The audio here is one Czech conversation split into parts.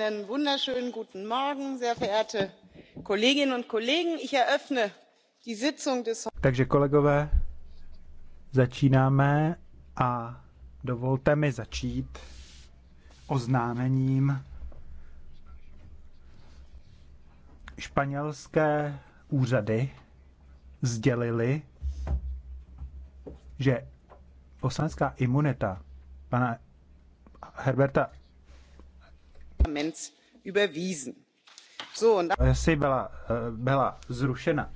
einen wunderschönen guten morgen sehr verehrte kolleginnen und kollegen. Ich eröffne die Sitzung des Takže kolegové, začínáme a dovolte mi začít oznámením španělské úřady sdělili, že poslanecká imunita pana Herberta parlaments überwiesen. Eh, byla, eh, byla zrušena.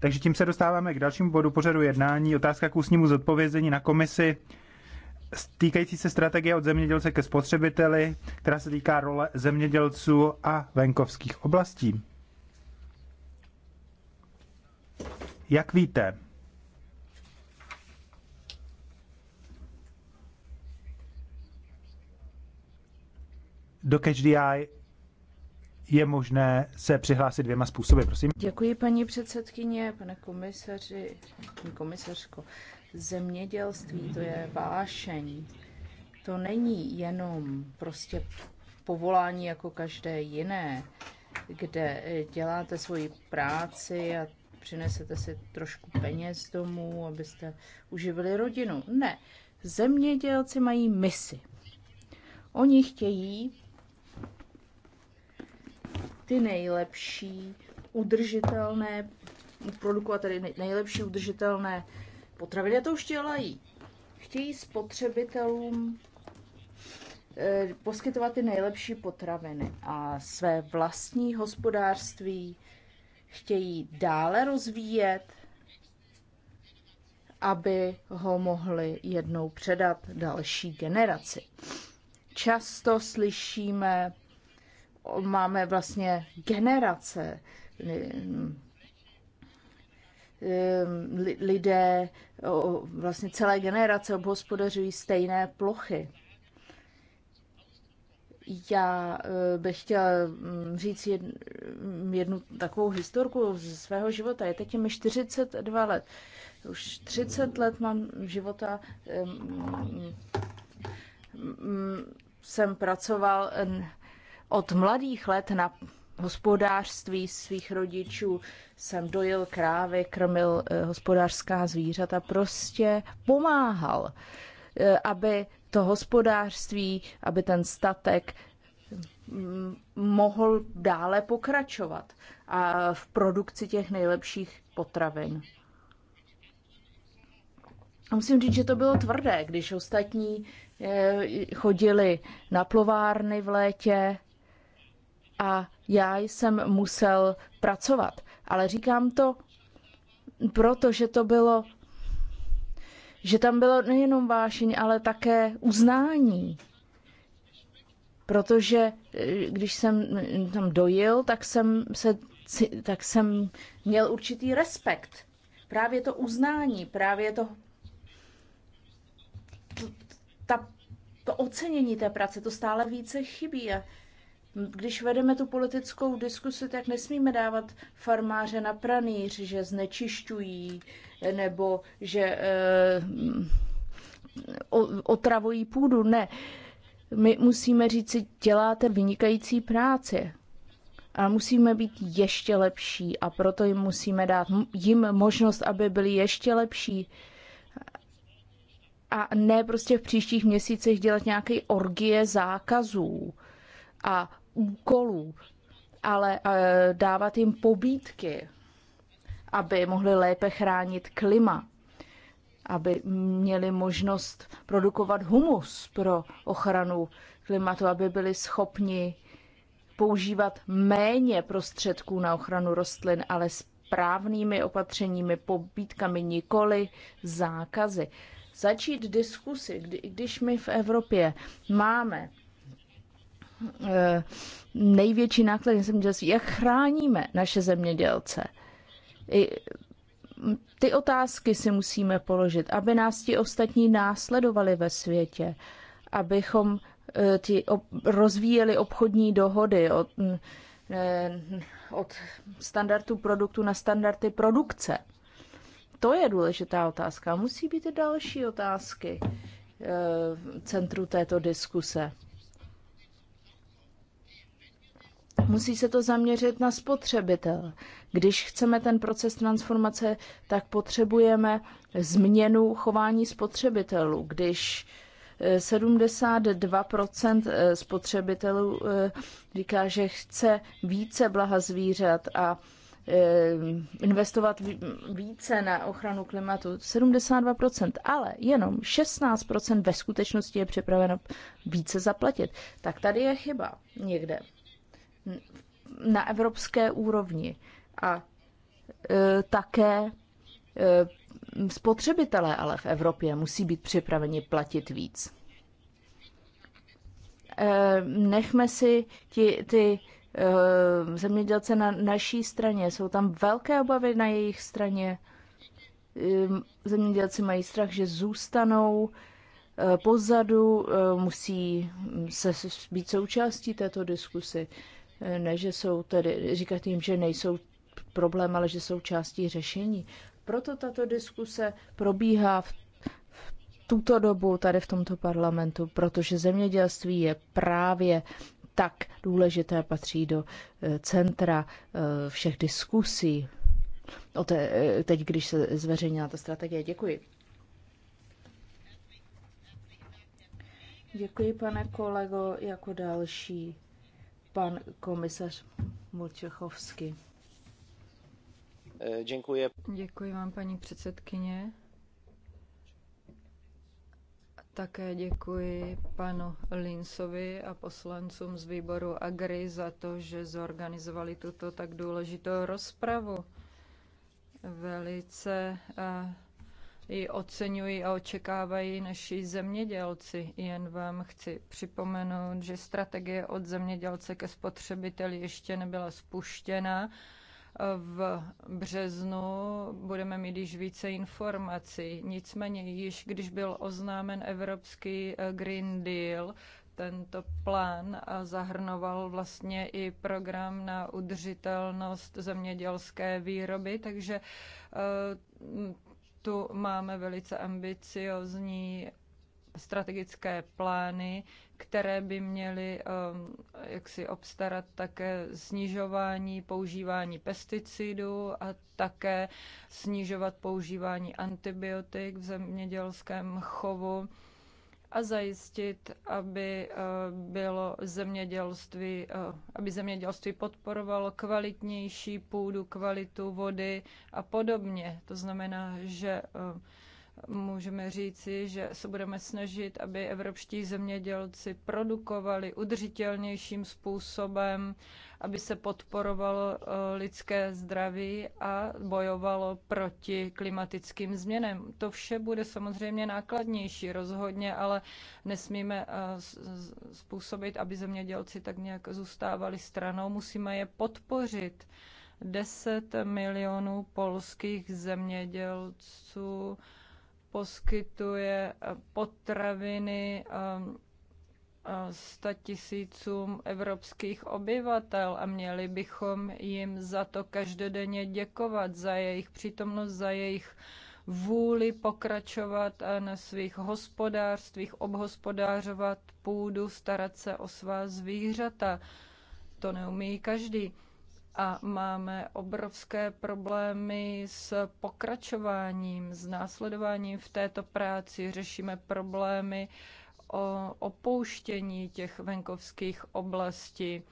Takže tím se dostáváme k dalšímu bodu pořadu jednání. Otázka k ústnímu zodpovězení na komisi týkající se strategie od zemědělce ke spotřebiteli, která se týká role zemědělců a venkovských oblastí. Jak víte, do Catch the Eye je možné se přihlásit dvěma způsoby, prosím. Děkuji, paní předsedkyně, pane komisaři, paní komisařko. Zemědělství to je vášení. To není jenom prostě povolání jako každé jiné, kde děláte svoji práci a přinesete si trošku peněz domů, abyste uživili rodinu. Ne, zemědělci mají misi. Oni chtějí ty nejlepší udržitelné, produkovat tedy nejlepší udržitelné potraviny. A to už dělají. Chtějí spotřebitelům eh, poskytovat ty nejlepší potraviny a své vlastní hospodářství chtějí dále rozvíjet, aby ho mohli jednou předat další generaci. Často slyšíme máme vlastně generace lidé, vlastně celé generace obhospodařují stejné plochy. Já e, bych chtěl mm, říct jednu, mm, jednu takovou historku ze svého života. Je teď mi 42 let. Už 30 let mám života. Mm, jsem pracoval od mladých let na hospodářství svých rodičů jsem dojil krávy, krmil eh, hospodářská zvířata, prostě pomáhal, eh, aby to hospodářství, aby ten statek mm, mohl dále pokračovat a v produkci těch nejlepších potravin. A musím říct, že to bylo tvrdé, když ostatní eh, chodili na plovárny v létě, a já jsem musel pracovat. Ale říkám to, protože to bylo, že tam bylo nejenom vášeň, ale také uznání. Protože eh, když jsem eh, tam dojil, tak jsem, se, tak jsem měl určitý respekt. Právě to uznání, právě to, to, ta, to ocenění té práce, to stále více chybí. A když vedeme tu politickou diskusi, tak nesmíme dávat farmáře na pranýř, že znečišťují nebo že eh, otravují půdu. Ne. My musíme říct si, děláte vynikající práci a musíme být ještě lepší a proto jim musíme dát jim možnost, aby byli ještě lepší a ne prostě v příštích měsících dělat nějaké orgie zákazů a úkolů, ale eh, dávat jim pobídky, aby mohli lépe chránit klima, aby měli možnost produkovat humus pro ochranu klimatu, aby byli schopni používat méně prostředků na ochranu rostlin, ale správnými opatřeními, pobítkami, nikoli zákazy. Začít diskusy, kdy, když my v Evropě máme Eh, největší náklady na zemědělství. Jak chráníme naše zemědělce? I ty otázky si musíme položit, aby nás ti ostatní následovali ve světě, abychom eh, ti rozvíjeli obchodní dohody od, eh, od standardu produktu na standardy produkce. To je důležitá otázka. Musí být i další otázky v centru této diskuse. Musí se to zaměřit na spotřebitel. Když chceme ten proces transformace, tak potřebujeme změnu chování spotřebitelů. Když 72 eh, eh, spotřebitelů eh, říká, že chce více blaha zvířat a investovat více na ochranu klimatu. 72%, ale jenom 16% ve skutečnosti je připraveno více zaplatit. Tak tady je chyba někde na evropské úrovni a e, také e, spotřebitelé ale v Evropě musí být připraveni platit víc. E, nechme si ti, ty zemědělce na naší straně. Jsou tam velké obavy na jejich straně. Zemědělci mají strach, že zůstanou pozadu, musí se být součástí této diskusy. Ne, že jsou tedy, říkat jim, že nejsou problém, ale že jsou částí řešení. Proto tato diskuse probíhá v tuto dobu tady v tomto parlamentu, protože zemědělství je právě tak důležité, patří do eh, centra eh, všech diskusí. O te, eh, teď, když se zveřejnila ta strategie. Děkuji. Děkuji, pane kolego. Jako další pan komisař Mulčechovský. Eh, děkuji. Děkuji vám, paní předsedkyně. Také děkuji panu Linsovi a poslancům z výboru Agri za to, že zorganizovali tuto tak důležitou rozpravu. Velice eh, ji oceňují a očekávají naši zemědělci. Jen vám chci připomenout, že strategie od zemědělce ke spotřebiteli ještě nebyla spuštěna v březnu budeme mít již více informací. Nicméně již, když byl oznámen Evropský eh, Green Deal, tento plán zahrnoval vlastně i program na udržitelnost zemědělské výroby, takže eh, tu máme velice ambiciozní strategické plány, které by měly um, jaksi obstarat také snižování používání pesticidů a také snižovat používání antibiotik v zemědělském chovu a zajistit, aby eh, bylo zemědělství, eh, aby zemědělství podporovalo kvalitnější půdu, kvalitu vody a podobně. To znamená, že eh, můžeme říci, že se budeme snažit, aby evropští zemědělci produkovali udržitelnějším způsobem, aby se podporovalo eh, lidské zdraví a bojovalo proti klimatickým změnám. To vše bude samozřejmě nákladnější rozhodně, ale nesmíme eh, způsobit, aby zemědělci tak nějak zůstávali stranou. Musíme je podpořit. 10 milionů polských zemědělců poskytuje eh, potraviny eh, eh, tisícům evropských obyvatel a měli bychom jim za to každodenně děkovat, za jejich přítomnost, za jejich vůli pokračovat na svých hospodářstvích, obhospodářovat půdu, starat se o svá zvířata. To neumí každý a máme obrovské problémy s pokračováním, s následováním v této práci. Řešíme problémy o opouštění těch venkovských oblastí.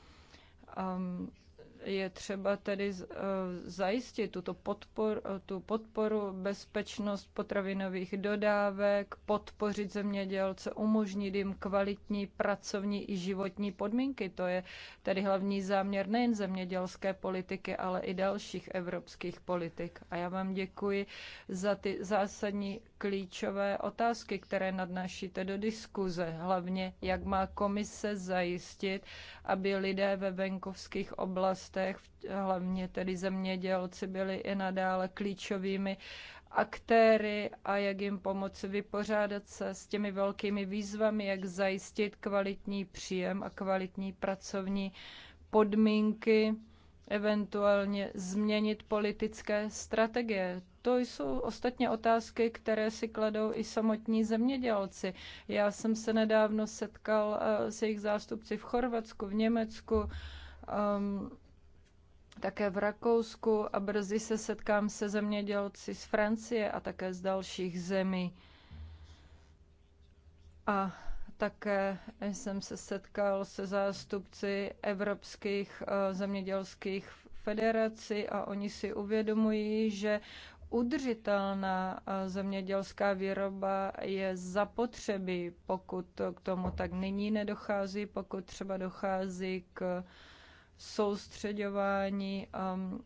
Um, je třeba tedy eh, zajistit tuto podpor, eh, tu podporu, bezpečnost potravinových dodávek, podpořit zemědělce, umožnit jim kvalitní pracovní i životní podmínky. To je tedy hlavní záměr nejen zemědělské politiky, ale i dalších evropských politik. A já vám děkuji za ty zásadní klíčové otázky, které nadnášíte do diskuze. Hlavně, jak má komise zajistit, aby lidé ve venkovských oblastech oblastech, hlavně tedy zemědělci byli i nadále klíčovými aktéry a jak jim pomoci vypořádat se s těmi velkými výzvami, jak zajistit kvalitní příjem a kvalitní pracovní podmínky, eventuálně změnit politické strategie. To jsou ostatně otázky, které si kladou i samotní zemědělci. Já jsem se nedávno setkal eh, s jejich zástupci v Chorvatsku, v Německu, um, také v Rakousku a brzy se setkám se zemědělci z Francie a také z dalších zemí. A také jsem se setkal se zástupci evropských eh, zemědělských federací a oni si uvědomují, že udržitelná eh, zemědělská výroba je zapotřebí, pokud k tomu tak nyní nedochází, pokud třeba dochází k soustředování um,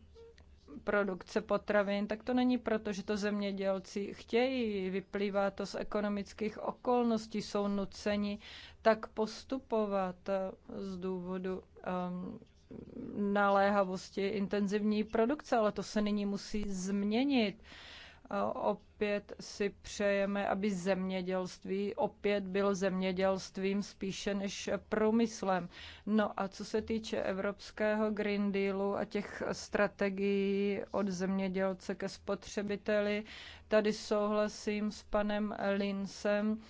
produkce potravin, tak to není proto, že to zemědělci chtějí, vyplývá to z ekonomických okolností, jsou nuceni tak postupovat eh, z důvodu um, naléhavosti intenzivní produkce, ale to se nyní musí změnit. Opět si přejeme, aby zemědělství opět bylo zemědělstvím spíše než průmyslem. No a co se týče Evropského Green Dealu a těch strategií od zemědělce ke spotřebiteli, tady souhlasím s panem Linsem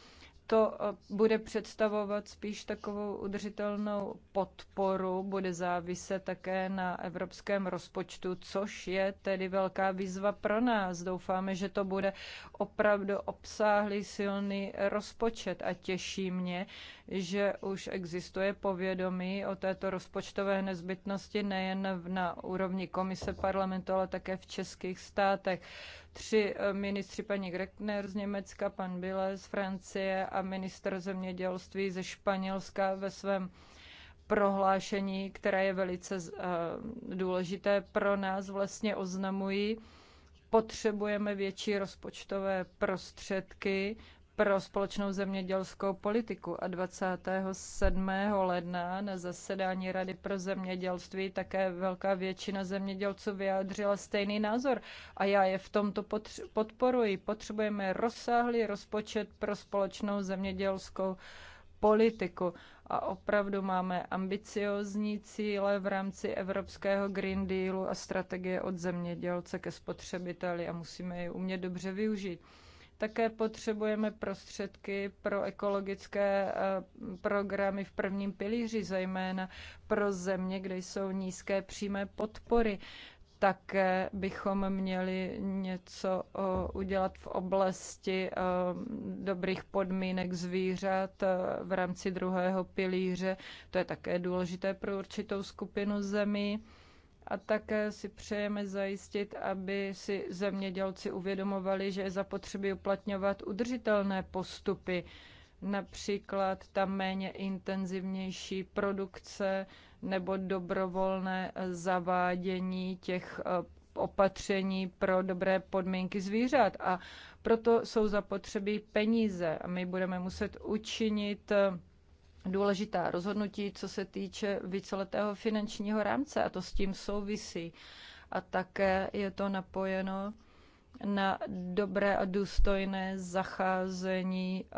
to eh, bude představovat spíš takovou udržitelnou podporu, bude záviset také na evropském rozpočtu, což je tedy velká výzva pro nás. Doufáme, že to bude opravdu obsáhlý silný rozpočet a těší mě, že už existuje povědomí o této rozpočtové nezbytnosti nejen na úrovni komise parlamentu, ale také v českých státech. Tři eh, ministři, paní Grekner z Německa, pan Bile z Francie a minister zemědělství ze Španělska ve svém prohlášení, které je velice eh, důležité pro nás, vlastně oznamují, potřebujeme větší rozpočtové prostředky pro společnou zemědělskou politiku a 27. ledna na zasedání Rady pro zemědělství také velká většina zemědělců vyjádřila stejný názor a já je v tomto podporuji. Potřebujeme rozsáhlý rozpočet pro společnou zemědělskou politiku a opravdu máme ambiciozní cíle v rámci Evropského Green Dealu a strategie od zemědělce ke spotřebiteli a musíme je umět dobře využít. Také potřebujeme prostředky pro ekologické eh, programy v prvním pilíři, zejména pro země, kde jsou nízké přímé podpory také bychom měli něco eh, udělat v oblasti eh, dobrých podmínek zvířat v rámci druhého pilíře. To je také důležité pro určitou skupinu zemí a také si přejeme zajistit, aby si zemědělci uvědomovali, že je zapotřebí uplatňovat udržitelné postupy, například ta méně intenzivnější produkce nebo dobrovolné zavádění těch eh, opatření pro dobré podmínky zvířat. A proto jsou zapotřebí peníze a my budeme muset učinit eh, důležitá rozhodnutí, co se týče víceletého finančního rámce a to s tím souvisí. A také je to napojeno na dobré a důstojné zacházení eh,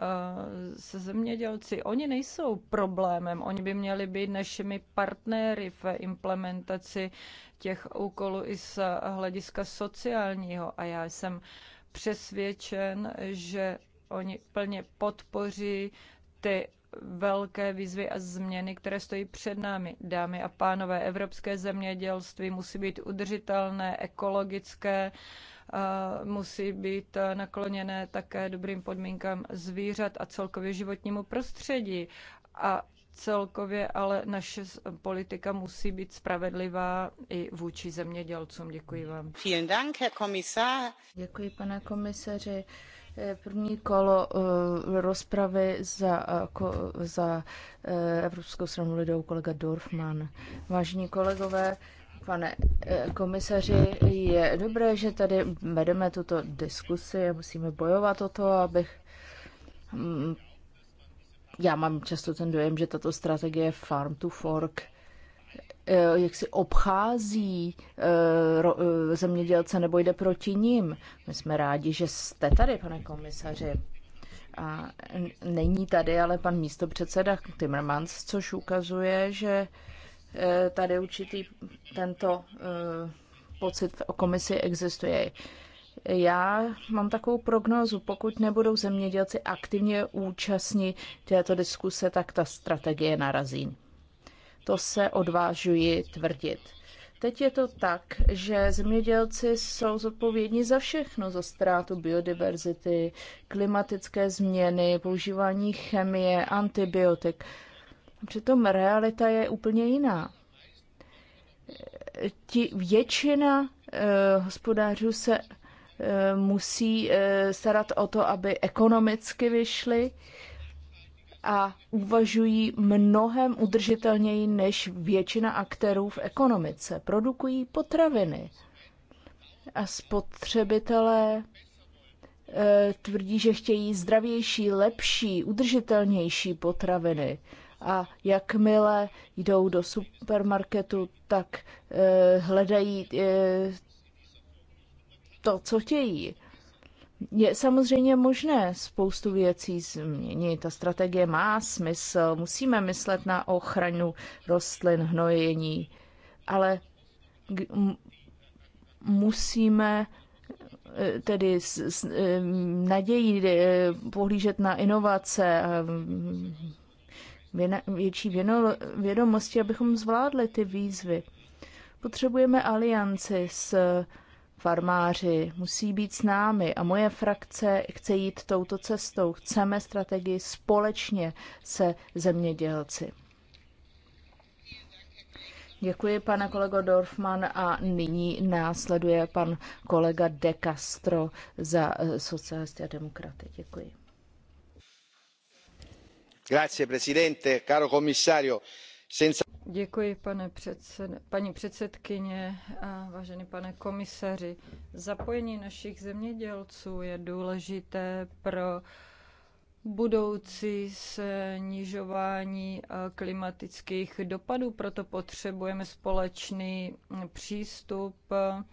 se zemědělci. Oni nejsou problémem, oni by měli být našimi partnery v implementaci těch úkolů i z hlediska sociálního. A já jsem přesvědčen, že oni plně podpoří ty velké výzvy a změny, které stojí před námi. Dámy a pánové, evropské zemědělství musí být udržitelné, ekologické, musí být nakloněné také dobrým podmínkám zvířat a celkově životnímu prostředí. A celkově ale naše politika musí být spravedlivá i vůči zemědělcům. Děkuji vám. Vielen Dank, Herr Kommissar. Děkuji, pane komisaři. První kolo uh, rozpravy za, eh, ko, za uh, Evropskou stranu lidou kolega Dorfman. Vážení kolegové, pane komisaři, je dobré, že tady vedeme tuto diskusi a musíme bojovat o to, abych. Mm, já mám často ten dojem, že tato strategie Farm to Fork Eh, jak si obchází eh, eh, zemědělce nebo jde proti ním. My jsme rádi, že jste tady, pane komisaři. A není tady ale pan místopředseda Timmermans, což ukazuje, že tady určitý tento pocit o komisi existuje. Já mám takovou prognózu, pokud nebudou zemědělci aktivně účastní této diskuse, tak ta strategie narazí to se odvážuji tvrdit. Teď je to tak, že zemědělci jsou zodpovědní za všechno, za ztrátu biodiverzity, klimatické změny, používání chemie, antibiotik. Přitom realita je úplně jiná. Ti, většina eh, hospodářů se eh, musí eh, starat o to, aby ekonomicky vyšli. Eh, a uvažují mnohem udržitelněji než většina aktérů v ekonomice. Produkují potraviny a spotřebitelé e, tvrdí, že chtějí zdravější, lepší, udržitelnější potraviny. A jakmile jdou do supermarketu, tak e, hledají e, to, co chtějí. Je samozřejmě možné spoustu věcí změnit. Ta strategie má smysl. Musíme myslet na ochranu rostlin, hnojení, ale musíme eh, tedy s, s eh, nadějí eh, pohlížet na inovace, mm, věna, větší věno, vědomosti, abychom zvládli ty výzvy. Potřebujeme alianci s farmáři musí být s námi a moje frakce chce jít touto cestou. Chceme strategii společně se zemědělci. Děkuji, pane kolego Dorfman, a nyní následuje pan kolega De Castro za eh, socialisty a demokraty. Děkuji. Grazie, presidente, caro commissario. Senza... Děkuji, pane předsed, paní předsedkyně a vážený pane komisaři. Zapojení našich zemědělců je důležité pro budoucí snižování eh, klimatických dopadů, proto potřebujeme společný mm, přístup eh,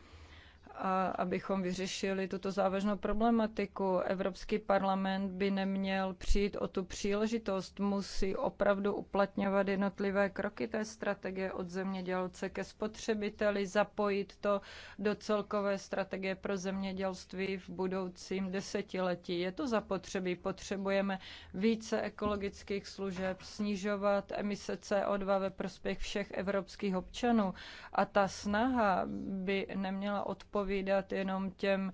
a abychom vyřešili tuto závažnou problematiku. Evropský parlament by neměl přijít o tu příležitost, musí opravdu uplatňovat jednotlivé kroky té strategie od zemědělce ke spotřebiteli, zapojit to do celkové strategie pro zemědělství v budoucím desetiletí. Je to zapotřebí, potřebujeme více ekologických služeb, snižovat emise CO2 ve prospěch všech evropských občanů a ta snaha by neměla odpovědět odpovídat jenom těm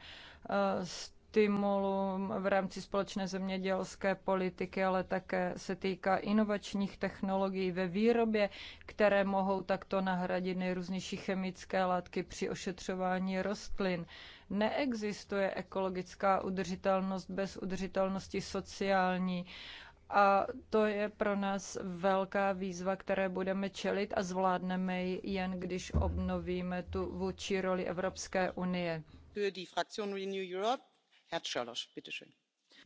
eh, stimulům v rámci společné zemědělské politiky, ale také se týká inovačních technologií ve výrobě, které mohou takto nahradit nejrůznější chemické látky při ošetřování rostlin. Neexistuje ekologická udržitelnost bez udržitelnosti sociální a to je pro nás velká výzva, které budeme čelit a zvládneme ji jen, když obnovíme tu vůči roli Evropské unie.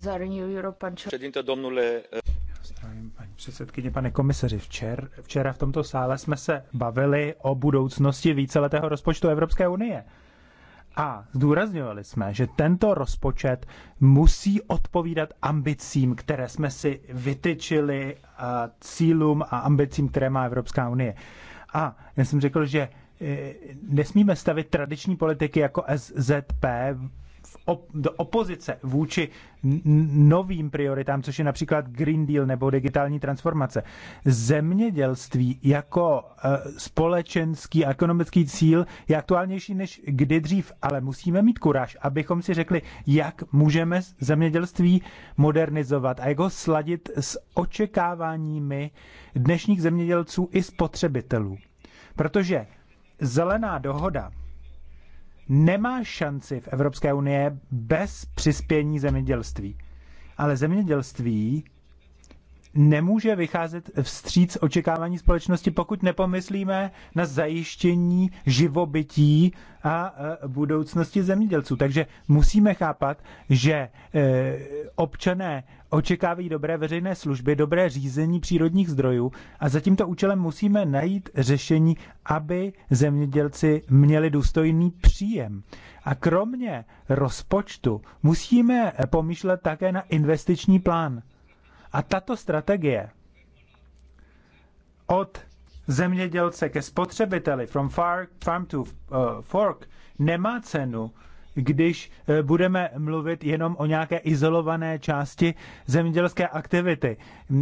Za Renew Europe, Zdravím, paní předsedkyně, pane komisaři. Včer, včera v tomto sále jsme se bavili o budoucnosti víceletého rozpočtu Evropské unie. A zdůrazňovali jsme, že tento rozpočet musí odpovídat ambicím, které jsme si vytyčili, a eh, cílům a ambicím, které má Evropská unie. A já jsem řekl, že eh, nesmíme stavit tradiční politiky jako SZP do opozice vůči novým prioritám, což je například Green Deal nebo digitální transformace. Zemědělství jako eh, společenský a ekonomický cíl je aktuálnější než kdy dřív, ale musíme mít kuráž, abychom si řekli, jak můžeme zemědělství modernizovat a jak ho sladit s očekáváními dnešních zemědělců i spotřebitelů. Protože zelená dohoda nemá šanci v Evropské unii bez přispění zemědělství. Ale zemědělství nemůže vycházet vstříc očekávání společnosti, pokud nepomyslíme na zajištění živobytí a e, budoucnosti zemědělců. Takže musíme chápat, že e, občané očekávají dobré veřejné služby, dobré řízení přírodních zdrojů a za tímto účelem musíme najít řešení, aby zemědělci měli důstojný příjem. A kromě rozpočtu musíme pomýšlet také na investiční plán a tato strategie od zemědělce ke spotřebiteli, from farm to eh, fork, nemá cenu, když eh, budeme mluvit jenom o nějaké izolované části zemědělské aktivity,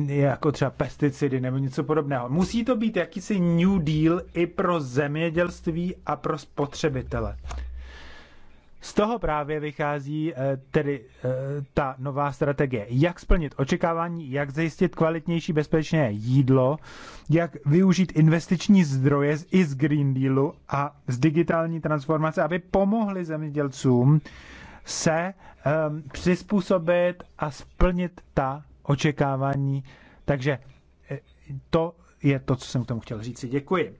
jako třeba pesticidy nebo něco podobného. Musí to být jakýsi New Deal i pro zemědělství a pro spotřebitele. Z toho právě vychází eh, tedy eh, ta nová strategie. Jak splnit očekávání, jak zajistit kvalitnější bezpečné jídlo, jak využít investiční zdroje i z Green Dealu a z digitální transformace, aby pomohli zemědělcům se um, přizpůsobit a splnit ta očekávání. Takže eh, to je to, co jsem k tomu chtěl říct. Děkuji.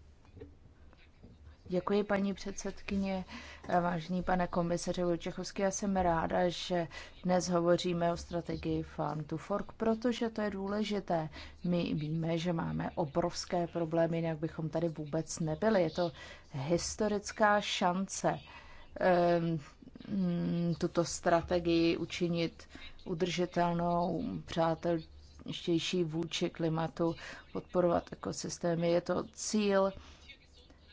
Děkuji, paní předsedkyně. Vážný pane komisaře Vojčechovský, já jsem ráda, že dnes hovoříme o strategii Farm to Fork, protože to je důležité. My víme, že máme obrovské problémy, jinak bychom tady vůbec nebyli. Je to historická šance um, tuto strategii učinit udržitelnou, přátel, vůči klimatu, podporovat ekosystémy. Je to cíl,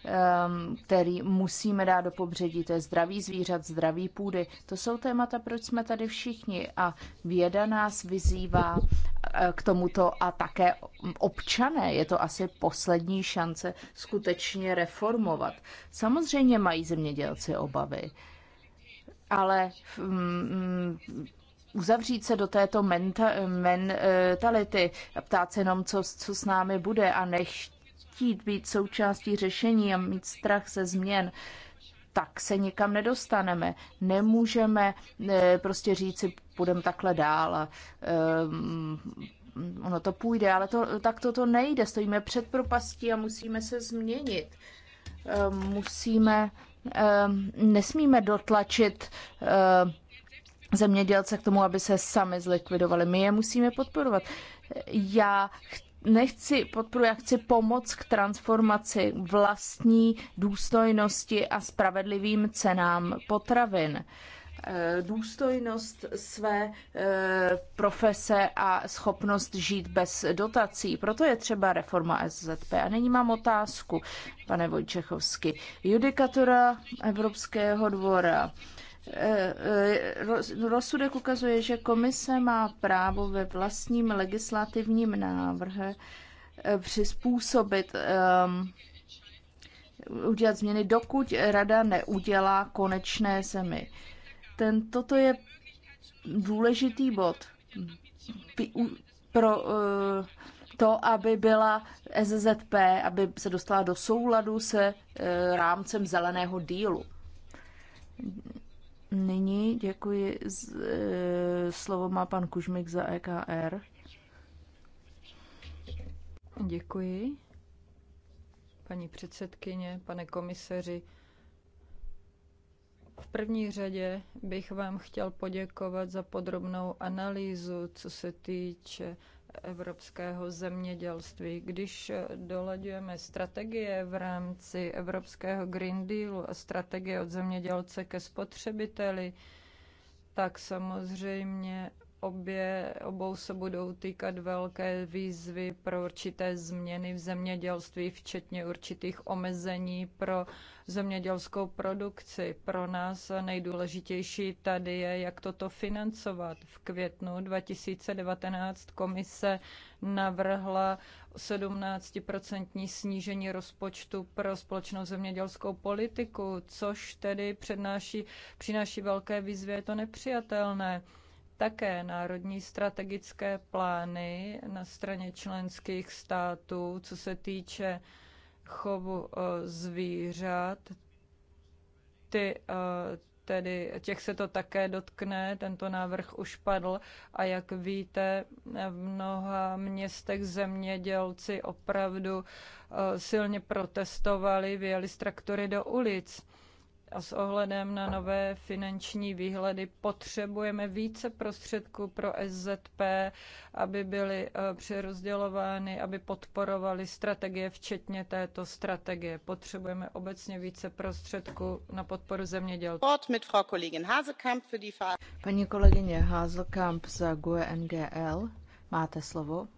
Um, který musíme dát do pobředí, to je zdraví zvířat, zdraví půdy. To jsou témata, proč jsme tady všichni a věda nás vyzývá uh, k tomuto a také občané. Je to asi poslední šance skutečně reformovat. Samozřejmě mají zemědělci obavy, ale mm, uzavřít se do této menta, mentality, ptát se jenom, co, co s námi bude a nech chtít být součástí řešení a mít strach ze změn, tak se nikam nedostaneme. Nemůžeme eh, prostě říct si, půjdeme takhle dál a eh, ono to půjde, ale to, tak to, to nejde. Stojíme před propastí a musíme se změnit. Eh, musíme, nesmíme dotlačit zemědělce k tomu, aby se sami zlikvidovali. My je musíme podporovat. Já nechci podporu, já chci pomoc k transformaci vlastní důstojnosti a spravedlivým cenám potravin. Eh, důstojnost své eh, profese a schopnost žít bez dotací. Proto je třeba reforma SZP. A nyní mám otázku, pane Vojčechovsky. Judikatura Evropského dvora Eh, eh, rozsudek ukazuje, že komise má právo ve vlastním legislativním návrhu eh, přizpůsobit, ehm, udělat změny, dokud rada neudělá konečné zemi. Ten, toto je důležitý bod pro to, aby byla SZP, aby se dostala do souladu se rámcem zeleného dílu. Nyní děkuji. Z, e, slovo má pan Kužmik za EKR. Děkuji. Paní předsedkyně, pane komiseři, v první řadě bych vám chtěl poděkovat za podrobnou analýzu, co se týče evropského zemědělství. Když dolaďujeme strategie v rámci evropského Green Dealu a strategie od zemědělce ke spotřebiteli, tak samozřejmě obě, obou se budou týkat velké výzvy pro určité změny v zemědělství, včetně určitých omezení pro zemědělskou produkci. Pro nás nejdůležitější tady je, jak toto financovat. V květnu 2019 komise navrhla 17% snížení rozpočtu pro společnou zemědělskou politiku, což tedy přináší velké výzvy, je to nepřijatelné také národní strategické plány na straně členských států, co se týče chovu eh, zvířat. Ty, eh, tedy těch se to také dotkne, tento návrh už padl a jak víte, v mnoha městech zemědělci opravdu eh, silně protestovali, vyjeli z traktory do ulic a s ohledem na nové finanční výhledy potřebujeme více prostředků pro SZP, aby byly eh, přerozdělovány, aby podporovaly strategie, včetně této strategie. Potřebujeme obecně více prostředků na podporu zemědělců. Paní kolegyně Hazelkamp za GUE NGL, máte slovo.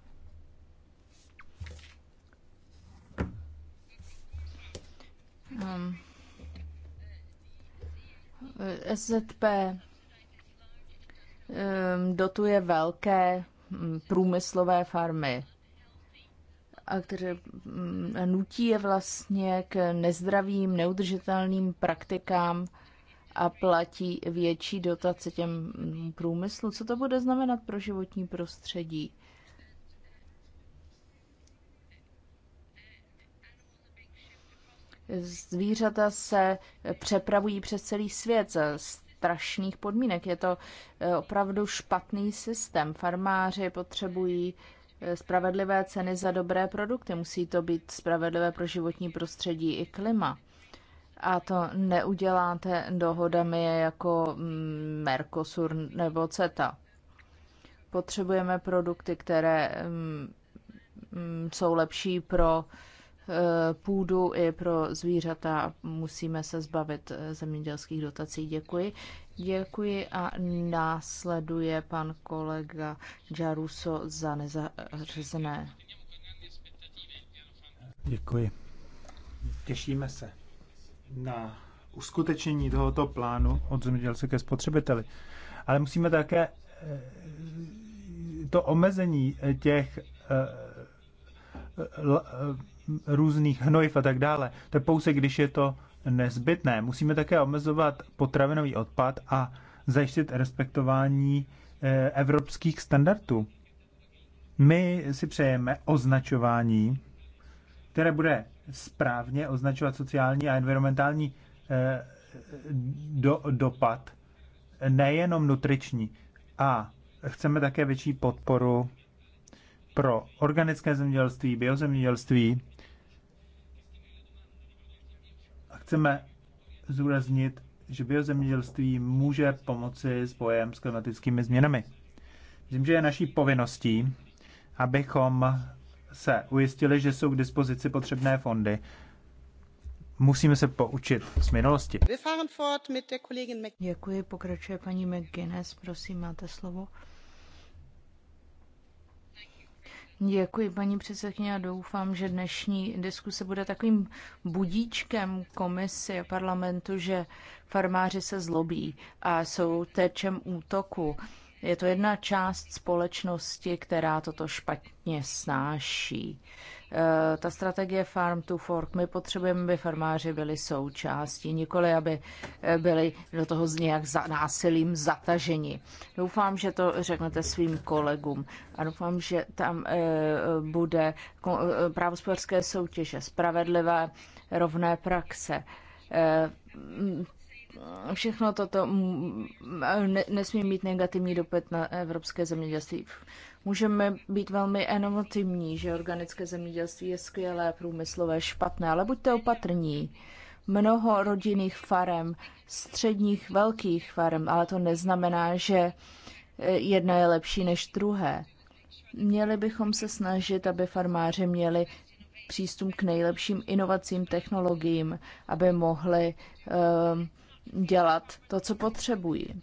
Um. Eh, SZP ehm, dotuje velké hm, průmyslové farmy, a které hm, nutí je vlastně k nezdravým, neudržitelným praktikám a platí větší dotace těm hm, průmyslu. Co to bude znamenat pro životní prostředí? Zvířata se přepravují přes celý svět za strašných podmínek. Je to eh, opravdu špatný systém. Farmáři potřebují eh, spravedlivé ceny za dobré produkty. Musí to být spravedlivé pro životní prostředí i klima. A to neuděláte dohodami jako mm, Mercosur nebo CETA. Potřebujeme produkty, které mm, mm, jsou lepší pro Eh, půdu i pro zvířata. Musíme se zbavit eh, zemědělských dotací. Děkuji. Děkuji a následuje pan kolega Jaruso za nezařezené. Děkuji. Těšíme se na uskutečnění tohoto plánu od zemědělce ke spotřebiteli. Ale musíme také eh, to omezení těch různých hnojiv a tak dále. To je pouze, když je to nezbytné. Musíme také omezovat potravinový odpad a zajistit respektování eh, evropských standardů. My si přejeme označování, které bude správně označovat sociální a environmentální eh, do, dopad, nejenom nutriční. A chceme také větší podporu pro organické zemědělství, biozemědělství Chceme zúraznit, že biozemědělství může pomoci s bojem s klimatickými změnami. Myslím, že je naší povinností, abychom se ujistili, že jsou k dispozici potřebné fondy. Musíme se poučit z minulosti. Děkuji, pokračuje paní McGuinness, prosím, máte slovo. Děkuji, paní předsedkyně, a doufám, že dnešní diskuse bude takovým budíčkem komisy a parlamentu, že farmáři se zlobí a jsou téčem útoku. Je to jedna část společnosti, která toto špatně snáší. E, ta strategie Farm to Fork, my potřebujeme, aby farmáři byli součástí, nikoli aby e, byli do toho z nějak za, násilím zataženi. Doufám, že to řeknete svým kolegům a doufám, že tam e, bude e, právospodářské soutěže, spravedlivé rovné praxe. E, všechno toto ne, nesmí mít negativní dopad na evropské zemědělství. Můžeme být velmi enomotivní, že organické zemědělství je skvělé, průmyslové špatné, ale buďte opatrní. Mnoho rodinných farem, středních, velkých farem, ale to neznamená, že e, jedna je lepší než druhé. Měli bychom se snažit, aby farmáři měli přístup k nejlepším inovacím technologiím, aby mohli Uh, dělat to, co potřebují.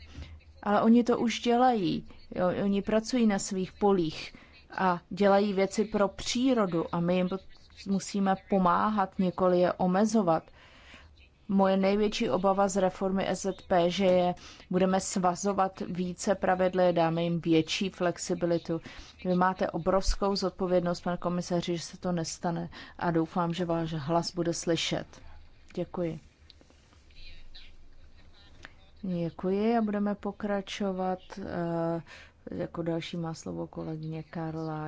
Ale oni to už dělají. Jo? Oni pracují na svých polích a dělají věci pro přírodu a my jim musíme pomáhat, nikoli je omezovat. Moje největší obava z reformy SZP, že je budeme svazovat více pravidly, dáme jim větší flexibilitu. Vy máte obrovskou zodpovědnost, pane komisaři, že se to nestane a doufám, že váš hlas bude slyšet. Děkuji. Děkuji a budeme pokračovat. Eh, jako další má slovo kolegyně Karla.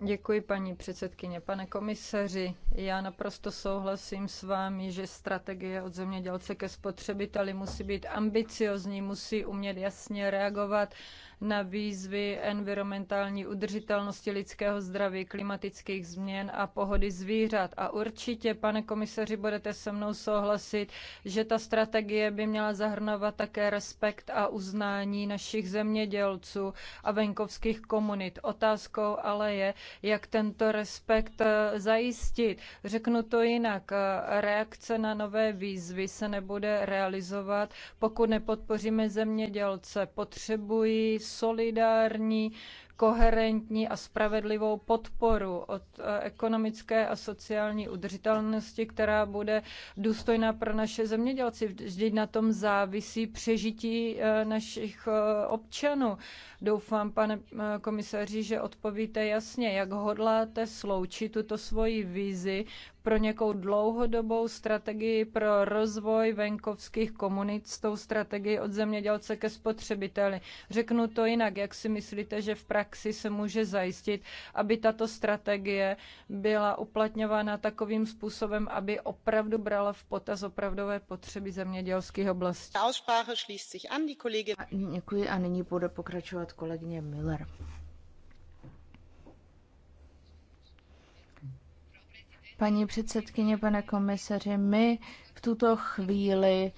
Děkuji, paní předsedkyně. Pane komisaři, já naprosto souhlasím s vámi, že strategie od zemědělce ke spotřebiteli musí být ambiciozní, musí umět jasně reagovat na výzvy environmentální udržitelnosti lidského zdraví, klimatických změn a pohody zvířat. A určitě, pane komisaři, budete se mnou souhlasit, že ta strategie by měla zahrnovat také respekt a uznání našich zemědělců a venkovských komunit. Otázkou ale je, jak tento respekt eh, zajistit. Řeknu to jinak. Eh, reakce na nové výzvy se nebude realizovat, pokud nepodpoříme zemědělce. Potřebují solidární, koherentní a spravedlivou podporu od eh, ekonomické a sociální udržitelnosti, která bude důstojná pro naše zemědělci. Vždyť na tom závisí přežití eh, našich eh, občanů. Doufám, pane komisaři, že odpovíte jasně, jak hodláte sloučit tuto svoji vizi pro nějakou dlouhodobou strategii pro rozvoj venkovských komunit s tou strategií od zemědělce ke spotřebiteli. Řeknu to jinak, jak si myslíte, že v praxi se může zajistit, aby tato strategie byla uplatňována takovým způsobem, aby opravdu brala v potaz opravdové potřeby zemědělských oblastí. A Děkuji a nyní bude pokračovat kolegyně Miller. Paní předsedkyně, pane komisaři, my v tuto chvíli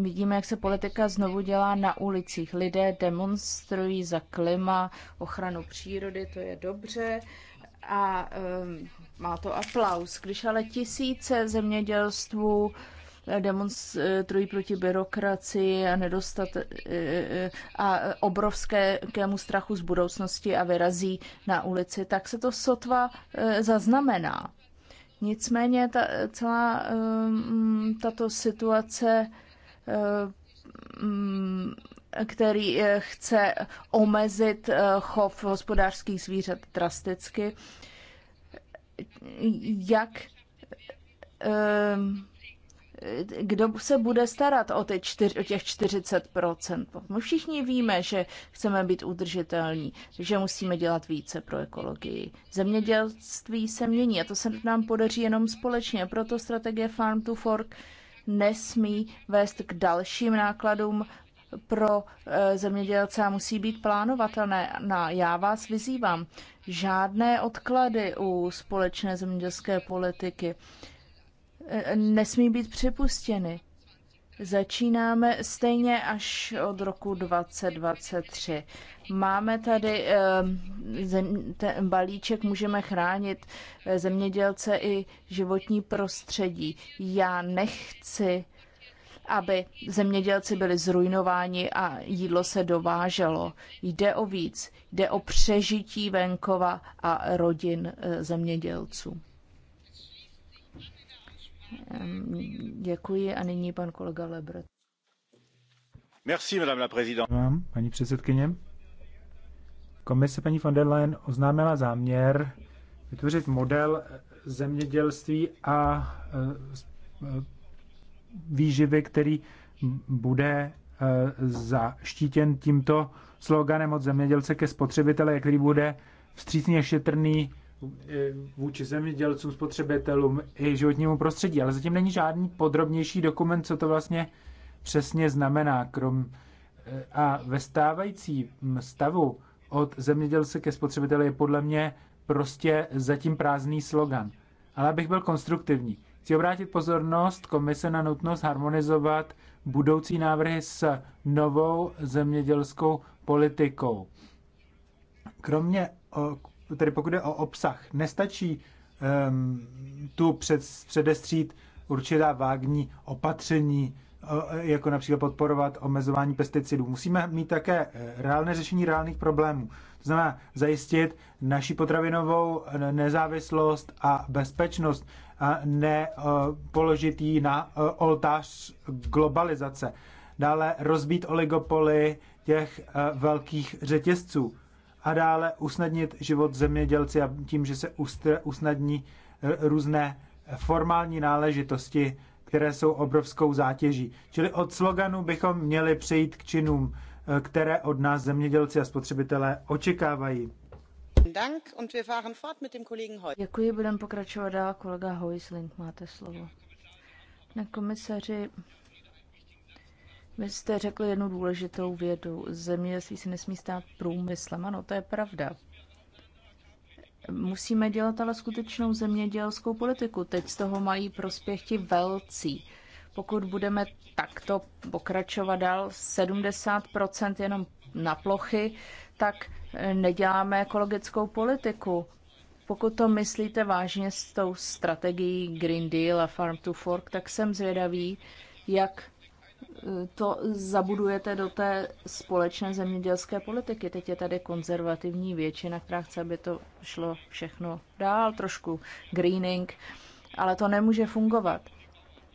vidíme, jak se politika znovu dělá na ulicích. Lidé demonstrují za klima, ochranu přírody, to je dobře a má to aplaus. Když ale tisíce zemědělstvů demonstrují proti byrokracii a, nedostat, eh, eh, a obrovskému strachu z budoucnosti a vyrazí na ulici, tak se to sotva eh, zaznamená. Nicméně ta, celá tato situace, mm, který chce omezit chov hospodářských zvířat drasticky, jak kdo se bude starat o, ty čtyř, o těch 40%? My no, všichni víme, že chceme být udržitelní, že musíme dělat více pro ekologii. Zemědělství se mění a to se nám podaří jenom společně. Proto strategie Farm to Fork nesmí vést k dalším nákladům pro eh, zemědělce a musí být plánovatelné. Na, já vás vyzývám, žádné odklady u společné zemědělské politiky nesmí být připustěny. Začínáme stejně až od roku 2023. Máme tady ehm, ten balíček, můžeme chránit eh, zemědělce i životní prostředí. Já nechci, aby zemědělci byli zrujnováni a jídlo se dováželo. Jde o víc, jde o přežití venkova a rodin eh, zemědělců. Děkuji a nyní pan kolega Lebr. Merci, madame la présidente. Vám, paní předsedkyně. Komise paní von der Leyen oznámila záměr vytvořit model eh, zemědělství a eh, eh, výživy, který bude zaštítěn tímto sloganem od zemědělce ke spotřebitele, který bude vstřícně šetrný E, vůči zemědělcům, spotřebitelům i životnímu prostředí, ale zatím není žádný podrobnější dokument, co to vlastně přesně znamená. Krom, e, a ve stávající stavu od zemědělce ke spotřebiteli je podle mě prostě zatím prázdný slogan. Ale abych byl konstruktivní, chci obrátit pozornost komise na nutnost harmonizovat budoucí návrhy s novou zemědělskou politikou. Kromě tedy pokud je o obsah, nestačí um, tu před, předestřít určitá vágní opatření, jako například podporovat omezování pesticidů. Musíme mít také eh, reálné řešení reálných problémů. To znamená zajistit naši potravinovou eh, nezávislost a bezpečnost a ne eh, položit ji na oltář globalizace. Dále rozbít oligopoly těch velkých řetězců a dále usnadnit život zemědělci a tím, že se usnadní eh, různé formální náležitosti, které jsou obrovskou zátěží. Čili od sloganu bychom měli přejít k činům, eh, které od nás zemědělci a spotřebitelé očekávají. Děkuji, budeme pokračovat dál. Kolega Hojsling, máte slovo. Na komisaři, vy jste řekl jednu důležitou vědu. Zemědělství si nesmí stát průmyslem. Ano, to je pravda. Musíme dělat ale skutečnou zemědělskou politiku. Teď z toho mají prospěch velcí. Pokud budeme takto pokračovat dál 70% jenom na plochy, tak eh, neděláme ekologickou politiku. Pokud to myslíte vážně s tou strategií Green Deal a Farm to Fork, tak jsem zvědavý, jak to zabudujete do té společné zemědělské politiky. Teď je tady konzervativní většina, která chce, aby to šlo všechno dál, trošku greening, ale to nemůže fungovat.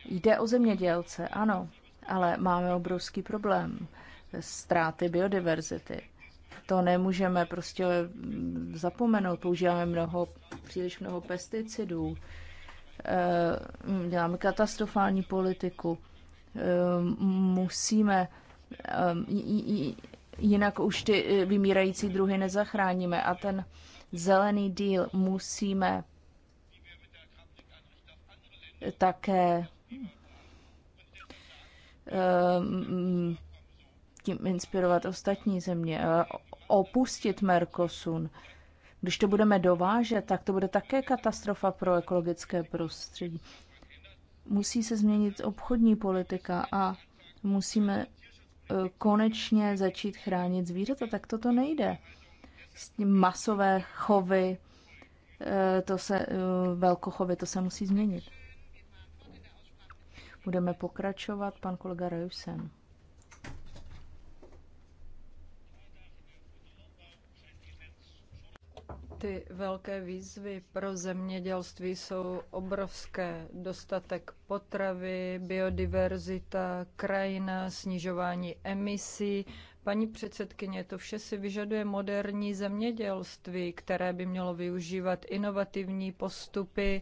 Jde o zemědělce, ano, ale máme obrovský problém. Ztráty biodiverzity. To nemůžeme prostě zapomenout. Používáme mnoho, příliš mnoho pesticidů, eh, děláme katastrofální politiku Ehm, musíme, ehm, jinak už ty eh, vymírající druhy nezachráníme a ten zelený díl musíme také ehm, tím inspirovat ostatní země, eh, opustit Mercosun. Když to budeme dovážet, tak to bude také katastrofa pro ekologické prostředí. Musí se změnit obchodní politika a musíme e, konečně začít chránit zvířata. Tak toto nejde. s tím Masové chovy, e, to se, e, velkochovy, to se musí změnit. Budeme pokračovat, pan kolega Reusen. Ty velké výzvy pro zemědělství jsou obrovské. Dostatek potravy, biodiverzita, krajina, snižování emisí. Paní předsedkyně, to vše si vyžaduje moderní zemědělství, které by mělo využívat inovativní postupy,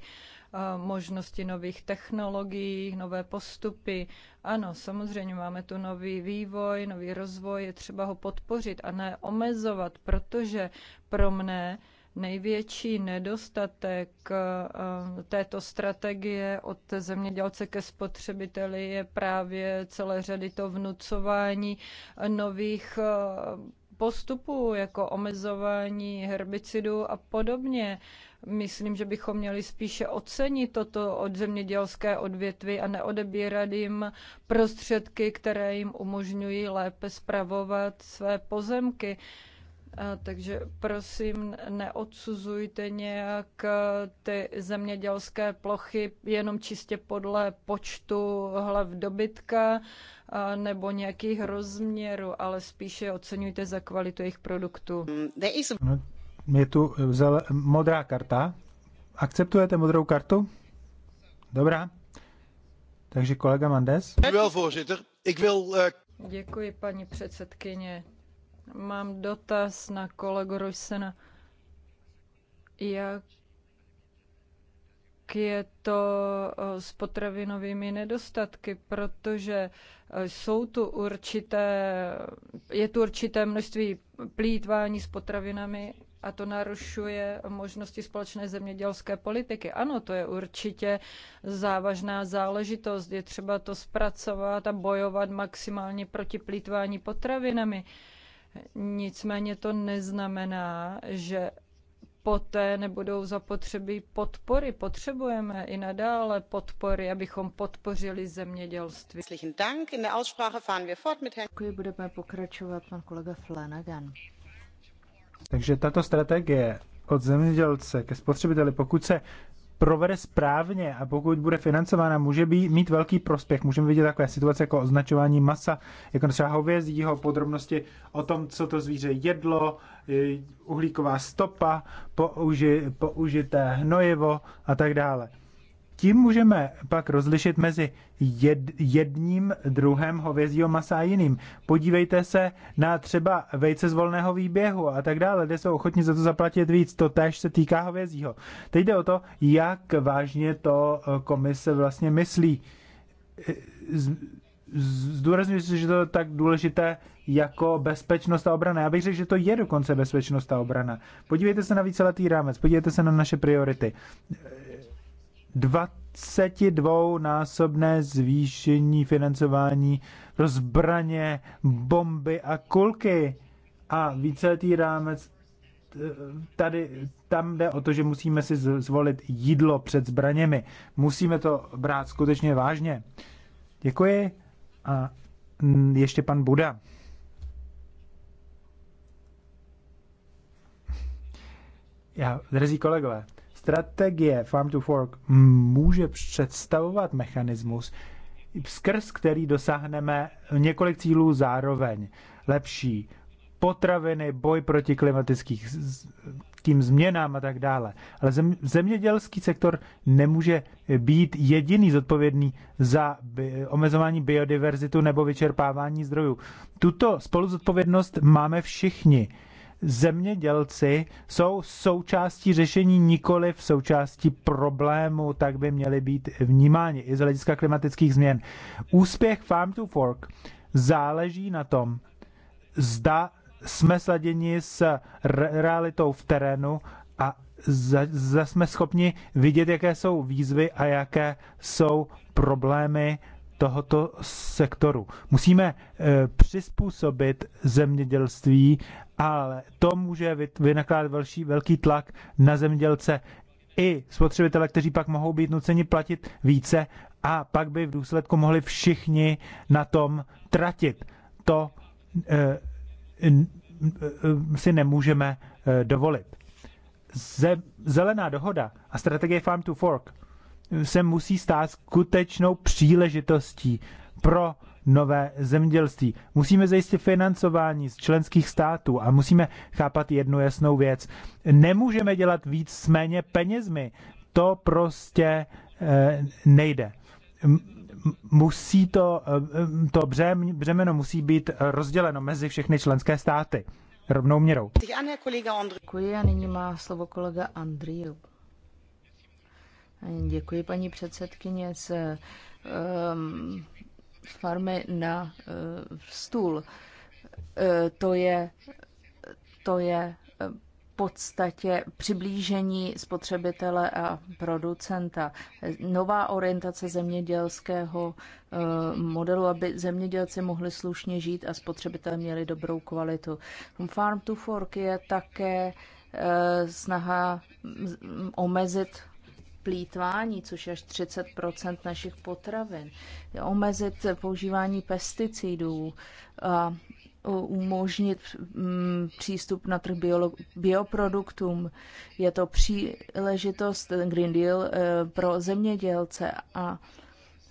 možnosti nových technologií, nové postupy. Ano, samozřejmě máme tu nový vývoj, nový rozvoj, je třeba ho podpořit a ne omezovat, protože pro mne Největší nedostatek eh, této strategie od zemědělce ke spotřebiteli je právě celé řady to vnucování nových eh, postupů, jako omezování herbicidů a podobně. Myslím, že bychom měli spíše ocenit toto od zemědělské odvětvy a neodebírat jim prostředky, které jim umožňují lépe spravovat své pozemky takže prosím, neodsuzujte nějak eh, ty zemědělské plochy jenom čistě podle počtu hlav dobytka eh, nebo nějakých rozměrů, ale spíše oceňujte za kvalitu jejich produktů. Mm, no, je tu eh, modrá karta. Akceptujete modrou kartu? Dobrá. Takže kolega Mandes. Děkuji, paní předsedkyně. Mám dotaz na kolegu Rusena. Jak jak je to eh, s potravinovými nedostatky, protože eh, jsou tu určité, je tu určité množství plítvání s potravinami a to narušuje možnosti společné zemědělské politiky. Ano, to je určitě závažná záležitost. Je třeba to zpracovat a bojovat maximálně proti plítvání potravinami. Nicméně to neznamená, že poté nebudou zapotřebí podpory. Potřebujeme i nadále podpory, abychom podpořili zemědělství. Děkuji, budeme pokračovat pan kolega Flanagan. Takže tato strategie od zemědělce ke spotřebiteli, pokud se provede správně a pokud bude financována, může být, mít velký prospěch. Můžeme vidět takové situace jako označování masa, jako třeba hovězího, podrobnosti o tom, co to zvíře jedlo, uhlíková stopa, použi, použité hnojivo a tak dále tím můžeme pak rozlišit mezi jed, jedním druhem hovězího masa a jiným. Podívejte se na třeba vejce z volného výběhu a tak dále, kde jsou ochotni za to zaplatit víc. To též se týká hovězího. Teď jde o to, jak vážně to eh, komise vlastně myslí. Eh, Zdůrazňuji si, že to je tak důležité jako bezpečnost a obrana. Já bych řekl, že to je dokonce bezpečnost a obrana. Podívejte se na víceletý rámec, podívejte se na naše priority 22-násobné zvýšení financování pro zbraně, bomby a kulky. A víceletý rámec eh, tady, tam jde o to, že musíme si zvolit jídlo před zbraněmi. Musíme to brát skutečně vážně. Děkuji. A ještě pan Buda. Já, drazí kolegové, Strategie Farm to Fork může představovat mechanismus, skrz který dosáhneme několik cílů zároveň. Lepší potraviny, boj proti klimatickým tím změnám a tak dále. Ale zem, zemědělský sektor nemůže být jediný zodpovědný za by, omezování biodiverzitu nebo vyčerpávání zdrojů. Tuto spoluzodpovědnost máme všichni zemědělci jsou součástí řešení, nikoli v součástí problému, tak by měly být vnímáni i z hlediska klimatických změn. Úspěch Farm to Fork záleží na tom, zda jsme sladěni s realitou v terénu a zda jsme schopni vidět, jaké jsou výzvy a jaké jsou problémy tohoto sektoru. Musíme e, přizpůsobit zemědělství ale to může vynakládat velší, velký tlak na zemědělce i spotřebitele, kteří pak mohou být nuceni platit více a pak by v důsledku mohli všichni na tom tratit. To e, si nemůžeme eh, dovolit. Zelená dohoda a strategie Farm to Fork se musí stát skutečnou příležitostí pro nové zemědělství. Musíme zajistit financování z členských států a musíme chápat jednu jasnou věc. Nemůžeme dělat víc s méně penězmi. To prostě eh, nejde. Musí to, eh, to břemeno musí být rozděleno mezi všechny členské státy rovnou měrou. Děkuji a nyní má slovo kolega Andriu. Děkuji, paní předsedkyně. Z, um, ehm, farmy na eh, stůl. Eh, to je, to je eh, podstatě přiblížení spotřebitele a producenta. Nová orientace zemědělského modelu, aby zemědělci mohli slušně žít a spotřebitelé měli dobrou kvalitu. Farm to Fork je také snaha mm, omezit plítvání, což je až 30 našich potravin, omezit používání pesticidů, a umožnit mm, přístup na trh bio, bioproduktům. Je to příležitost Green Deal eh, pro zemědělce a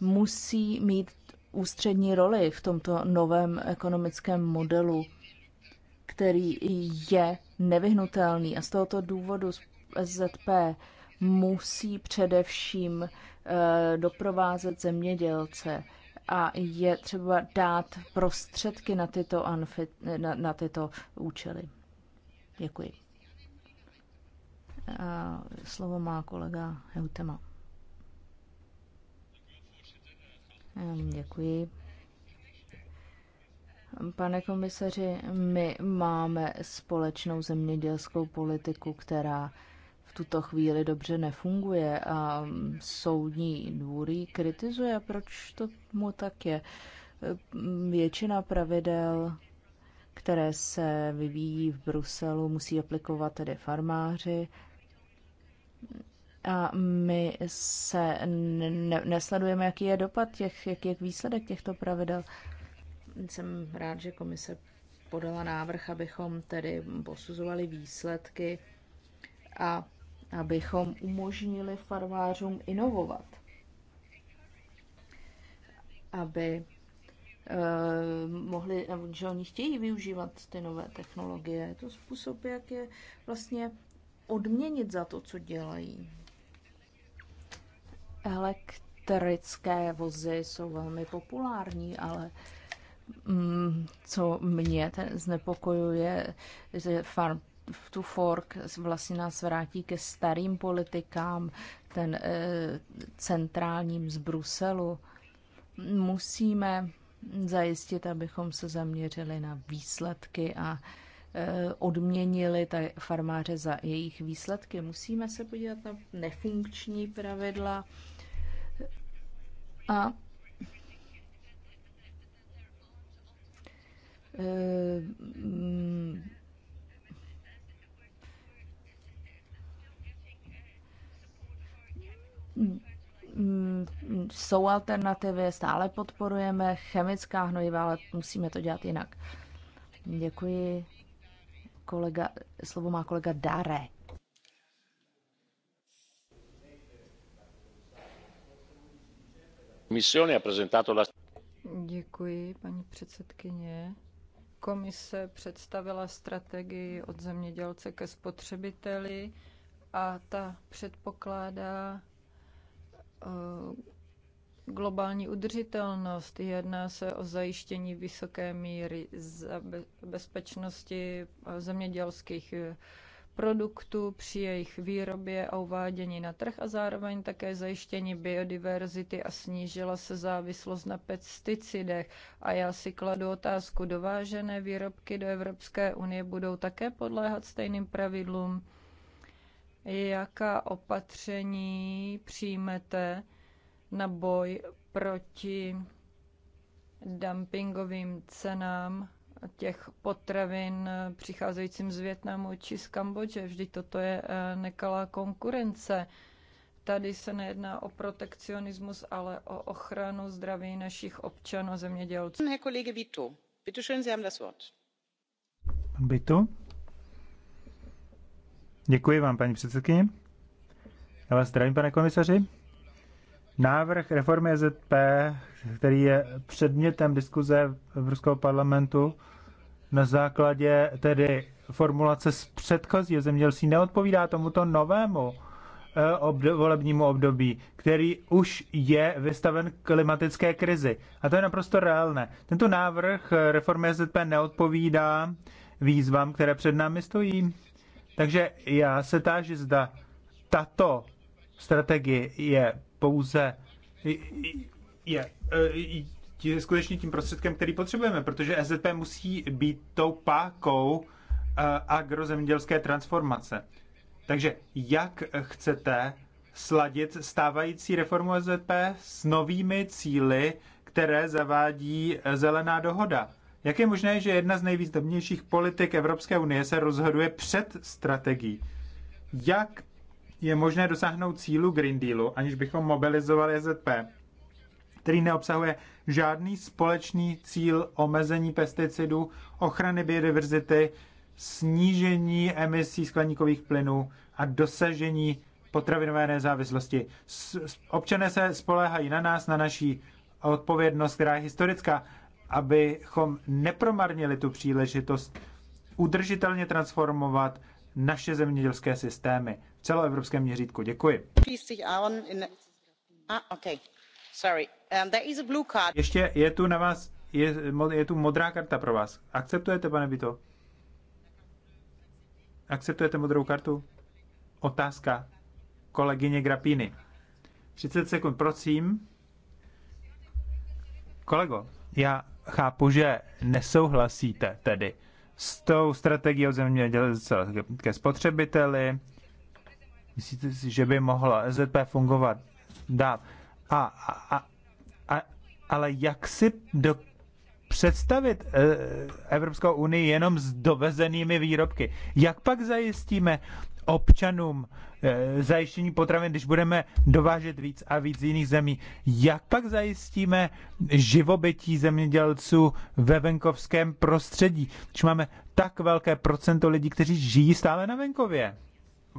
musí mít ústřední roli v tomto novém ekonomickém modelu, který je nevyhnutelný. A z tohoto důvodu SZP musí především eh, doprovázet zemědělce a je třeba dát prostředky na tyto, anfi, na, na tyto účely. Děkuji. A slovo má kolega Heutema. Ehm, děkuji. Pane komisaři, my máme společnou zemědělskou politiku, která tuto chvíli dobře nefunguje a soudní dvůr ji kritizuje. Proč to mu tak je? Většina pravidel, které se vyvíjí v Bruselu, musí aplikovat tedy farmáři. A my se ne- nesledujeme, jaký je dopad těch, jaký je výsledek těchto pravidel. Jsem rád, že komise podala návrh, abychom tedy posuzovali výsledky a abychom umožnili farmářům inovovat, aby eh, mohli, eh, že oni chtějí využívat ty nové technologie. Je to způsob, jak je vlastně odměnit za to, co dělají. Elektrické vozy jsou velmi populární, ale mm, co mě znepokojuje, že farm v tu fork vlastně nás vrátí ke starým politikám, ten e, centrálním z Bruselu. Musíme zajistit, abychom se zaměřili na výsledky a e, odměnili ta farmáře za jejich výsledky. Musíme se podívat na nefunkční pravidla a e, jsou alternativy, stále podporujeme chemická hnojiva, ale musíme to dělat jinak. Děkuji. Kolega, slovo má kolega Dare. Děkuji, paní předsedkyně. Komise představila strategii od zemědělce ke spotřebiteli a ta předpokládá Eh, globální udržitelnost. Jedná se o zajištění vysoké míry bezpečnosti zemědělských eh, produktů při jejich výrobě a uvádění na trh a zároveň také zajištění biodiverzity a snížila se závislost na pesticidech. A já si kladu otázku, dovážené výrobky do Evropské unie budou také podléhat stejným pravidlům? jaká opatření přijmete na boj proti dumpingovým cenám těch potravin přicházejícím z Větnamu či z Kambodže. Vždyť toto je eh, nekalá konkurence. Tady se nejedná o protekcionismus, ale o ochranu zdraví našich občanů a zemědělců. Herr Kollege Vito, bitte schön, Sie haben das Wort. Pan Děkuji vám, paní předsedkyně. Já vás zdravím, pane komisaři. Návrh reformy EZP, který je předmětem diskuze Evropského parlamentu, na základě tedy formulace z předchozí zemědělství neodpovídá tomuto novému eh, obdo- volebnímu období, který už je vystaven klimatické krizi. A to je naprosto reálné. Tento návrh eh, reformy e ZP neodpovídá výzvám, které před námi stojí. Takže já se táži, zda tato strategie je pouze je, je skutečně tím prostředkem, který potřebujeme, protože SZP musí být tou pákou eh, agrozemědělské transformace. Takže jak chcete sladit stávající reformu SZP s novými cíly, které zavádí zelená dohoda? Jak je možné, že jedna z nejvýznamnějších politik Evropské unie se rozhoduje před strategií? Jak je možné dosáhnout cílu Green Dealu, aniž bychom mobilizovali ZP, který neobsahuje žádný společný cíl omezení pesticidů, ochrany biodiverzity, snížení emisí skleníkových plynů a dosažení potravinové nezávislosti. Občané se spoléhají na nás, na naší odpovědnost, která je historická, abychom nepromarnili tu příležitost udržitelně transformovat naše zemědělské systémy v celoevropském měřítku. Děkuji. Ah, um, Ještě je tu na vás, je, je tu modrá karta pro vás. Akceptujete, pane Vito? Akceptujete modrou kartu? Otázka kolegyně Grapíny. 30 sekund, prosím. Kolego, já chápu, že nesouhlasíte tedy s tou strategií od zemědělce ke spotřebiteli. Myslíte si, že by mohla SZP fungovat dál? A, a, a, ale jak si do, představit eh, Evropskou unii jenom s dovezenými výrobky? Jak pak zajistíme občanům Eh, zajištění potravin, když budeme dovážet víc a víc z jiných zemí. Jak pak zajistíme živobytí zemědělců ve venkovském prostředí, když máme tak velké procento lidí, kteří žijí stále na venkově?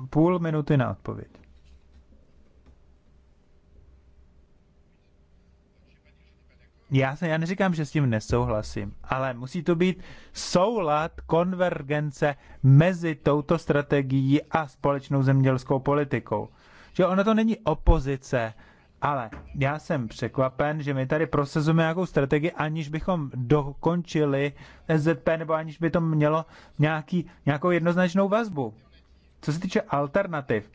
Půl minuty na odpověď. já, se, já neříkám, že s tím nesouhlasím, ale musí to být soulad konvergence mezi touto strategií a společnou zemědělskou politikou. Že ona to není opozice, ale já jsem překvapen, že my tady prosazujeme nějakou strategii, aniž bychom dokončili SZP, nebo aniž by to mělo nějaký, nějakou jednoznačnou vazbu. Co se týče alternativ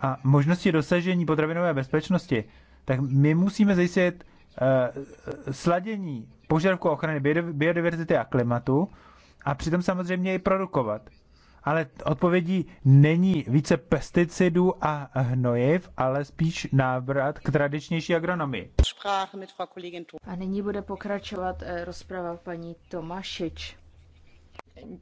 a možnosti dosažení potravinové bezpečnosti, tak my musíme zajistit Eh, sladění požadavku ochrany biodiverzity a klimatu a přitom samozřejmě i produkovat. Ale odpovědí není více pesticidů a hnojiv, ale spíš návrat k tradičnější agronomii. A nyní bude pokračovat eh, rozprava paní Tomašič.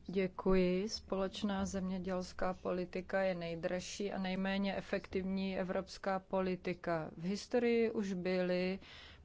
Děkuji. Společná zemědělská politika je nejdražší a nejméně efektivní evropská politika. V historii už byly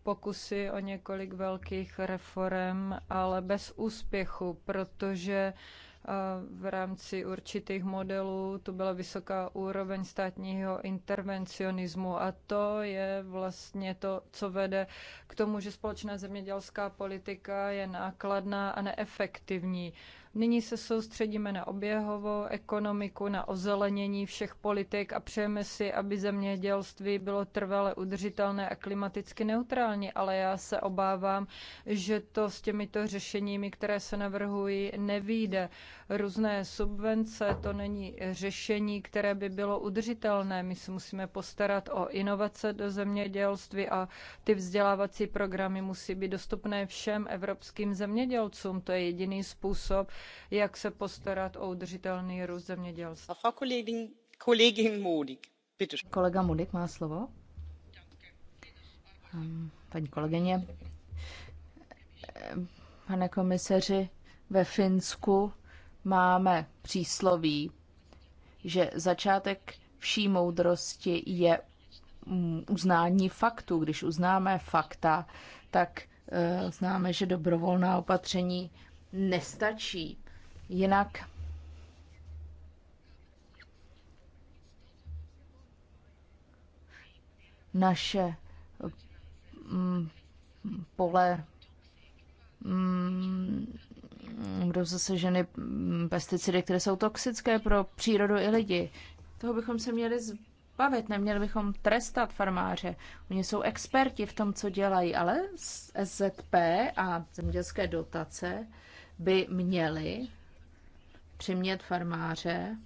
pokusy o několik velkých reform, ale bez úspěchu, protože eh, v rámci určitých modelů tu byla vysoká úroveň státního intervencionismu a to je vlastně to, co vede k tomu, že společná zemědělská politika je nákladná a neefektivní. Nyní se soustředíme na oběhovou ekonomiku, na ozelenění všech politik a přejeme si, aby zemědělství bylo trvale udržitelné a klimaticky neutrální, ale já se obávám, že to s těmito řešeními, které se navrhují, nevýjde. Různé subvence, to není řešení, které by bylo udržitelné. My se musíme postarat o inovace do zemědělství a ty vzdělávací programy musí být dostupné všem evropským zemědělcům. To je jediný způsob, jak se postarat o udržitelný růst zemědělství. Kolega Mudik má slovo. Ehm, paní kolegyně, ehm, pane komiseři, ve Finsku máme přísloví, že začátek vší moudrosti je mm, uznání faktů. Když uznáme fakta, tak eh, známe, že dobrovolná opatření nestačí. Jinak naše mm, pole kdo mm, zase ženy pesticidy, které jsou toxické pro přírodu i lidi. Toho bychom se měli zbavit, neměli bychom trestat farmáře. Oni jsou experti v tom, co dělají, ale SZP a zemědělské dotace by měli přimět farmáře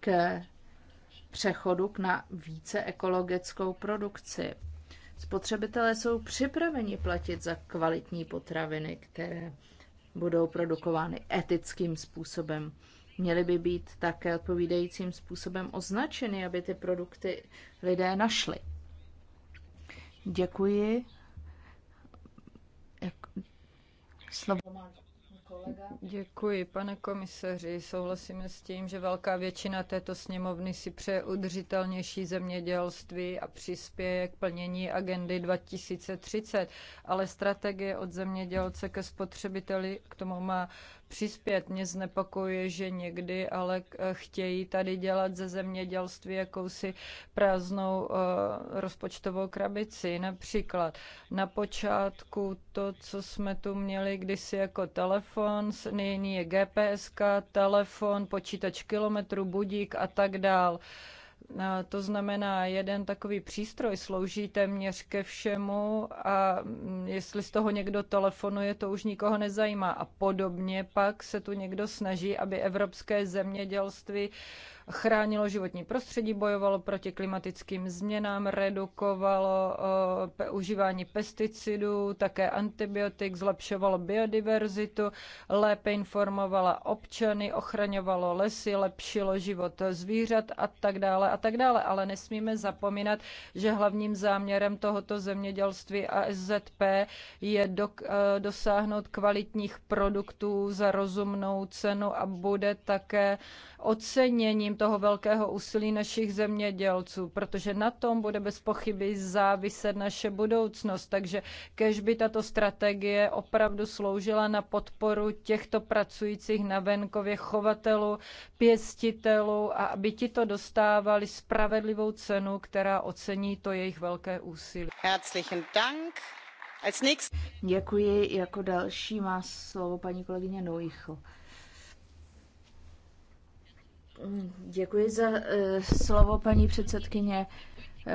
k přechodu k na více ekologickou produkci. Spotřebitelé jsou připraveni platit za kvalitní potraviny, které budou produkovány etickým způsobem. Měly by být také odpovídajícím způsobem označeny, aby ty produkty lidé našli. Děkuji. Slovo má Děkuji, pane komisaři. Souhlasíme s tím, že velká většina této sněmovny si přeje udržitelnější zemědělství a přispěje k plnění agendy 2030, ale strategie od zemědělce ke spotřebiteli k tomu má přispět. Mě znepokojuje, že někdy ale eh, chtějí tady dělat ze zemědělství jakousi prázdnou eh, rozpočtovou krabici. Například na počátku to, co jsme tu měli kdysi jako telefon, nyní je GPSK, telefon, počítač kilometrů, budík a tak dál. To znamená, jeden takový přístroj slouží téměř ke všemu a jestli z toho někdo telefonuje, to už nikoho nezajímá. A podobně pak se tu někdo snaží, aby evropské zemědělství chránilo životní prostředí, bojovalo proti klimatickým změnám, redukovalo uh, užívání pesticidů, také antibiotik, zlepšovalo biodiverzitu, lépe informovala občany, ochraňovalo lesy, lepšilo život zvířat a tak dále a tak dále. Ale nesmíme zapomínat, že hlavním záměrem tohoto zemědělství a SZP je do, uh, eh, dosáhnout kvalitních produktů za rozumnou cenu a bude také oceněním důsledkem toho velkého úsilí našich zemědělců, protože na tom bude bez pochyby záviset naše budoucnost. Takže kež by tato strategie opravdu sloužila na podporu těchto pracujících na venkově chovatelů, pěstitelů a aby ti to dostávali spravedlivou cenu, která ocení to jejich velké úsilí. Herzlichen Dank. Děkuji. Jako další má slovo paní kolegyně Neuchl. Děkuji za eh, slovo, paní předsedkyně.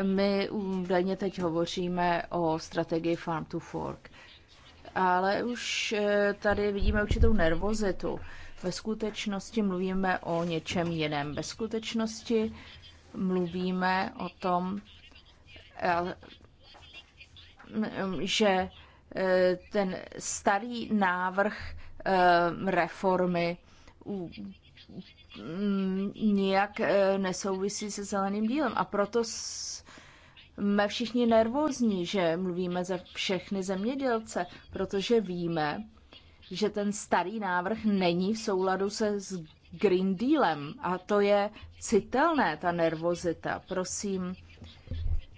My údajně teď hovoříme o strategii Farm to Fork, ale už eh, tady vidíme určitou nervozitu. Ve skutečnosti mluvíme o něčem jiném. Ve skutečnosti mluvíme o tom, eh, že ten starý návrh reformy Mm, nijak eh, nesouvisí se zeleným dílem. A proto jsme všichni nervózní, že mluvíme za všechny zemědělce, protože víme, že ten starý návrh není v souladu se s Green Dealem. A to je citelné, ta nervozita. Prosím,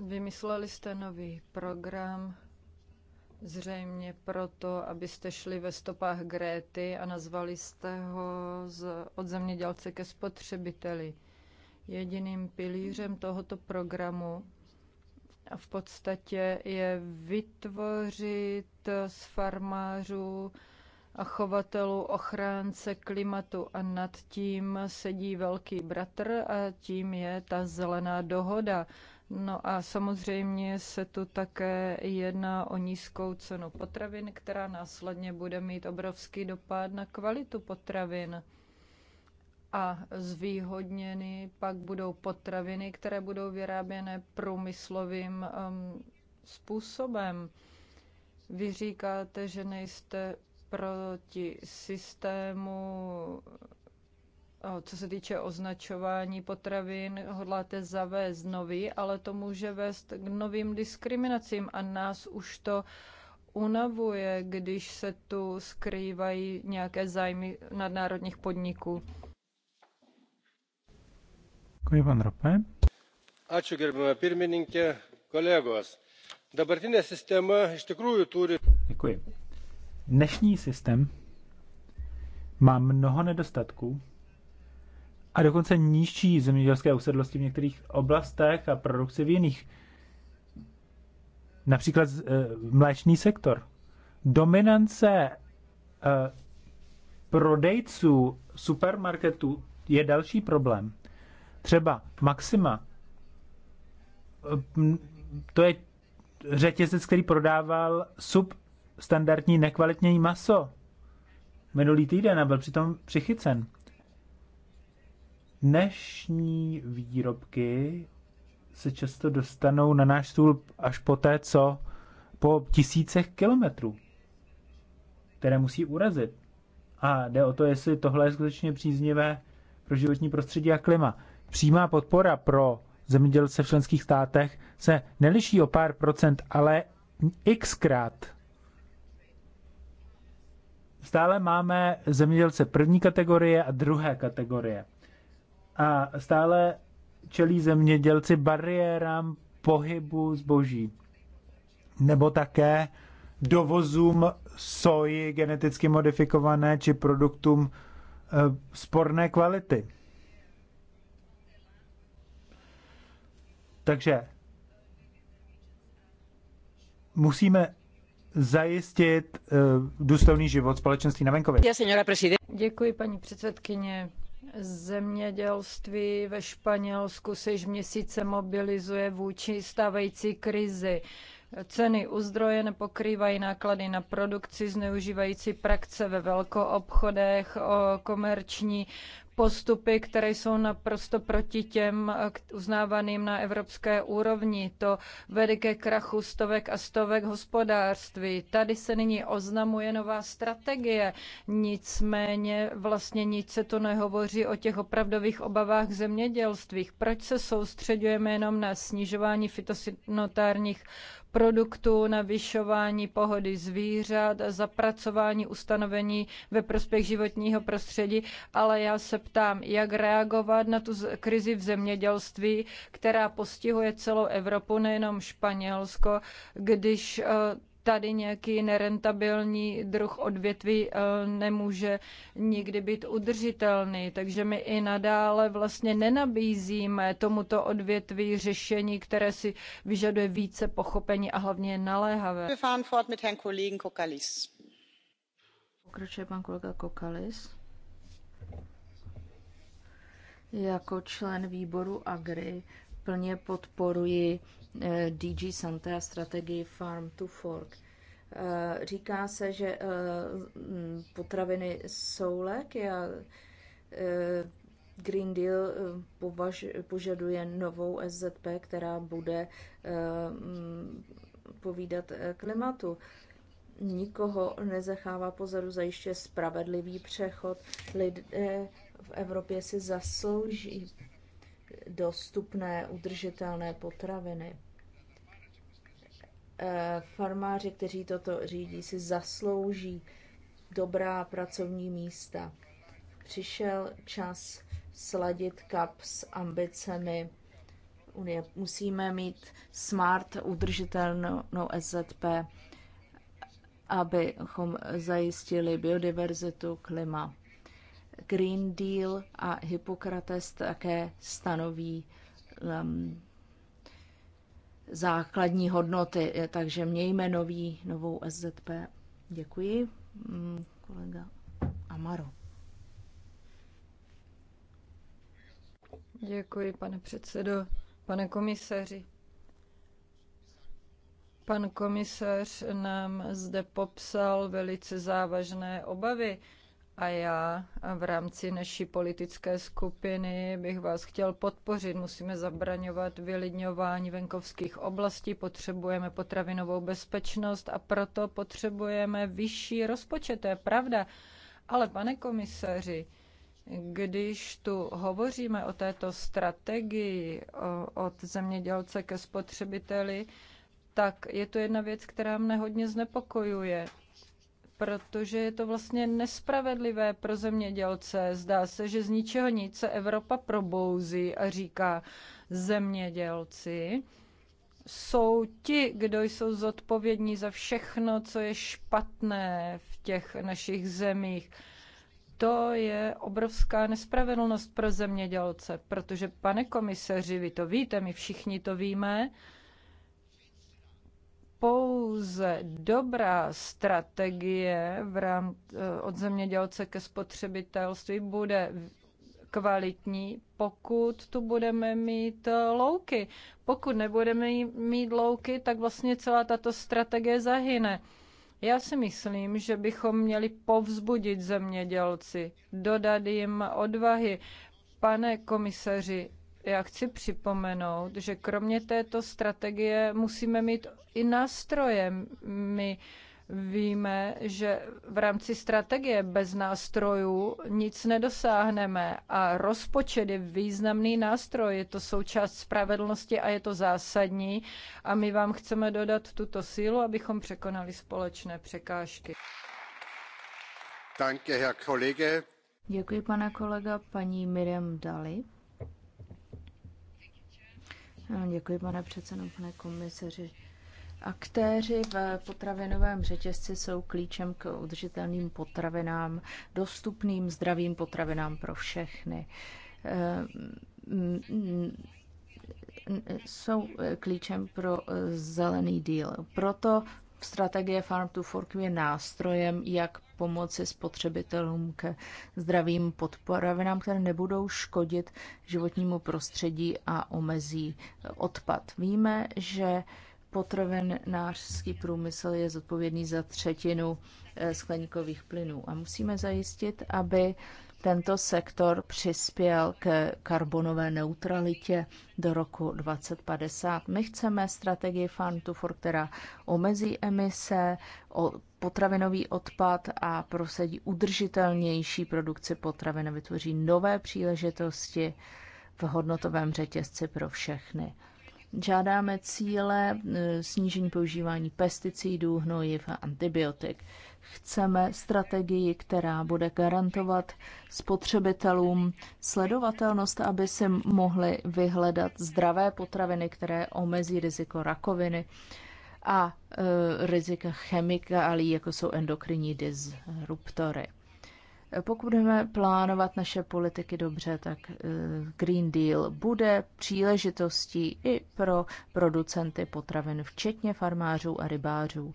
Vymysleli jste nový program, zřejmě proto, abyste šli ve stopách Gréty a nazvali jste ho z, od zemědělce ke spotřebiteli. Jediným pilířem tohoto programu a v podstatě je vytvořit z farmářů a chovatelů ochránce klimatu a nad tím sedí velký bratr a tím je ta zelená dohoda. No a samozřejmě se tu také jedná o nízkou cenu potravin, která následně bude mít obrovský dopad na kvalitu potravin. A zvýhodněny pak budou potraviny, které budou vyráběné průmyslovým um, způsobem. Vy říkáte, že nejste proti systému co se týče označování potravin, hodláte zavést nový, ale to může vést k novým diskriminacím a nás už to unavuje, když se tu skrývají nějaké zájmy nadnárodních podniků. Děkuji, pan Rope. Ačiū, gerbama pirmininkė, kolegos. Dabartinė sistema iš tikrųjų turi... Děkuji. Dnešní systém má mnoho nedostatků, a dokonce nižší zemědělské usedlosti v některých oblastech a produkci v jiných. Například e, mléčný sektor. Dominance e, prodejců supermarketů je další problém. Třeba Maxima, eh, to je řetězec, který prodával substandardní nekvalitní maso. Minulý týden a byl přitom přichycen. Dnešní výrobky se často dostanou na náš stůl až po té, co po tisícech kilometrů, které musí urazit. A jde o to, jestli tohle je skutečně příznivé pro životní prostředí a klima. Přímá podpora pro zemědělce v členských státech se neliší o pár procent, ale xkrát. Stále máme zemědělce první kategorie a druhé kategorie. A stále čelí zemědělci bariérám pohybu zboží. Nebo také dovozům soji geneticky modifikované či produktům eh, sporné kvality. Takže musíme zajistit eh, důstojný život společenství na venkově. Děkuji, paní předsedkyně. Zemědělství ve Španělsku se již měsíce mobilizuje vůči stávající krizi. Ceny uzdroje nepokrývají náklady na produkci, zneužívající praxe ve velkoobchodech, komerční postupy, které jsou naprosto proti těm eh, uznávaným na evropské úrovni. To vede ke krachu stovek a stovek hospodářství. Tady se nyní oznamuje nová strategie, nicméně vlastně nic se to nehovoří o těch opravdových obavách zemědělství. Proč se soustředujeme jenom na snižování fitosanitárních produktů, na pohody zvířat, zapracování ustanovení ve prospěch životního prostředí, ale já se ptám, jak reagovat na tu krizi v zemědělství, která postihuje celou Evropu, nejenom Španělsko, když eh, tady nějaký nerentabilní druh odvětví eh, nemůže nikdy být udržitelný. Takže my i nadále vlastně nenabízíme tomuto odvětví řešení, které si vyžaduje více pochopení a hlavně je naléhavé. Pokračuje pan kolega Kokalis. Jako člen výboru Agri plně podporuji Eh, DG Santa strategii Farm to Fork. Eh, říká se, že eh, potraviny jsou léky a Green Deal považ, požaduje novou SZP, která bude povídat klimatu. Nikoho nezachává pozadu, zajišťuje spravedlivý přechod. Lidé v Evropě si zaslouží dostupné udržitelné potraviny. E, farmáři, kteří toto řídí, si zaslouží dobrá pracovní místa. Přišel čas sladit kap s ambicemi Unie. Musíme mít smart, udržitelnou SZP, abychom zajistili biodiverzitu, klima Green Deal a Hippokrates také stanoví um, základní hodnoty, takže mějme nový, novou SZP. Děkuji, mm, kolega Amaro. Děkuji, pane předsedo, pane komisaři. Pan komisař nám zde popsal velice závažné obavy, a já v rámci naší politické skupiny bych vás chtěl podpořit. Musíme zabraňovat vylidňování venkovských oblastí, potřebujeme potravinovou bezpečnost a proto potřebujeme vyšší rozpočet, to je pravda. Ale pane komisaři, když tu hovoříme o této strategii od zemědělce ke spotřebiteli, tak je to jedna věc, která mne hodně znepokojuje protože je to vlastně nespravedlivé pro zemědělce. Zdá se, že z ničeho nic se Evropa probouzí a říká zemědělci, jsou ti, kdo jsou zodpovědní za všechno, co je špatné v těch našich zemích. To je obrovská nespravedlnost pro zemědělce, protože, pane komisaři, vy to víte, my všichni to víme, pouze dobrá strategie v rám, eh, od zemědělce ke spotřebitelství bude kvalitní, pokud tu budeme mít eh, louky. Pokud nebudeme mít louky, tak vlastně celá tato strategie zahyne. Já si myslím, že bychom měli povzbudit zemědělci, dodat jim odvahy. Pane komisaři, já chci připomenout, že kromě této strategie musíme mít i nástroje. My víme, že v rámci strategie bez nástrojů nic nedosáhneme a rozpočet je významný nástroj, je to součást spravedlnosti a je to zásadní a my vám chceme dodat tuto sílu, abychom překonali společné překážky. Danke, Herr Kollege. Děkuji, pane kolega, paní Miriam Dali. Děkuji, pane předsedo, pane komisaři. Aktéři v potravinovém řetězci jsou klíčem k udržitelným potravinám, dostupným zdravým potravinám pro všechny. Ehm, jsou e, klíčem pro e, zelený díl. Proto strategie Farm to Fork je nástrojem, jak pomoci spotřebitelům k zdravým podporavinám, které nebudou škodit životnímu prostředí a omezí odpad. Víme, že potravinářský průmysl je zodpovědný za třetinu eh, skleníkových plynů a musíme zajistit, aby tento sektor přispěl k karbonové neutralitě do roku 2050. My chceme strategii Farm to Fork, která omezí emise, potravinový odpad a prosadí udržitelnější produkci potravin a vytvoří nové příležitosti v hodnotovém řetězci pro všechny. Žádáme cíle e, snížení používání pesticidů, hnojiv a antibiotik. Chceme strategii, která bude garantovat spotřebitelům sledovatelnost, aby si mohli vyhledat zdravé potraviny, které omezí riziko rakoviny a e, rizika chemikálí, jako jsou endokrinní disruptory. Pokud budeme plánovat naše politiky dobře, tak eh, Green Deal bude příležitostí i pro producenty potravin, včetně farmářů a rybářů.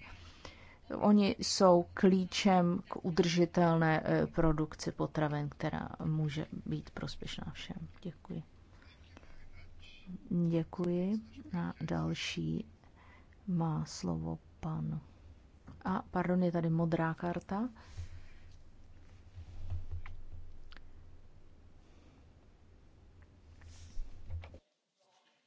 Oni jsou klíčem k udržitelné eh, produkci potravin, která může být prospěšná všem. Děkuji. Děkuji. A další má slovo pan. A pardon, je tady modrá karta.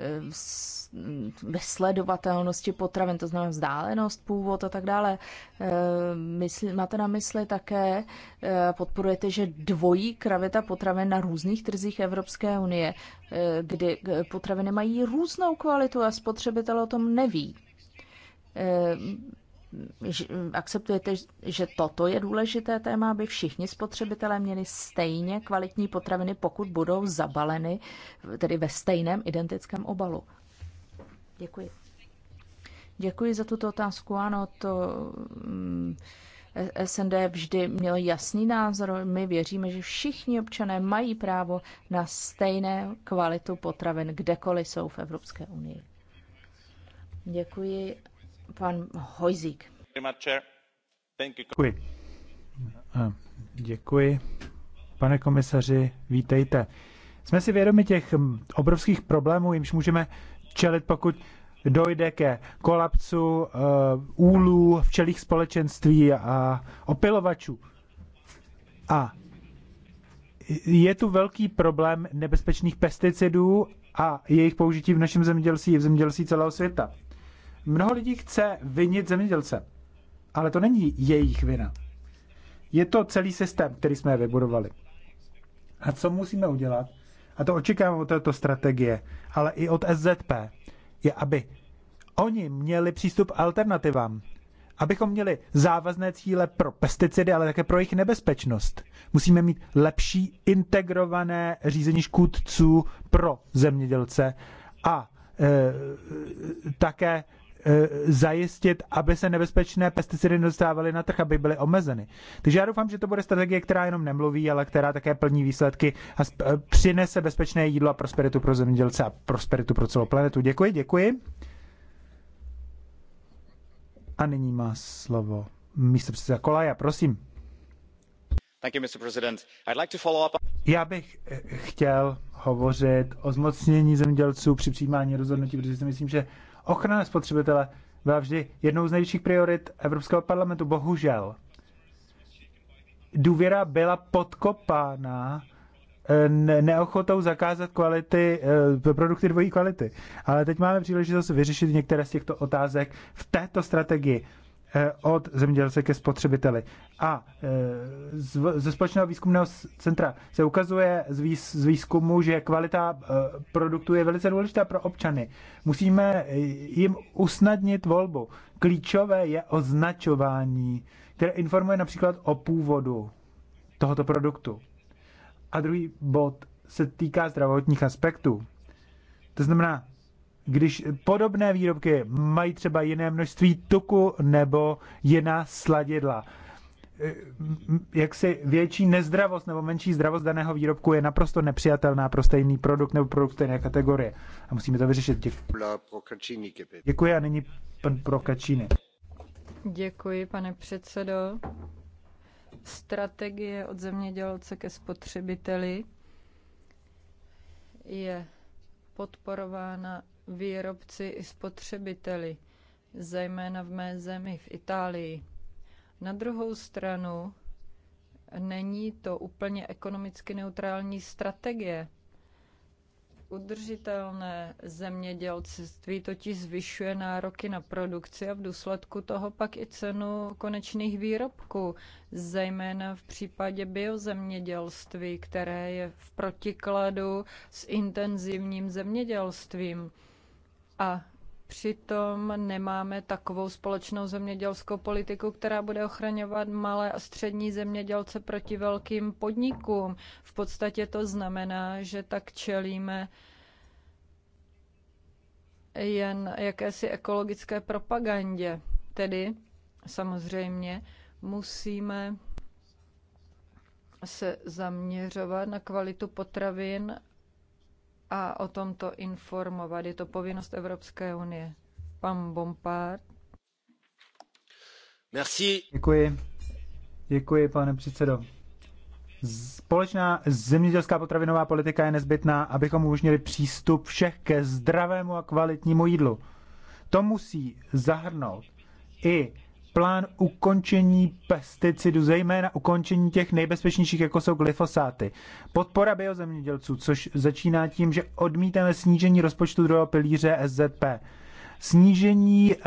Eh, mm, sledovatelnosti potravin, to znamená vzdálenost, původ a tak dále. Eh, Mysl, máte na mysli také, eh, podporujete, že dvojí kravita potravin na různých trzích Evropské unie, kdy potraviny mají různou kvalitu a spotřebitel o tom neví. Mm, akceptujete, že toto je důležité téma, aby všichni spotřebitelé měli stejně kvalitní potraviny, pokud budou zabaleny tedy ve stejném identickém obalu? Děkuji. Děkuji za tuto otázku. Ano, to mm, SND vždy měl jasný názor. My věříme, že všichni občané mají právo na stejné kvalitu potravin, kdekoliv jsou v Evropské unii. Děkuji Pan Hojzík. Děkuji. Eh, děkuji. Pane komisaři, vítejte. Jsme si vědomi těch obrovských problémů, jimž můžeme čelit, pokud dojde ke kolapsu uh, úlů, včelých společenství a opilovačů. A je tu velký problém nebezpečných pesticidů a jejich použití v našem zemědělství i v zemědělství celého světa. Mnoho lidí chce vinit zemědělce, ale to není jejich vina. Je to celý systém, který jsme vybudovali. A co musíme udělat? A to očekávám od této strategie, ale i od SZP, je, aby oni měli přístup alternativám. Abychom měli závazné cíle pro pesticidy, ale také pro jejich nebezpečnost. Musíme mít lepší integrované řízení škůdců pro zemědělce a e, také Eh, zajistit, aby se nebezpečné pesticidy nedostávaly na trh, aby byly omezeny. Takže já doufám, že to bude strategie, která jenom nemluví, ale která také plní výsledky a eh, přinese bezpečné jídlo a prosperitu pro zemědělce a prosperitu pro celou planetu. Děkuji, děkuji. A nyní má slovo místo předseda Kolaja, prosím. Thank you, Mr. I'd like to up. Já bych eh, chtěl hovořit o zmocnění zemědělců při přijímání rozhodnutí, protože si myslím, že Ochrana spotřebitele byla vždy jednou z největších priorit Evropského parlamentu. Bohužel, důvěra byla podkopána eh, neochotou zakázat kvality, eh, produkty dvojí kvality. Ale teď máme příležitost vyřešit některé z těchto otázek v této strategii. Eh, od zemědělce ke spotřebiteli. A eh, ze společného výzkumného centra se ukazuje z výzkumu, že kvalita eh, produktu je velice důležitá pro občany. Musíme jim usnadnit volbu. Klíčové je označování, které informuje například o původu tohoto produktu. A druhý bod se týká zdravotních aspektů. To znamená, když podobné výrobky mají třeba jiné množství tuku nebo jiná sladidla. Eh, Jaksi větší nezdravost nebo menší zdravost daného výrobku je naprosto nepřijatelná pro stejný produkt nebo produkt stejné kategorie. A musíme to vyřešit. Děkuji. Děkuji a nyní pan Prokačíny. Děkuji, pane předsedo. Strategie od zemědělce ke spotřebiteli je podporována výrobci i spotřebiteli, zejména v mé zemi, v Itálii. Na druhou stranu není to úplně ekonomicky neutrální strategie. Udržitelné zemědělství totiž zvyšuje nároky na produkci a v důsledku toho pak i cenu konečných výrobků, zejména v případě biozemědělství, které je v protikladu s intenzivním zemědělstvím. A přitom nemáme takovou společnou zemědělskou politiku, která bude ochraňovat malé a střední zemědělce proti velkým podnikům. V podstatě to znamená, že tak čelíme jen jakési ekologické propagandě. Tedy samozřejmě musíme se zaměřovat na kvalitu potravin a o tomto informovat. Je to povinnost Evropské unie. Pan Bompard. Merci. Děkuji. Děkuji, pane předsedo. Společná zemědělská potravinová politika je nezbytná, abychom umožnili přístup všech ke zdravému a kvalitnímu jídlu. To musí zahrnout i plán ukončení pesticidů, zejména ukončení těch nejbezpečnějších, jako jsou glyfosáty. Podpora biozemědělců, což začíná tím, že odmítáme snížení rozpočtu druhého pilíře SZP. Snížení eh,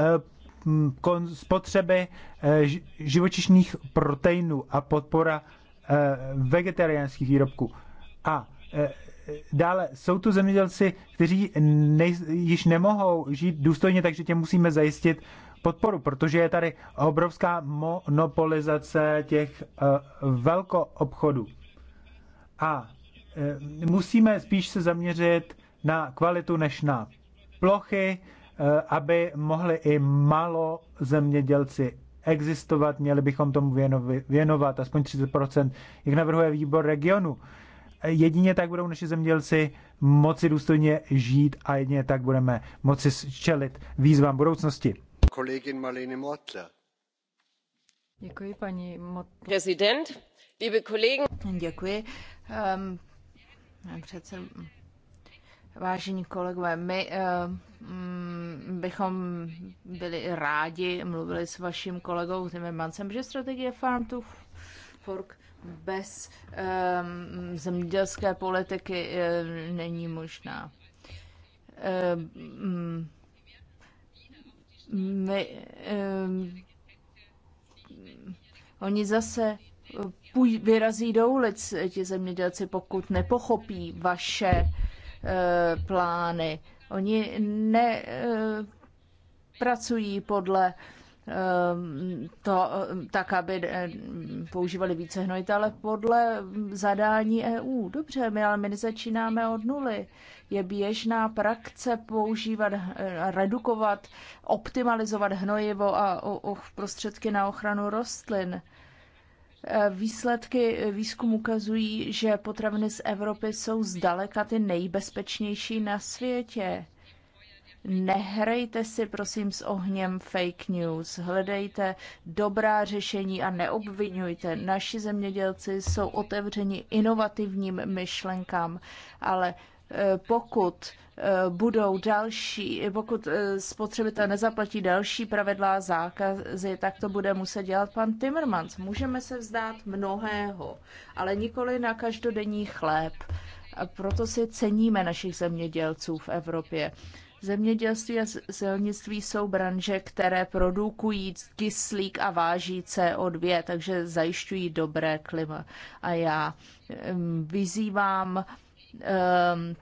spotřeby eh, živočišných proteinů a podpora eh, vegetariánských výrobků. A dále jsou tu zemědělci, kteří nej, již nemohou žít důstojně, takže tě musíme zajistit podporu, protože je tady obrovská monopolizace těch eh, velkoobchodů. A eh, musíme spíš se zaměřit na kvalitu než na plochy, eh, aby mohli i malo zemědělci existovat, měli bychom tomu věnovat aspoň 30%, jak navrhuje výbor regionu. Jedině tak budou naši zemědělci moci důstojně žít a jedině tak budeme moci čelit výzvám budoucnosti paní ehm, předsedající vážení kolegové, my ehm, bychom byli rádi, mluvili s vaším kolegou Timmermansem, že strategie Farm to Fork bez um, zemědělské politiky není možná. um, my, um, oni zase půj, vyrazí do ulic ti zemědělci, pokud nepochopí vaše uh, plány. Oni nepracují eh, uh, podle ehm, to, tak, aby eh, používali více hnojit, ale podle zadání EU. Dobře, my ale my nezačínáme od nuly je běžná praxe používat, redukovat, optimalizovat hnojivo a prostředky na ochranu rostlin. Výsledky výzkum ukazují, že potraviny z Evropy jsou zdaleka ty nejbezpečnější na světě. Nehrejte si prosím s ohněm fake news, hledejte dobrá řešení a neobvinujte. Naši zemědělci jsou otevřeni inovativním myšlenkám, ale Eh, pokud eh, budou další, pokud eh, spotřebitel nezaplatí další pravidla zákazy, tak to bude muset dělat pan Timmermans. Můžeme se vzdát mnohého, ale nikoli na každodenní chléb. A proto si ceníme našich zemědělců v Evropě. Zemědělství a silnictví jsou branže, které produkují kyslík a váží CO2, takže zajišťují dobré klima. A já vyzývám Ehm,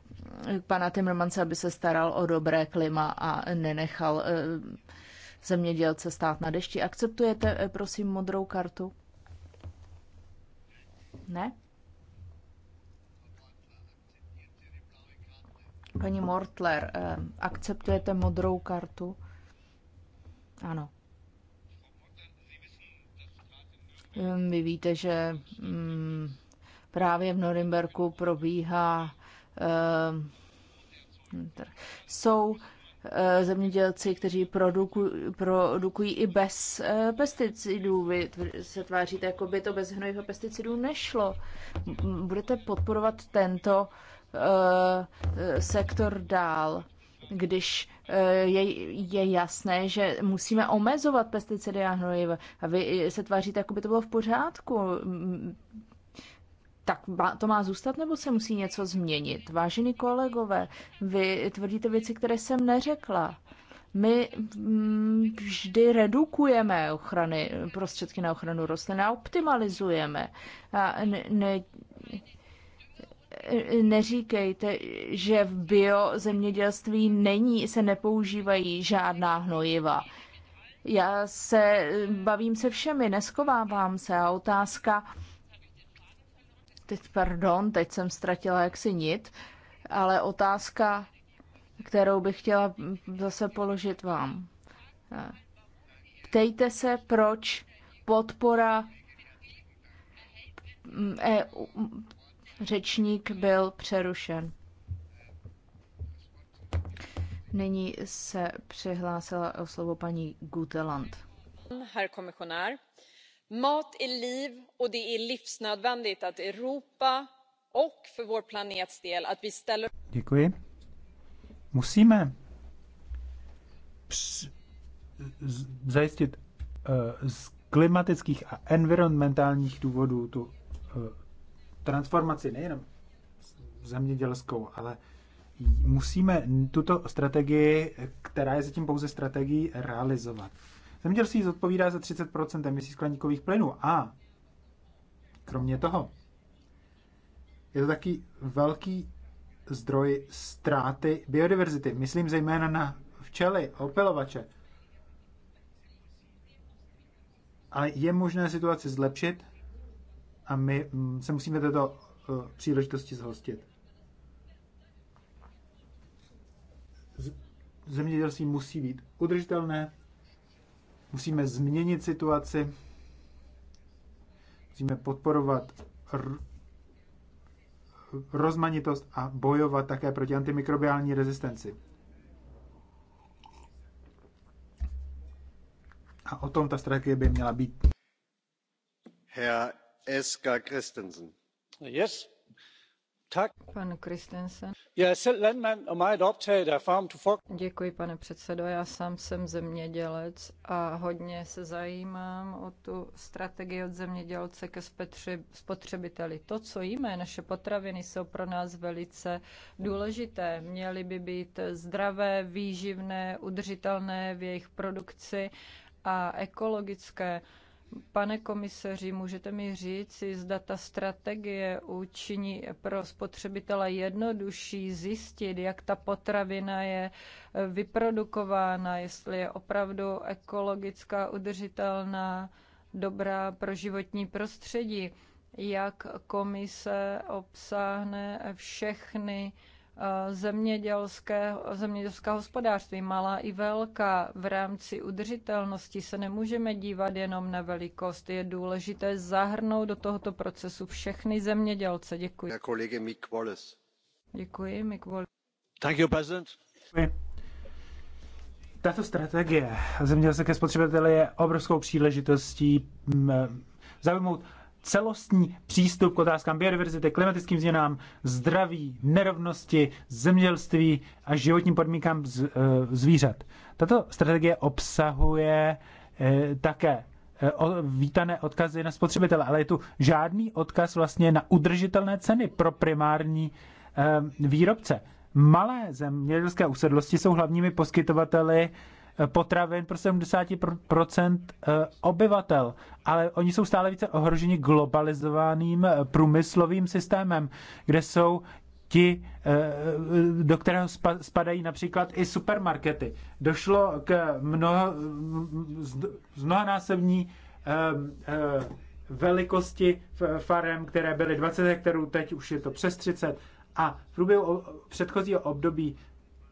pana Timmermansa, aby se staral o dobré klima a nenechal ehm, zemědělce stát na dešti. Akceptujete, eh, prosím, modrou kartu? Ne? Paní Mortler, ehm, akceptujete modrou kartu? Ano. Vy víte, že mm, Právě v Norimberku probíhá eh, jsou eh, zemědělci, kteří produkují, produkují i bez eh, pesticidů. Vy se tváříte, jako by to bez hnojiv a pesticidů nešlo. Budete podporovat tento sektor dál, když je, je jasné, že musíme omezovat pesticidy a hnojiva. A vy se tváříte, jako by to bylo v pořádku tak to má zůstat nebo se musí něco změnit? Vážení kolegové, vy tvrdíte věci, které jsem neřekla. My mm, vždy redukujeme ochrany, prostředky na ochranu rostlin a optimalizujeme. A ne, ne, neříkejte, že v biozemědělství není, se nepoužívají žádná hnojiva. Já se bavím se všemi, neskovávám se a otázka, Teď, pardon, teď jsem ztratila jaksi nit, ale otázka, kterou bych chtěla zase položit vám. Ptejte se, proč podpora mm, EU, řečník byl přerušen. Nyní se přihlásila o slovo paní Guteland. Herr komisař mat är liv och det är livsnödvändigt att europa och för vår planets del att vi ställer. Děkuji. Musíme zajistit eh, z klimatických a environmentálních důvodů tu eh, transformaci nejenom zemědělskou, ale musíme tuto strategii, která je zatím pouze strategií, realizovat. Zemědělství zodpovídá za 30 emisí skleníkových plynů a kromě toho je to taky velký zdroj ztráty biodiverzity. Myslím zejména na včely, opilovače. Ale je možné situaci zlepšit a my mm, se musíme této eh, příležitosti zhostit. Zemědělství musí být udržitelné, Musíme změnit situaci, musíme podporovat rozmanitost a bojovat také proti antimikrobiální rezistenci. A o tom ta strategie by měla být. Herr Eska Christensen. Yes. Er Děkuji, pane předsedající Já sám jsem zemědělec a hodně se zajímám o tu strategii od zemědělce ke spotřebiteli. To, co jíme, naše potraviny jsou pro nás velice důležité. Měly by být zdravé, výživné, udržitelné v jejich produkci a ekologické. Pane komisaři, můžete mi říct, zda ta strategie učiní pro spotřebitele jednodušší zjistit, jak ta potravina je vyprodukována, jestli je opravdu ekologická, udržitelná, dobrá pro životní prostředí, jak komise obsáhne všechny Eh, zemědělské, zemědělská hospodářství, malá i velká, v rámci udržitelnosti se nemůžeme dívat jenom na velikost. Je důležité zahrnout do tohoto procesu všechny zemědělce. Děkuji. Kolegy Mick Wallace. Děkuji, Mick Wallace. Thank you, President. Tato strategie zemědělské spotřebitele je obrovskou příležitostí mm, eh, zaujmout celostní přístup k otázkám biodiverzity, klimatickým změnám, zdraví, nerovnosti, zemědělství a životním podmínkám z, eh, zvířat. Tato strategie obsahuje eh, také eh, vítané odkazy na spotřebitele, ale je tu žádný odkaz vlastně na udržitelné ceny pro primární výrobce. Malé zemědělské usedlosti jsou hlavními poskytovateli potravin pro 70% eh, obyvatel, ale oni jsou stále více ohroženi globalizovaným eh, průmyslovým systémem, kde jsou ti, eh, do kterého spadají například i supermarkety. Došlo k mnoho, z mnohanásobní velikosti farem, které byly 20 hektarů, teď už je to přes 30. A v průběhu předchozího období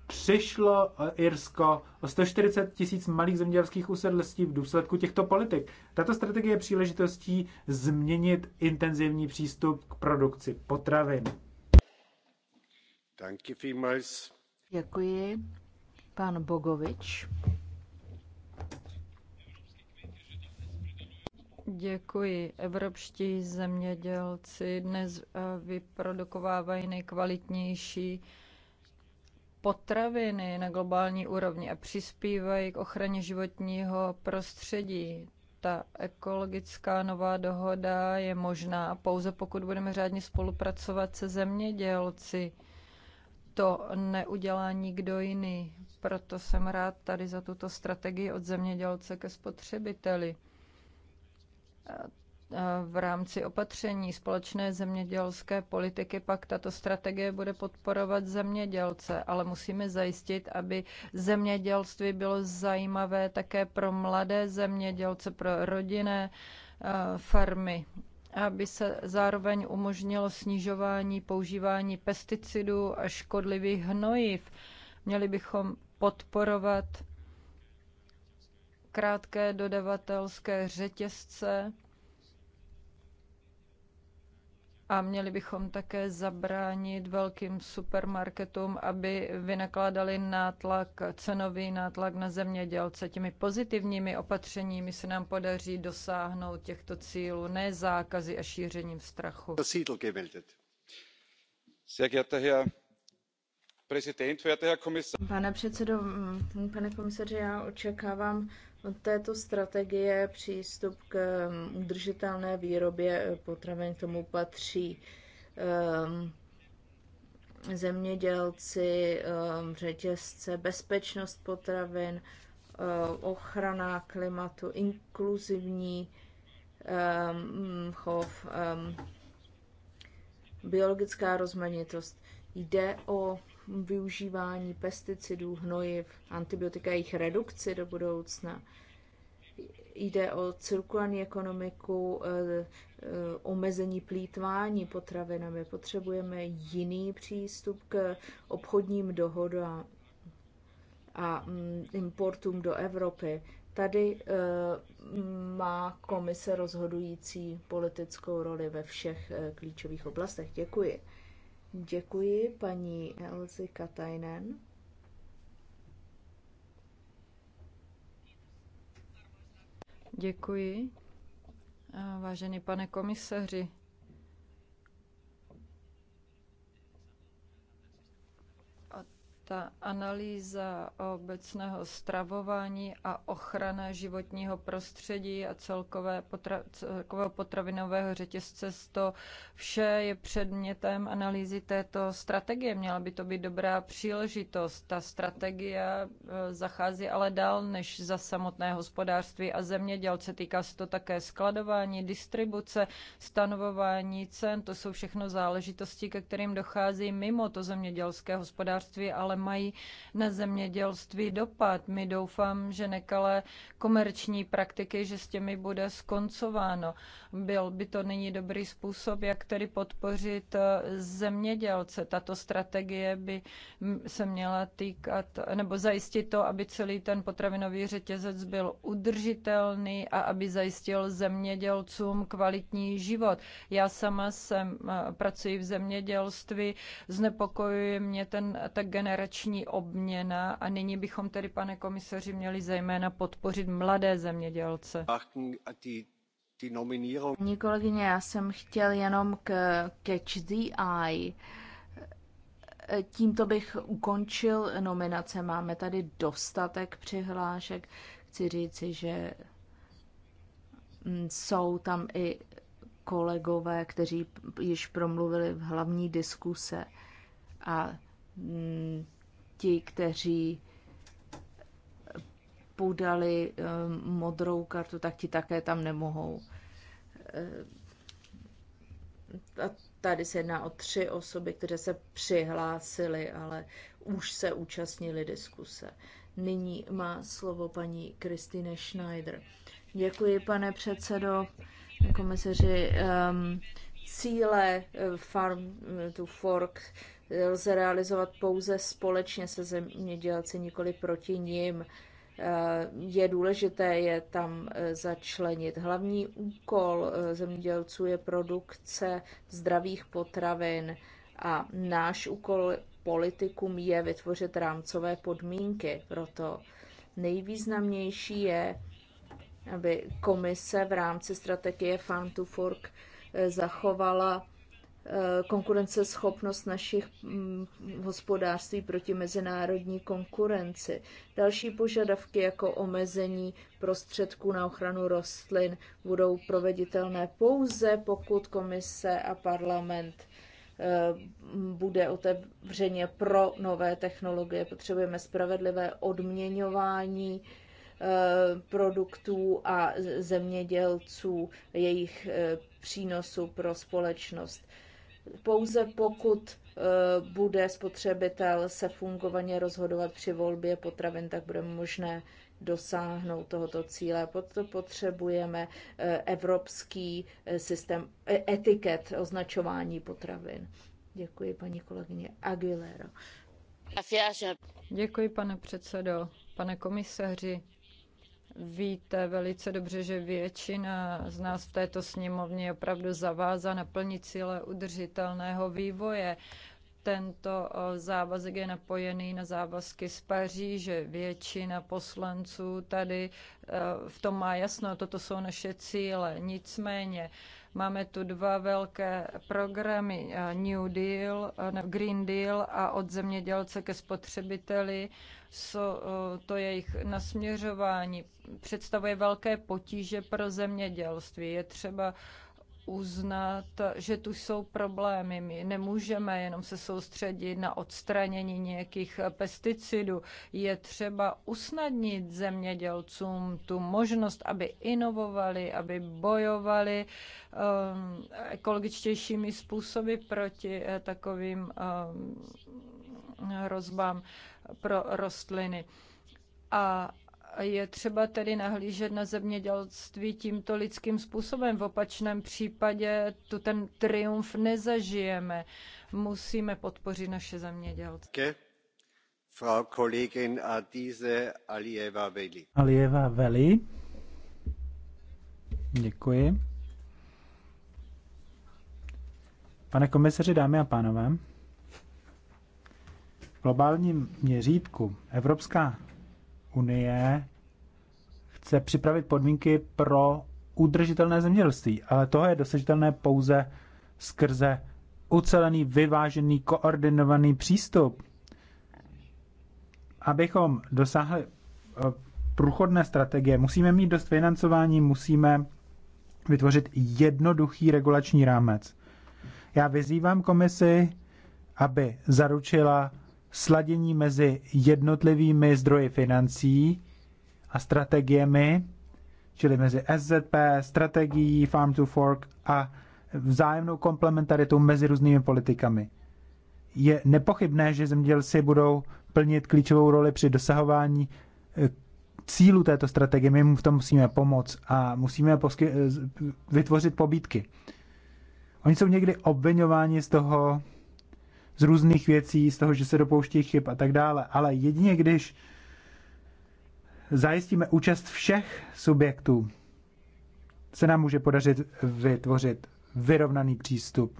přišlo eh, Irsko o 140 tisíc malých zemědělských usedlostí v důsledku těchto politik. Tato strategie je příležitostí změnit intenzivní přístup k produkci potravin. Děkuji. Pan Bogovič. Děkuji. Evropští zemědělci dnes eh, vyprodukovávají nejkvalitnější potraviny na globální úrovni a přispívají k ochraně životního prostředí. Ta ekologická nová dohoda je možná pouze pokud budeme řádně spolupracovat se zemědělci. To neudělá nikdo jiný. Proto jsem rád tady za tuto strategii od zemědělce ke spotřebiteli v rámci opatření společné zemědělské politiky pak tato strategie bude podporovat zemědělce, ale musíme zajistit, aby zemědělství bylo zajímavé také pro mladé zemědělce, pro rodinné farmy aby se zároveň umožnilo snižování používání pesticidů a škodlivých hnojiv. Měli bychom podporovat krátké dodavatelské řetězce, a měli bychom také zabránit velkým supermarketům, aby vynakládali nátlak, cenový nátlak na zemědělce. Těmi pozitivními opatřeními se nám podaří dosáhnout těchto cílů, ne zákazy a šířením strachu. Pane předsedo, pane komisaři, já očekávám od této strategie přístup k um, udržitelné výrobě eh, potravin k tomu patří ehm, zemědělci, ehm, řetězce, bezpečnost potravin, eh, ochrana klimatu, inkluzivní ehm, chov, biologická rozmanitost. Jde o využívání pesticidů, hnojiv, antibiotika, jejich redukci do budoucna. Jde o cirkulární ekonomiku, eh, eh, omezení plítvání potravinami. Potřebujeme jiný přístup k obchodním dohodám a mm, importům do Evropy. Tady eh, má komise rozhodující politickou roli ve všech klíčových oblastech. Děkuji. Děkuji paní Elzi Katainen. Děkuji. Vážený pane komisaři, ta analýza obecného stravování a ochrana životního prostředí a celkové potra- celkového potravinového řetězce, to vše je předmětem analýzy této strategie. Měla by to být dobrá příležitost. Ta strategie eh, zachází ale dál než za samotné hospodářství a zemědělce. Týká se to také skladování, distribuce, stanovování cen. To jsou všechno záležitosti, ke kterým dochází mimo to zemědělské hospodářství, ale mají na zemědělství dopad. My doufám, že nekalé komerční praktiky, že s těmi bude skoncováno. Byl by to nyní dobrý způsob, jak tedy podpořit eh, zemědělce. Tato strategie by se měla týkat, nebo zajistit to, aby celý ten potravinový řetězec byl udržitelný a aby zajistil zemědělcům kvalitní život. Já sama jsem, eh, pracuji v zemědělství, znepokojuje mě ten, ta generační generační obměna a nyní bychom tedy, pane komisaři, měli zejména podpořit mladé zemědělce. Paní kolegyně, já jsem chtěl jenom k Catch the Eye. Tímto bych ukončil nominace. Máme tady dostatek přihlášek. Chci říci, že mm, jsou tam i kolegové, kteří již promluvili v hlavní diskuse a mm, ti, kteří podali eh, modrou kartu, tak ti také tam nemohou. Eh, a tady se jedná o tři osoby, které se přihlásily, ale už se účastnili diskuse. Nyní má slovo paní Kristine Schneider. Děkuji, pane předsedo, komiseři. Ehm, cíle eh, Farm to Fork lze realizovat pouze společně se zemědělci, nikoli proti nim. Eh, je důležité je tam eh, začlenit. Hlavní úkol eh, zemědělců je produkce zdravých potravin a náš úkol politikům je vytvořit rámcové podmínky. Proto nejvýznamnější je, aby komise v rámci strategie Farm to Fork zachovala Eh, konkurenceschopnost našich mm, hospodářství proti mezinárodní konkurenci. Další požadavky jako omezení prostředků na ochranu rostlin budou proveditelné pouze, pokud komise a parlament eh, bude otevřeně pro nové technologie. Potřebujeme spravedlivé odměňování eh, produktů a zemědělců, jejich přínosu pro společnost pouze pokud eh, bude spotřebitel se fungovaně rozhodovat při volbě potravin, tak bude možné dosáhnout tohoto cíle. Proto potřebujeme eh, evropský eh, systém etiket označování potravin. Děkuji paní kolegyně Aguilera. Děkuji, pane předsedo, pane komisaři víte velice dobře, že většina z nás v této sněmovně je opravdu zavázána plnit cíle udržitelného vývoje. Tento závazek je napojený na závazky z Paříže. Většina poslanců tady e, v tom má jasno, toto jsou naše cíle. Nicméně, Máme tu dva velké programy, eh, New Deal, eh, Green Deal a od zemědělce ke spotřebiteli. So, eh, to jejich nasměřování představuje velké potíže pro zemědělství. Je třeba uznat, že tu jsou problémy. My nemůžeme jenom se soustředit na odstranění nějakých pesticidů. Je třeba usnadnit zemědělcům tu možnost, aby inovovali, aby bojovali um, ekologičtějšími způsoby proti eh, takovým um, hrozbám pro rostliny. A je třeba tedy nahlížet na zemědělství tímto lidským způsobem. V opačném případě tu ten triumf nezažijeme. Musíme podpořit naše zemědělce. Frau Kollegin Adise Alieva Veli. Alieva Veli. Děkuji. Pane komisaři, dámy a pánové, v globálním měřítku Evropská unie chce připravit podmínky pro udržitelné zemědělství, ale toho je dosažitelné pouze skrze ucelený, vyvážený, koordinovaný přístup. Abychom dosáhli eh, průchodné strategie, musíme mít dost financování, musíme vytvořit jednoduchý regulační rámec. Já vyzývám komisi, aby zaručila sladění mezi jednotlivými zdroji financí a strategiemi, čili mezi SZP, strategií Farm to Fork a vzájemnou komplementaritu mezi různými politikami. Je nepochybné, že zemědělci budou plnit klíčovou roli při dosahování eh, cílu této strategie. My mu v tom musíme pomoct a musíme posky- eh, vytvořit pobídky. Oni jsou někdy obvinováni z toho, z různých věcí, z toho, že se dopouští chyb a tak dále, ale jedině když zajistíme účast všech subjektů, se nám může podařit vytvořit vyrovnaný přístup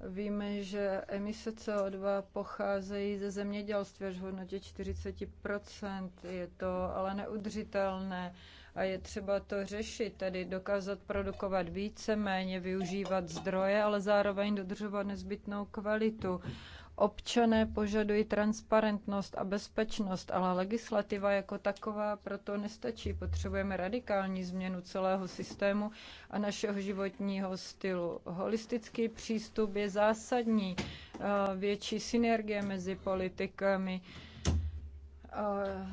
Víme, že emise CO2 pocházejí ze zemědělství až v hodnotě 40 Je to ale neudržitelné a je třeba to řešit, tedy dokázat produkovat více, méně využívat zdroje, ale zároveň dodržovat nezbytnou kvalitu. Občané požadují transparentnost a bezpečnost, ale legislativa jako taková proto nestačí. Potřebujeme radikální změnu celého systému a našeho životního stylu. Holistický přístup je zásadní, eh, větší synergie mezi politikami,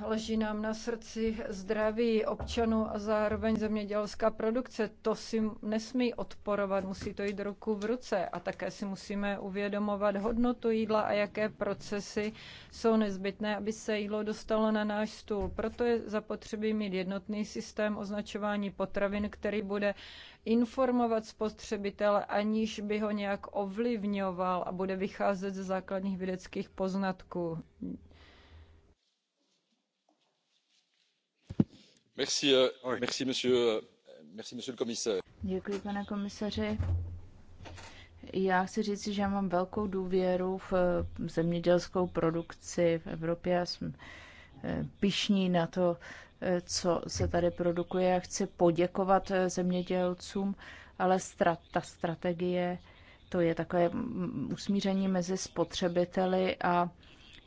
leží nám na srdci zdraví občanů a zároveň zemědělská produkce. To si nesmí odporovat, musí to jít ruku v ruce a také si musíme uvědomovat hodnotu jídla a jaké procesy jsou nezbytné, aby se jídlo dostalo na náš stůl. Proto je zapotřebí mít jednotný systém označování potravin, který bude informovat spotřebitele, aniž by ho nějak ovlivňoval a bude vycházet ze základních vědeckých poznatků. Euh, euh, Děkuji, pane komisaři. Já chci říct, že mám velkou důvěru v eh, zemědělskou produkci v Evropě a jsem eh, pišní na to, eh, co se tady produkuje. a chci poděkovat zemědělcům, ale strat, ta strategie to je takové mm, mm, usmíření mezi spotřebiteli a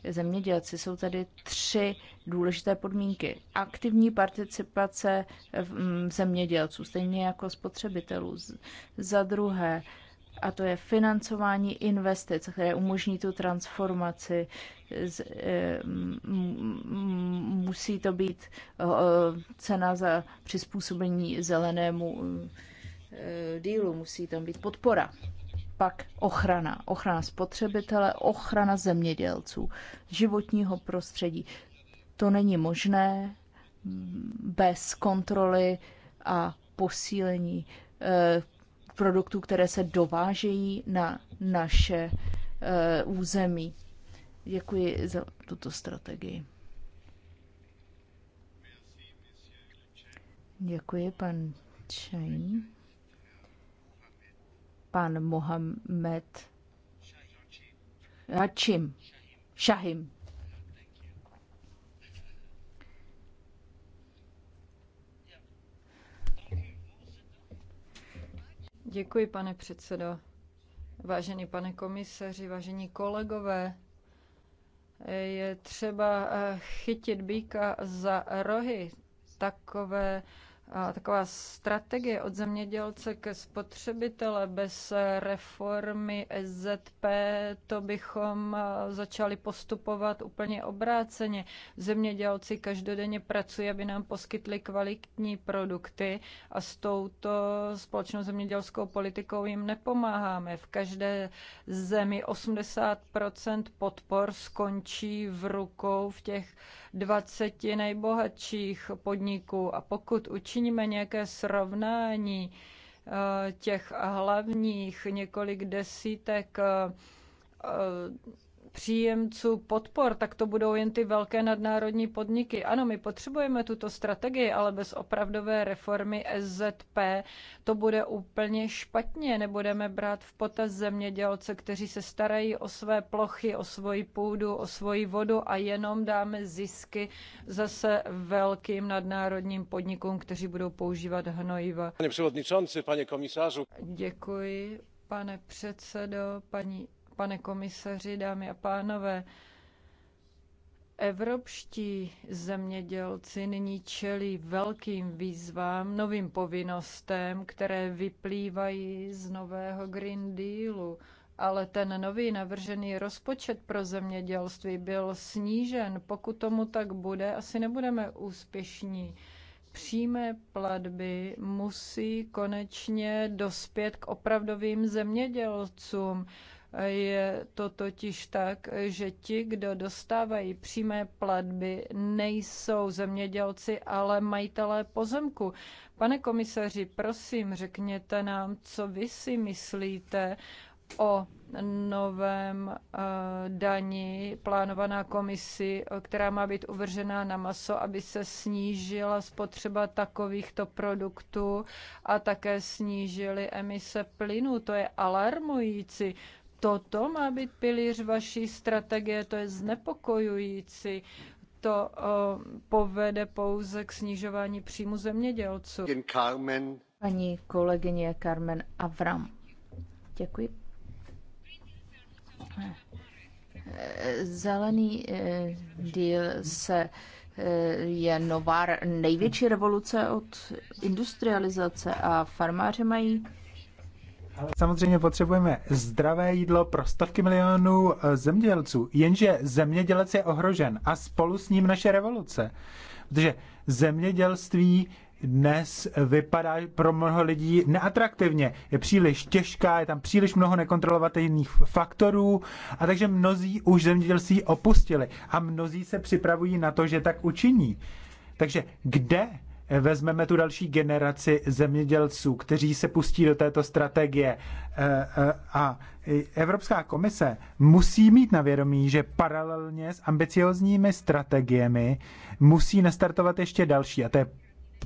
zemědělci. Jsou tady tři důležité podmínky. Aktivní participace mm, zemědělců, stejně jako spotřebitelů. Za druhé, a to je financování investic, které umožní tu transformaci. Eh, musí to být cena za přizpůsobení zelenému eh, dílu, musí tam být podpora. Pak ochrana. Ochrana spotřebitele, ochrana zemědělců, životního prostředí. To není možné bez kontroly a posílení eh, produktů, které se dovážejí na naše eh, území. Děkuji za tuto strategii. Děkuji, pan Čajn pan Mohamed Hachim Shahim. Děkuji, pane předsedo. Vážený pane komisaři, vážení kolegové, je třeba chytit býka za rohy. Takové taková strategie od zemědělce ke spotřebitele bez reformy SZP, e to bychom začali postupovat úplně obráceně. Zemědělci každodenně pracují, aby nám poskytli kvalitní produkty a s touto společnou zemědělskou politikou jim nepomáháme. V každé zemi 80% podpor skončí v rukou v těch 20 nejbohatších podniků. A pokud učiníme nějaké srovnání eh, těch hlavních několik desítek eh, příjemců podpor, tak to budou jen ty velké nadnárodní podniky. Ano, my potřebujeme tuto strategii, ale bez opravdové reformy SZP to bude úplně špatně. Nebudeme brát v potaz zemědělce, kteří se starají o své plochy, o svoji půdu, o svoji vodu a jenom dáme zisky zase velkým nadnárodním podnikům, kteří budou používat hnojiva. Pane předsedo, pane komisářu. Děkuji, pane předsedo, paní pane komisaři, dámy a pánové. Evropští zemědělci nyní čelí velkým výzvám, novým povinnostem, které vyplývají z nového Green Dealu. Ale ten nový navržený rozpočet pro zemědělství byl snížen. Pokud tomu tak bude, asi nebudeme úspěšní. Přímé platby musí konečně dospět k opravdovým zemědělcům je to totiž tak, že ti, kdo dostávají přímé platby, nejsou zemědělci, ale majitelé pozemku. Pane komisaři, prosím, řekněte nám, co vy si myslíte o novém uh, dani plánovaná komisi, která má být uvržena na maso, aby se snížila spotřeba takovýchto produktů a také snížily emise plynu. To je alarmující toto má být pilíř vaší strategie, to je znepokojující. To uh, povede pouze k snižování příjmu zemědělců. Paní kolegyně Carmen Avram. Děkuji. Zelený eh, díl se eh, je nová největší revoluce od industrializace a farmáři mají Samozřejmě potřebujeme zdravé jídlo pro stovky milionů eh, zemědělců, jenže zemědělec je ohrožen a spolu s ním naše revoluce. Protože zemědělství dnes vypadá pro mnoho lidí neatraktivně. Je příliš těžká, je tam příliš mnoho nekontrolovatelných faktorů a takže mnozí už zemědělství opustili a mnozí se připravují na to, že tak učiní. Takže kde vezmeme tu další generaci zemědělců, kteří se pustí do této strategie. E, e, a Evropská komise musí mít na vědomí, že paralelně s ambiciozními strategiemi musí nastartovat ještě další. A to je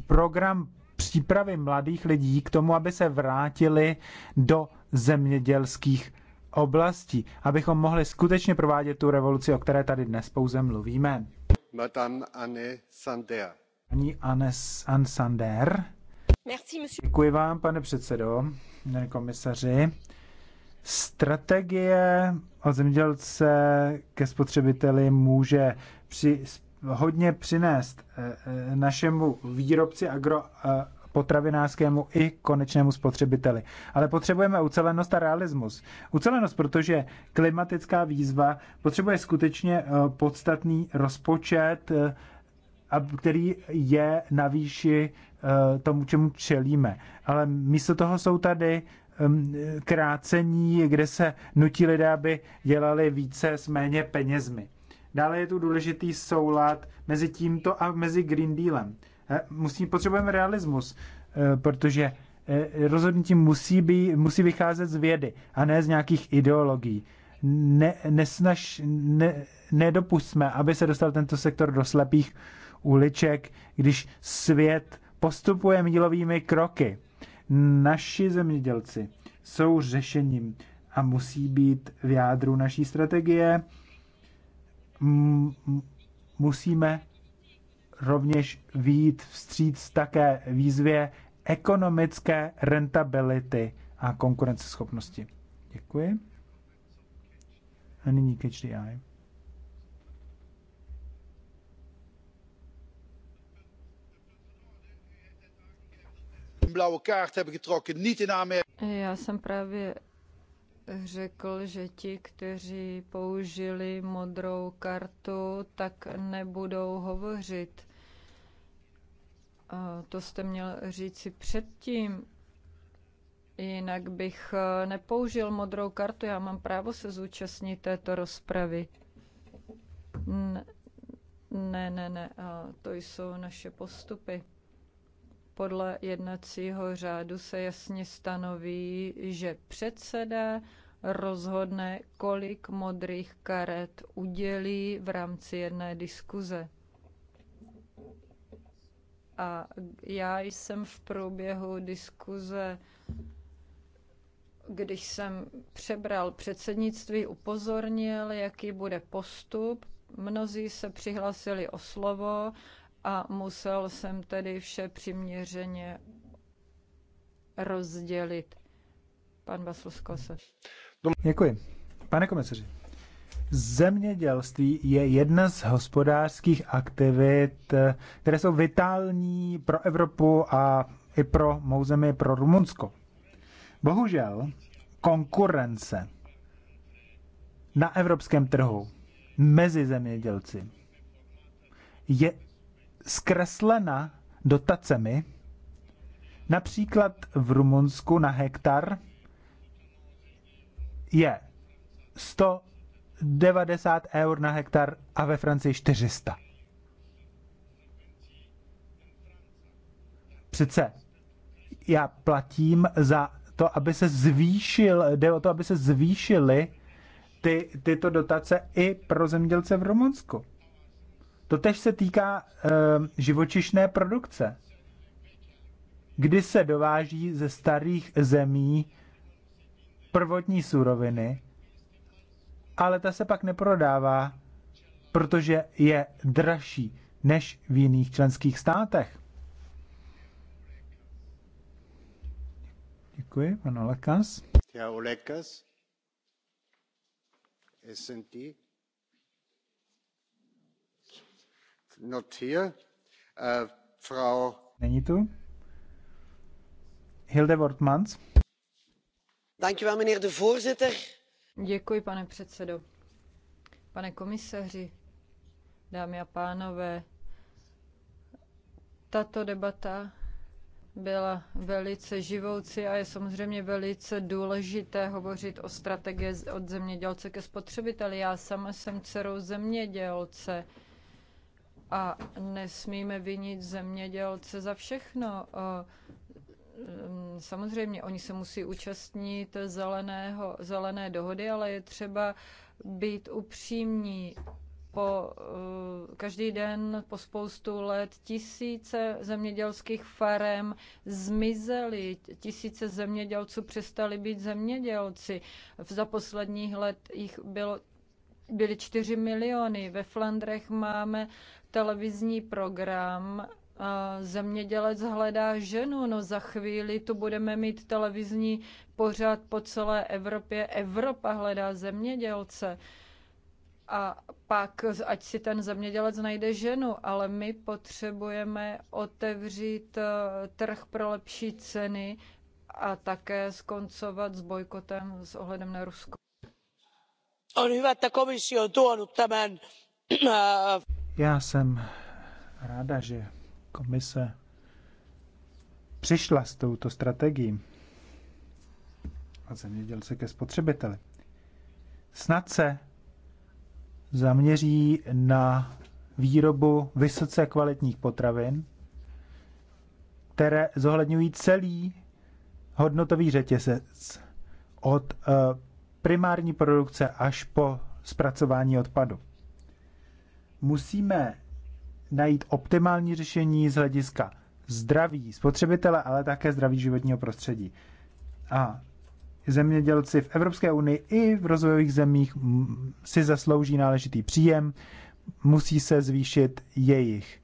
program přípravy mladých lidí k tomu, aby se vrátili do zemědělských oblastí, abychom mohli skutečně provádět tu revoluci, o které tady dnes pouze mluvíme. Madame Anne Sander. Paní Anes Ansander. Děkuji vám, pane předsedo, pane komisaři. Strategie od zemědělce ke spotřebiteli může při, hodně přinést eh, eh, našemu výrobci agro, eh, potravinářskému i konečnému spotřebiteli. Ale potřebujeme ucelenost a realismus. Ucelenost, protože klimatická výzva potřebuje skutečně podstatný rozpočet který je na výši eh, tomu, čemu čelíme. Ale místo toho jsou tady krácení, kde se nutí lidé, aby dělali více s méně penězmi. Dále je tu důležitý soulad mezi tímto a mezi Green Dealem. Eh, musí, potřebujeme realismus, eh, protože rozhodnutí musí, být, musí vycházet z vědy a ne z nějakých ideologií. Ne, nesnaž, ne, nedopustme, aby se dostal tento sektor do slepých uliček, když svět postupuje mílovými kroky. Naši zemědělci jsou řešením a musí být v jádru naší strategie. musíme rovněž výjít vstříc také výzvě ekonomické rentability a konkurenceschopnosti. Děkuji. A nyní catch the eye. Já jsem právě řekl, že ti, kteří použili modrou kartu, tak nebudou hovořit. To jste měl říci předtím. Jinak bych eh, nepoužil modrou kartu. Já mám právo se zúčastnit této rozpravy. Ne, ne, ne. To jsou naše postupy podle jednacího řádu se jasně stanoví, že předseda rozhodne, kolik modrých karet udělí v rámci jedné diskuze. A já jsem v průběhu diskuze, když jsem přebral předsednictví, upozornil, jaký bude postup. Mnozí se přihlásili o slovo a musel jsem tedy vše přiměřeně rozdělit. Pan Basluskose. Děkuji. Pane komisaři, zemědělství je jedna z hospodářských aktivit, které jsou vitální pro Evropu a i pro mou zemi, pro Rumunsko. Bohužel konkurence na evropském trhu mezi zemědělci je zkreslena dotacemi, například v Rumunsku na hektar je 190 eur na hektar a ve Francii 400. Přece já platím za to, aby se zvýšil, jde o to, aby se zvýšily ty, tyto dotace i pro zemědělce v Rumunsku. Totež se týká e, živočišné produkce, kdy se dováží ze starých zemí prvotní suroviny, ale ta se pak neprodává, protože je dražší než v jiných členských státech. Děkuji, pan Olekas. Já Olekas, SNT. Uh, Není tu? Hilde Wortmans. Dankjewel, meneer de voorzitter. Děkuji, pane předsedo. Pane komisaři, dámy a pánové, tato debata byla velice živoucí a je samozřejmě velice důležité hovořit o strategii od zemědělce ke spotřebiteli. Já sama jsem dcerou zemědělce. A nesmíme vinit zemědělce za všechno. Mm, samozřejmě, oni se musí účastnit zeleného, zelené dohody, ale je třeba být upřímní po eh, každý den po spoustu let tisíce zemědělských farem zmizely, tisíce zemědělců přestali být zemědělci. za posledních let jich bylo byly 4 miliony. Ve Flandrech máme televizní program Zemědělec hledá ženu. No za chvíli tu budeme mít televizní pořád po celé Evropě. Evropa hledá zemědělce. A pak, ať si ten zemědělec najde ženu, ale my potřebujeme otevřít e, trh pro lepší ceny a také skoncovat s bojkotem s ohledem na Rusko. On hyvä, että komissio on tuonut tämän äh, já jsem ráda, že komise přišla s touto strategií od zemědělce ke spotřebiteli. Snad se zaměří na výrobu vysoce kvalitních potravin, které zohledňují celý hodnotový řetězec od eh, primární produkce až po zpracování odpadu musíme najít optimální řešení z hlediska zdraví spotřebitele, ale také zdraví životního prostředí. A zemědělci v Evropské unii i v rozvojových zemích si zaslouží náležitý příjem, musí se zvýšit jejich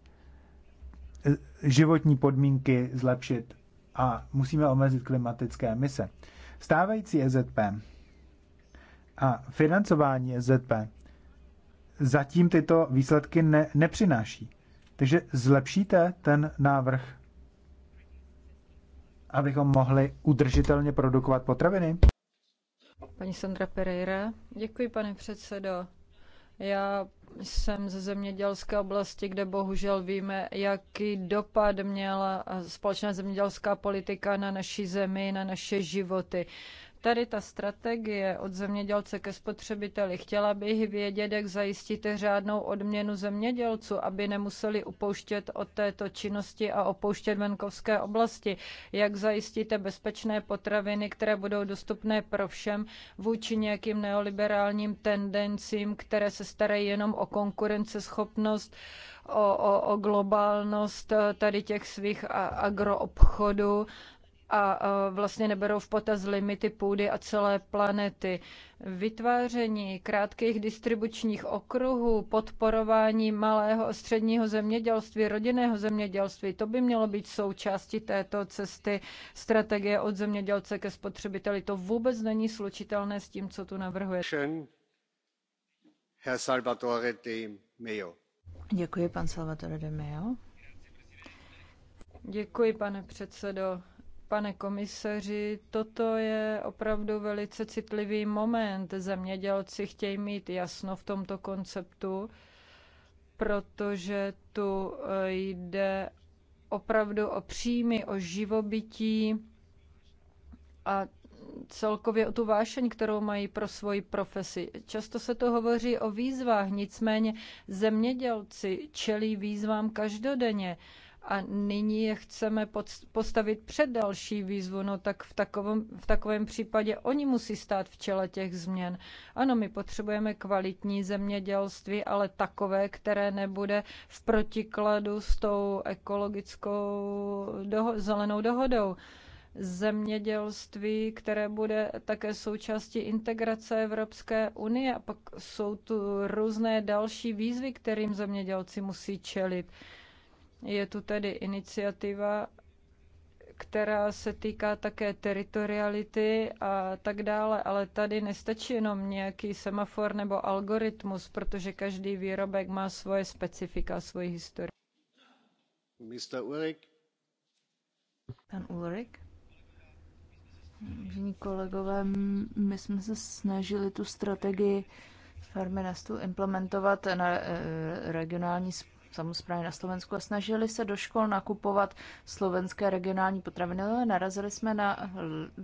e, životní podmínky, zlepšit a musíme omezit klimatické emise. Stávající EZP a financování EZP zatím tyto výsledky ne, nepřináší. Takže zlepšíte ten návrh, abychom mohli udržitelně produkovat potraviny? Paní Sandra Pereira, děkuji, pane předsedo. Já jsem ze zemědělské oblasti, kde bohužel víme, jaký dopad měla společná zemědělská politika na naší zemi, na naše životy. Tady ta strategie od zemědělce ke spotřebiteli. Chtěla bych vědět, jak zajistíte řádnou odměnu zemědělců, aby nemuseli upouštět od této činnosti a opouštět venkovské oblasti. Jak zajistíte bezpečné potraviny, které budou dostupné pro všem vůči nějakým neoliberálním tendencím, které se starají jenom o konkurenceschopnost, o, o, o globálnost tady těch svých agroobchodů a vlastně neberou v potaz limity půdy a celé planety. Vytváření krátkých distribučních okruhů, podporování malého a středního zemědělství, rodinného zemědělství, to by mělo být součástí této cesty strategie od zemědělce ke spotřebiteli. To vůbec není slučitelné s tím, co tu navrhuje. Děkuji, pan Salvatore de Meo. Děkuji, pane předsedo. Pane komisaři, toto je opravdu velice citlivý moment. Zemědělci chtějí mít jasno v tomto konceptu, protože tu eh, jde opravdu o příjmy, o živobytí a celkově o tu vášeň, kterou mají pro svoji profesi. Často se to hovoří o výzvách, nicméně zemědělci čelí výzvám každodenně a nyní je chceme postavit před další výzvu, no tak v takovém, v takovém případě oni musí stát v čele těch změn. Ano, my potřebujeme kvalitní zemědělství, ale takové, které nebude v protikladu s tou ekologickou doho- zelenou dohodou zemědělství, které bude také součástí integrace Evropské unie. A pak jsou tu různé další výzvy, kterým zemědělci musí čelit. Je tu tedy iniciativa, která se týká také teritoriality a tak dále, ale tady nestačí jenom nějaký semafor nebo algoritmus, protože každý výrobek má svoje specifika, svoji historii. Mr. Ulrich. Pan Ulrich. Vážení kolegové, my jsme se snažili tu strategii farmy implementovat na eh, regionální samozprávy na Slovensku a snažili se do škol nakupovat slovenské regionální potraviny, ale narazili jsme na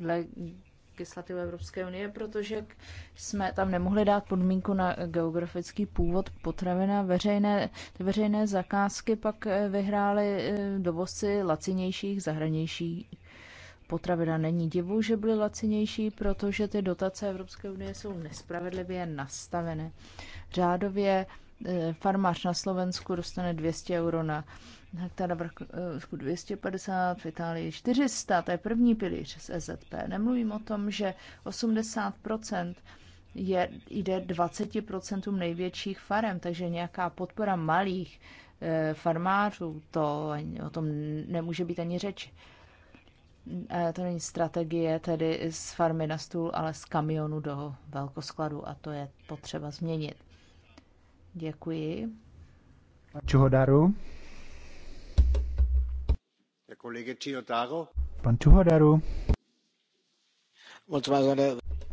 legislativu Evropské unie, protože jsme tam nemohli dát podmínku na geografický původ potravina. Veřejné, ty veřejné zakázky pak eh, vyhrály eh, dovozci lacinějších zahraničních potravina není divu, že byly lacinější, protože ty dotace Evropské unie jsou nespravedlivě nastavené. Řádově Eh, farmář na Slovensku dostane 200 euro na hektar, v Rakousku 250, v Itálii 400, to je první pilíř z EZP. Nemluvím o tom, že 80% je, jde 20% největších farem, takže nějaká podpora malých eh, farmářů, to o tom nemůže být ani řeč. To není strategie tedy z farmy na stůl, ale z kamionu do velkoskladu a to je potřeba změnit. Děkuji. Čuhodaru. Der Kollege Chiotaro. Pan Čuhodaru.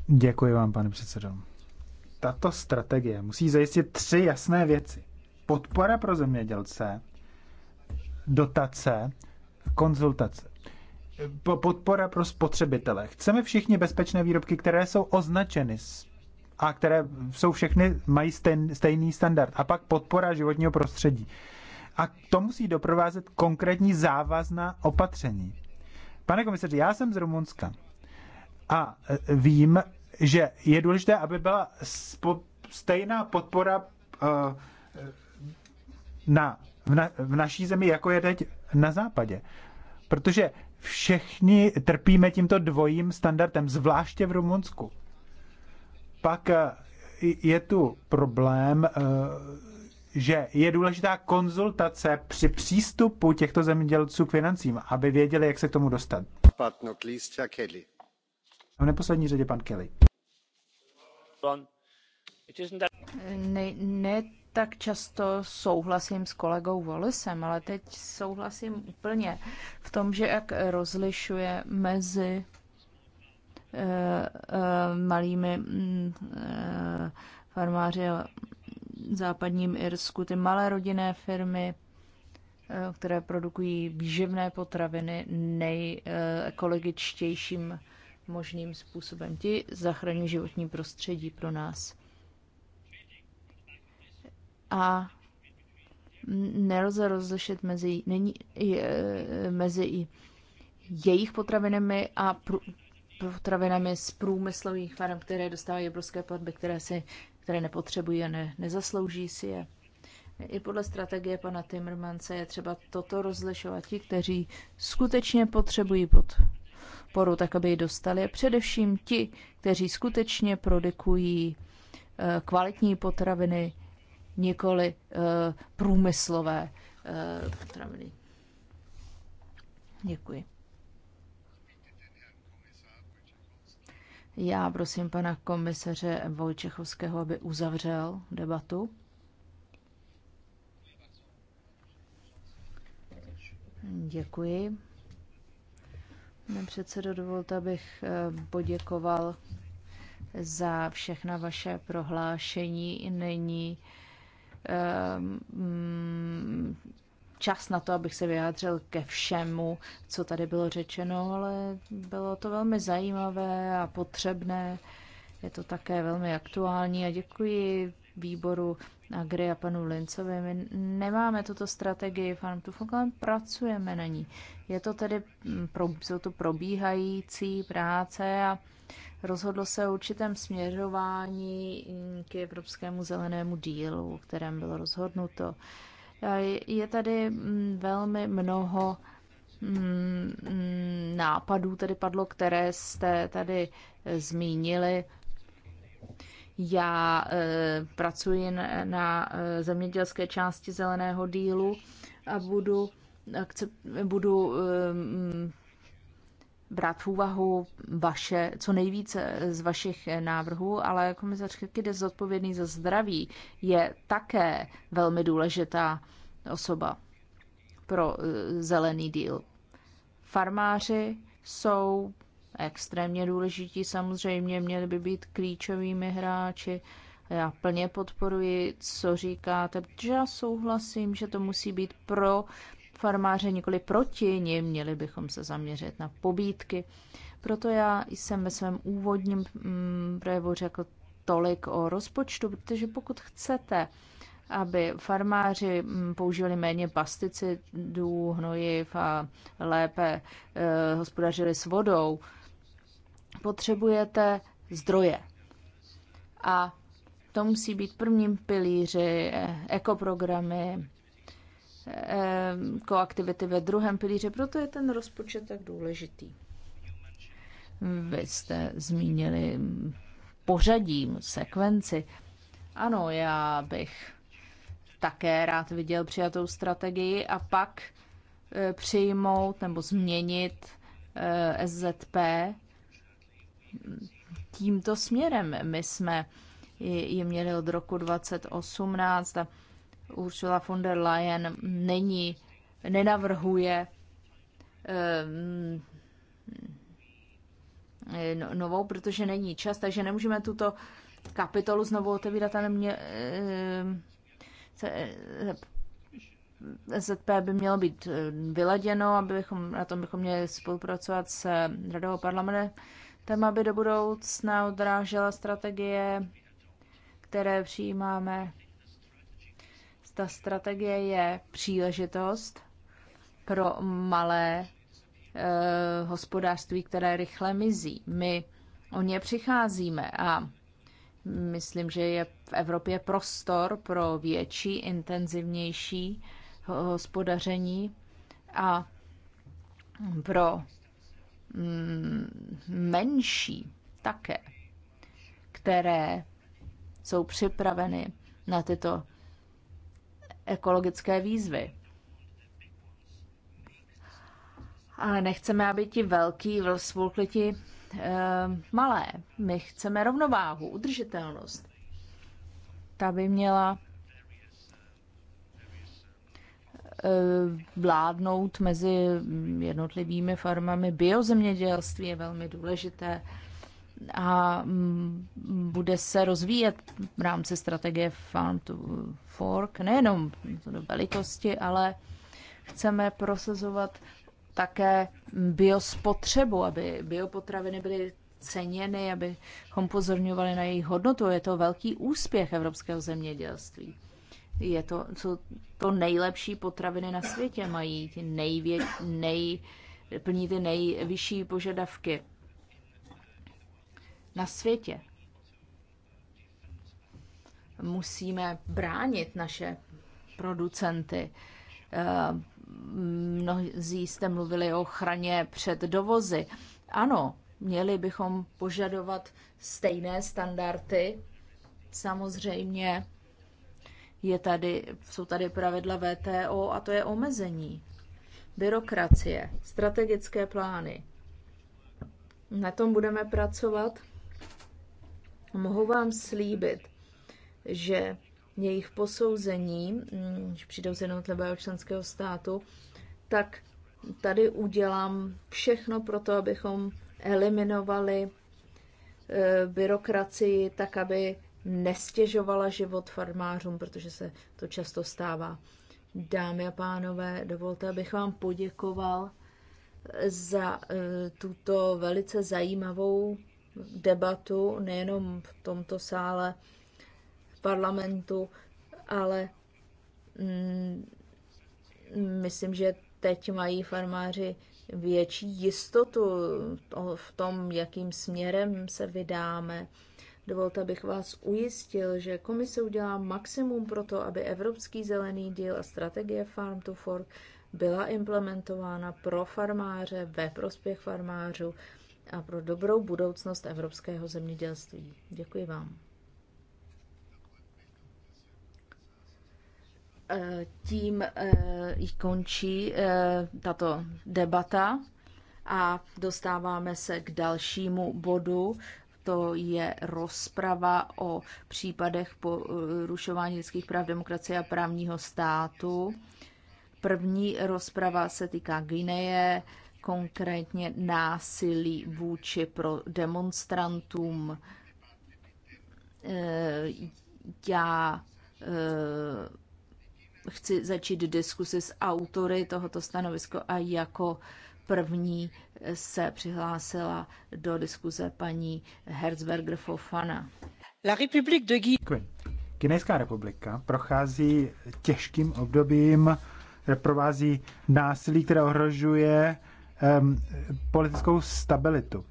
Děkuji vám, pane předsedo. Tato strategie musí zajistit tři jasné věci. Podpora pro zemědělce, dotace, konzultace. Podpora pro spotřebitele. Chceme všichni bezpečné výrobky, které jsou označeny s a které jsou všechny, mají stejný standard. A pak podpora životního prostředí. A to musí doprovázet konkrétní závazná opatření. Pane komisaři, já jsem z Rumunska a e, vím, že je důležité, aby byla stejná podpora e, na, v, na, v naší zemi, jako je teď na západě. Protože všichni trpíme tímto dvojím standardem, zvláště v Rumunsku. Pak eh, je tu problém, eh, že je důležitá konzultace při přístupu těchto zemědělců k financím, aby věděli, jak se k tomu dostat. A v neposlední řadě pan Kelly. Ne, ne tak často souhlasím s kolegou Wallisem, ale teď souhlasím úplně v tom, že jak rozlišuje mezi Eh, eh, malými mm, eh, farmáři v západním Irsku, ty malé rodinné firmy, které produkují výživné potraviny nejekologičtějším možným způsobem. Ti zachraňují životní prostředí pro nás. A nelze rozlišit mezi, není, je, mezi jejich potravinami a pr- potravinami z průmyslových farm, které dostávají obrovské platby, které, si, které nepotřebují a ne, nezaslouží si je. I podle strategie pana Timmermanse je třeba toto rozlišovat. Ti, kteří skutečně potřebují podporu, tak aby ji dostali. A především ti, kteří skutečně produkují eh, kvalitní potraviny, nikoli eh, průmyslové eh, potraviny. Děkuji. Já prosím pana komisaře Vojčechovského, aby uzavřel debatu. Děkuji. Pane předsedo, dovolte, abych eh, poděkoval za všechna vaše prohlášení. Není um, čas na to, abych se vyjádřil ke všemu, co tady bylo řečeno, ale bylo to velmi zajímavé a potřebné. Je to také velmi aktuální a děkuji výboru Agri a panu Lincovi. My nemáme tuto strategii Farm to Fork, ale pracujeme na ní. Je to tedy, mm, jsou to probíhající práce a rozhodlo se o určitém směřování k Evropskému zelenému dílu, o kterém bylo rozhodnuto. Eh, je tady mm, velmi mnoho mm, nápadů, tedy padlo, které jste tady eh, zmínili. Já eh, pracuji na zemědělské části zeleného dílu a budu, budu mm, brát v úvahu vaše, co nejvíce z vašich návrhů, ale komisař Kirky je zodpovědný za zdraví, je také velmi důležitá osoba pro eh, zelený díl. Farmáři jsou extrémně důležití, samozřejmě měli by být klíčovými hráči. Já plně podporuji, co říkáte, protože já souhlasím, že to musí být pro farmáře, nikoli proti nim, měli bychom se zaměřit na pobídky. Proto já jsem ve svém úvodním mm, projevu řekl tolik o rozpočtu, protože pokud chcete, aby farmáři mm, používali méně pesticidů, hnojiv a lépe eh, hospodařili s vodou, potřebujete zdroje. A to musí být prvním pilíři, eh, ekoprogramy, koaktivity ve druhém pilíře, proto je ten rozpočet tak důležitý. Vy jste zmínili pořadím, sekvenci. Ano, já bych také rád viděl přijatou strategii a pak eh, přijmout nebo změnit eh, SZP tímto směrem. My jsme je měli od roku 2018 a Ursula von der Leyen není, nenavrhuje ehm, no, novou, protože není čas, takže nemůžeme tuto kapitolu znovu otevírat a nemě, ehm, eh, ZP by mělo být ehm, vyladěno, abychom na tom bychom měli spolupracovat s Radou parlamentem, aby do budoucna odrážela strategie, které přijímáme ta strategie je příležitost pro malé e, hospodářství, které rychle mizí. My o ně přicházíme a myslím, že je v Evropě prostor pro větší, intenzivnější hospodaření a pro mm, menší také, které jsou připraveny na tyto ekologické výzvy. Ale nechceme, aby ti velký svulkli ti e, eh, malé. My chceme rovnováhu, udržitelnost. Ta by měla eh, vládnout mezi jednotlivými farmami. Biozemědělství je velmi důležité. E, a mm, bude se rozvíjet v rámci strategie Farm to Fork, nejenom do velikosti, ale chceme prosazovat také biospotřebu, aby biopotraviny byly ceněny, abychom pozorňovali na jejich hodnotu. Je to velký úspěch evropského zemědělství. Je to, co, to nejlepší potraviny na světě mají, ty nejvě, nej, plní ty nejvyšší požadavky na světě. Musíme bránit naše producenty. Eh, mnozí jste mluvili o ochraně před dovozy. Ano, měli bychom požadovat stejné standardy. Samozřejmě je tady, jsou tady pravidla VTO a to je omezení. Byrokracie, strategické plány. Na tom budeme pracovat Mohu vám slíbit, že jejich posouzení, když mm, přijdou z jednotlivého členského státu, tak tady udělám všechno pro to, abychom eliminovali eh, byrokracii tak, aby nestěžovala život farmářům, protože se to často stává. Dámy a pánové, dovolte, abych vám poděkoval za eh, tuto velice zajímavou debatu nejenom v tomto sále v parlamentu, ale mm, myslím, že teď mají farmáři větší jistotu v tom, jakým směrem se vydáme. Dovolte, abych vás ujistil, že komise udělá maximum pro to, aby Evropský zelený díl a strategie Farm to Fork byla implementována pro farmáře, ve prospěch farmářů a pro dobrou budoucnost evropského zemědělství. Děkuji vám. E, tím e, končí e, tato debata a dostáváme se k dalšímu bodu. To je rozprava o případech porušování lidských práv, demokracie a právního státu. První rozprava se týká Guineje, konkrétně násilí vůči pro demonstrantům. E, já e, chci začít diskusi s autory tohoto stanoviska a jako první se přihlásila do diskuze paní Herzberger Fofana. La République de Guy. Kinejská republika prochází těžkým obdobím, provází násilí, které ohrožuje politickou stabilitu.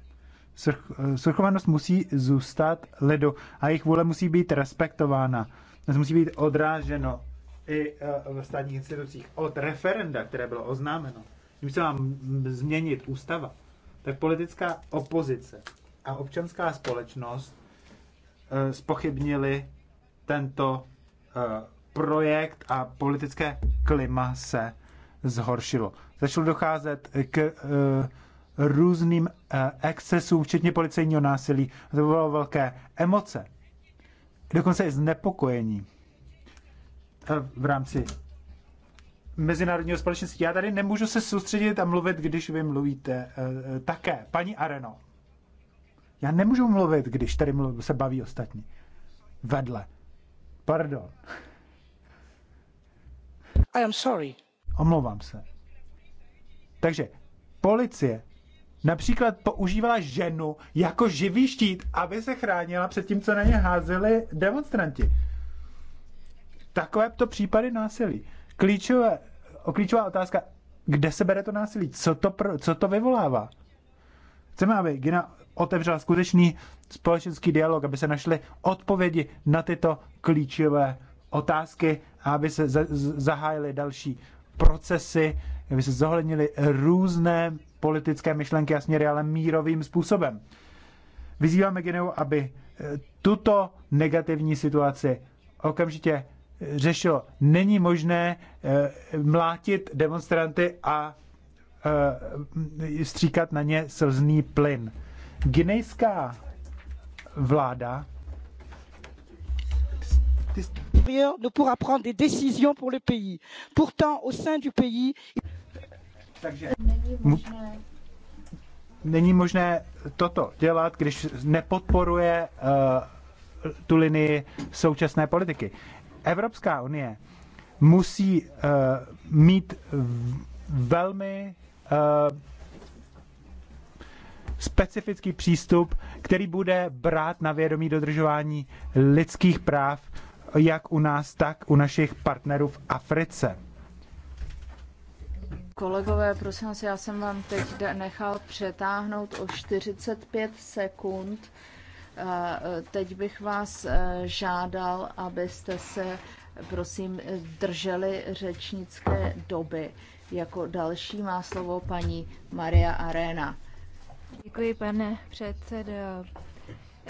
Svrchovanost musí zůstat lidu a jejich vůle musí být respektována. To musí být odráženo i eh, v státních institucích. Od referenda, které bylo oznámeno, když se vám změnit ústava, tak politická opozice a občanská společnost eh, spochybnili tento eh, projekt a politické klima se zhoršilo začalo docházet k eh, různým eh, excesům, včetně policejního násilí. To bylo velké emoce, dokonce i znepokojení eh, v rámci mezinárodního společenství. Já tady nemůžu se soustředit a mluvit, když vy mluvíte také. Paní Areno, já nemůžu mluvit, když tady mluv, se baví ostatní. Vedle. Pardon. I am sorry. Omlouvám se. Takže policie například používala ženu jako živý štít, aby se chránila před tím, co na ně házeli demonstranti. Takovéto případy násilí. Klíčové, klíčová otázka, kde se bere to násilí? Co to, pro, co to vyvolává? Chceme, aby Gina otevřela skutečný společenský dialog, aby se našly odpovědi na tyto klíčové otázky a aby se zahájily další procesy aby se zohlednili různé politické myšlenky a směry, ale mírovým způsobem. Vyzýváme Gineu, aby eh, tuto negativní situaci okamžitě eh, řešilo. Není možné eh, mlátit demonstranty a stříkat na ně slzný plyn. Ginejská vláda ne pourra prendre des décisions pour le pays. Pourtant, au sein du pays, takže není možné, není možné toto dělat, když nepodporuje uh, tu linii současné politiky. Evropská unie musí uh, mít velmi uh, specifický přístup, který bude brát na vědomí dodržování lidských práv jak u nás, tak u našich partnerů v Africe. Kolegové, prosím vás, já jsem vám teď nechal přetáhnout o 45 sekund. Eh, teď bych vás eh, žádal, abyste se, prosím, drželi řečnické doby. Jako další má slovo paní Maria Arena. Děkuji, pane předsedo.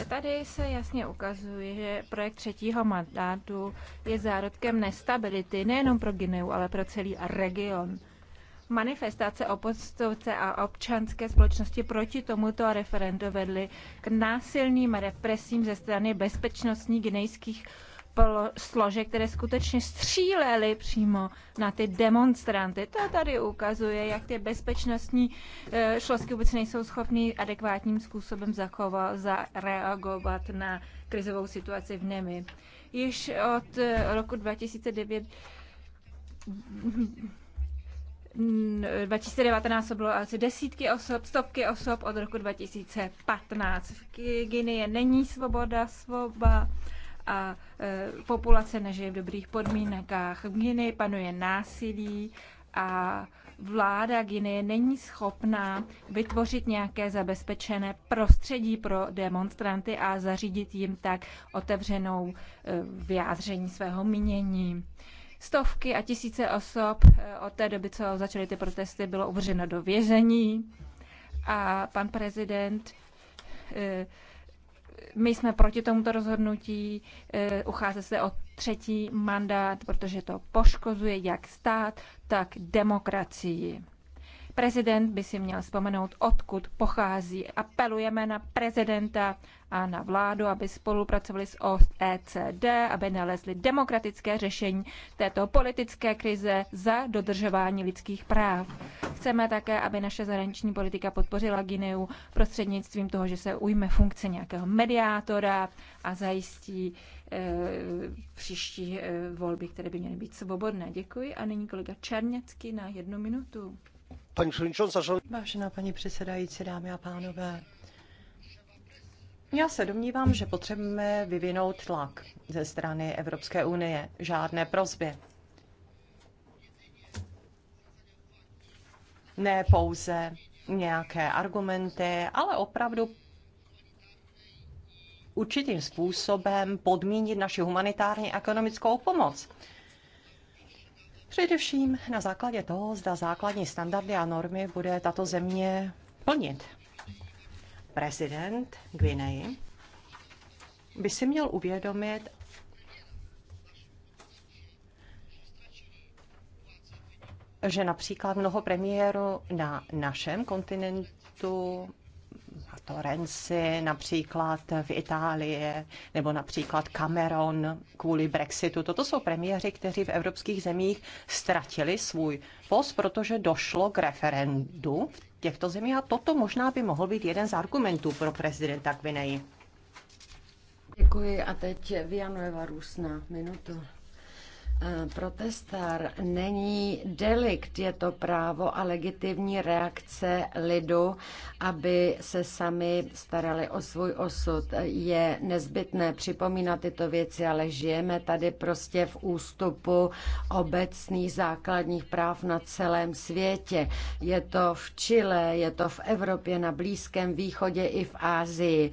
Tady se jasně ukazuje, že projekt třetího mandátu je zárodkem nestability nejenom pro Gineu, ale pro celý region manifestace opozice a občanské společnosti proti tomuto referendu vedly k násilným represím ze strany bezpečnostních gnejských složek, které skutečně střílely přímo na ty demonstranty. To tady ukazuje, jak ty bezpečnostní eh, složky vůbec nejsou schopny adekvátním způsobem zachovat, zareagovat na krizovou situaci v Nemi. Již od eh, roku 2009 2019 e, to bylo asi desítky osob, stovky osob od roku 2015. V je není svoboda, svoba a e, populace nežije v dobrých podmínkách. V Guineji panuje násilí a vláda Guineje není schopná vytvořit nějaké zabezpečené prostředí pro demonstranty a zařídit jim tak otevřenou e, vyjádření svého mínění. E, Stovky a tisíce osob eh, od té doby, co začaly ty protesty, bylo uvrženo do vězení a pan prezident eh, my jsme proti tomuto rozhodnutí, eh, uchází se o třetí mandát, protože to poškozuje jak stát, tak demokracii. Prezident by si měl vzpomenout, odkud pochází. Apelujeme na prezidenta a na vládu, aby spolupracovali s OECD, aby nalezli demokratické řešení této politické krize za dodržování lidských práv. Chceme také, aby naše zahraniční politika podpořila Gineu prostřednictvím toho, že se ujme funkce nějakého mediátora a zajistí e, příští e, volby, které by měly být svobodné. Děkuji a nyní kolega Černěcký na jednu minutu paní předsedající. Vážená paní předsedající, dámy a pánové, já se domnívám, že potřebujeme vyvinout tlak ze strany Evropské unie. Žádné prozby. Ne pouze nějaké argumenty, ale opravdu určitým způsobem podmínit naši humanitární a ekonomickou pomoc. Především na základě toho, zda základní standardy a normy bude tato země plnit. Prezident Gvineji by si měl uvědomit, že například mnoho premiérů na našem kontinentu to Renzi například v Itálii, nebo například Cameron kvůli Brexitu. Toto jsou premiéři, kteří v evropských zemích ztratili svůj post, protože došlo k referendu v těchto zemích a toto možná by mohl být jeden z argumentů pro prezidenta Gvineji. Děkuji a teď Vianova Rusna minutu. Eh, Protestár není delikt, je to právo a legitimní reakce lidu, aby se sami starali o svůj osud. Je nezbytné připomínat tyto věci, ale žijeme tady prostě v ústupu obecných základních práv na celém světě. Je to v Chile, je to v Evropě, na Blízkém východě i v Ázii.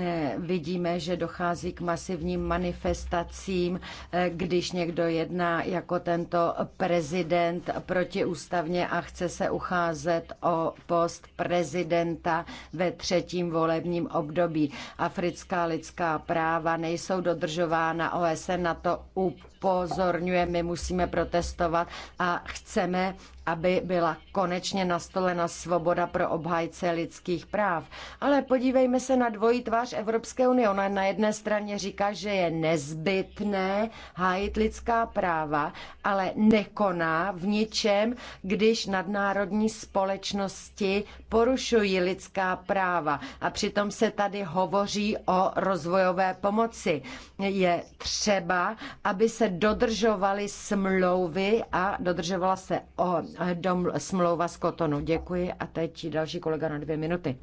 Eh, vidíme, že dochází k masivním manifestacím, eh, když někdo jedná jako tento prezident protiústavně a chce se ucházet o post prezidenta ve třetím volebním období. Africká lidská práva nejsou dodržována, OSN na to upozorňuje upozorňuje, my musíme protestovat a chceme, aby byla konečně nastolena svoboda pro obhájce lidských práv. Ale podívejme se na dvojí tvář Evropské unie. Ona na jedné straně říká, že je nezbytné hájit lidská práva, ale nekoná v ničem, když nadnárodní společnosti porušují lidská práva. A přitom se tady hovoří o rozvojové pomoci. Je třeba, aby se dodržovaly smlouvy a dodržovala se o, dom, smlouva z Kotonu. Děkuji a teď další kolega na dvě minuty.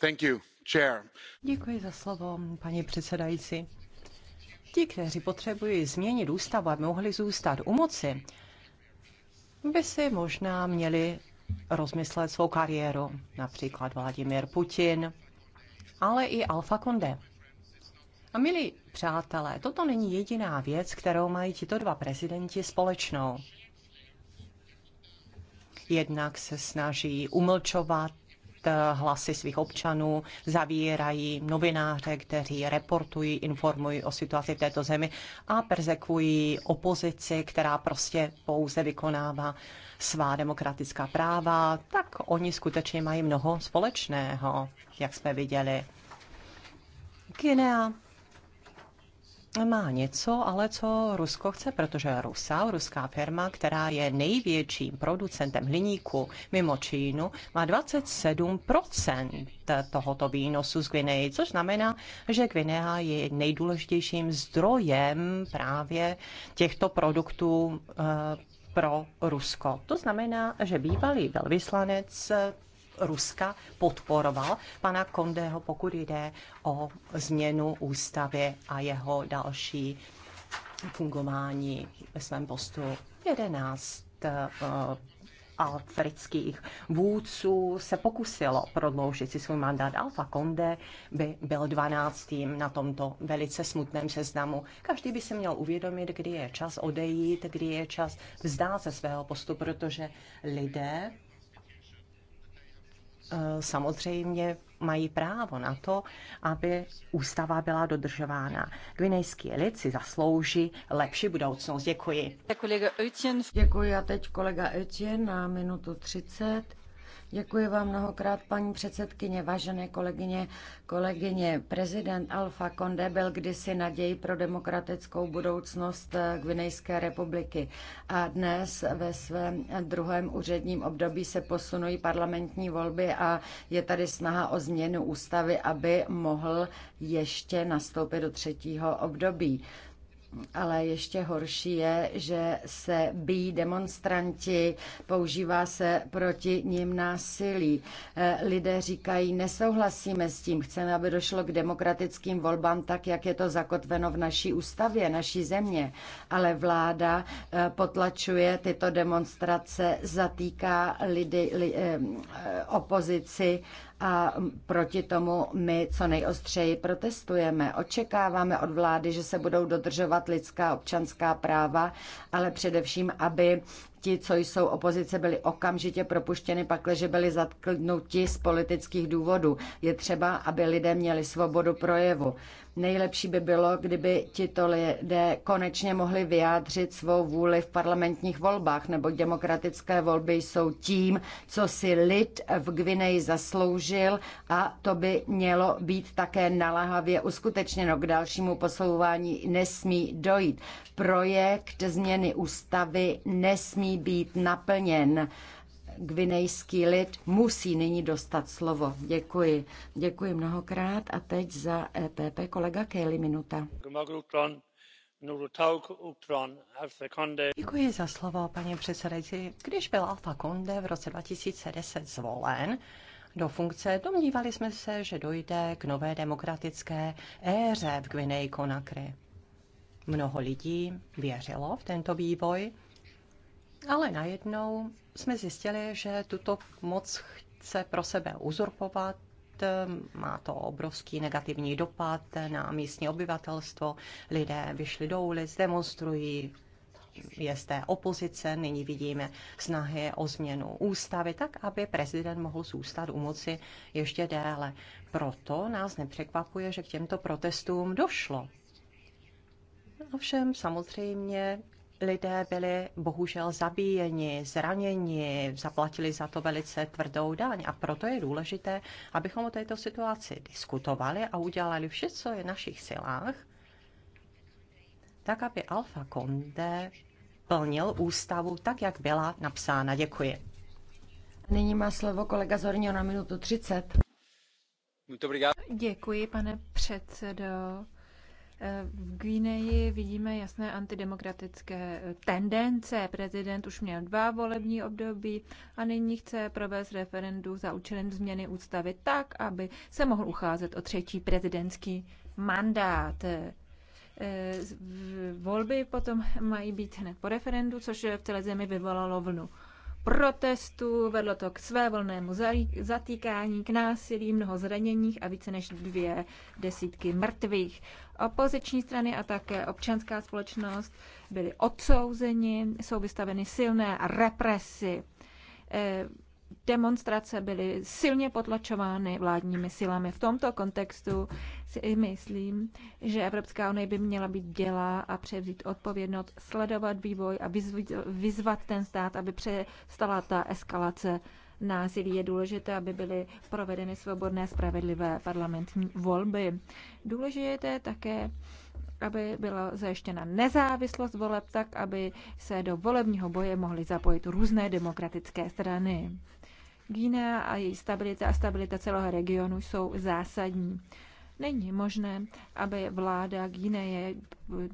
Thank you, chair. Děkuji za slovo, paní předsedající. Ti, kteří potřebují změnit ústavu, aby mohli zůstat u moci, by si možná měli rozmyslet svou kariéru, například Vladimir Putin, ale i Alfa Conde. A milí přátelé, toto není jediná věc, kterou mají tito dva prezidenti společnou. Jednak se snaží umlčovat eh, hlasy svých občanů, zavírají novináře, kteří reportují, informují o situaci v této zemi a persekují opozici, která prostě pouze vykonává svá demokratická práva, tak oni skutečně mají mnoho společného, jak jsme viděli. Guinea má něco, ale co Rusko chce, protože Rusa, ruská firma, která je největším producentem hliníku mimo Čínu, má 27 tohoto výnosu z Gvineji, což znamená, že Gvinea je nejdůležitějším zdrojem právě těchto produktů eh, pro Rusko. To znamená, že bývalý velvyslanec Ruska podporoval pana Kondého, pokud jde o změnu ústavy a jeho další fungování ve svém postu 11 eh, afrických vůdců se pokusilo prodloužit si svůj mandát. Alfa Konde by byl 12. na tomto velice smutném seznamu. Každý by se měl uvědomit, kdy je čas odejít, kdy je čas vzdát se svého postu, protože lidé Eh, samozřejmě mají právo na to, aby ústava byla dodržována. Gvinejský lid si zaslouží lepší budoucnost. Děkuji. Děkuji a teď kolega Etienne na minutu 30. Děkuji vám mnohokrát, paní předsedkyně, vážené kolegyně, kolegyně. Prezident Alfa Konde byl kdysi naději pro demokratickou budoucnost eh, Gvinejské republiky. A dnes ve svém druhém úředním období se posunují parlamentní volby a je tady snaha o změnu ústavy, aby mohl ještě nastoupit do třetího období ale ještě horší je, že se bíjí demonstranti, používá se proti ním násilí. Eh, lidé říkají, nesouhlasíme s tím, chceme, aby došlo k demokratickým volbám tak, jak je to zakotveno v naší ústavě, naší země. Ale vláda eh, potlačuje tyto demonstrace, zatýká lidi, li, eh, opozici a proti tomu my co nejostřeji protestujeme. Očekáváme od vlády, že se budou dodržovat lidská občanská práva, ale především, aby ti, co jsou opozice, byli okamžitě propuštěni, pakliže byli zatknuti z politických důvodů. Je třeba, aby lidé měli svobodu projevu. Nejlepší by bylo, kdyby tito lidé konečně mohli vyjádřit svou vůli v parlamentních volbách, nebo demokratické volby jsou tím, co si lid v Gvineji zasloužil a to by mělo být také naléhavě uskutečněno. K dalšímu posouvání nesmí dojít. Projekt změny ústavy nesmí být naplněn gvinejský lid musí nyní dostat slovo. Děkuji. Děkuji mnohokrát a teď za EPP kolega Kelly Minuta. Děkuji za slovo, paní předsedající. Když byl Alfa Conde v roce 2010 zvolen, do funkce, domnívali jsme se, že dojde k nové demokratické éře v Gvineji Konakry. Mnoho lidí věřilo v tento vývoj, ale najednou jsme zjistili, že tuto moc chce pro sebe uzurpovat má to obrovský negativní dopad na místní obyvatelstvo. Lidé vyšli do ulic, demonstrují, je z té opozice. Nyní vidíme snahy o změnu ústavy, tak aby prezident mohl zůstat u moci ještě déle. Proto nás nepřekvapuje, že k těmto protestům došlo. Ovšem samozřejmě lidé byli bohužel zabíjeni, zraněni, zaplatili za to velice tvrdou daň. A proto je důležité, abychom o této situaci diskutovali a udělali vše, co je v našich silách, tak aby Alfa Conde plnil ústavu tak, jak byla napsána. Děkuji. Nyní má slovo kolega Zorňo na minutu 30. Děkuji, pane předsedo. V Guineji vidíme jasné antidemokratické eh, tendence. Prezident už měl dva volební období a nyní chce provést referendum za účelem změny ústavy tak, aby se mohl ucházet o třetí prezidentský mandát. Eh, volby potom mají být hned po referendu, což v celé zemi vyvolalo vlnu protestů, vedlo to k svévolnému zatýkání, k násilí, mnoho zraněních a více než dvě desítky mrtvých. Opoziční strany a také občanská společnost byly odsouzeni, jsou vystaveny silné represi eh, demonstrace byly silně potlačovány vládními silami. V tomto kontextu si i myslím, že Evropská unie by měla být dělá a převzít odpovědnost, sledovat vývoj a vyzvat ten stát, aby přestala ta eskalace násilí je důležité, aby byly provedeny svobodné, spravedlivé parlamentní volby. Důležité je také, aby byla zajištěna nezávislost voleb tak, aby se do volebního boje mohly zapojit různé demokratické strany. Guinea a její stabilita a stabilita celého regionu jsou zásadní. Není možné, aby vláda Guineje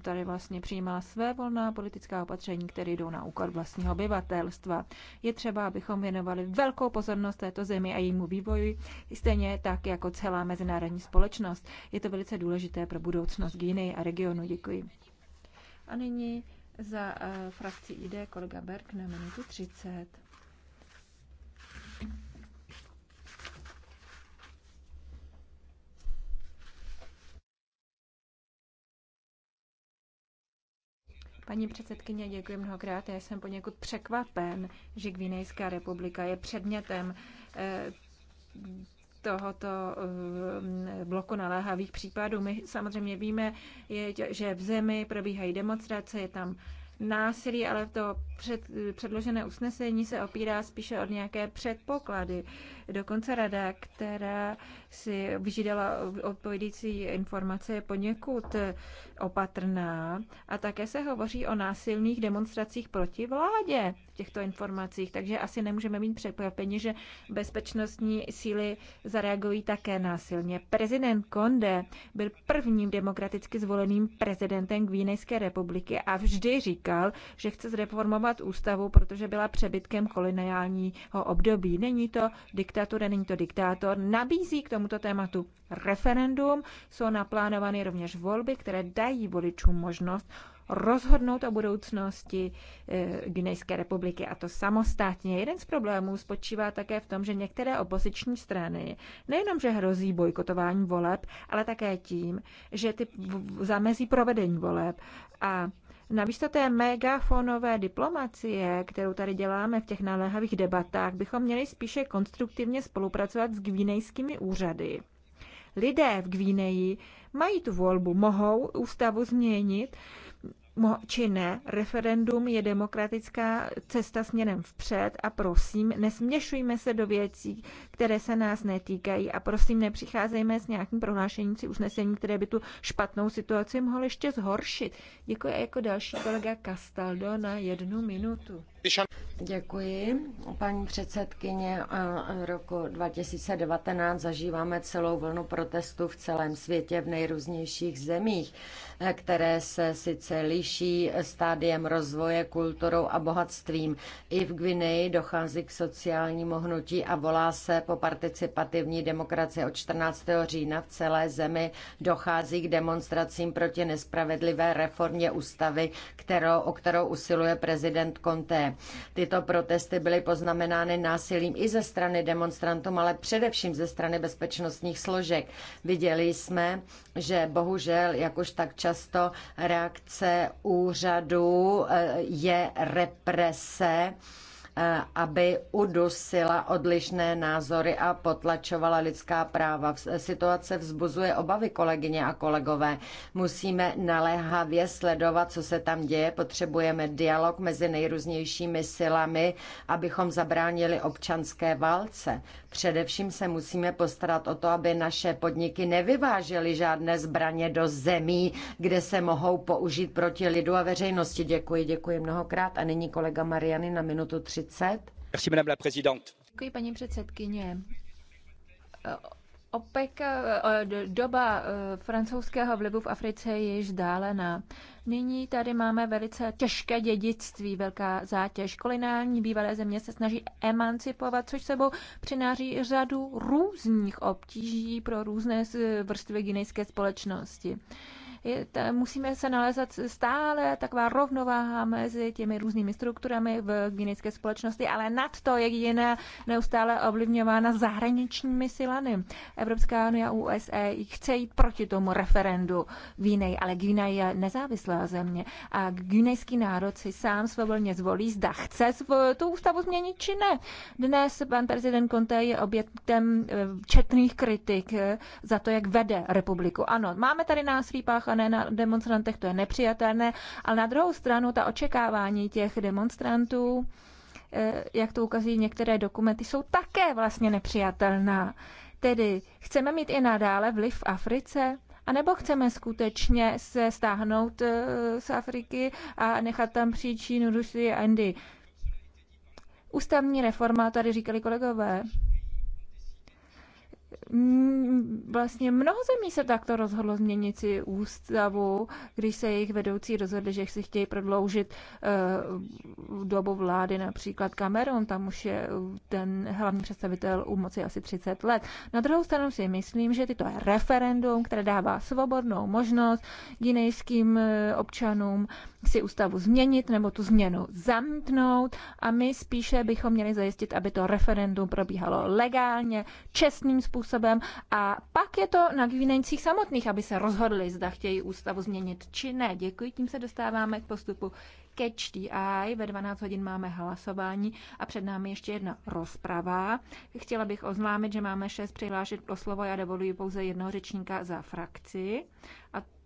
tady vlastně přijímala své volná politická opatření, které jdou na úkor vlastního obyvatelstva. Je třeba, abychom věnovali velkou pozornost této zemi a jejímu vývoji, stejně tak jako celá mezinárodní společnost. Je to velice důležité pro budoucnost Gíneje a regionu. Děkuji. A nyní za uh, frakci ID kolega Berg na minutu 30. Paní předsedkyně, děkuji mnohokrát. Já jsem poněkud překvapen, že Gvinejská republika je předmětem eh, tohoto eh, bloku naléhavých případů. My samozřejmě víme, že v zemi probíhají demonstrace, je tam násilí, ale to před, předložené usnesení se opírá spíše od nějaké předpoklady. Dokonce rada, která si vyžídala odpovědící informace, je poněkud opatrná a také se hovoří o násilných demonstracích proti vládě v těchto informacích, takže asi nemůžeme mít překvapení, že bezpečnostní síly zareagují také násilně. Prezident Konde byl prvním demokraticky zvoleným prezidentem Gvínejské republiky a vždy říkal, že chce zreformovat ústavu, protože byla přebytkem koloniálního období. Není to diktat diktatura, není to diktátor, nabízí k tomuto tématu referendum. Jsou naplánovány rovněž volby, které dají voličům možnost rozhodnout o budoucnosti eh, Ginejské republiky a to samostatně. Jeden z problémů spočívá také v tom, že některé opoziční strany nejenom, že hrozí bojkotování voleb, ale také tím, že ty zamezí provedení voleb a na místo té megafonové diplomacie, kterou tady děláme v těch naléhavých debatách, bychom měli spíše konstruktivně spolupracovat s gvínejskými úřady. Lidé v Gvíneji mají tu volbu, mohou ústavu změnit, či ne, referendum je demokratická cesta směrem vpřed a prosím, nesměšujme se do věcí, které se nás netýkají a prosím, nepřicházejme s nějakým prohlášením či usnesením, které by tu špatnou situaci mohlo ještě zhoršit. Děkuji a jako další kolega Castaldo na jednu minutu. Děkuji. Paní předsedkyně, roku 2019 zažíváme celou vlnu protestů v celém světě v nejrůznějších zemích, eh, které se sice liší stádiem rozvoje, kulturou a bohatstvím. I v Gvineji dochází k sociálnímu hnutí a volá se po participativní demokracii. Od 14. října v celé zemi dochází k demonstracím proti nespravedlivé reformě ústavy, kterou, o kterou usiluje prezident Conte. Tyto protesty byly poznamenány násilím i ze strany demonstrantů, ale především ze strany bezpečnostních složek. Viděli jsme, že bohužel, jak už tak často, reakce úřadů eh, je represe Eh, aby udusila odlišné názory a potlačovala lidská práva. Situace vzbuzuje obavy, kolegyně a kolegové. Musíme naléhavě sledovat, co se tam děje. Potřebujeme dialog mezi nejrůznějšími silami, abychom zabránili občanské válce. Především se musíme postarat o to, aby naše podniky nevyvážely žádné zbraně do zemí, kde se mohou použít proti lidu a veřejnosti. Děkuji, děkuji mnohokrát. A nyní kolega Mariany na minutu 30. Děkuji, paní předsedkyně. Eh, OPEC, eh, doba eh, francouzského vlivu v Africe je již dálená. Nyní tady máme velice těžké dědictví, velká zátěž. Kolinální bývalé země se snaží emancipovat, což sebou přináší řadu různých obtíží pro různé vrstvy guinejské společnosti je, ta, musíme se nalézat stále taková rovnováha mezi těmi různými strukturami v gvinejské společnosti, ale nad to je jiné neustále ovlivňována zahraničními silami. Evropská unie a USA chce jít proti tomu referendu Gvinej, ale Gvinej je nezávislá země a gvinejský národ si sám svobodně zvolí, zda chce tu ústavu změnit či ne. Dnes pan prezident Conte je objektem eh, četných kritik eh, za to, jak vede republiku. Ano, máme tady násilí páchané a ne na demonstrantech, to je nepřijatelné, ale na druhou stranu ta očekávání těch demonstrantů, eh, jak to ukazují některé dokumenty, jsou také vlastně nepřijatelná. Tedy chceme mít i nadále vliv v Africe? A nebo chceme skutečně se stáhnout eh, z Afriky a nechat tam přijít Čínu, Rusii a Indii? Ústavní reforma, tady říkali kolegové, Mm, vlastně mnoho zemí se takto rozhodlo změnit si ústavu, když se jejich vedoucí rozhodli, že si chtějí prodloužit uh, dobu vlády, například Cameron, tam už je eh, ten hlavní představitel u moci asi 30 let. Na druhou stranu si myslím, že tyto referendum, které dává svobodnou možnost guinejským eh, občanům si ústavu změnit nebo tu změnu zamítnout a my spíše bychom měli zajistit, aby to referendum probíhalo legálně, čestným způsobem a pak je to na Gvinencích samotných, aby se rozhodli, zda chtějí ústavu změnit či ne. Děkuji, tím se dostáváme k postupu Catch the Eye. Ve 12 hodin máme hlasování a před námi ještě jedna rozprava. Chtěla bych oznámit, že máme šest přihlášek o slovo. Já dovoluji pouze jednoho řečníka za frakci. A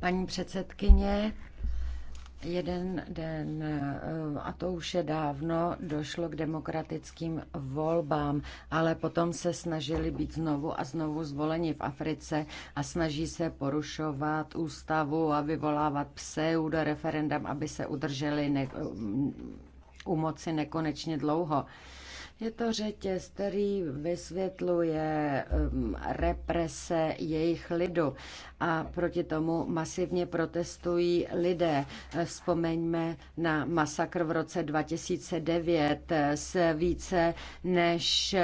paní předsedkyně jeden den eh, a to už je dávno došlo k demokratickým volbám ale potom se snažili být znovu a znovu zvoleni v africe a snaží se porušovat ústavu a vyvolávat pseudoreferendum aby se udrželi eh, u moci nekonečně dlouho. Je to řetěz, který vysvětluje um, represe jejich lidu a proti tomu masivně protestují lidé. Vzpomeňme na masakr v roce 2009 s více než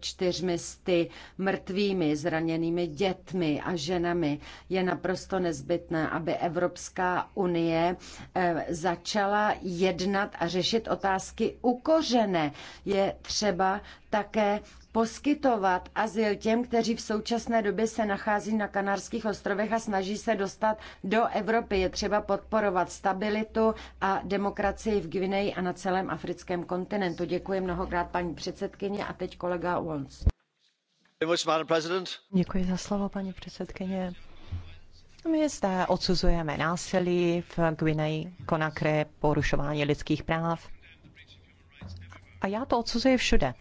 čtyřmisty mrtvými, zraněnými dětmi a ženami. Je naprosto nezbytné, aby Evropská unie eh, začala jednat a řešit otázky ukořené. Je třeba také poskytovat azyl těm, kteří v současné době se nachází na Kanárských ostrovech a snaží se dostat do Evropy. Je třeba podporovat stabilitu a demokracii v Gvineji a na celém africkém kontinentu. Děkuji mnohokrát paní předsedkyně a teď kolega Wons. Děkuji za slovo, paní předsedkyně. My zde odsuzujeme násilí v Gvineji, Konakry, porušování lidských práv. A já to odsuzuji všude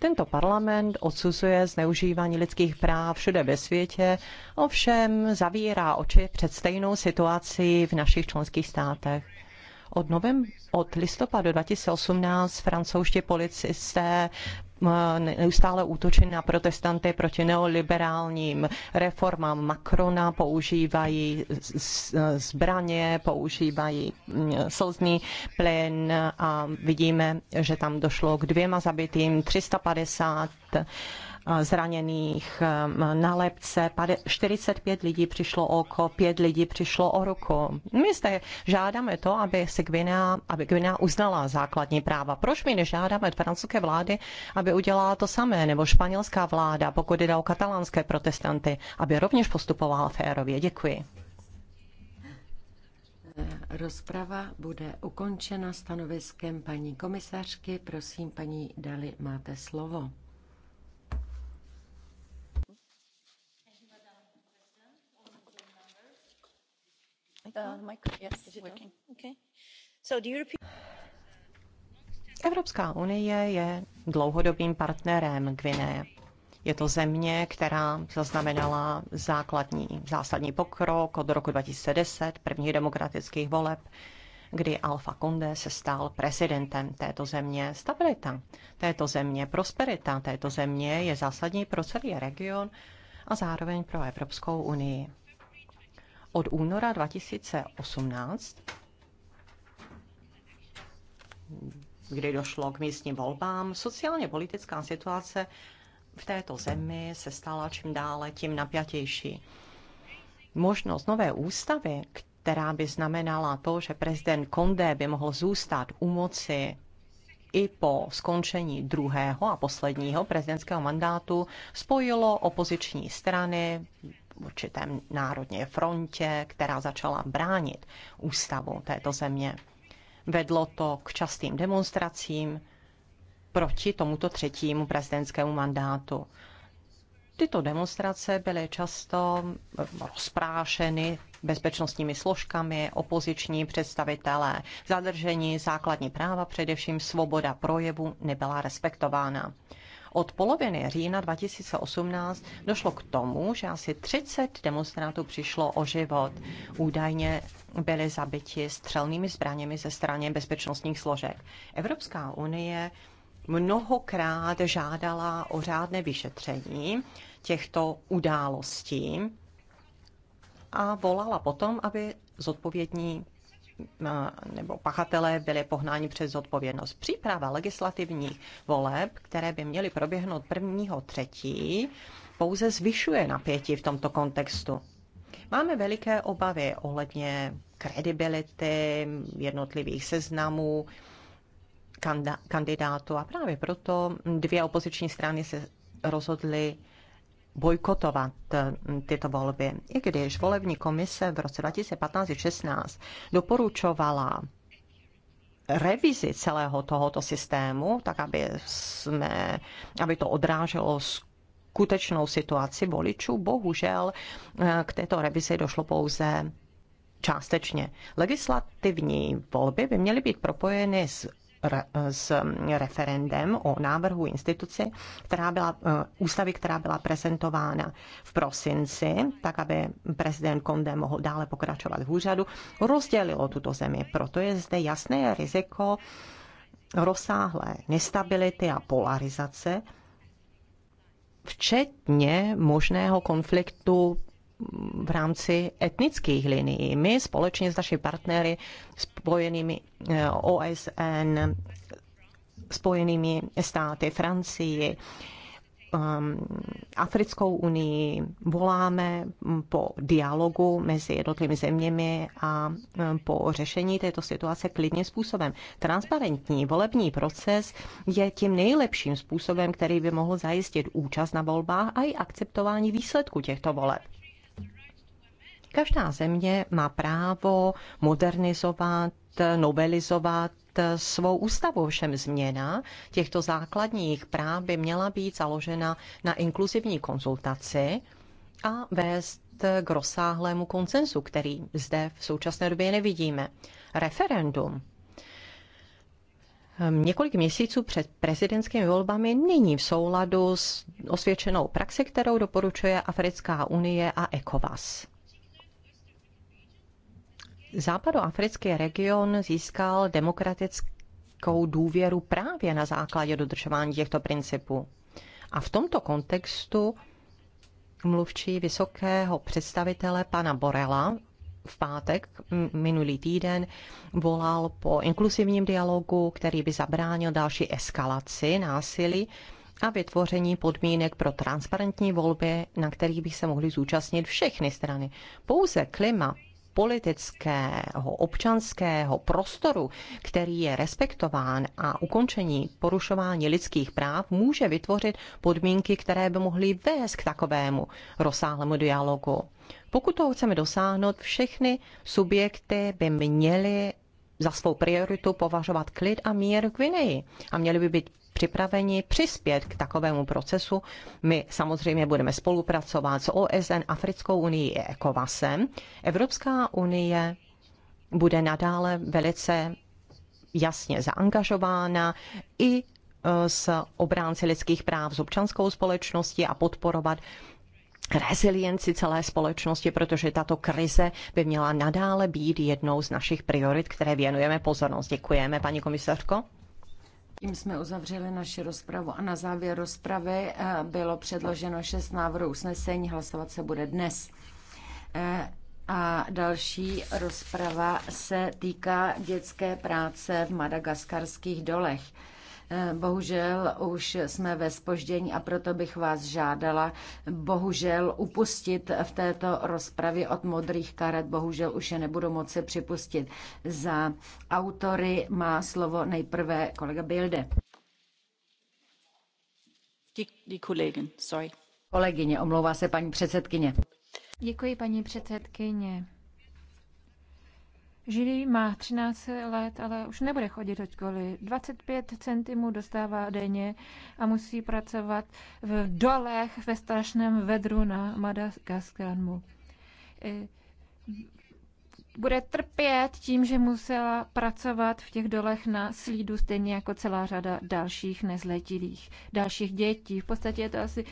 tento parlament odsuzuje zneužívání lidských práv všude ve světě, ovšem zavírá oči před stejnou situací v našich členských státech. Od, novem, od listopadu 2018 francouzští policisté neustále útočí na protestanty proti neoliberálním reformám Macrona, používají zbraně, používají mm, slzný plyn a vidíme, že tam došlo k dvěma zabitým, 350 Eh, zraněných eh, na lepce, 45 lidí přišlo o oko, 5 lidí přišlo o ruku. My zde žádáme to, aby se Gvinea, aby Gvinea uznala základní práva. Proč my nežádáme od francouzské vlády, aby udělala to samé, nebo španělská vláda, pokud jde o katalánské protestanty, aby rovněž postupovala férově? Děkuji. Rozprava bude ukončena stanoviskem paní komisařky. Prosím, paní Dali, máte slovo. Uh, Evropská unie je dlouhodobým partnerem Gvineje. Je to země, která zaznamenala základní, zásadní pokrok od roku 2010, prvních demokratických voleb, kdy Alfa Conde se stal prezidentem této země. Stabilita této země, prosperita této země je zásadní pro celý region a zároveň pro Evropskou unii od února 2018, kdy došlo k místním volbám, sociálně politická situace v této zemi se stala čím dále tím napjatější. Možnost nové ústavy, která by znamenala to, že prezident Kondé by mohl zůstat u moci i po skončení druhého a posledního prezidentského mandátu spojilo opoziční strany v určitém národně frontě, která začala bránit ústavu této země. Vedlo to k častým demonstracím proti tomuto třetímu prezidentskému mandátu. Tyto demonstrace byly často rozprášeny bezpečnostními složkami, opoziční představitelé zadržení, základní práva, především svoboda projevu nebyla respektována. Od poloviny října 2018 došlo k tomu, že asi 30 demonstrantů přišlo o život. Údajně byli zabiti střelnými zbraněmi ze strany bezpečnostních složek. Evropská unie mnohokrát žádala o řádné vyšetření těchto událostí a volala potom, aby zodpovědní nebo pachatelé byli pohnáni přes zodpovědnost. Příprava legislativních voleb, které by měly proběhnout 1. třetí, pouze zvyšuje napětí v tomto kontextu. Máme veliké obavy ohledně kredibility jednotlivých seznamů kandidátů a právě proto dvě opoziční strany se rozhodly bojkotovat mm, tyto volby. I když volební komise v roce 2015-16 doporučovala revizi celého tohoto systému, tak aby, jsme, aby to odráželo skutečnou situaci voličů, bohužel eh, k této revizi došlo pouze částečně. Legislativní volby by měly být propojeny s s referendem o návrhu instituce, která byla, eh, ústavy, která byla prezentována v prosinci, tak aby prezident Kondé mohl dále pokračovat v úřadu, rozdělilo tuto zemi. Proto je zde jasné riziko rozsáhlé nestability a polarizace, včetně možného konfliktu v rámci etnických linií. My společně s našimi partnery, spojenými eh, OSN, spojenými státy, Francii, eh, Africkou unii voláme po dialogu mezi jednotlivými zeměmi a eh, po řešení této situace klidným způsobem. Transparentní volební proces je tím nejlepším způsobem, který by mohl zajistit účast na volbách a i akceptování výsledku těchto voleb. Každá země má právo modernizovat, novelizovat svou ústavu. Všem změna těchto základních práv by měla být založena na inkluzivní konzultaci a vést k rozsáhlému koncensu, který zde v současné době nevidíme. Referendum několik měsíců před prezidentskými volbami není v souladu s osvědčenou praxi, kterou doporučuje Africká unie a ECOWAS. Západoafrický region získal demokratickou důvěru právě na základě dodržování těchto principů. A v tomto kontextu mluvčí vysokého představitele pana Borela v pátek minulý týden volal po inkluzivním dialogu, který by zabránil další eskalaci násilí a vytvoření podmínek pro transparentní volby, na kterých by se mohly zúčastnit všechny strany. Pouze klima politického, občanského prostoru, který je respektován a ukončení porušování lidských práv může vytvořit podmínky, které by mohly vést k takovému rozsáhlému dialogu. Pokud toho chceme dosáhnout, všechny subjekty by měly za svou prioritu považovat klid a mír Gvineji a měli by být připraveni přispět k takovému procesu. My samozřejmě budeme spolupracovat s OSN, Africkou unii i ECOWASem. Evropská unie bude nadále velice jasně zaangažována i e, s obránci lidských práv, s občanskou společností a podporovat rezilienci celé společnosti, protože tato krize by měla nadále být jednou z našich priorit, které věnujeme pozornost. Děkujeme, paní komisařko. Tím jsme uzavřeli naši rozpravu a na závěr rozpravy eh, bylo předloženo šest návrhů usnesení, hlasovat se bude dnes. Eh, a další rozprava se týká dětské práce v madagaskarských dolech. Bohužel už jsme ve spoždění a proto bych vás žádala bohužel upustit v této rozpravě od modrých karet. Bohužel už je nebudu moci připustit. Za autory má slovo nejprve kolega Bilde. Kolegyně, omlouvá se paní předsedkyně. Děkuji, paní předsedkyně. Žilí má 13 let, ale už nebude chodit do školy. 25 centimů dostává denně a musí pracovat v dolech ve strašném vedru na Madagaskaru. E, bude trpět tím, že musela pracovat v těch dolech na slídu, stejně jako celá řada dalších nezletilých, dalších dětí. V podstatě je to asi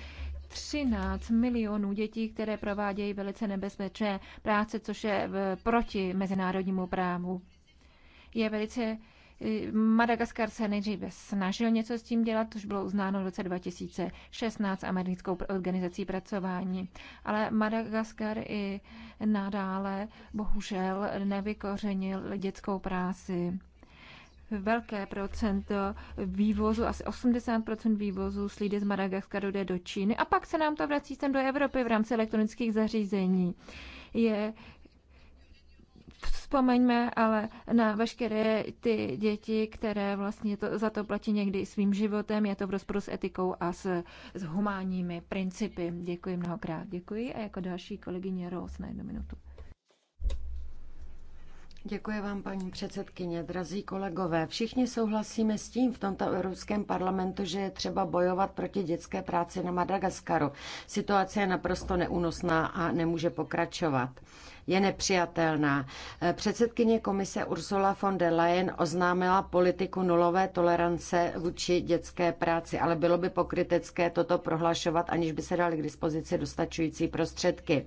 13 milionů dětí, které provádějí velice nebezpečné práce, což je eh, proti mezinárodnímu právu. Je velice eh, Madagaskar se nejdříve snažil něco s tím dělat, což bylo uznáno v roce 2016 americkou organizací pracování. Ale Madagaskar i nadále bohužel nevykořenil dětskou práci velké procento vývozu, asi 80% vývozu slídy z Madagaskaru jde do Číny a pak se nám to vrací sem do Evropy v rámci elektronických zařízení. Je Vzpomeňme ale na veškeré ty děti, které vlastně to, za to platí někdy svým životem. Je to v rozporu s etikou a s, s humánními principy. Děkuji mnohokrát. Děkuji. A jako další kolegyně Rose na jednu minutu. Děkuji vám, paní předsedkyně, drazí kolegové. Všichni souhlasíme s tím v tomto Evropském parlamentu, že je třeba bojovat proti dětské práci na Madagaskaru. Situace je naprosto neúnosná a nemůže pokračovat je nepřijatelná. Eh, předsedkyně komise Ursula von der Leyen oznámila politiku nulové tolerance vůči dětské práci, ale bylo by pokrytecké toto prohlašovat, aniž by se dali k dispozici dostačující prostředky.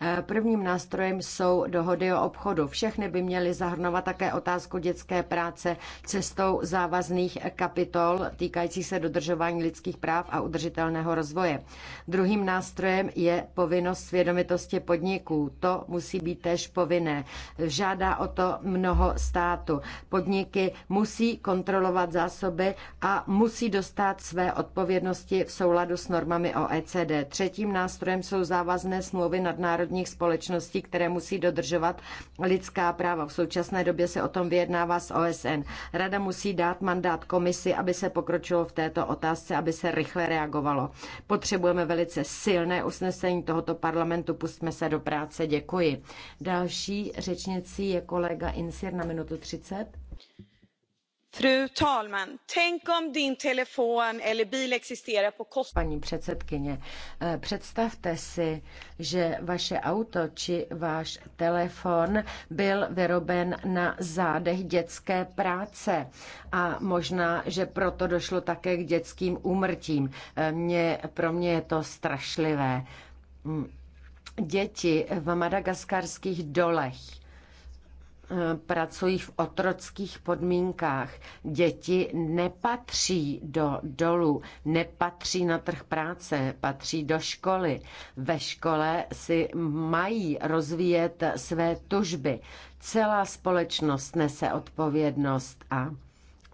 Eh, prvním nástrojem jsou dohody o obchodu. Všechny by měly zahrnovat také otázku dětské práce cestou závazných kapitol týkajících se dodržování lidských práv a udržitelného rozvoje. Druhým nástrojem je povinnost svědomitosti podniků. To musí musí být též povinné. Žádá o to mnoho států. Podniky musí kontrolovat zásoby a musí dostat své odpovědnosti v souladu s normami OECD. Třetím nástrojem jsou závazné smlouvy nadnárodních společností, které musí dodržovat lidská práva. V současné době se o tom vyjednává s OSN. Rada musí dát mandát komisi, aby se pokročilo v této otázce, aby se rychle reagovalo. Potřebujeme velice silné usnesení tohoto parlamentu. Pustme se do práce. Děkuji. Další řečnicí je kolega Insir na minutu 30. Fru talman, tänk om din telefon eller bil existerar på kost... Paní předsedkyně, eh, představte si, že vaše auto či váš telefon byl vyroben na zádech dětské práce a možná, že proto došlo také k dětským úmrtím. Eh, mě, pro mě je to strašlivé. Mm děti v madagaskarských dolech eh, pracují v otrockých podmínkách. Děti nepatří do dolů, nepatří na trh práce, patří do školy. Ve škole si mají rozvíjet své tužby. Celá společnost nese odpovědnost a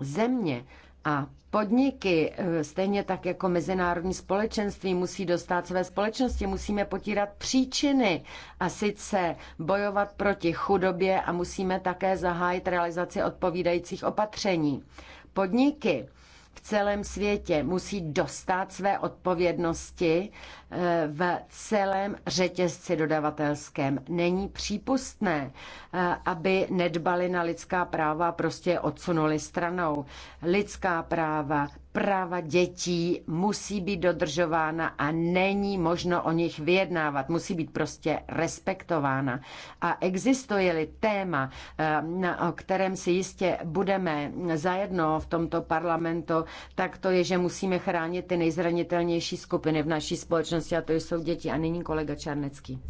země a Podniky, eh, stejně tak jako mezinárodní společenství, musí dostat své společnosti, musíme potírat příčiny a sice bojovat proti chudobě a musíme také zahájit realizaci odpovídajících opatření. Podniky v celém světě musí dostat své odpovědnosti eh, v celém řetězci dodavatelském. Není přípustné, eh, aby nedbali na lidská práva, prostě odsunuli stranou. Lidská práva, práva dětí musí být dodržována a není možno o nich vyjednávat. Musí být prostě respektována. A existuje-li téma, eh, na, o kterém si jistě budeme zajedno v tomto parlamentu, tak to je, že musíme chránit ty nejzranitelnější skupiny v naší společnosti a to jsou děti. A nyní kolega Čarnecký.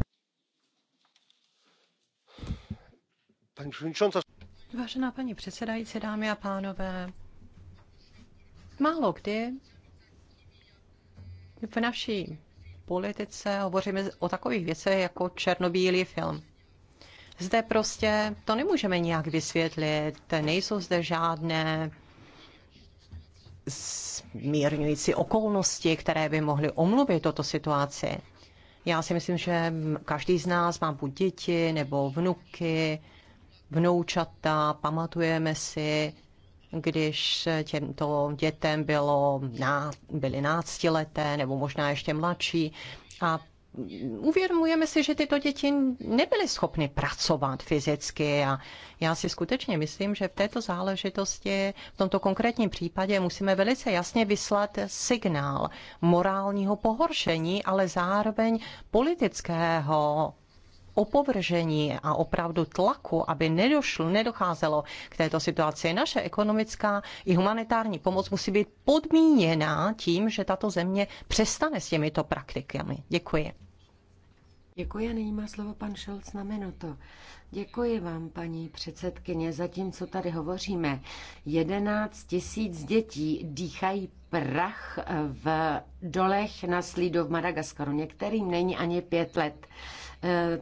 Vážená paní předsedající, dámy a pánové, Málo kdy v naší politice hovoříme o takových věcech jako černobílý film. Zde prostě to nemůžeme nějak vysvětlit, nejsou zde žádné smírňující okolnosti, které by mohly omluvit toto situaci. Já si myslím, že každý z nás má buď děti nebo vnuky, vnoučata, pamatujeme si když těmto dětem bylo, na, byly náctileté nebo možná ještě mladší a uvědomujeme si, že tyto děti nebyly schopny pracovat fyzicky a já si skutečně myslím, že v této záležitosti, v tomto konkrétním případě musíme velice jasně vyslat signál morálního pohoršení, ale zároveň politického opovržení a opravdu tlaku, aby nedošlo, nedocházelo k této situaci. Naše ekonomická i humanitární pomoc musí být podmíněná tím, že tato země přestane s těmito praktikami. Děkuji. Děkuji a nyní má slovo pan Šolc na minuto. Děkuji vám, paní předsedkyně. za tím, co tady hovoříme, 11 tisíc dětí dýchají prach v dolech na Slídu v Madagaskaru. Některým není ani pět let. E,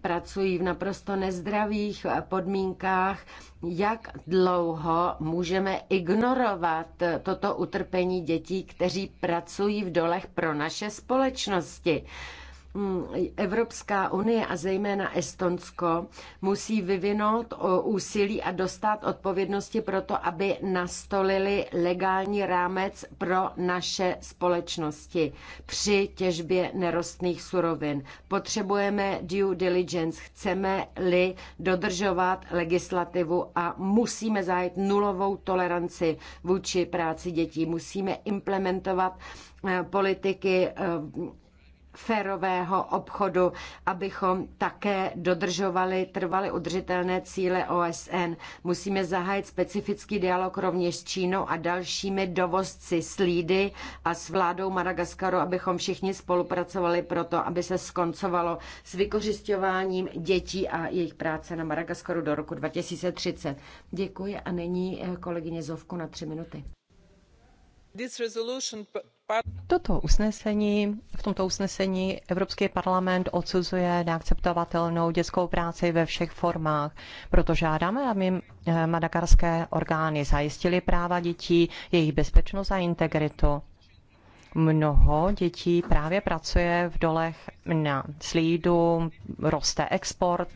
pracují v naprosto nezdravých podmínkách. Jak dlouho můžeme ignorovat toto utrpení dětí, kteří pracují v dolech pro naše společnosti? Mm, Evropská unie a zejména Estonsko musí vyvinout úsilí a dostat odpovědnosti pro to, aby nastolili legální rámec pro naše společnosti při těžbě nerostných surovin. Potřebujeme due diligence, chceme-li dodržovat legislativu a musíme zajít nulovou toleranci vůči práci dětí. Musíme implementovat eh, politiky eh, férového obchodu, abychom také dodržovali trvale udržitelné cíle OSN. Musíme zahájit specifický dialog rovněž s Čínou a dalšími dovozci s Lídy a s vládou Madagaskaru, abychom všichni spolupracovali pro to, aby se skoncovalo s vykořišťováním dětí a jejich práce na Madagaskaru do roku 2030. Děkuji a nyní eh, kolegyně Zovku na tři minuty. This resolution Toto usnesení, v tomto usnesení Evropský parlament odsuzuje neakceptovatelnou dětskou práci ve všech formách. Proto žádáme, aby eh, madagarské orgány zajistily práva dětí, jejich bezpečnost a integritu. Mnoho dětí právě pracuje v dolech na slídu, roste export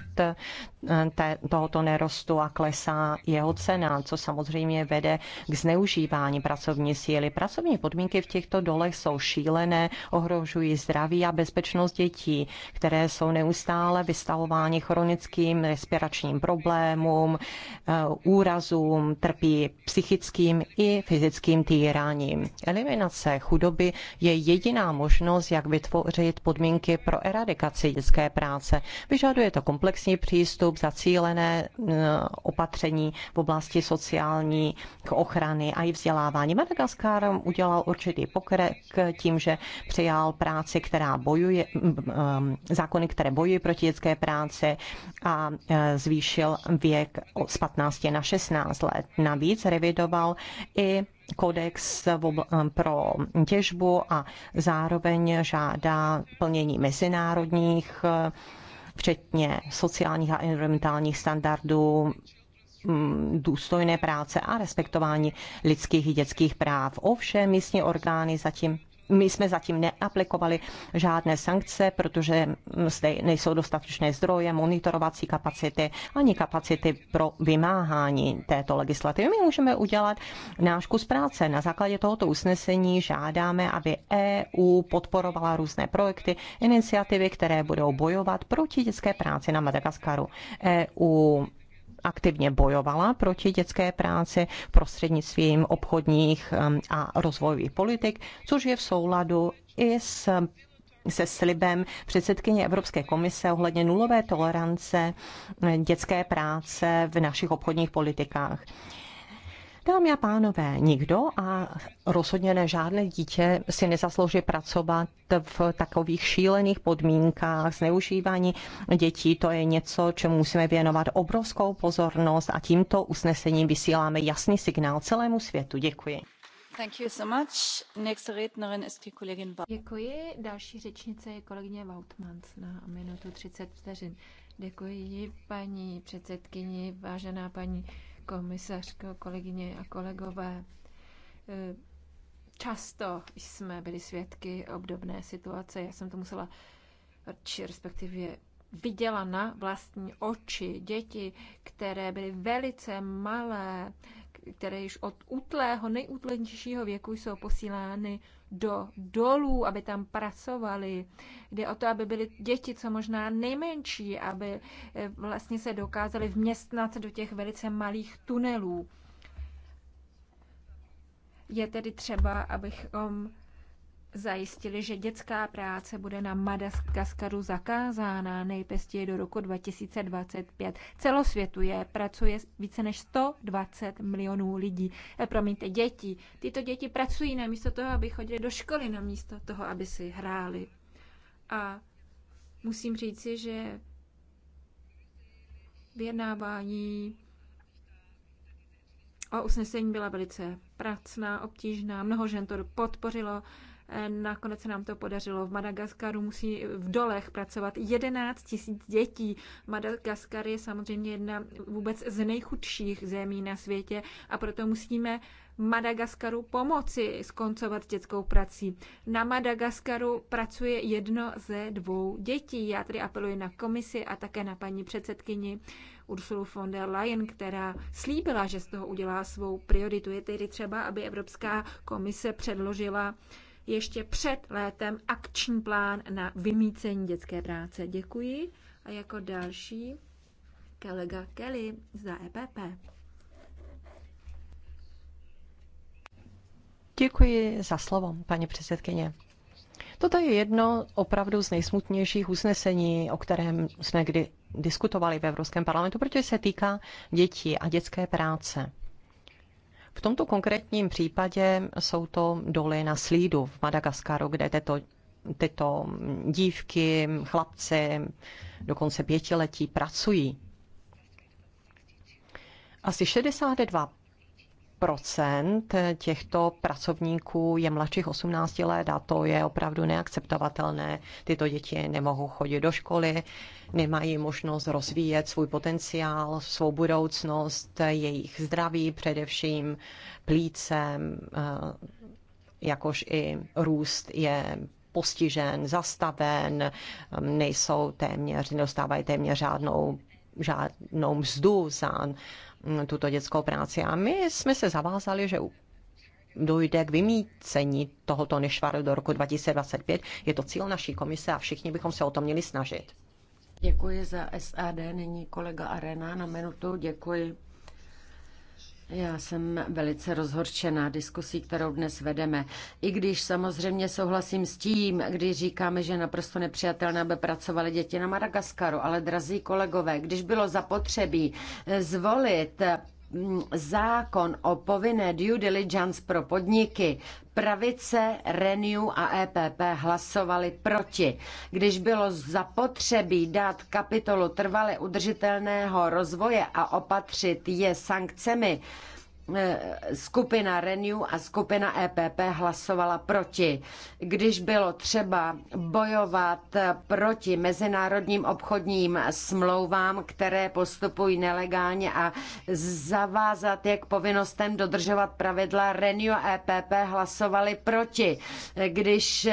Eh, te, tohoto nerostu a klesá jeho cena, co samozřejmě vede k zneužívání pracovní síly. Pracovní podmínky v těchto dolech jsou šílené, ohrožují zdraví a bezpečnost dětí, které jsou neustále vystavovány chronickým respiračním problémům, eh, úrazům, trpí psychickým i fyzickým týráním. Eliminace chudoby je jediná možnost, jak vytvořit podmínky pro eradikaci dětské práce. Vyžaduje to komplexní přístup, přístup, zacílené eh, opatření v oblasti sociální ochrany a i vzdělávání. Madagaskar udělal určitý pokrek tím, že přijal práci, která bojuje, zákony, které bojují proti dětské práci a eh, zvýšil věk z 15 na 16 let. Navíc revidoval i kodex eh, pro těžbu a zároveň žádá plnění mezinárodních včetně sociálních a environmentálních standardů, mm, důstojné práce a respektování lidských i dětských práv. Ovšem místní orgány zatím my jsme zatím neaplikovali žádné sankce, protože zde nejsou dostatečné zdroje, monitorovací kapacity ani kapacity pro vymáhání této legislativy. My můžeme udělat náš kus práce. Na základě tohoto usnesení žádáme, aby EU podporovala různé projekty, iniciativy, které budou bojovat proti dětské práci na Madagaskaru. EU aktivně bojovala proti dětské práci prostřednictvím obchodních um, a rozvojových politik, což je v souladu i s se slibem předsedkyně Evropské komise ohledně nulové tolerance eh, dětské práce v našich obchodních politikách. Dámy a pánové, nikdo a rozhodně ne žádné dítě si nezaslouží pracovat v takových šílených podmínkách, zneužívání dětí. To je něco, čemu musíme věnovat obrovskou pozornost a tímto usnesením vysíláme jasný signál celému světu. Děkuji. Thank you so much. Next ist die Kollegin Děkuji. Další řečnice je kolegyně Vautmans na minutu 30 vteřin. Děkuji paní předsedkyni, vážená paní komisařko, kolegyně a kolegové. Eh, často jsme byli svědky obdobné situace. Já jsem to musela, či respektive viděla na vlastní oči děti, které byly velice malé, které již od útlého, nejútlenějšího věku jsou posílány do dolů, aby tam pracovali. Jde o to, aby byly děti co možná nejmenší, aby eh, vlastně se dokázali vměstnat do těch velice malých tunelů. Je tedy třeba, abychom zajistili, že dětská práce bude na Madagaskaru zakázána nejpestěji do roku 2025. Celosvětuje pracuje více než 120 milionů lidí. E, promiňte, dětí. Tyto děti pracují na místo toho, aby chodili do školy, na místo toho, aby si hráli. A musím říci, že vyjednávání a usnesení byla velice pracná, obtížná. Mnoho žen to podpořilo. Nakonec se nám to podařilo. V Madagaskaru musí v dolech pracovat 11 tisíc dětí. Madagaskar je samozřejmě jedna vůbec z nejchudších zemí na světě a proto musíme Madagaskaru pomoci skoncovat dětskou prací. Na Madagaskaru pracuje jedno ze dvou dětí. Já tedy apeluji na komisi a také na paní předsedkyni Ursulu von der Leyen, která slíbila, že z toho udělá svou prioritu. Je tedy třeba, aby Evropská komise předložila uh, ještě před létem akční plán na vymícení dětské práce. Děkuji. A jako další kolega Kelly za EPP. Děkuji za slovo, paní předsedkyně. Toto je jedno opravdu z nejsmutnějších usnesení, o kterém jsme kdy diskutovali v Evropském parlamentu, protože se týká dětí a dětské práce. V tomto konkrétním případě jsou to doly na Slídu v Madagaskaru, kde tyto, tyto dívky, chlapci, dokonce pětiletí pracují. Asi 62 těchto pracovníků je mladších 18 let a to je opravdu neakceptovatelné. Tyto děti nemohou chodit do školy, nemají možnost rozvíjet svůj potenciál, svou budoucnost, jejich zdraví především, plíce, eh, jakož i růst je postižen, zastaven, nejsou téměř, nedostávají téměř žádnou žádnou mzdu za tuto dětskou práci. A my jsme se zavázali, že dojde k vymícení tohoto nešvaru do roku 2025. Je to cíl naší komise a všichni bychom se o to měli snažit. Děkuji za SAD, nyní kolega Arena na minutu, děkuji. Já jsem velice rozhorčená diskusí, kterou dnes vedeme. I když samozřejmě souhlasím s tím, když říkáme, že naprosto nepřijatelné, aby pracovali děti na Madagaskaru, ale drazí kolegové, když bylo zapotřebí eh, zvolit Mm, zákon o povinné due diligence pro podniky pravice, Renew a EPP hlasovali proti. Když bylo zapotřebí dát kapitolu trvale udržitelného rozvoje a opatřit je sankcemi, Eh, skupina Renew a skupina EPP hlasovala proti. Když bylo třeba bojovat proti mezinárodním obchodním smlouvám, které postupují nelegálně a zavázat jak povinnostem dodržovat pravidla, Renew a EPP hlasovali proti. Když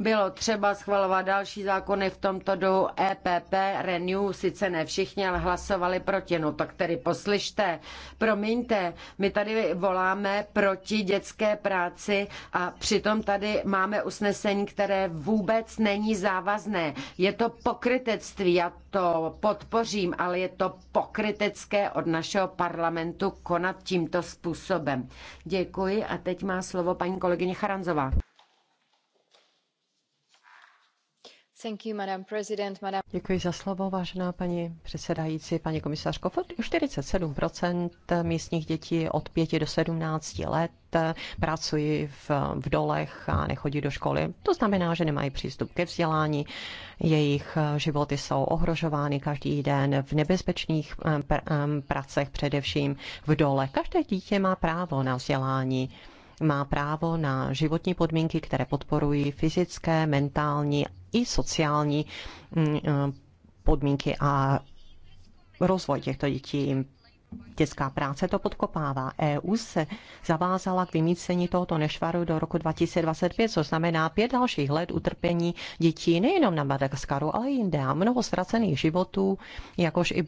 bylo třeba schvalovat další zákony v tomto do EPP, Renew, sice ne všichni, ale hlasovali proti. No tak tedy poslyšte, promiňte, my tady voláme proti dětské práci a přitom tady máme usnesení, které vůbec není závazné. Je to pokrytectví, já to podpořím, ale je to pokrytecké od našeho parlamentu konat tímto způsobem. Děkuji a teď má slovo paní kolegyně Charanzová. Děkuji za slovo, vážená paní předsedající, paní komisařko. 47% místních dětí od 5 do 17 let pracují v, v dolech a nechodí do školy. To znamená, že nemají přístup ke vzdělání, jejich eh, životy jsou ohrožovány každý den v nebezpečných eh, pr- eh, pracech, především v dole. Každé dítě má právo na vzdělání má právo na životní podmínky, které podporují fyzické, mentální i sociální mm, eh, podmínky a rozvoj těchto dětí. Dětská práce to podkopává. EU se zavázala k vymícení tohoto nešvaru do roku 2025, což znamená pět dalších let utrpení dětí nejenom na Madagaskaru, ale i jinde a mnoho ztracených životů, jakož i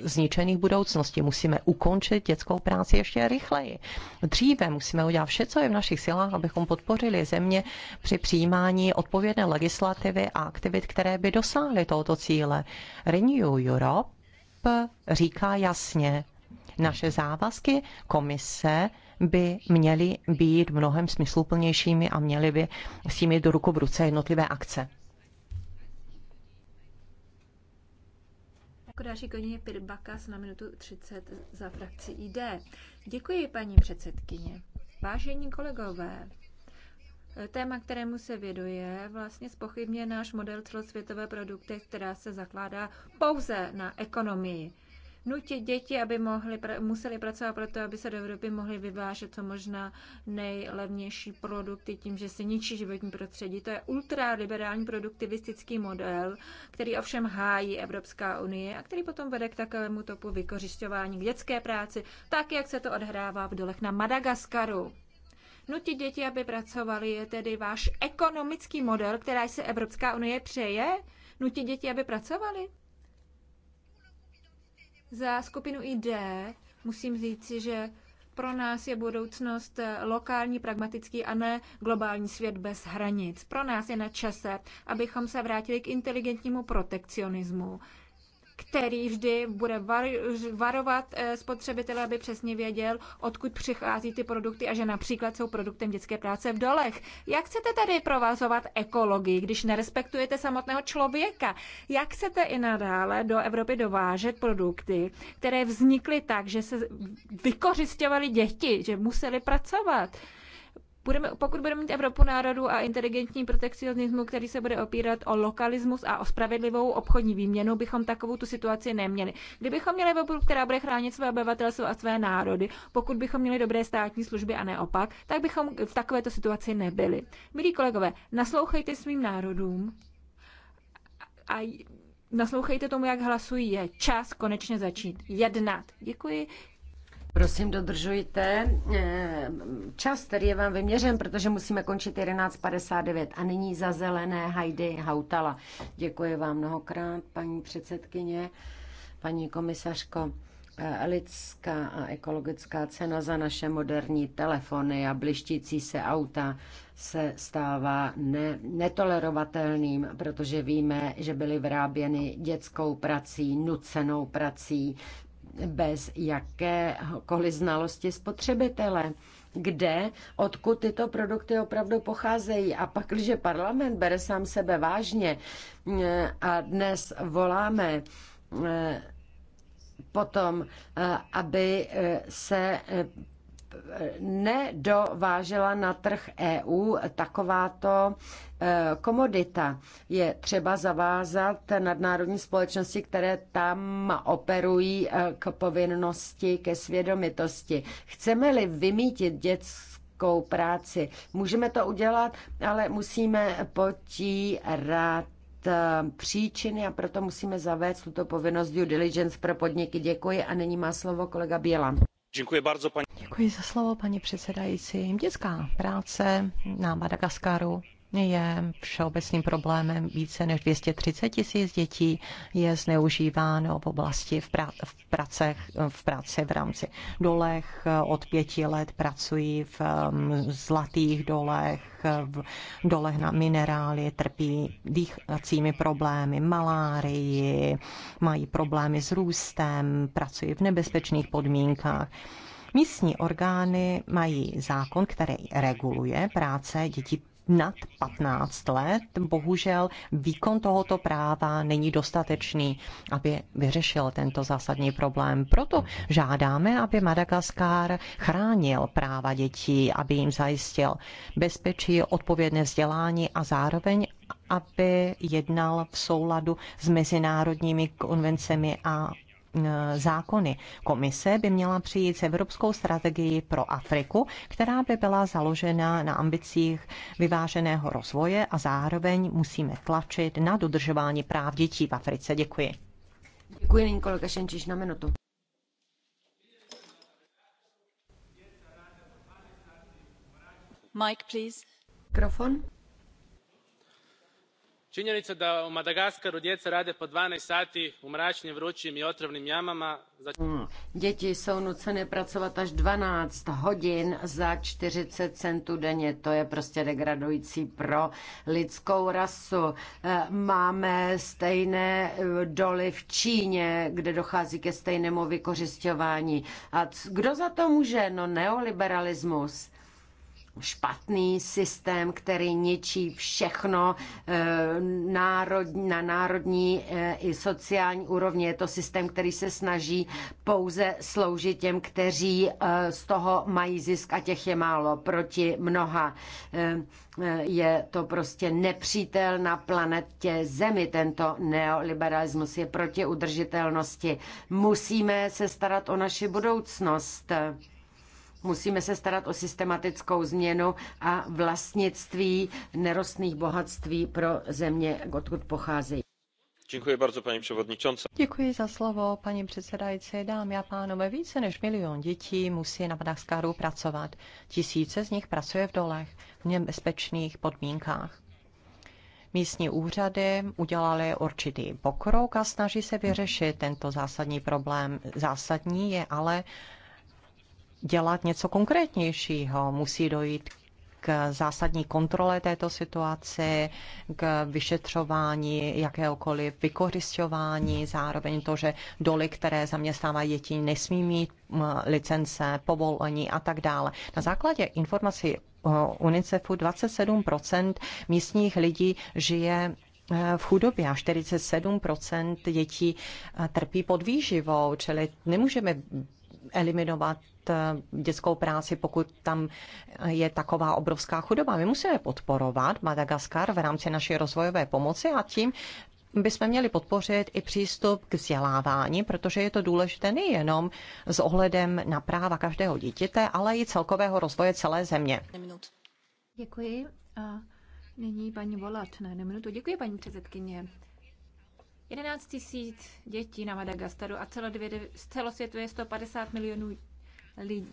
zničených budoucnosti. Musíme ukončit dětskou práci ještě rychleji. Dříve musíme udělat vše, co je v našich silách, abychom podpořili země při přijímání odpovědné legislativy a aktivit, které by dosáhly tohoto cíle. Renew Europe říká jasně, naše závazky komise by měly být mnohem smysluplnějšími a měly by s tím jít do ruku v ruce jednotlivé akce. jako koně Pirbakas na minutu 30 za frakci ID. Děkuji, paní předsedkyně. Vážení kolegové, Téma, kterému se věduje, vlastně spochybně náš model celosvětové produkty, která se zakládá pouze na ekonomii nutit děti, aby mohli, museli pracovat pro to, aby se do Evropy mohli vyvážet co možná nejlevnější produkty tím, že se ničí životní prostředí. To je ultraliberální produktivistický model, který ovšem hájí Evropská unie a který potom vede k takovému topu vykořišťování k dětské práci, tak jak se to odhrává v dolech na Madagaskaru. Nutit děti, aby pracovali, je tedy váš ekonomický model, který se Evropská unie přeje? Nutit děti, aby pracovali? Za skupinu ID musím říci, že pro nás je budoucnost eh, lokální, pragmatický a ne globální svět bez hranic. Pro nás je na čase, abychom se vrátili k inteligentnímu protekcionismu, který vždy bude varovat eh, spotřebitele, aby přesně věděl, odkud přichází ty produkty a že například jsou produktem dětské práce v dolech. Jak chcete tady provazovat ekologii, když nerespektujete samotného člověka? Jak chcete i nadále do Evropy dovážet produkty, které vznikly tak, že se vykořišťovaly děti, že museli pracovat? Budeme, pokud budeme mít Evropu národů a inteligentní protekcionismu, který se bude opírat o lokalismus a o spravedlivou obchodní výměnu, bychom takovou tu situaci neměli. Kdybychom měli Evropu, která bude chránit své obyvatelstvo a své národy, pokud bychom měli dobré státní služby a neopak, tak bychom v takovéto situaci nebyli. Milí kolegové, naslouchejte svým národům a naslouchejte tomu, jak hlasují. Je čas konečně začít jednat. Děkuji. Prosím, dodržujte eh, čas, který je vám vyměřen, protože musíme končit 11.59. A nyní za zelené Heidi Hautala. Děkuji vám mnohokrát, paní předsedkyně, paní komisařko. Eh, lidská a ekologická cena za naše moderní telefony a blištící se auta se stává ne, netolerovatelným, protože víme, že byly vyráběny dětskou prací, nucenou prací, bez jakékoliv znalosti spotřebitele kde, odkud tyto produkty opravdu pocházejí. A pak, když parlament bere sám sebe vážně eh, a dnes voláme eh, potom, eh, aby se nedovážela na trh EU takováto e, komodita. Je třeba zavázat nadnárodní společnosti, které tam operují e, k povinnosti, ke svědomitosti. Chceme-li vymítit dětskou práci. Můžeme to udělat, ale musíme potírat e, příčiny a proto musíme zavést tuto povinnost due diligence pro podniky. Děkuji a nyní má slovo kolega Bělan. Děkuji za slovo, paní předsedající. Dětská práce na Madagaskaru je všeobecným problémem. Více než 230 tisíc dětí je zneužíváno v oblasti v, pra, v, pracech, v práci v rámci dolech. Od pěti let pracují v um, zlatých dolech, v dolech na minerály, trpí dýchacími problémy, malárii, mají problémy s růstem, pracují v nebezpečných podmínkách. Místní orgány mají zákon, který reguluje práce dětí nad 15 let. Bohužel výkon tohoto práva není dostatečný, aby vyřešil tento zásadní problém. Proto žádáme, aby Madagaskar chránil práva dětí, aby jim zajistil bezpečí, odpovědné vzdělání a zároveň aby jednal v souladu s mezinárodními konvencemi a Eh, zákony. Komise by měla přijít s evropskou strategii pro Afriku, která by byla založena na ambicích vyváženého rozvoje a zároveň musíme tlačit na dodržování práv dětí v Africe. Děkuji. Děkuji, nyní kolega Šenčíš, na minutu. Mike, please. Mikrofon injenica da u madagaskaru djeca rade po twelve sati u mranim vruim i otrovnim jamama hmm. děti jsou nuceny pracovat až 12 hodin za 40 centů denně. To je prostě degradující pro lidskou rasu. Eh, máme stejné eh, doly v Číně, kde dochází ke stejnému vykořišťování. A kdo za to může? No neoliberalismus špatný systém, který ničí všechno eh, na národní eh, i sociální úrovni. Je to systém, který se snaží pouze sloužit těm, kteří eh, z toho mají zisk a těch je málo proti mnoha. Je to prostě nepřítel na planetě Zemi. Tento neoliberalismus je proti udržitelnosti. Musíme se starat o naši budoucnost. Musíme se starat o systematickou změnu a vlastnictví nerostných bohatství pro země, odkud pocházejí. Děkuji bardzo, paní předsedající. Děkuji za slovo, paní předsedající. Dámy a pánové, více než milion dětí musí na Madagaskaru pracovat. Tisíce z nich pracuje v dolech, v nebezpečných podmínkách. Místní úřady udělaly určitý pokrok a snaží se vyřešit tento zásadní problém. Zásadní je ale dělat něco konkrétnějšího. Musí dojít k zásadní kontrole této situace, k vyšetřování jakéhokoliv vykořišťování, zároveň to, že doly, které zaměstnávají děti, nesmí mít licence, povolení a tak dále. Na základě informací e, UNICEFu 27 místních lidí žije e, v chudobě a 47 dětí e, trpí podvýživou, čili nemůžeme eliminovat eh, dětskou práci, pokud tam je taková obrovská chudoba. My musíme podporovat Madagaskar v rámci naší rozvojové pomoci a tím bychom měli podpořit i přístup k vzdělávání, protože je to důležité nejenom s ohledem na práva každého dítěte, ale i celkového rozvoje celé země. Děkuji. A nyní paní Volat na jednu minutu. Děkuji, paní předsedkyně. 11 tisíc dětí na Madagaskaru a celosvětově 150 milionů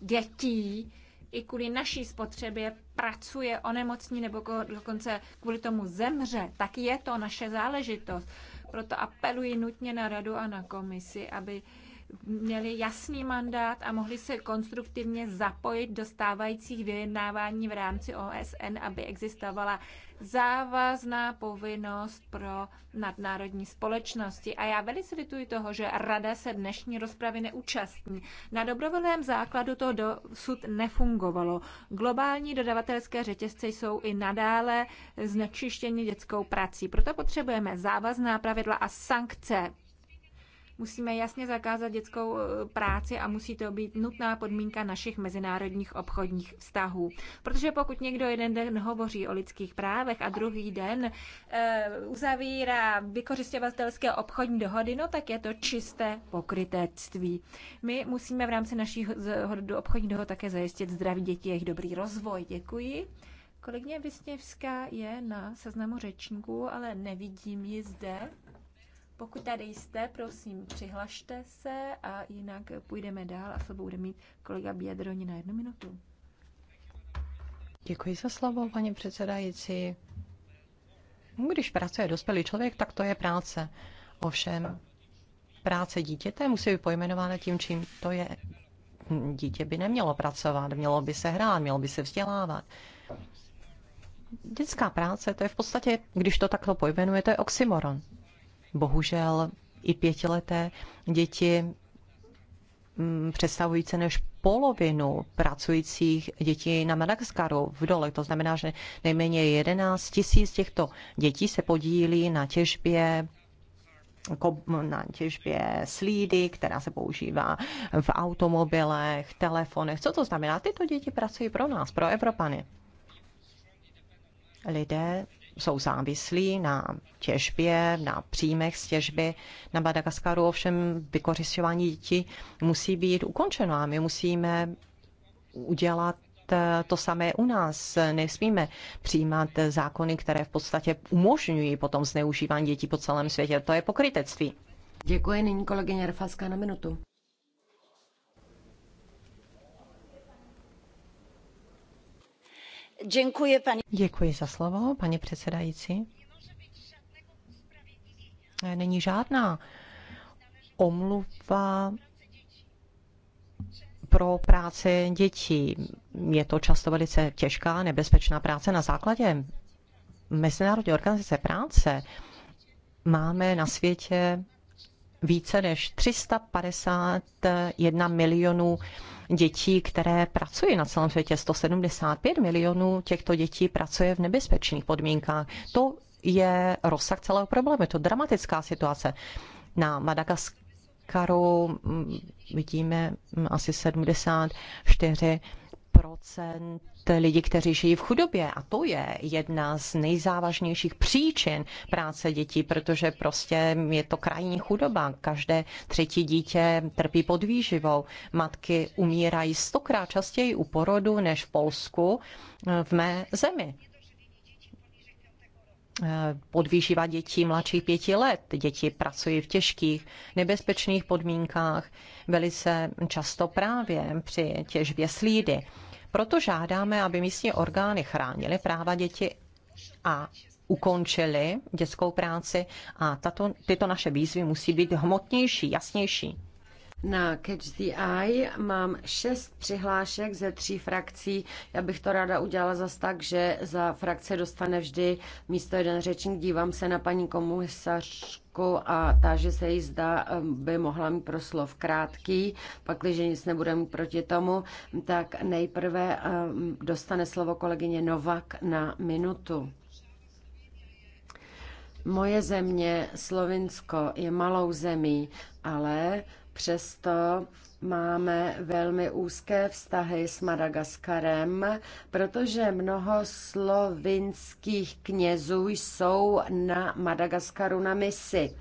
dětí i kvůli naší spotřebě pracuje, onemocní nebo dokonce kvůli tomu zemře, tak je to naše záležitost. Proto apeluji nutně na radu a na komisi, aby měli jasný mandát a mohli se konstruktivně zapojit do stávajících vyjednávání v rámci OSN, aby existovala závazná povinnost pro nadnárodní společnosti. A já velice lituji toho, že Rada se dnešní rozpravy neúčastní. Na dobrovolném základu to dosud nefungovalo. Globální dodavatelské řetězce jsou i nadále znečištěni dětskou prací. Proto potřebujeme závazná pravidla a sankce Musíme jasně zakázat dětskou eh, práci a musí to být nutná podmínka našich mezinárodních obchodních vztahů. Protože pokud někdo jeden den hovoří o lidských právech a druhý den eh, uzavírá vykořišťovatelské obchodní dohody, no tak je to čisté pokrytectví. My musíme v rámci našich obchodní dohod také zajistit zdraví dětí a jejich dobrý rozvoj. Děkuji. Kolegyně Vysněvská je na seznamu řečníků, ale nevidím ji zde. Pokud tady jste, prosím, přihlašte se a jinak půjdeme dál a slovo bude mít kolega Biedroni na jednu minutu. Děkuji za slovo, paní předsedající. Když pracuje dospělý člověk, tak to je práce. Ovšem, práce dítěte musí být pojmenována tím, čím to je. Dítě by nemělo pracovat, mělo by se hrát, mělo by se vzdělávat. Dětská práce, to je v podstatě, když to takto pojmenuje, to je oxymoron bohužel i pětileté děti mm, představují než polovinu pracujících dětí na Madagaskaru v dole. To znamená, že nejméně 11 tisíc těchto dětí se podílí na těžbě na těžbě slídy, která se používá v automobilech, telefonech. Co to znamená? Tyto děti pracují pro nás, pro Evropany. Lidé jsou závislí na těžbě, na příjmech z těžby na Madagaskaru, ovšem vykořišťování dětí musí být ukončeno a my musíme udělat eh, to samé u nás. Nesmíme přijímat zákony, které v podstatě umožňují potom zneužívání dětí po celém světě. To je pokrytectví. Děkuji nyní kolegyně Rfaska na minutu. Děkuji, Děkuji za slovo, paní předsedající. Není žádná omluva pro práce dětí. Je to často velice těžká, nebezpečná práce. Na základě Mezinárodní organizace práce máme na světě více než 351 milionů dětí, které pracují na celém světě. 175 milionů těchto dětí pracuje v nebezpečných podmínkách. To je rozsah celého problému. Je to dramatická situace. Na Madagaskaru mm, vidíme mm, asi 74 procent lidí, kteří žijí v chudobě. A to je jedna z nejzávažnějších příčin práce dětí, protože prostě je to krajní chudoba. Každé třetí dítě trpí pod výživou. Matky umírají stokrát častěji u porodu než v Polsku v mé zemi podvýživa dětí mladších pěti let. Děti pracují v těžkých, nebezpečných podmínkách, velice často právě při těžbě slídy. Proto žádáme, aby místní orgány chránily práva děti a ukončili dětskou práci a tato, tyto naše výzvy musí být hmotnější, jasnější. Na Catch the Eye mám šest přihlášek ze tří frakcí. Já bych to ráda udělala zas tak, že za frakce dostane vždy místo jeden řečník. Dívám se na paní komisařku otázku a táže se jí, zda eh, by mohla mít proslov krátký, pakliže nic nebude mít proti tomu, tak nejprve eh, dostane slovo kolegyně Novak na minutu. Moje země, Slovinsko, je malou zemí, ale Přesto máme velmi úzké vztahy s Madagaskarem, protože mnoho slovinských knězů jsou na Madagaskaru na misi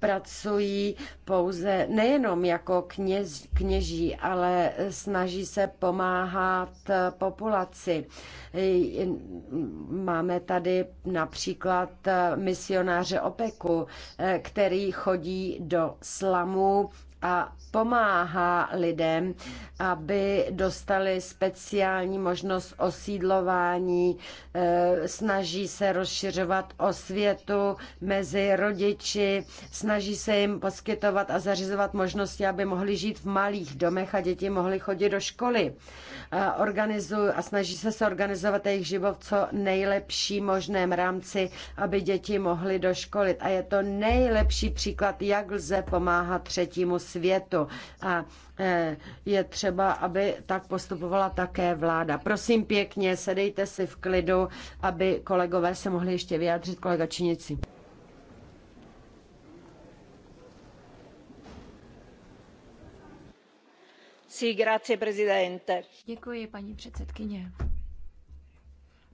pracují pouze nejenom jako kněz, kněží, ale snaží se pomáhat populaci. Máme tady například misionáře Opeku, který chodí do slamu a pomáhá lidem, aby dostali speciální možnost osídlování, eh, snaží se rozšiřovat osvětu mezi rodiči, snaží se jim poskytovat a zařizovat možnosti, aby mohli žít v malých domech a děti mohly chodit do školy. Organizují a snaží se se organizovat jejich život v co nejlepší možném rámci, aby děti mohly doškolit. A je to nejlepší příklad, jak lze pomáhat třetímu světu. A e, je třeba, aby tak postupovala také vláda. Prosím pěkně, sedejte si v klidu, aby kolegové se mohli ještě vyjádřit, kolega Činici. Děkuji, paní předsedkyně.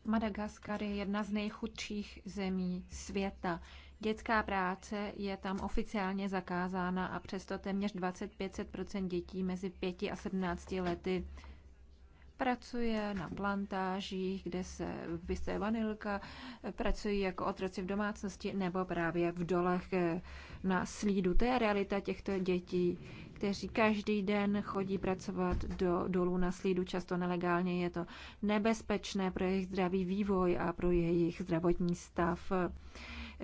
Madagaskar je jedna z nejchudších zemí světa. Dětská práce je tam oficiálně zakázána a přesto téměř 25% dětí mezi 5 a 17 lety pracuje na plantážích, kde se vystaje vanilka, eh, pracují jako otroci v domácnosti nebo právě v dolech eh, na slídu. To je realita těchto dětí, kteří každý den chodí pracovat do dolů na slídu, často nelegálně. Je to nebezpečné pro jejich zdravý vývoj a pro jejich zdravotní stav.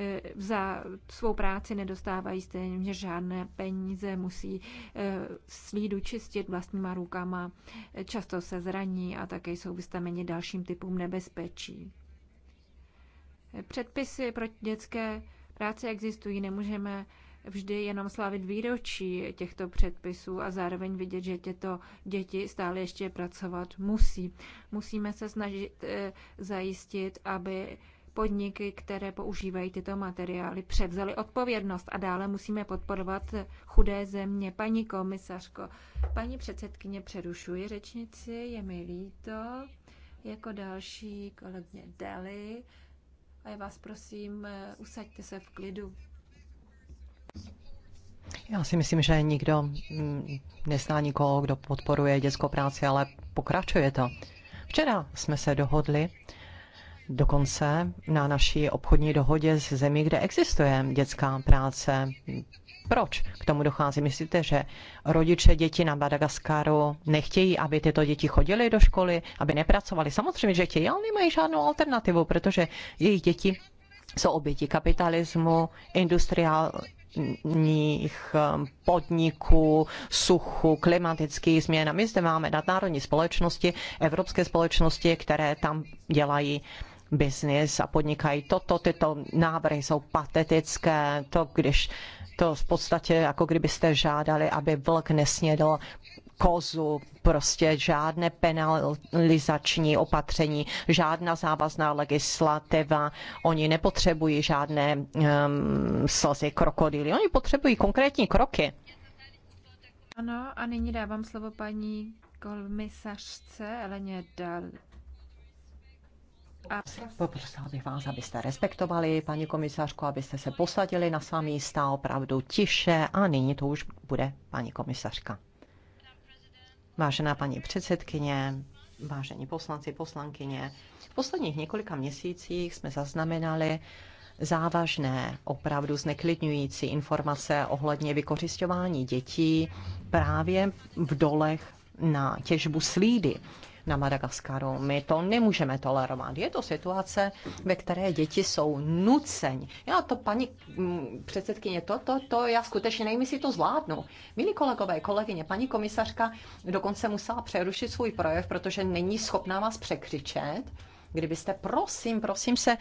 E, za svou práci nedostávají stejně žádné peníze, musí e, slídu čistit vlastníma rukama, e, často se zraní a také jsou vystaveni dalším typům nebezpečí. Předpisy pro dětské práce existují, nemůžeme vždy jenom slavit výročí těchto předpisů a zároveň vidět, že těto děti stále ještě pracovat musí. Musíme se snažit zajistit, aby podniky, které používají tyto materiály, převzaly odpovědnost a dále musíme podporovat chudé země. Paní komisařko, paní předsedkyně přerušuje řečnici, je mi líto. Jako další kolegyně Deli. A já vás prosím, eh, usaďte se v klidu. Já si myslím, že nikdo mm, nezná nikoho, kdo podporuje dětskou práci, ale pokračuje to. Včera jsme se dohodli, dokonce na naší obchodní dohodě s zemí, kde existuje dětská práce. Proč k tomu dochází? Myslíte, že rodiče děti na Madagaskaru nechtějí, aby tyto děti chodily do školy, aby nepracovali? Samozřejmě, že chtějí, ale nemají žádnou alternativu, protože jejich děti jsou oběti kapitalismu, industriál, um, podniků, suchu, klimatických změn. A my zde máme nadnárodní společnosti, evropské společnosti, které tam dělají uh, biznis a podnikají toto, tyto návrhy jsou patetické, to když to v podstatě jako kdybyste žádali, aby vlk nesnědl kozu, prostě žádné penalizační opatření, žádná závazná legislativa. Oni nepotřebují žádné um, slzy krokodýly, oni potřebují konkrétní kroky. Ano, a nyní dávám slovo paní komisařce Eleně Dal. Poprosila bych vás, abyste respektovali, paní komisařku, abyste se posadili na samý místa opravdu tiše a nyní to už bude paní komisařka. Vážená paní předsedkyně, vážení poslanci, poslankyně, v posledních několika měsících jsme zaznamenali závažné, opravdu zneklidňující informace ohledně vykořišťování dětí právě v dolech na těžbu slídy na Madagaskaru. My to nemůžeme tolerovat. Je to situace, ve které děti jsou nuceň. Já to, paní mm, předsedkyně, to, to, to, já skutečně nevím, si to zvládnu. Milí kolegové, kolegyně, paní komisařka dokonce musela přerušit svůj projev, protože není schopná vás překřičet. Kdybyste, prosím, prosím, se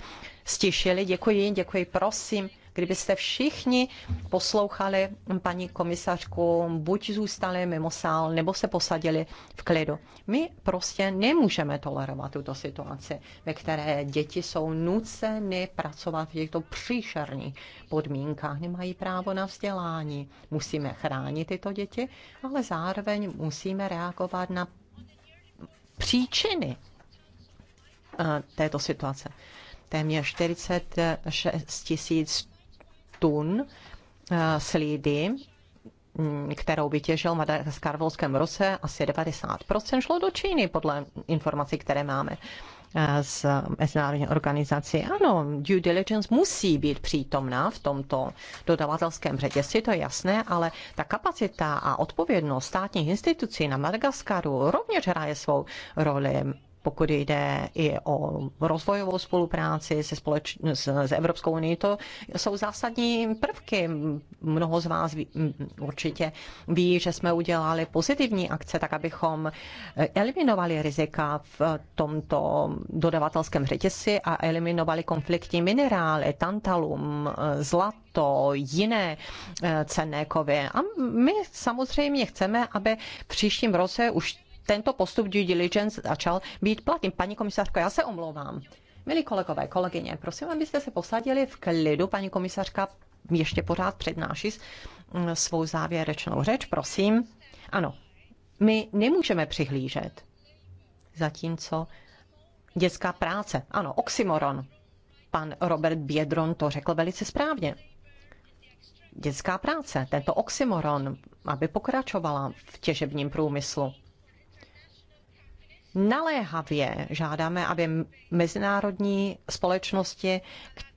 stišili. Děkuji, děkuji, prosím. Kdybyste všichni poslouchali paní komisařku, buď zůstali mimo sál, nebo se posadili v klidu. My prostě nemůžeme tolerovat tuto situaci, ve které děti jsou nuceny pracovat v těchto příšerných podmínkách, nemají právo na vzdělání. Musíme chránit tyto děti, ale zároveň musíme reagovat na příčiny eh, této situace. Téměř 46 tisíc tun eh, slídy, mm, kterou vytěžil Madagaskar v loňském roce, asi 90% šlo do Číny, podle informací, které máme eh, z mezinárodní organizace. Ano, due diligence musí být přítomná v tomto dodavatelském řetězci, to je jasné, ale ta kapacita a odpovědnost státních institucí na Madagaskaru rovněž hraje svou roli pokud jde i o rozvojovou spolupráci se, společ, s, s Evropskou unii, to jsou zásadní prvky. Mnoho z vás ví, určitě ví, že jsme udělali pozitivní akce, tak abychom eh, eliminovali rizika v tomto dodavatelském řetězci a eliminovali konflikty minerály, tantalum, eh, zlato, to jiné eh, cenné kovy. A my samozřejmě chceme, aby v příštím roce už tento postup due diligence začal být platný. Paní komisařko, já se omlouvám. Milí kolegové, kolegyně, prosím, abyste se posadili v klidu. Paní komisařka ještě pořád přednáší mm, svou závěrečnou řeč, prosím. Ano, my nemůžeme přihlížet, zatímco dětská práce, ano, oxymoron. Pan Robert Biedron to řekl velice správně. Dětská práce, tento oxymoron, aby pokračovala v těžebním průmyslu naléhavě žádáme, aby mezinárodní společnosti,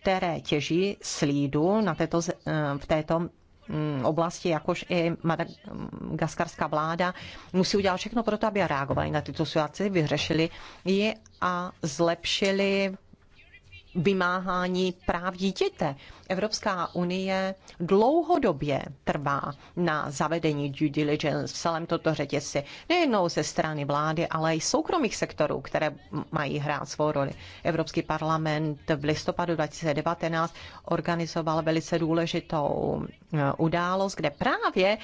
které těží slídu na této, eh, v této mm, oblasti, jakož i madagaskarská vláda, musí udělat všechno pro to, aby reagovali na tyto situaci, vyřešili ji a zlepšili vymáhání práv dítěte. Evropská unie dlouhodobě trvá na zavedení due diligence v celém toto řetězci, Nejednou ze strany vlády, ale i soukromých sektorů, které mají hrát svou roli. Evropský parlament v listopadu 2019 organizoval velice důležitou eh, událost, kde právě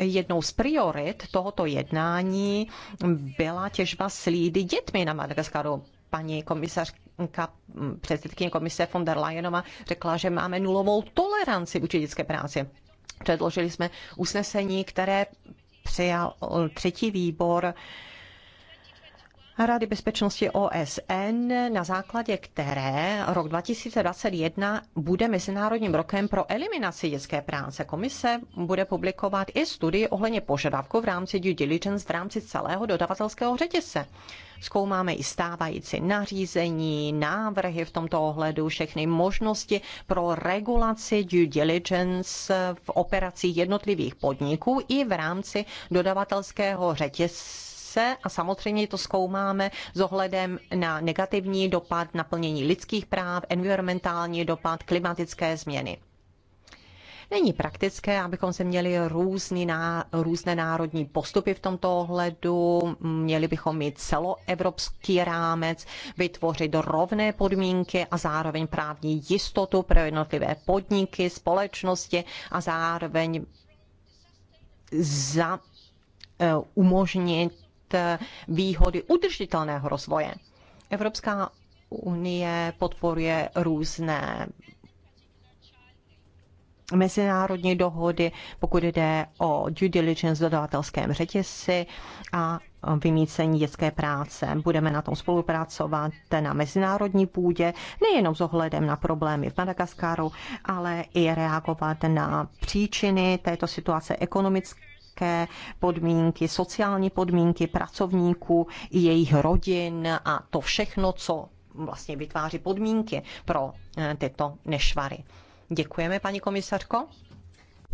jednou z priorit tohoto jednání byla těžba slídy dětmi na Madagaskaru. Paní komisařka předsedkyně komise von der Leyenova řekla, že máme nulovou toleranci vůči dětské práci. Předložili jsme usnesení, které přijal třetí výbor Rady bezpečnosti OSN, na základě které rok 2021 bude Mezinárodním rokem pro eliminaci dětské práce. Komise bude publikovat i studii ohledně požadavku v rámci due diligence v rámci celého dodavatelského řetězce. Zkoumáme i stávající nařízení, návrhy v tomto ohledu, všechny možnosti pro regulaci due diligence v operacích jednotlivých podniků i v rámci dodavatelského řetězce komise a samozřejmě to zkoumáme s ohledem na negativní dopad naplnění lidských práv, environmentální dopad, klimatické změny. Není praktické, abychom se měli různý ná, různé národní postupy v tomto ohledu, měli bychom mít celoevropský rámec, vytvořit rovné podmínky a zároveň právní jistotu pro jednotlivé podniky, společnosti a zároveň za, e, umožnit Eh, výhody udržitelného rozvoje. Evropská unie podporuje různé mezinárodní dohody, pokud jde o due diligence v dodavatelském řetězci a vymícení dětské práce. Budeme na tom spolupracovat na mezinárodní půdě, nejenom s ohledem na problémy v Madagaskaru, ale i reagovat na příčiny této situace ekonomické ekonomické podmínky, sociální podmínky pracovníků i jejich rodin a to všechno, co vlastně vytváří podmínky pro eh, tyto nešvary. Děkujeme, paní komisařko.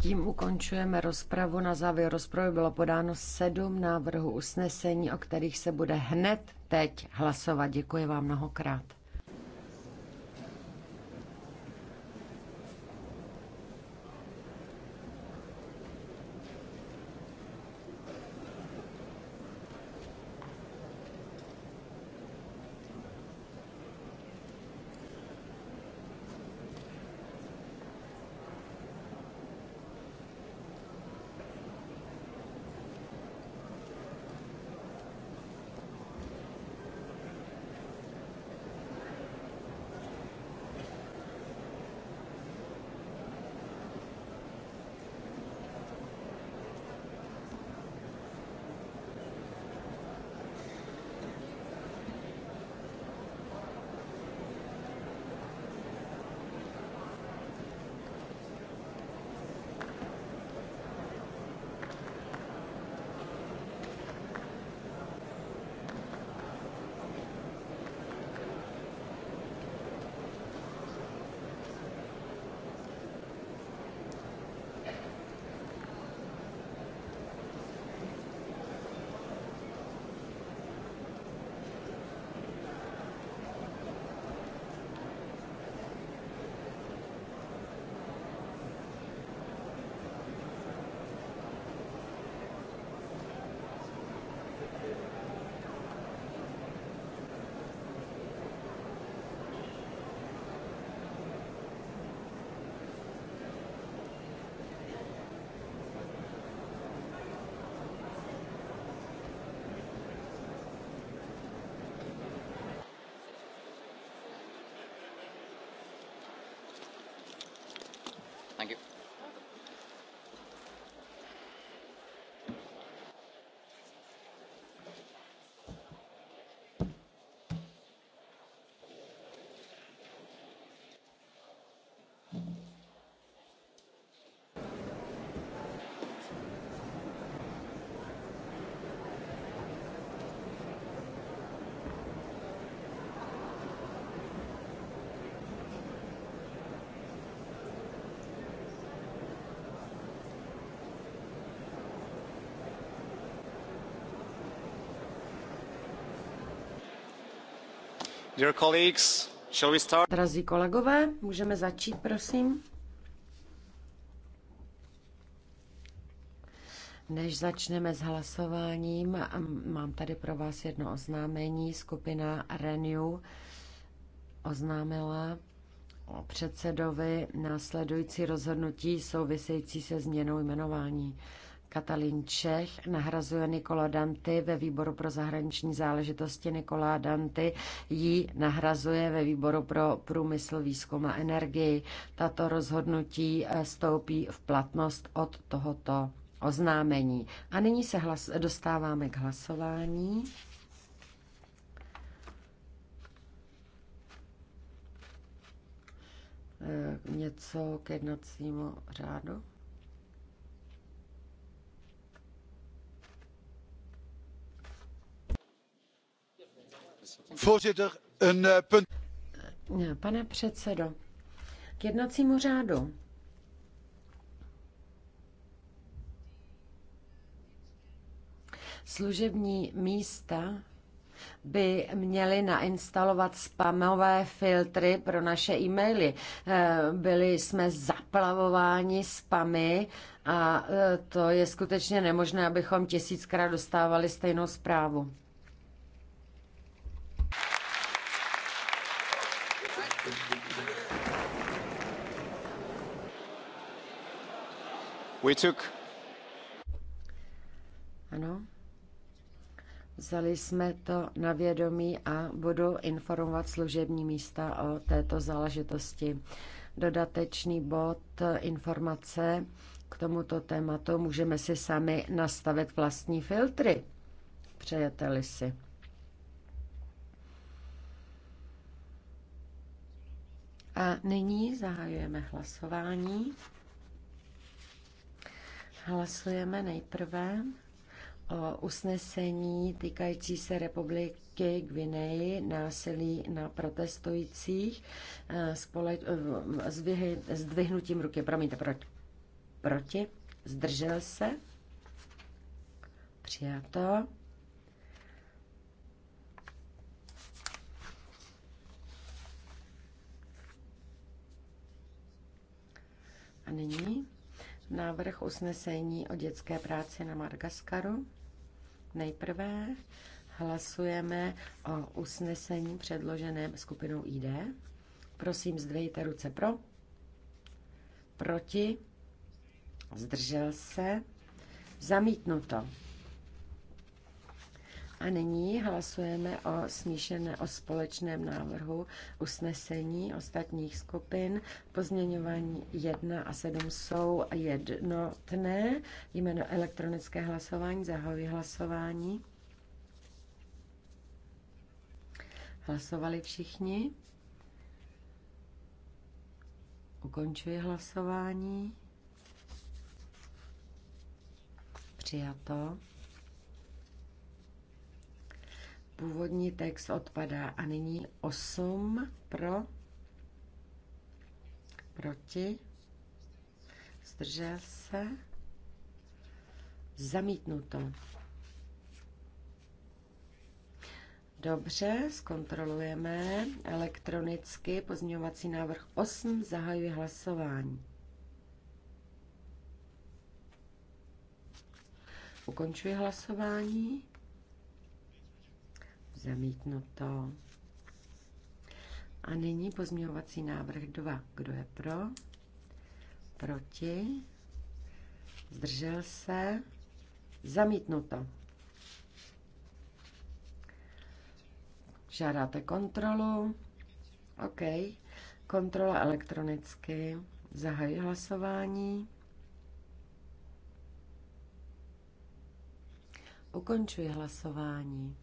Tím ukončujeme rozpravu. Na závěr rozpravy bylo podáno sedm návrhů usnesení, o kterých se bude hned teď hlasovat. Děkuji vám mnohokrát. Dear colleagues, shall we start? Drazí kolegové, můžeme začít, prosím. Než začneme s hlasováním, mám tady pro vás jedno oznámení. Skupina Renew oznámila předsedovi následující rozhodnutí související se změnou jmenování. Katalin Čech nahrazuje Nikola Danty ve výboru pro zahraniční záležitosti. Nikola Danty ji nahrazuje ve výboru pro průmysl, výzkum a energii. Tato rozhodnutí eh, stoupí v platnost od tohoto oznámení. A nyní se hlas- dostáváme k hlasování. Eh, něco k jednacímu řádu? Eh, eh, pane předsedo, k jednacímu řádu. Služební místa by měli nainstalovat spamové filtry pro naše e-maily. Eh, byli jsme zaplavováni spamy a to je skutečně nemožné, abychom tisíckrát dostávali stejnou zprávu. We took... Ano. Vzali jsme to na vědomí a budu informovat služební místa o této záležitosti. Dodatečný bod informace k tomuto tématu můžeme si sami nastavit vlastní filtry. Přejete-li si. A nyní zahajujeme hlasování. Hlasujeme nejprve o usnesení týkající se republiky Gvineji násilí na protestujících eh, společ, eh, zdvihnutím ruky, promiňte, proti, proti, zdržel se, přijato. A nyní návrh usnesení o dětské práci na Madagaskaru. Nejprve hlasujeme o usnesení předloženém skupinou ID. Prosím, zdvejte ruce pro. Proti. Zdržel se. Zamítnuto. A nyní hlasujeme o smíšené, o společném návrhu usnesení ostatních skupin. Pozměňování 1 a 7 jsou jednotné. Jméno elektronické hlasování, zahajuji hlasování. Hlasovali všichni. Ukončuji hlasování. Přijato. Původní text odpadá a nyní 8 pro, proti, zdržel se, zamítnuto. Dobře, zkontrolujeme elektronicky pozměňovací návrh 8, zahajuji hlasování. Ukončuji hlasování. Zamítnuto. A nyní pozměňovací návrh 2. Kdo je pro? Proti? Zdržel se? Zamítnuto. Žádáte kontrolu? OK. Kontrola elektronicky. Zahajuji hlasování. Ukončuji hlasování.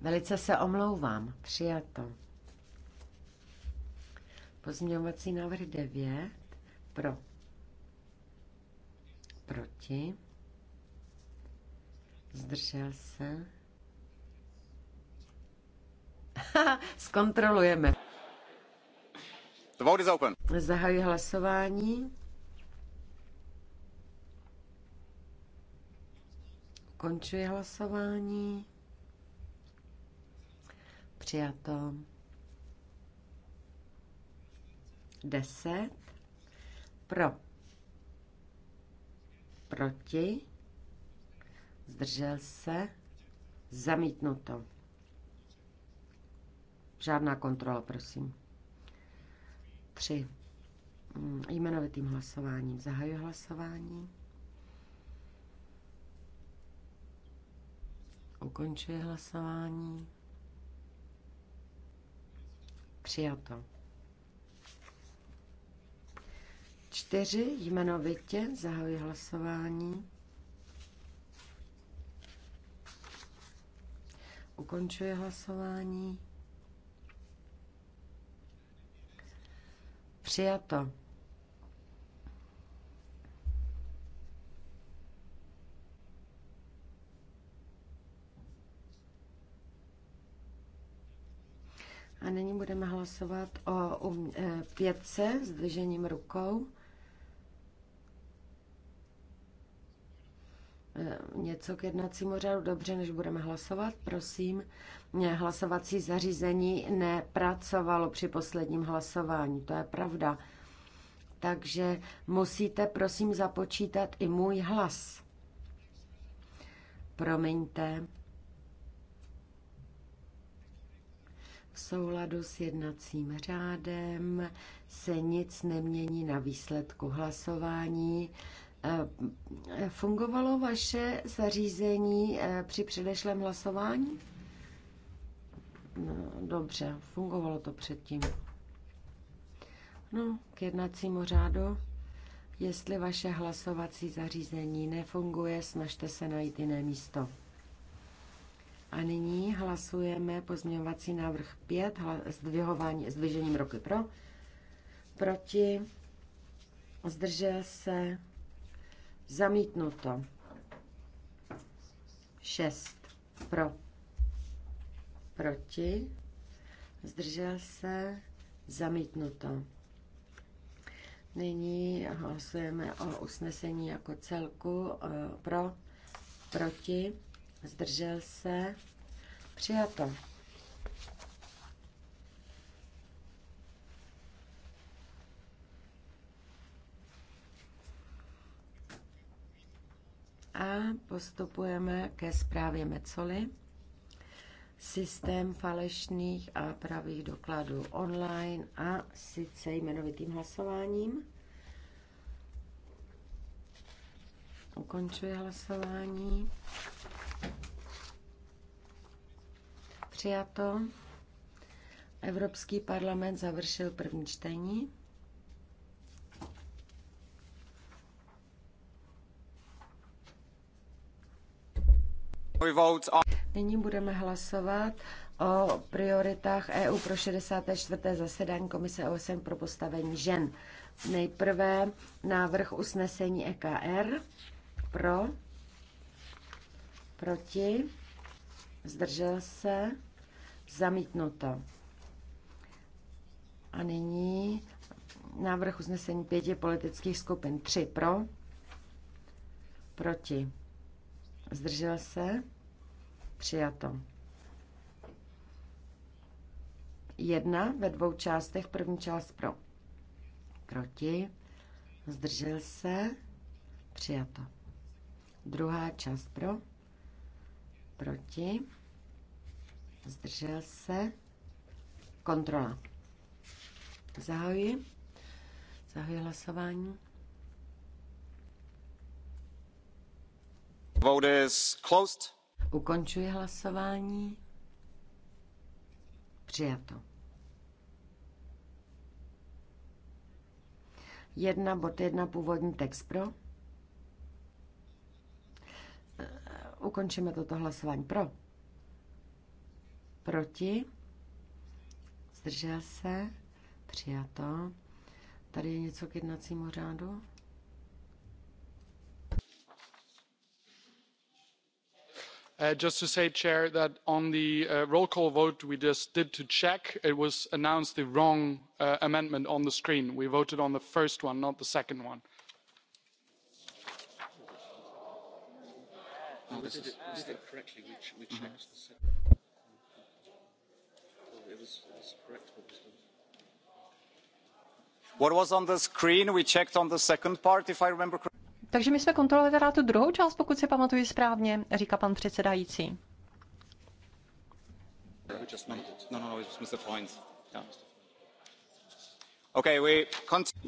Velice se omlouvám. Přijato. Pozměňovací návrh 9. Pro. Proti. Zdržel se. Zkontrolujeme. The is open. Zahajuji hlasování. Končuji hlasování. Přijato. deset Pro. Proti. Zdržel se. Zamítnuto. Žádná kontrola, prosím. tři mm, Jmenovitým hlasováním. Zahajuji hlasování. Ukončuji hlasování. Přijato. Čtyři jmenovitě zahajuji hlasování. Ukončuji hlasování. Přijato. A nyní budeme hlasovat o um, eh, pětce s držením rukou. Eh, něco k jednacímu řádu. Dobře, než budeme hlasovat, prosím. Hlasovací zařízení nepracovalo při posledním hlasování, to je pravda. Takže musíte, prosím, započítat i můj hlas. Promiňte. V souladu s jednacím řádem se nic nemění na výsledku hlasování. Eh, fungovalo vaše zařízení eh, při předešlém hlasování? No, dobře, fungovalo to předtím. No, k jednacímu řádu. Jestli vaše hlasovací zařízení nefunguje, snažte se najít jiné místo. A nyní hlasujeme pozměňovací návrh 5 s zdvižením roky pro, proti, zdržel se, zamítnuto. 6 pro, proti, zdržel se, zamítnuto. Nyní hlasujeme o usnesení jako celku e, pro, proti, zdržel se, přijato. A postupujeme ke zprávě Mecoli. Systém falešných a pravých dokladů online a sice jmenovitým hlasováním. Ukončuji hlasování. Přijato. Evropský parlament završil první čtení. Nyní budeme hlasovat o prioritách EU pro 64. zasedání Komise OSN pro postavení žen. Nejprve návrh usnesení EKR pro proti, zdržel se, zamítnuto. A nyní návrh uznesení pěti politických skupin. Tři pro, proti, zdržel se, přijato. Jedna ve dvou částech, první část pro, proti, zdržel se, přijato. Druhá část pro, Proti. Zdržel se. Kontrola. Zahajuji. Zahajuji hlasování. Vote is closed. Ukončuji hlasování. Přijato. Jedna bod jedna původní text pro Ukončíme toto hlasování. Pro. Proti. Zdržel se. Přijato. Tady je něco k jednacímu řádu. Uh, just to say, Chair, that on the uh, roll call vote we just did to check, it was announced the wrong uh, amendment on the screen. We voted on the first one, not the second one Takže my jsme kontrolovali teda tu druhou část, pokud si pamatuju správně, říká pan předsedající. No, no, no,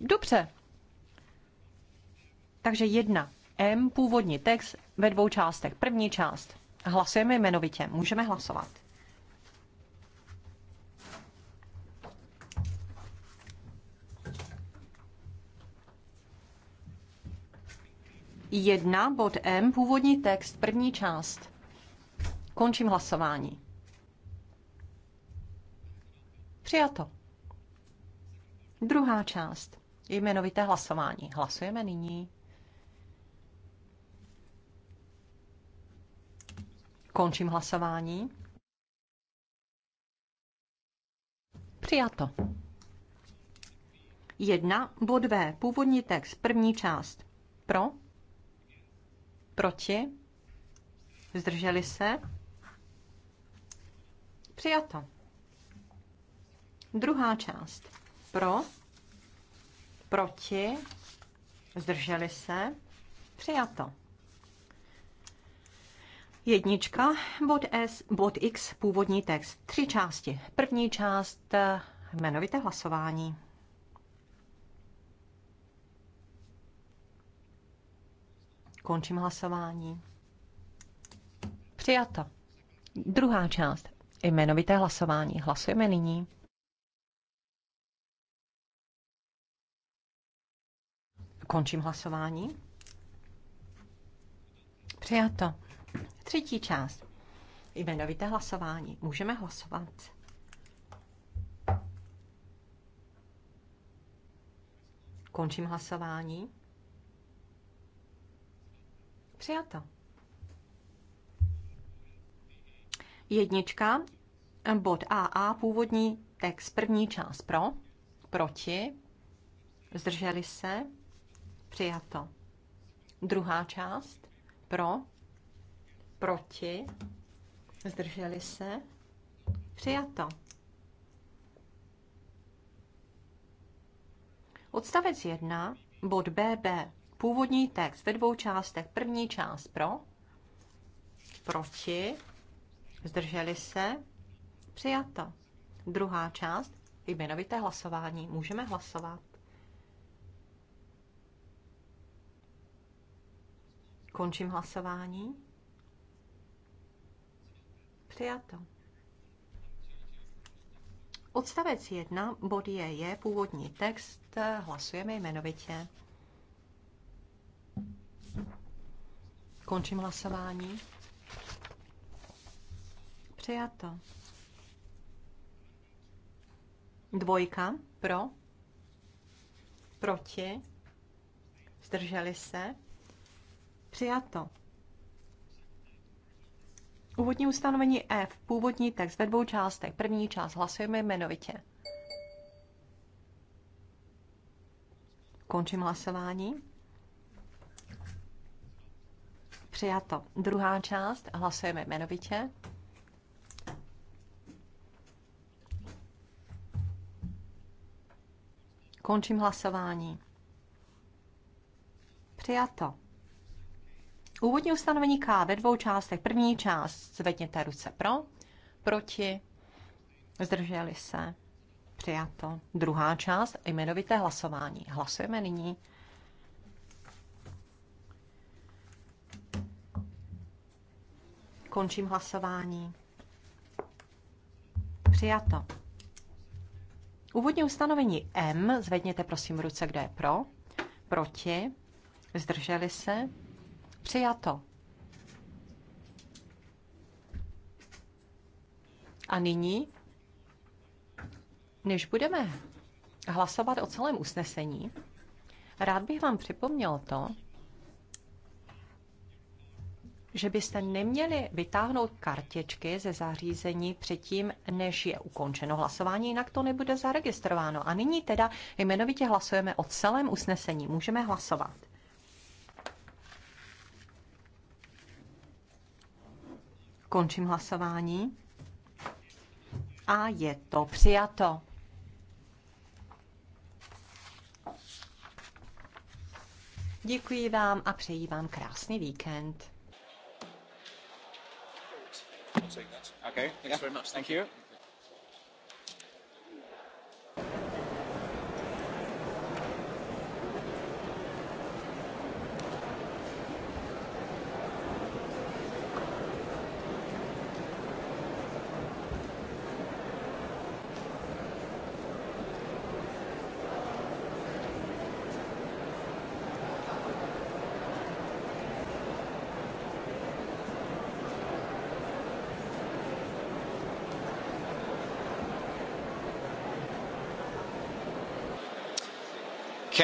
Dobře. Takže jedna. M, původní text, ve dvou částech. První část. Hlasujeme jmenovitě. Můžeme hlasovat. Jedna bod M, původní text, první část. Končím hlasování. Přijato. Druhá část. Jmenovité hlasování. Hlasujeme nyní. Končím hlasování. Přijato. 1. Bod V. Původní text. První část. Pro. Proti. Zdrželi se. Přijato. Druhá část. Pro. Proti. Zdrželi se. Přijato. Jednička, bod, S, bod X, původní text. Tři části. První část eh, jmenovité hlasování. Končím hlasování. Přijato. Druhá část. Jmenovité hlasování. Hlasujeme nyní. Končím hlasování. Přijato. Třetí část. Jmenovité hlasování. Můžeme hlasovat. Končím hlasování. Přijato. Jednička, bod AA, původní text, první část pro, proti, zdrželi se, přijato. Druhá část pro, proti, zdrželi se, přijato. Odstavec 1, bod BB, původní text ve dvou částech. První část pro, proti, zdrželi se, přijato. Druhá část, jmenovité hlasování, můžeme hlasovat. Končím hlasování. Přijato. Odstavec 1, bod je, je původní text, hlasujeme jmenovitě. Končím hlasování. Přijato. Dvojka pro, proti, zdrželi se, přijato. Úvodní ustanovení F, původní text ve dvou částech. První část hlasujeme jmenovitě. Končím hlasování. Přijato. Druhá část hlasujeme jmenovitě. Končím hlasování. Přijato. Úvodní ustanovení K ve dvou částech. První část zvedněte ruce pro, proti, zdrželi se, přijato. Druhá část jmenovité hlasování. Hlasujeme nyní. Končím hlasování. Přijato. Úvodní ustanovení M, zvedněte prosím ruce, kdo je pro, proti, zdrželi se, Přijato. A nyní, než budeme hlasovat o celém usnesení, rád bych vám připomněl to, že byste neměli vytáhnout kartičky ze zařízení předtím, než je ukončeno hlasování, jinak to nebude zaregistrováno. A nyní teda jmenovitě hlasujeme o celém usnesení. Můžeme hlasovat. Končím hlasování. A je to přijato. Děkuji vám a přeji vám krásný víkend. Okay. Thanks yeah. very much. Thank Thank you. you.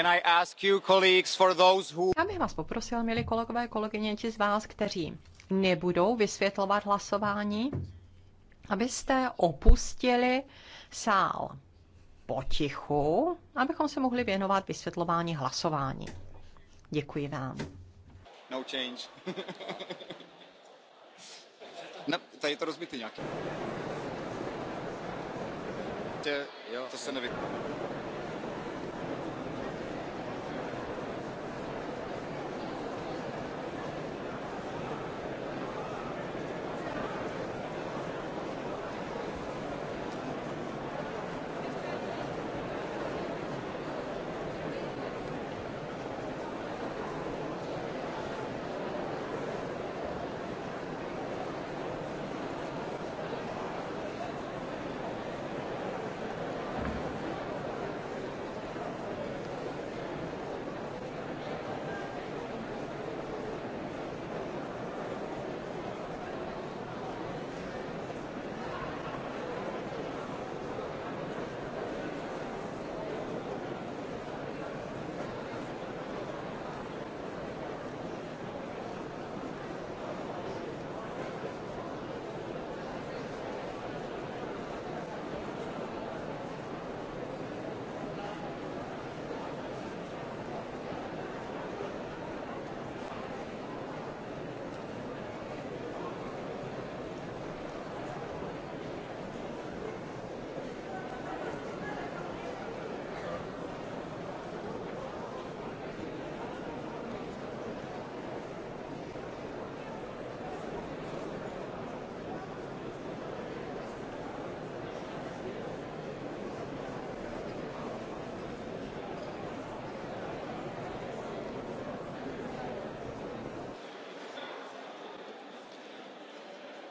Can I ask you, colleagues, for those who... Já bych vás poprosil, milí kolegové, kolegyně, ti z vás, kteří nebudou vysvětlovat hlasování, abyste opustili sál potichu, abychom se mohli věnovat vysvětlování hlasování. Děkuji vám. No change. ne, tady je to rozbitý nějaký. Tě, jo, to se nevypadá.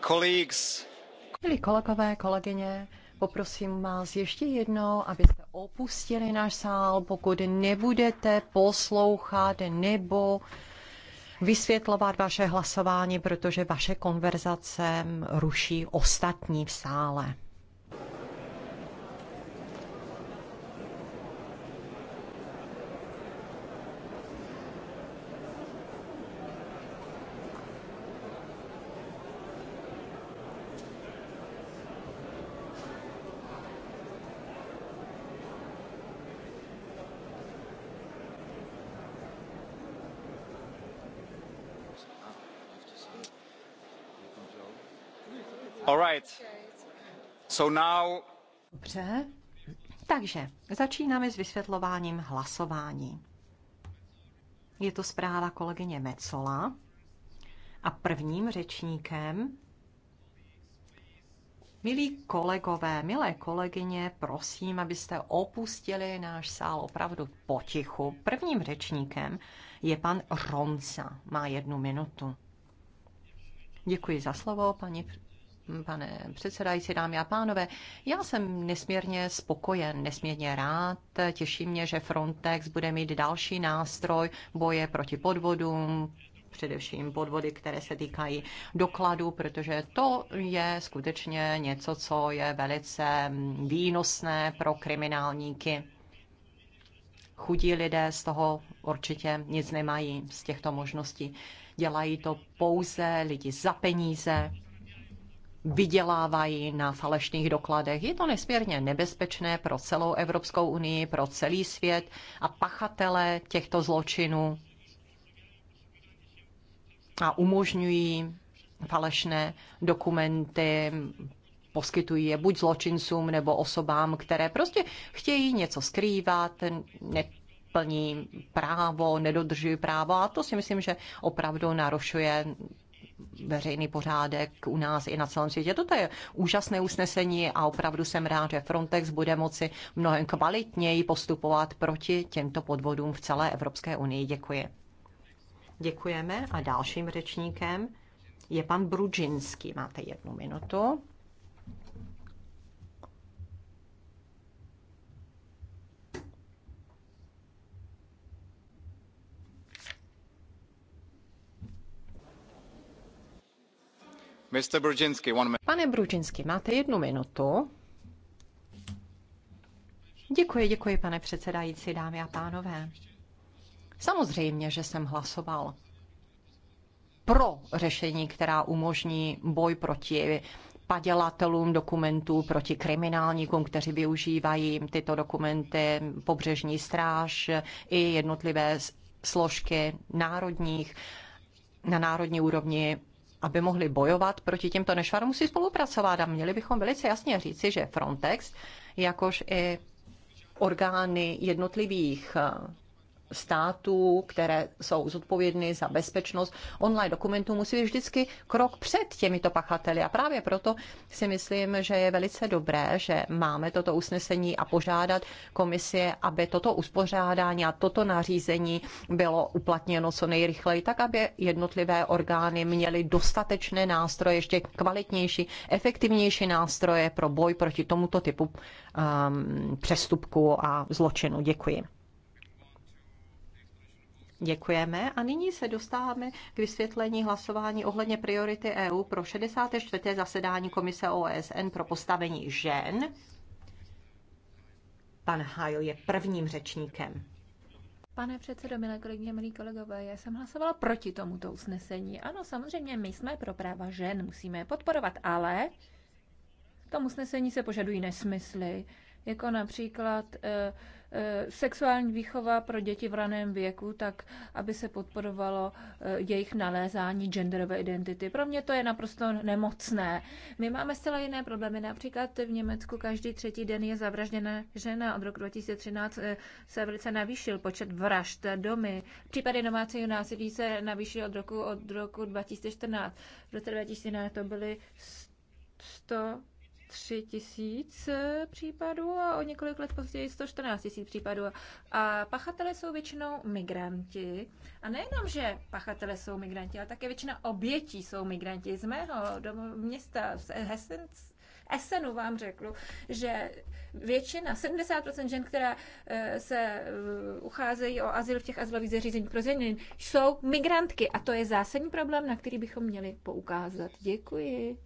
colleagues. Milí kolegové, kolegyně, poprosím vás ještě jednou, abyste opustili náš sál, pokud nebudete poslouchat nebo vysvětlovat vaše hlasování, protože vaše konverzace ruší ostatní v sále. Dobře, takže začínáme s vysvětlováním hlasování. Je to zpráva kolegyně Mecola a prvním řečníkem Milí kolegové, milé kolegyně, prosím, abyste opustili náš sál opravdu potichu. Prvním řečníkem je pan Ronca, má jednu minutu. Děkuji za slovo, paní pane předsedající, dámy a pánové. Já jsem nesmírně spokojen, nesmírně rád. Těší mě, že Frontex bude mít další nástroj boje proti podvodům, především podvody, které se týkají dokladů, protože to je skutečně něco, co je velice výnosné pro kriminálníky. Chudí lidé z toho určitě nic nemají, z těchto možností. Dělají to pouze lidi za peníze, vydělávají na falešných dokladech. Je to nesmírně nebezpečné pro celou Evropskou unii, pro celý svět a pachatele těchto zločinů a umožňují falešné dokumenty, poskytují je buď zločincům nebo osobám, které prostě chtějí něco skrývat, neplní právo, nedodržují právo a to si myslím, že opravdu narušuje veřejný pořádek u nás i na celém světě. Toto je úžasné usnesení a opravdu jsem rád, že Frontex bude moci mnohem kvalitněji postupovat proti těmto podvodům v celé Evropské unii. Děkuji. Děkujeme a dalším řečníkem je pan Brudžinský. Máte jednu minutu. Pane Brudžinsky, máte jednu minutu. Děkuji, děkuji, pane předsedající, dámy a pánové. Samozřejmě, že jsem hlasoval pro řešení, která umožní boj proti padělatelům dokumentů, proti kriminálníkům, kteří využívají tyto dokumenty, pobřežní stráž i jednotlivé složky národních na národní úrovni aby mohli bojovat proti těmto nešvarům, musí spolupracovat a měli bychom velice jasně říci, že Frontex, jakož i orgány jednotlivých států, které jsou zodpovědny za bezpečnost online dokumentů, musí být vždycky krok před těmito pachateli. A právě proto si myslím, že je velice dobré, že máme toto usnesení a požádat komisie, aby toto uspořádání a toto nařízení bylo uplatněno co nejrychleji, tak aby jednotlivé orgány měly dostatečné nástroje, ještě kvalitnější, efektivnější nástroje pro boj proti tomuto typu um, přestupku a zločinu. Děkuji. Děkujeme a nyní se dostáváme k vysvětlení hlasování ohledně priority EU pro 64. zasedání Komise OSN pro postavení žen. Pan Hajo je prvním řečníkem. Pane předsedo, milé kolegyně, milí kolegové, já jsem hlasovala proti tomuto usnesení. Ano, samozřejmě my jsme pro práva žen, musíme je podporovat, ale v tom usnesení se požadují nesmysly, jako například eh, Eh, sexuální výchova pro děti v raném věku, tak aby se podporovalo eh, jejich nalézání genderové identity. Pro mě to je naprosto nemocné. My máme zcela jiné problémy. Například v Německu každý třetí den je zavražděna žena. Od roku 2013 eh, se velice navýšil počet vražd domy. Případy domácího násilí se navýšily od roku, od roku 2014. V roce 2014 to byly 100 3 tisíc eh, případů a o několik let později 114 tisíc případů. A pachatele jsou většinou migranti. A nejenom, že pachatele jsou migranti, ale také většina obětí jsou migranti. Z mého do města z Hessen, Esenu vám řeknu, že většina, 70% žen, které eh, se eh, ucházejí o azyl v těch azylových zařízeních pro země, jsou migrantky. A to je zásadní problém, na který bychom měli poukázat. Děkuji,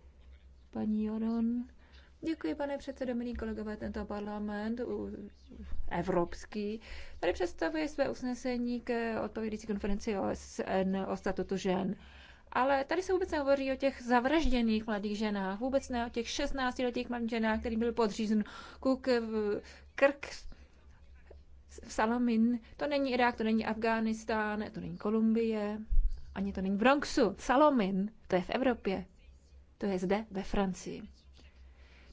paní Joron. Děkuji, pane předsedo, milí kolegové, tento parlament evropský tady představuje své usnesení k odpovědící konferenci OSN o statutu žen. Ale tady se vůbec nehovoří o těch zavražděných mladých ženách, vůbec ne o těch 16-letých mladých ženách, který byl podřízen kuk, krk, Salamin. To není Irák, to není Afghánistán, to není Kolumbie, ani to není Bronxu. Salamin, to je v Evropě, to je zde ve Francii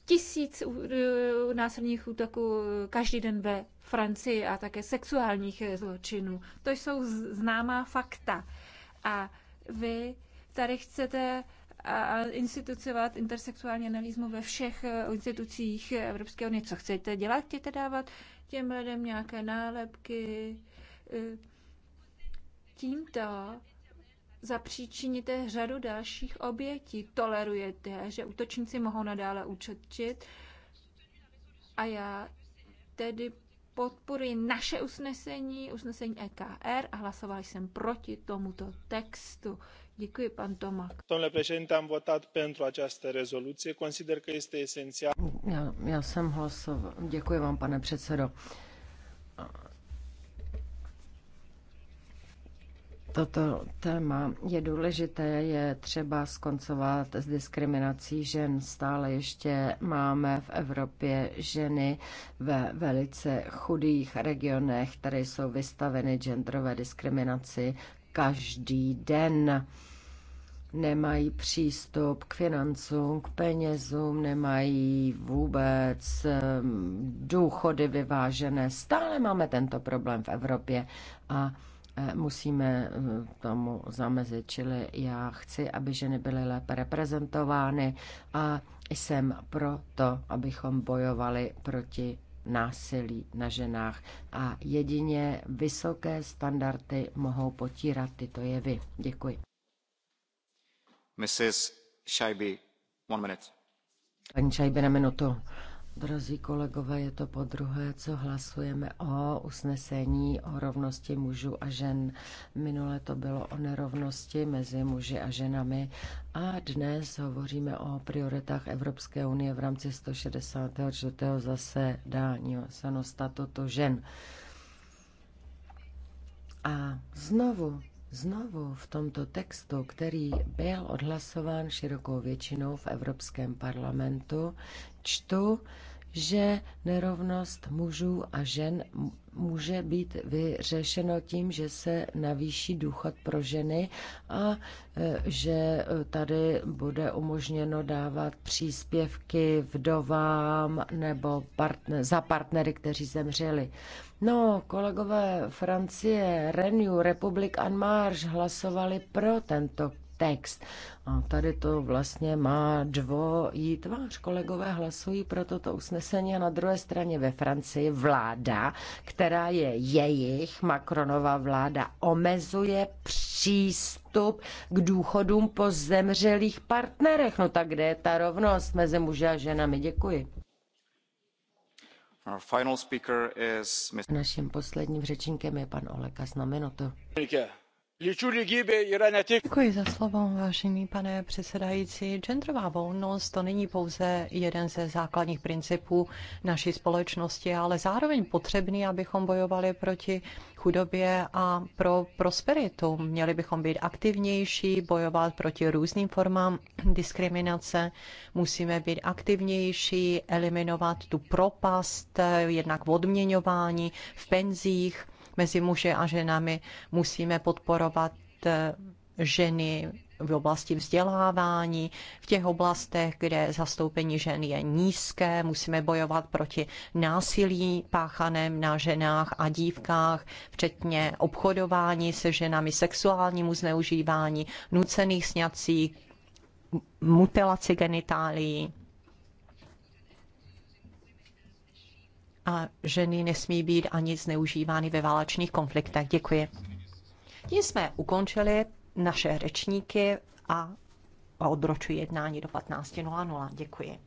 tisíc násilných útoků každý den ve Francii a také sexuálních eh, zločinů. To jsou známá fakta. A vy tady chcete institucovat intersexuální analýzmu ve všech eh, institucích Evropské unie. Co chcete dělat? Chcete dávat těm lidem nějaké nálepky? Eh, tímto zapříčiníte řadu dalších obětí. Tolerujete, že útočníci mohou nadále účetčit. A já tedy podporuji naše usnesení, usnesení EKR a hlasoval jsem proti tomuto textu. Děkuji, pan Tomak. Domnule președinte, am votat pentru această rezoluție. Consider că este esențial. Já, já jsem hlasoval. Děkuji vám, pane předsedo. Toto téma je důležité, je třeba skoncovat s diskriminací žen. Stále ještě máme v Evropě ženy ve velice chudých regionech, které jsou vystaveny genderové diskriminaci každý den nemají přístup k financům, k penězům, nemají vůbec ehm, důchody vyvážené. Stále máme tento problém v Evropě a musíme eh, tomu zamezit. Čili já chci, aby ženy byly lépe reprezentovány a jsem pro to, abychom bojovali proti násilí na ženách a jedině vysoké standardy mohou potírat tyto jevy. Děkuji. Mrs. Šajby, one minute. Paní Šajby na minutu. Drazí kolegové, je to po druhé, co hlasujeme o usnesení o rovnosti mužů a žen. Minule to bylo o nerovnosti mezi muži a ženami a dnes hovoříme o prioritách Evropské unie v rámci 164. zasedání statutu žen. A znovu Znovu v tomto textu, který byl odhlasován širokou většinou v Evropském parlamentu, čtu, že nerovnost mužů a žen může být vyřešeno tím, že se navýší důchod pro ženy a e, že tady bude umožněno dávat příspěvky vdovám nebo partner, za partnery, kteří zemřeli. No, kolegové Francie, Renew, Republik en Marche hlasovali pro tento text. A tady to vlastně má dvojí tvář. Kolegové hlasují pro toto usnesení a na druhé straně ve Francii vláda, která je jejich, Macronova vláda, omezuje přístup k důchodům po zemřelých partnerech. No tak kde je ta rovnost mezi muži a ženami? Děkuji. Is... Naším posledním řečníkem je pan Olekas na minutu. Děkuji Děkuji za slovo, vážený pane předsedající. Genderová volnost to není pouze jeden ze základních principů naší společnosti, ale zároveň potřebný, abychom bojovali proti chudobě a pro prosperitu. Měli bychom být aktivnější, bojovat proti různým formám diskriminace. Musíme být aktivnější, eliminovat tu propast, eh, jednak v odměňování, v penzích, mezi muže a ženami. Musíme podporovat eh, ženy v oblasti vzdělávání, v těch oblastech, kde zastoupení žen je nízké, musíme bojovat proti násilí páchaném na ženách a dívkách, včetně obchodování se ženami, sexuálnímu zneužívání, nucených sňací, mutilaci genitálií. a ženy nesmí být ani zneužívány ve válečných konfliktech. Děkuji. Tím jsme ukončili naše řečníky a odročuji jednání do 15.00. Děkuji.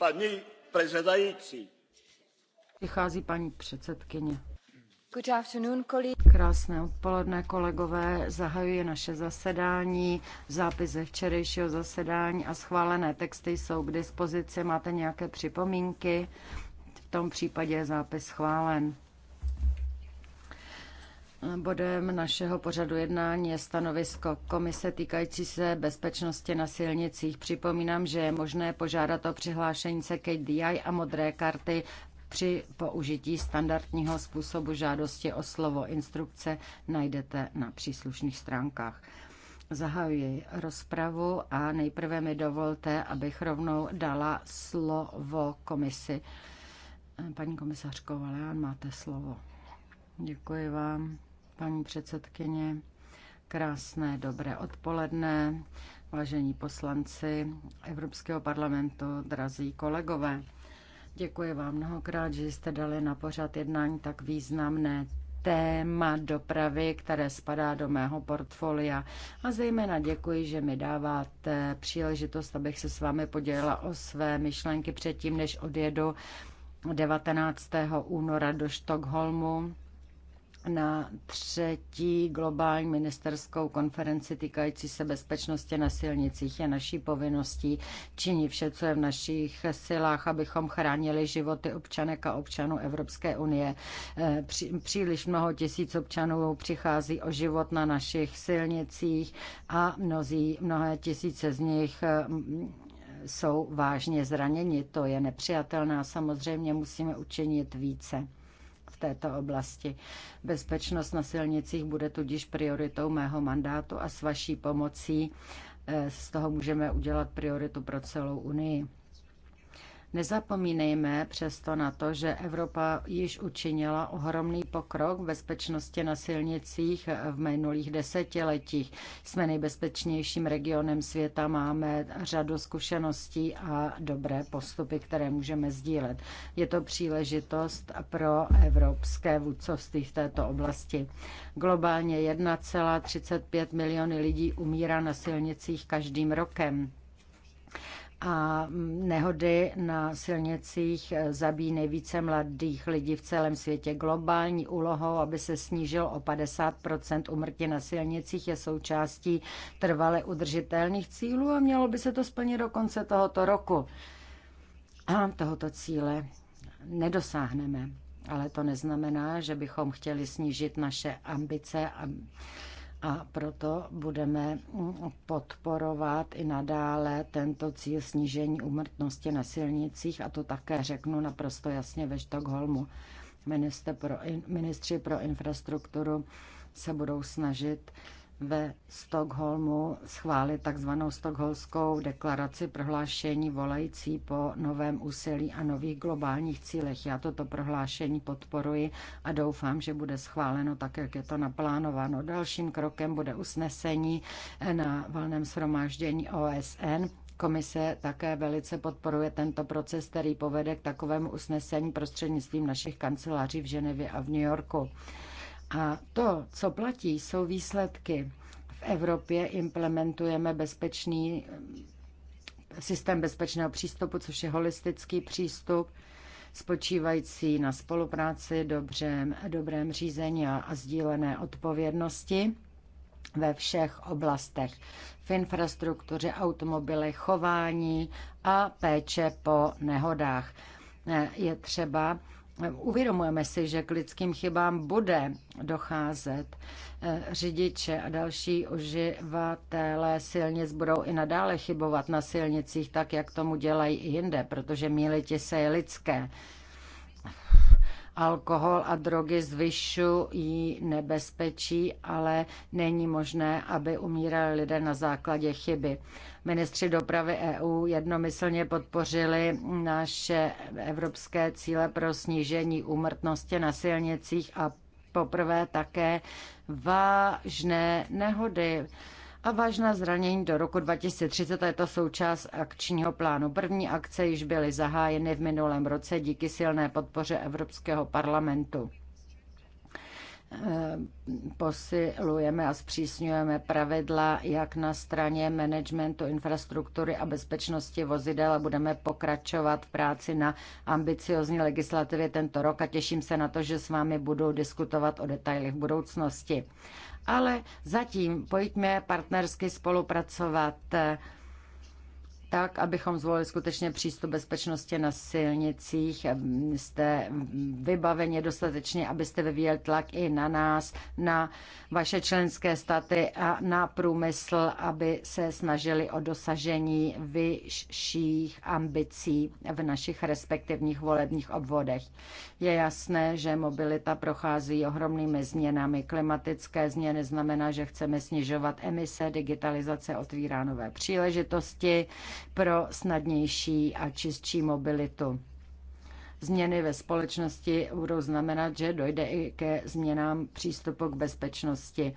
paní předsedající. Vychází paní předsedkyně. Krásné odpoledne, kolegové. Zahajuje naše zasedání. Zápis ze včerejšího zasedání a schválené texty jsou k dispozici. Máte nějaké připomínky? V tom případě je zápis schválen. Bodem našeho pořadu jednání je stanovisko komise týkající se bezpečnosti na silnicích. Připomínám, že je možné požádat o přihlášení se KDI a modré karty při použití standardního způsobu žádosti o slovo instrukce najdete na příslušných stránkách. Zahajuji rozpravu a nejprve mi dovolte, abych rovnou dala slovo komisi. Paní komisařko Valean, máte slovo. Děkuji vám paní předsedkyně. Krásné dobré odpoledne, vážení poslanci Evropského parlamentu, drazí kolegové. Děkuji vám mnohokrát, že jste dali na pořad jednání tak významné téma dopravy, které spadá do mého portfolia. A zejména děkuji, že mi dáváte příležitost, abych se s vámi podělila o své myšlenky předtím, než odjedu 19. února do Štokholmu na třetí globální ministerskou konferenci týkající se bezpečnosti na silnicích. Je naší povinností činit vše, co je v našich silách, abychom chránili životy občanek a občanů Evropské unie. Eh, při, příliš mnoho tisíc občanů přichází o život na našich silnicích a mnozí, mnohé tisíce z nich eh, jsou vážně zraněni. To je nepřijatelné a samozřejmě musíme učinit více této oblasti. Bezpečnost na silnicích bude tudíž prioritou mého mandátu a s vaší pomocí eh, z toho můžeme udělat prioritu pro celou Unii. Nezapomínejme přesto na to, že Evropa již učinila ohromný pokrok v bezpečnosti na silnicích v minulých desetiletích. Jsme nejbezpečnějším regionem světa, máme řadu zkušeností a dobré postupy, které můžeme sdílet. Je to příležitost pro evropské vůdcovství v této oblasti. Globálně 1,35 miliony lidí umírá na silnicích každým rokem a nehody na silnicích zabíjí nejvíce mladých lidí v celém světě. Globální úlohou, aby se snížil o 50 umrtí na silnicích, je součástí trvale udržitelných cílů a mělo by se to splnit do konce tohoto roku. A tohoto cíle nedosáhneme. Ale to neznamená, že bychom chtěli snížit naše ambice a a proto budeme podporovat i nadále tento cíl snížení umrtnosti na silnicích a to také řeknu naprosto jasně ve Štokholmu. ministři pro infrastrukturu se budou snažit ve Stockholmu schválit takzvanou Stockholmskou deklaraci prohlášení volající po novém úsilí a nových globálních cílech. Já toto prohlášení podporuji a doufám, že bude schváleno tak, jak je to naplánováno. Dalším krokem bude usnesení na valném shromáždění OSN Komise také velice podporuje tento proces, který povede k takovému usnesení prostřednictvím našich kanceláří v Ženevě a v New Yorku. A to, co platí, jsou výsledky. V Evropě implementujeme bezpečný eh, systém bezpečného přístupu, což je holistický přístup, spočívající na spolupráci, dobřem, dobrém řízení a, a sdílené odpovědnosti ve všech oblastech. V infrastruktuře, automobily, chování a péče po nehodách. Eh, je třeba Uvědomujeme si, že k lidským chybám bude docházet. Eh, řidiče a další uživatelé silnic budou i nadále chybovat na silnicích, tak jak tomu dělají i jinde, protože mílitě se je lidské alkohol a drogy zvyšují nebezpečí, ale není možné, aby umírali lidé na základě chyby. Ministři dopravy EU jednomyslně podpořili naše evropské cíle pro snížení úmrtnosti na silnicích a poprvé také vážné nehody a vážná zranění do roku 2030. Je to součást akčního plánu. První akce již byly zahájeny v minulém roce díky silné podpoře Evropského parlamentu eh, posilujeme a zpřísňujeme pravidla jak na straně managementu infrastruktury a bezpečnosti vozidel a budeme pokračovat v práci na ambiciozní legislativě tento rok a těším se na to, že s vámi budu diskutovat o detailech budoucnosti ale zatím pojďme partnersky spolupracovat tak, abychom zvolili skutečně přístup bezpečnosti na silnicích. Jste vybaveni dostatečně, abyste vyvíjeli tlak i na nás, na vaše členské státy a na průmysl, aby se snažili o dosažení vyšších ambicí v našich respektivních volebních obvodech. Je jasné, že mobilita prochází ohromnými změnami. Klimatické změny znamená, že chceme snižovat emise, digitalizace otvírá nové příležitosti, pro snadnější a čistší mobilitu. Změny ve společnosti budou znamenat, že dojde i ke změnám přístupu k bezpečnosti.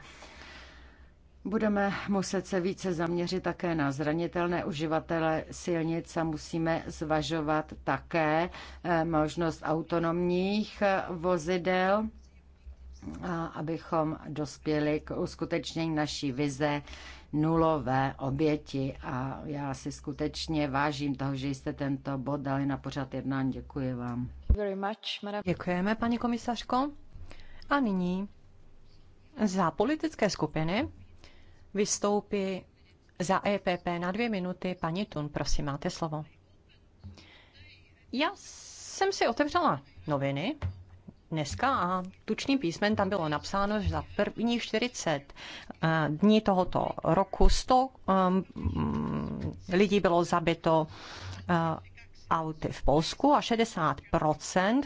Budeme muset se více zaměřit také na zranitelné uživatele silnic a musíme zvažovat také eh, možnost autonomních eh, vozidel, abychom dospěli k uskutečnění naší vize nulové oběti a já si skutečně vážím toho, že jste tento bod dali na pořad jednání. Děkuji vám. Děkujeme, paní komisařko. A nyní za politické skupiny vystoupí za EPP na dvě minuty paní Tun. Prosím, máte slovo. Já jsem si otevřela noviny dneska a tučným písmem tam bylo napsáno, že za prvních 40 eh, dní tohoto roku 100 eh, lidí bylo zabito eh, auty v Polsku a 60 eh,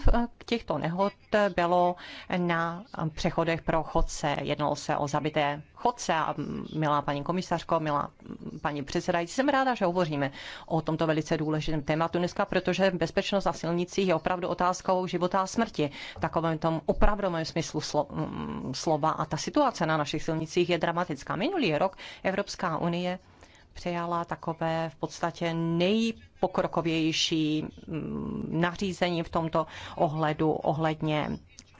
těchto nehod bylo na přechodech pro chodce. Jednalo se o zabité chodce a mm, milá paní komisařko, milá mm, paní předsedající, jsem ráda, že hovoříme o tomto velice důležitém tématu dneska, protože bezpečnost na silnicích je opravdu otázkou života a smrti. V takovém tom opravdovém smyslu slo, mm, slova a ta situace na našich silnicích je dramatická. Minulý rok Evropská unie přijala takové v podstatě nejpokrokovější mm, nařízení v tomto ohledu ohledně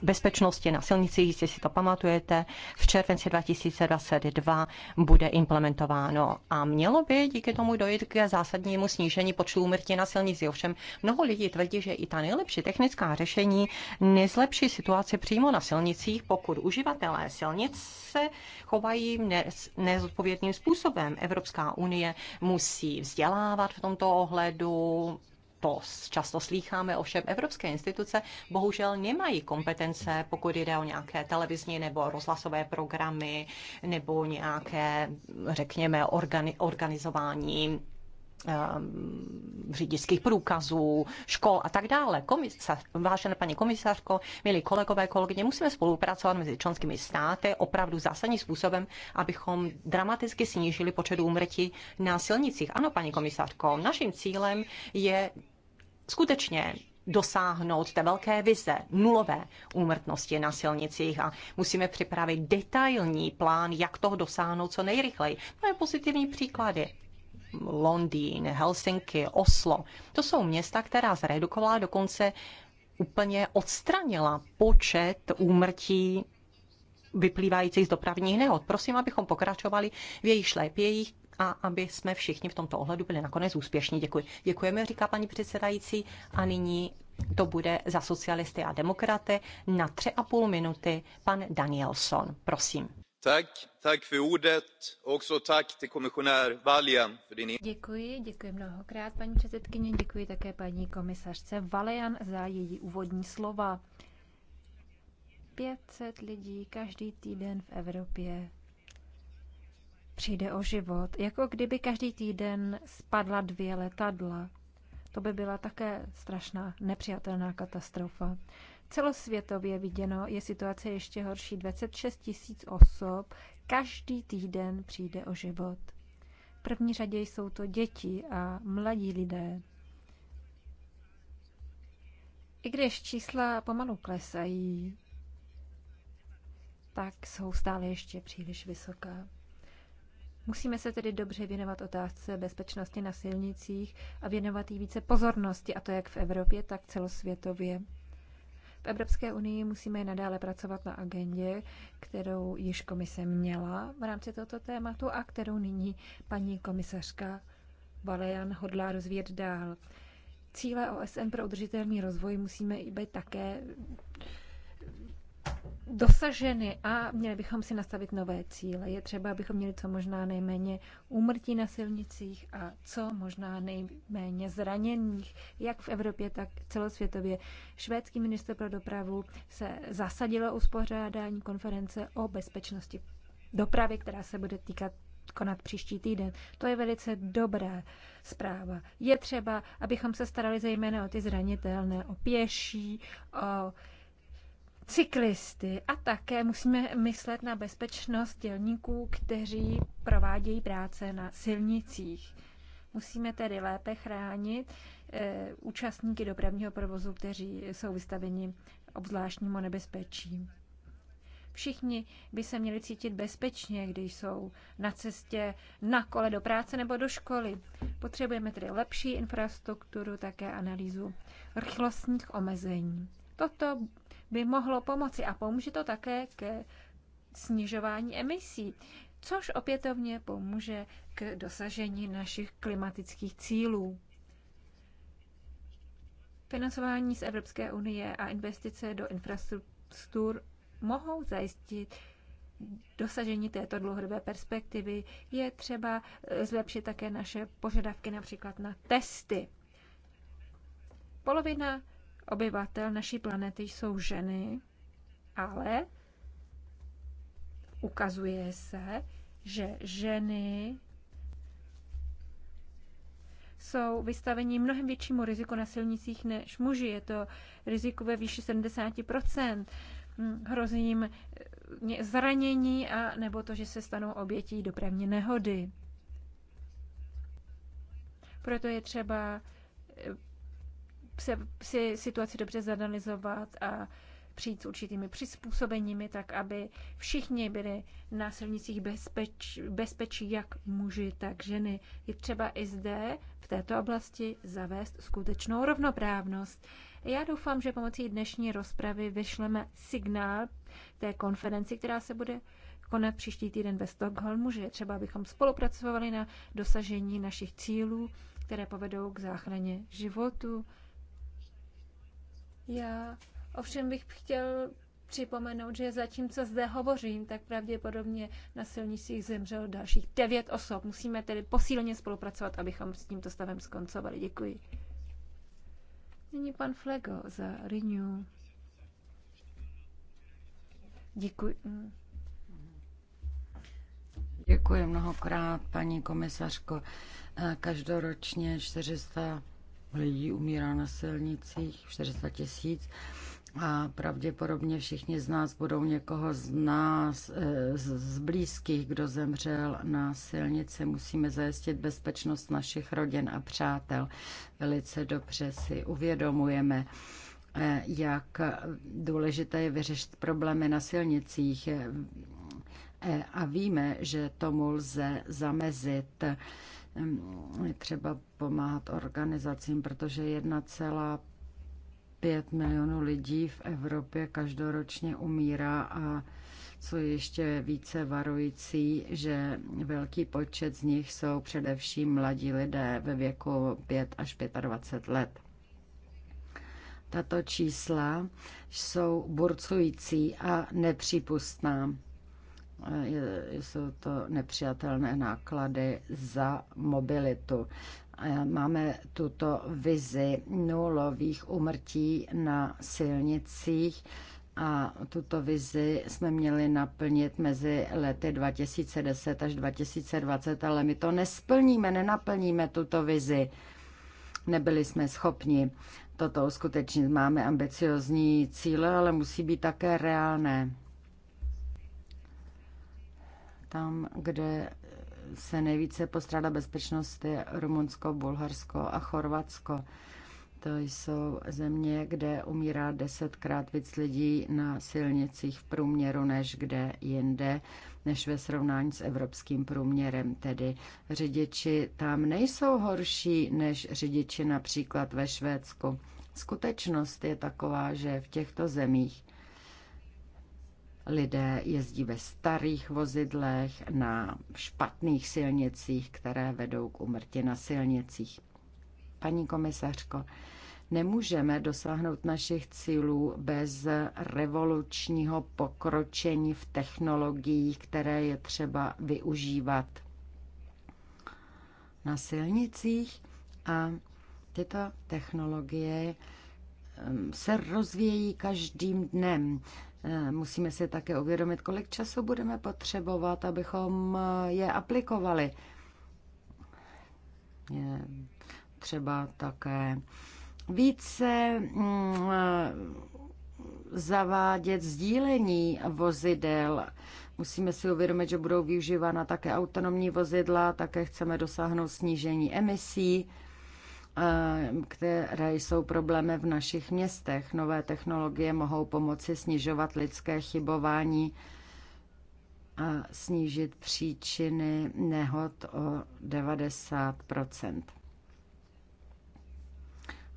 bezpečnosti na silnicích, jestli si to pamatujete, v červenci 2022 bude implementováno a mělo by díky tomu dojít k zásadnímu snížení počtu úmrtí na silnici. Ovšem mnoho lidí tvrdí, že i ta nejlepší technická řešení nezlepší situaci přímo na silnicích, pokud uživatelé silnic se chovají nezodpovědným způsobem. Evropská unie musí vzdělávat v tomto ohledu, to často slýcháme, ovšem evropské instituce bohužel nemají kompetence, pokud jde o nějaké televizní nebo rozhlasové programy nebo nějaké, řekněme, organi- organizování ehm, řidičských průkazů, škol a tak dále. Komisař, vážené paní komisařko, milí kolegové, kolegyně, musíme spolupracovat mezi členskými státy opravdu zásadním způsobem, abychom dramaticky snížili počet úmrtí na silnicích. Ano, paní komisařko, naším cílem je skutečně dosáhnout té velké vize nulové úmrtnosti na silnicích a musíme připravit detailní plán, jak toho dosáhnout co nejrychleji. je pozitivní příklady. Londýn, Helsinki, Oslo. To jsou města, která zredukovala dokonce úplně odstranila počet úmrtí vyplývajících z dopravních nehod. Prosím, abychom pokračovali v jejich šlépějích a aby jsme všichni v tomto ohledu byli nakonec úspěšní. Děkuji. Děkujeme, říká paní předsedající. A nyní to bude za socialisty a demokraty na tři a půl minuty pan Danielson. Prosím. Tak, tak vy údet, Också tak ty komisionér Valian din... Děkuji, děkuji mnohokrát paní předsedkyně, děkuji také paní komisařce Valian za její úvodní slova. 500 lidí každý týden v Evropě přijde o život. Jako kdyby každý týden spadla dvě letadla. To by byla také strašná, nepřijatelná katastrofa. Celosvětově viděno je situace ještě horší. 26 tisíc osob každý týden přijde o život. V první řadě jsou to děti a mladí lidé. I když čísla pomalu klesají, tak jsou stále ještě příliš vysoká. Musíme se tedy dobře věnovat otázce bezpečnosti na silnicích a věnovat jí více pozornosti, a to jak v Evropě, tak celosvětově. V Evropské unii musíme nadále pracovat na agendě, kterou již komise měla v rámci tohoto tématu a kterou nyní paní komisařka Valejan hodlá rozvíjet dál. Cíle OSN pro udržitelný rozvoj musíme být také dosaženy a měli bychom si nastavit nové cíle. Je třeba, abychom měli co možná nejméně úmrtí na silnicích a co možná nejméně zraněných, jak v Evropě, tak celosvětově. Švédský minister pro dopravu se zasadilo uspořádání konference o bezpečnosti dopravy, která se bude týkat konat příští týden. To je velice dobrá zpráva. Je třeba, abychom se starali zejména o ty zranitelné, o pěší, o cyklisty a také musíme myslet na bezpečnost dělníků, kteří provádějí práce na silnicích. Musíme tedy lépe chránit e, účastníky dopravního provozu, kteří jsou vystaveni obzvláštnímu nebezpečí. Všichni by se měli cítit bezpečně, když jsou na cestě na kole do práce nebo do školy. Potřebujeme tedy lepší infrastrukturu, také analýzu rychlostních omezení. Toto by mohlo pomoci a pomůže to také ke snižování emisí, což opětovně pomůže k dosažení našich klimatických cílů. Financování z Evropské unie a investice do infrastruktur mohou zajistit dosažení této dlouhodobé perspektivy. Je třeba eh, zlepšit také naše požadavky například na testy. Polovina obyvatel naší planety jsou ženy, ale ukazuje se, že ženy jsou vystaveni mnohem většímu riziku na silnicích než muži. Je to riziko ve výši 70%. Hm, hrozí jim eh, zranění a nebo to, že se stanou obětí dopravní nehody. Proto je třeba eh, se, si situaci dobře zanalizovat a přijít s určitými přizpůsobeními, tak aby všichni byli na silnicích bezpeč, bezpečí, jak muži, tak ženy. Je třeba i zde, v této oblasti, zavést skutečnou rovnoprávnost. Já doufám, že pomocí dnešní rozpravy vyšleme signál té konferenci, která se bude konat příští týden ve Stockholmu, že je třeba, abychom spolupracovali na dosažení našich cílů, které povedou k záchraně životu, já ovšem bych chtěl připomenout, že zatímco zde hovořím, tak pravděpodobně na silnicích zemřelo dalších devět osob. Musíme tedy posíleně spolupracovat, abychom s tímto stavem skoncovali. Děkuji. Nyní pan Flego za Renew. Děkuji. Děkuji mnohokrát, paní komisařko. Každoročně 400 lidí umírá na silnicích, 400 tisíc. A pravděpodobně všichni z nás budou někoho z nás, eh, z blízkých, kdo zemřel na silnici. Musíme zajistit bezpečnost našich rodin a přátel. Velice dobře si uvědomujeme, eh, jak důležité je vyřešit problémy na silnicích. Eh, a víme, že tomu lze zamezit je třeba pomáhat organizacím, protože 1,5 milionů lidí v Evropě každoročně umírá a co je ještě více varující, že velký počet z nich jsou především mladí lidé ve věku 5 až 25 let. Tato čísla jsou burcující a nepřípustná jsou to nepřijatelné náklady za mobilitu. Máme tuto vizi nulových umrtí na silnicích a tuto vizi jsme měli naplnit mezi lety 2010 až 2020, ale my to nesplníme, nenaplníme tuto vizi. Nebyli jsme schopni toto uskutečnit. Máme ambiciozní cíle, ale musí být také reálné. Tam, kde se nejvíce postrádá bezpečnost, je Rumunsko, Bulharsko a Chorvatsko. To jsou země, kde umírá desetkrát víc lidí na silnicích v průměru než kde jinde, než ve srovnání s evropským průměrem. Tedy řidiči tam nejsou horší než řidiči například ve Švédsku. Skutečnost je taková, že v těchto zemích Lidé jezdí ve starých vozidlech, na špatných silnicích, které vedou k umrtě na silnicích. Paní komisařko, nemůžeme dosáhnout našich cílů bez revolučního pokročení v technologiích, které je třeba využívat na silnicích a tyto technologie um, se rozvíjí každým dnem. Eh, musíme si také uvědomit, kolik času budeme potřebovat, abychom eh, je aplikovali. Je třeba také více mm, eh, zavádět sdílení vozidel. Musíme si uvědomit, že budou využívána také autonomní vozidla, také chceme dosáhnout snížení emisí které jsou problémy v našich městech. Nové technologie mohou pomoci snižovat lidské chybování a snížit příčiny nehod o 90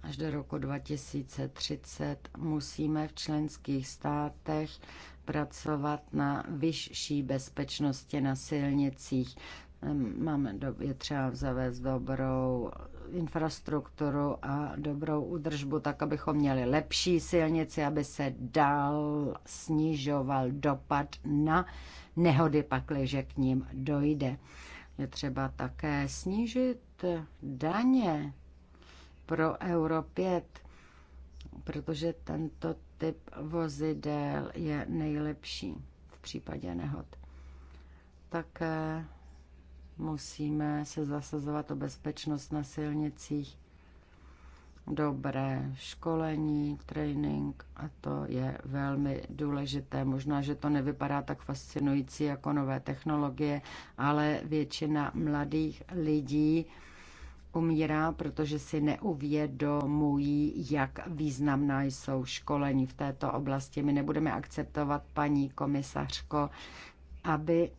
Až do roku 2030 musíme v členských státech pracovat na vyšší bezpečnosti na silnicích máme, do, je třeba zavést dobrou infrastrukturu a dobrou údržbu, tak abychom měli lepší silnici, aby se dál snižoval dopad na nehody, pakliže k ním dojde. Je třeba také snížit daně pro Euro 5, protože tento typ vozidel je nejlepší v případě nehod. Také Musíme se zasazovat o bezpečnost na silnicích, dobré školení, trénink a to je velmi důležité. Možná, že to nevypadá tak fascinující jako nové technologie, ale většina mladých lidí umírá, protože si neuvědomují, jak významná jsou školení v této oblasti. My nebudeme akceptovat, paní komisařko, aby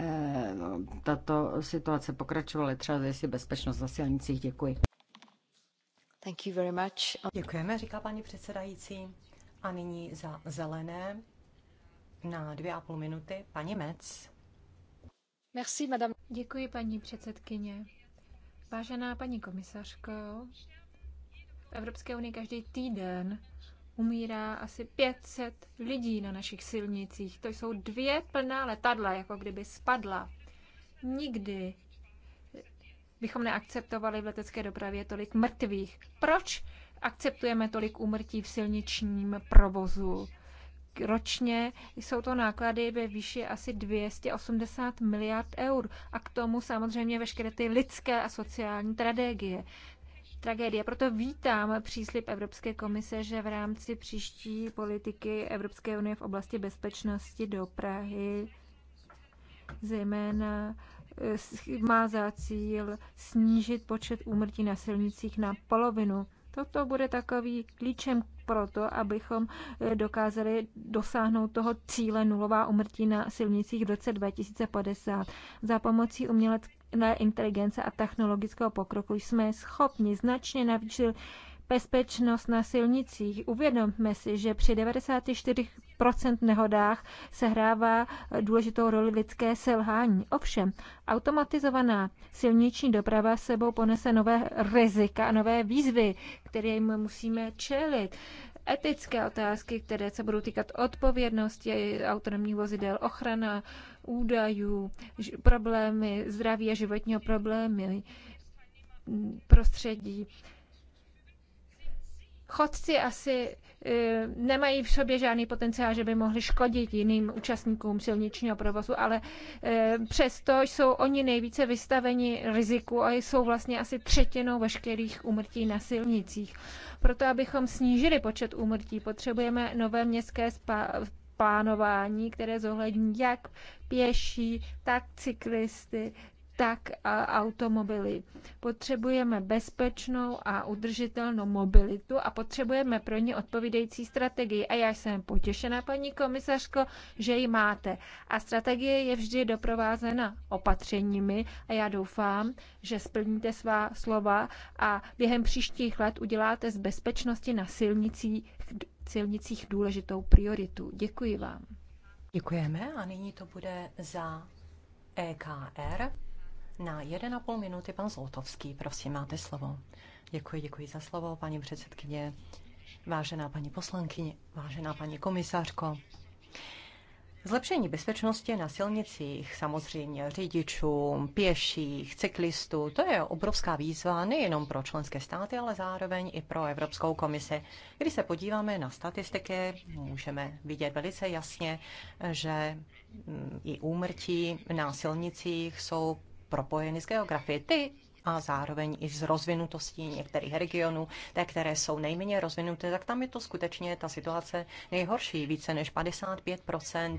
Eh, tato situace pokračovala, třeba zajistí bezpečnost na silnicích. Děkuji. Thank you very much. Děkujeme, říká paní předsedající. A nyní za zelené na dvě a půl minuty paní Mec. Merci, madame. Děkuji, paní předsedkyně. Vážená paní komisařko, v Evropské unii každý týden umírá asi 500 lidí na našich silnicích. To jsou dvě plná letadla, jako kdyby spadla. Nikdy bychom neakceptovali v letecké dopravě tolik mrtvých. Proč akceptujeme tolik úmrtí v silničním provozu? Ročně jsou to náklady ve výši asi 280 miliard eur a k tomu samozřejmě veškeré ty lidské a sociální tragédie tragédie. Proto vítám příslip Evropské komise, že v rámci příští politiky Evropské unie v oblasti bezpečnosti do prahy zejména eh, má za cíl snížit počet úmrtí na silnicích na polovinu. Toto bude takový klíčem pro to, abychom eh, dokázali dosáhnout toho cíle nulová umrtí na silnicích v roce 2050. Za pomocí umělec inteligence a technologického pokroku jsme schopni značně navýšit bezpečnost na silnicích. Uvědomme si, že při 94% nehodách hrává důležitou roli lidské selhání. Ovšem, automatizovaná silniční doprava sebou ponese nové rizika a nové výzvy, kterým musíme čelit etické otázky, které se budou týkat odpovědnosti autonomních vozidel, ochrana údajů, problémy zdraví a životního problémy, prostředí. Chodci asi e, nemají v sobě žádný potenciál, že by mohli škodit jiným účastníkům silničního provozu, ale e, přesto jsou oni nejvíce vystaveni riziku a jsou vlastně asi třetinou veškerých úmrtí na silnicích. Proto, abychom snížili počet úmrtí, potřebujeme nové městské spa- plánování, které zohlední jak pěší, tak cyklisty, tak automobily. Potřebujeme bezpečnou a udržitelnou mobilitu a potřebujeme pro ně odpovídající strategii. A já jsem potěšená paní komisařko, že ji máte. A strategie je vždy doprovázena opatřeními a já doufám, že splníte svá slova a během příštích let uděláte z bezpečnosti na silnicích silnicích důležitou prioritu. Děkuji vám. Děkujeme a nyní to bude za EKR. Na 1,5 minuty pan Zlotovský, prosím, máte slovo. Děkuji, děkuji za slovo, paní předsedkyně. Vážená paní poslankyně, vážená paní komisařko, Zlepšení bezpečnosti na silnicích, samozřejmě řidičům, pěších, cyklistů, to je obrovská výzva nejenom pro členské státy, ale zároveň i pro Evropskou komisi. Když se podíváme na statistiky, můžeme vidět velice jasně, že mm, i úmrtí na silnicích jsou propojeny s geografii. Ty a zároveň i z rozvinutostí některých regionů, té, které jsou nejméně rozvinuté, tak tam je to skutečně ta situace nejhorší. Více než 55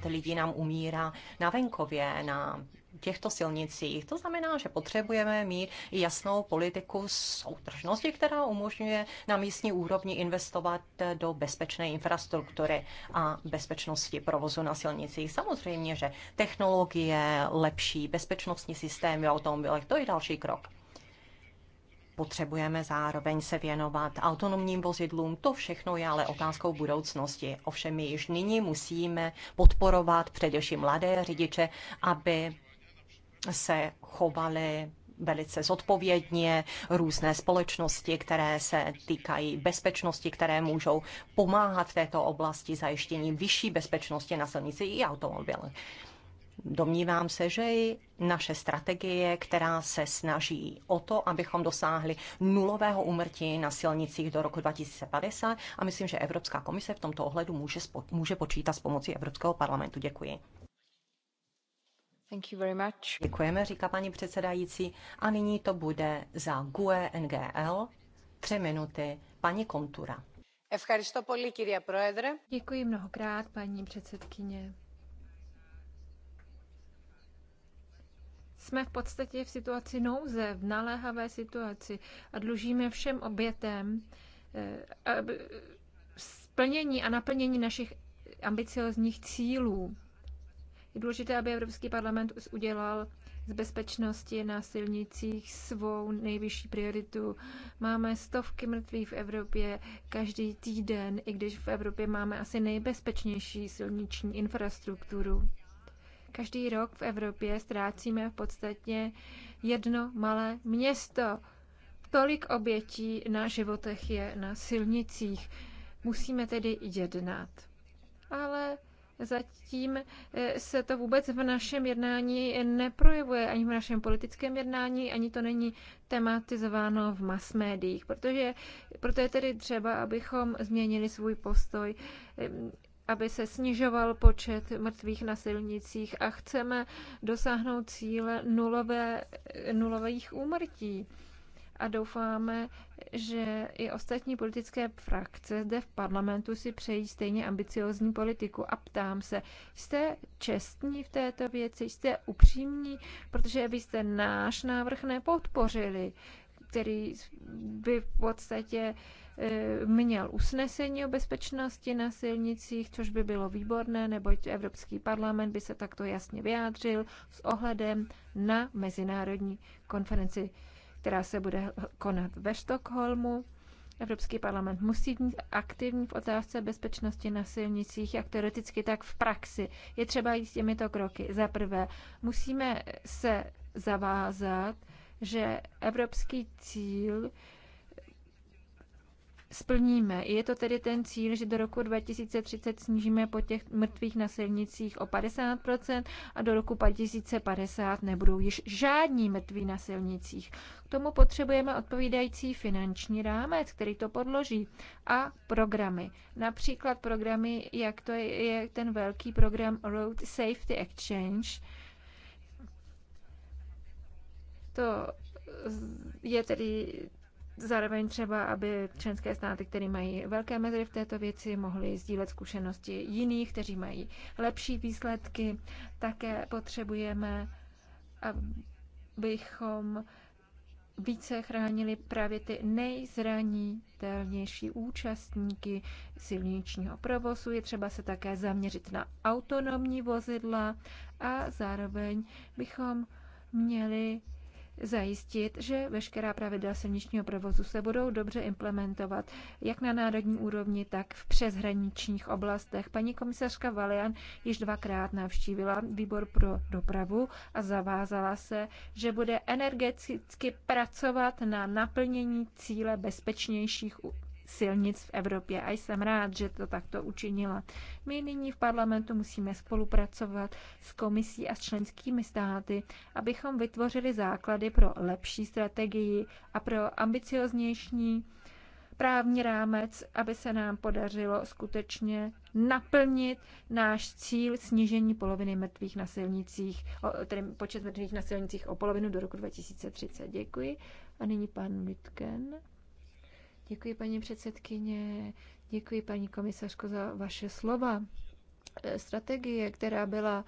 lidí nám umírá na venkově, na těchto silnicích. To znamená, že potřebujeme mít i jasnou politiku soudržnosti, která umožňuje na místní úrovni investovat do bezpečné infrastruktury a bezpečnosti provozu na silnicích. Samozřejmě, že technologie, lepší bezpečnostní systémy automobilech, to je další krok potřebujeme zároveň se věnovat autonomním vozidlům. To všechno je ale otázkou budoucnosti. Ovšem my již nyní musíme podporovat především mladé řidiče, aby se chovali velice zodpovědně, různé společnosti, které se týkají bezpečnosti, které můžou pomáhat v této oblasti zajištění vyšší bezpečnosti na silnici i automobilech. Domnívám se, že i naše strategie, která se snaží o to, abychom dosáhli nulového úmrtí na silnicích do roku 2050 a myslím, že Evropská komise v tomto ohledu může, může počítat s pomocí Evropského parlamentu. Děkuji. Thank you very much. Děkujeme, říká paní předsedající. A nyní to bude za GUE NGL. Tři minuty, paní Kontura. Děkuji mnohokrát, paní předsedkyně. jsme v podstatě v situaci nouze, v naléhavé situaci a dlužíme všem obětem eh, splnění a naplnění našich ambiciozních cílů. Je důležité, aby Evropský parlament udělal z bezpečnosti na silnicích svou nejvyšší prioritu. Máme stovky mrtvých v Evropě každý týden, i když v Evropě máme asi nejbezpečnější silniční infrastrukturu. Každý rok v Evropě ztrácíme v podstatě jedno malé město. Tolik obětí na životech je na silnicích. Musíme tedy jednat. Ale zatím eh, se to vůbec v našem jednání neprojevuje, ani v našem politickém jednání, ani to není tematizováno v mass médiích, protože proto je tedy třeba, abychom změnili svůj postoj aby se snižoval počet mrtvých na silnicích a chceme dosáhnout cíle nulové, nulových úmrtí. A doufáme, že i ostatní politické frakce zde v parlamentu si přejí stejně ambiciozní politiku. A ptám se, jste čestní v této věci, jste upřímní, protože vy jste náš návrh nepodpořili, který by v podstatě uh, Eh, měl usnesení o bezpečnosti na silnicích, což by bylo výborné, neboť Evropský parlament by se takto jasně vyjádřil s ohledem na mezinárodní konferenci, která se bude konat ve Štokholmu. Evropský parlament musí být aktivní v otázce bezpečnosti na silnicích, jak teoreticky, tak v praxi. Je třeba jít s těmito kroky. Za prvé, musíme se zavázat, že evropský cíl splníme. Je to tedy ten cíl, že do roku 2030 snížíme po těch mrtvých na silnicích o 50% a do roku 2050 nebudou již žádní mrtví na silnicích. K tomu potřebujeme odpovídající finanční rámec, který to podloží a programy. Například programy, jak to je, je ten velký program Road Safety Exchange, to je tedy Zároveň třeba, aby členské státy, které mají velké mezery v této věci, mohly sdílet zkušenosti jiných, kteří mají lepší výsledky. Také potřebujeme, abychom více chránili právě ty nejzranitelnější účastníky silničního provozu. Je třeba se také zaměřit na autonomní vozidla a zároveň bychom měli zajistit, že veškerá pravidla silničního provozu se budou dobře implementovat, jak na národní úrovni, tak v přeshraničních oblastech. Paní komisařka Valian již dvakrát navštívila výbor pro dopravu a zavázala se, že bude energeticky pracovat na naplnění cíle bezpečnějších silnic v Evropě a jsem rád, že to takto učinila. My nyní v parlamentu musíme spolupracovat s komisí a s členskými státy, abychom vytvořili základy pro lepší strategii a pro ambicioznější právní rámec, aby se nám podařilo skutečně naplnit náš cíl snížení poloviny mrtvých na silnicích, tedy počet mrtvých na silnicích o polovinu do roku 2030. Děkuji. A nyní pan Litken. Děkuji, paní předsedkyně, děkuji, paní komisařko, za vaše slova. Eh, strategie, která byla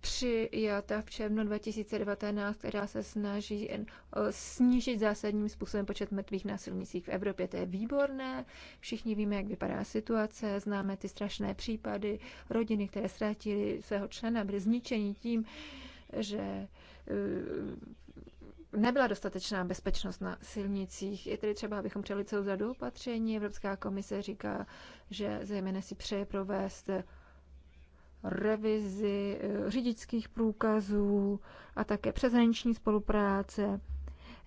přijata v červnu 2019, která se snaží eh, snížit zásadním způsobem počet mrtvých na silnicích v Evropě. To je výborné, všichni víme, jak vypadá situace, známe ty strašné případy, rodiny, které ztratili svého člena, byly zničeni tím, že eh, nebyla dostatečná bezpečnost na silnicích. Je tedy třeba, abychom přijali celou řadu opatření. Evropská komise říká, že zejména si přeje provést revizi eh, řidičských průkazů a také přeshraniční spolupráce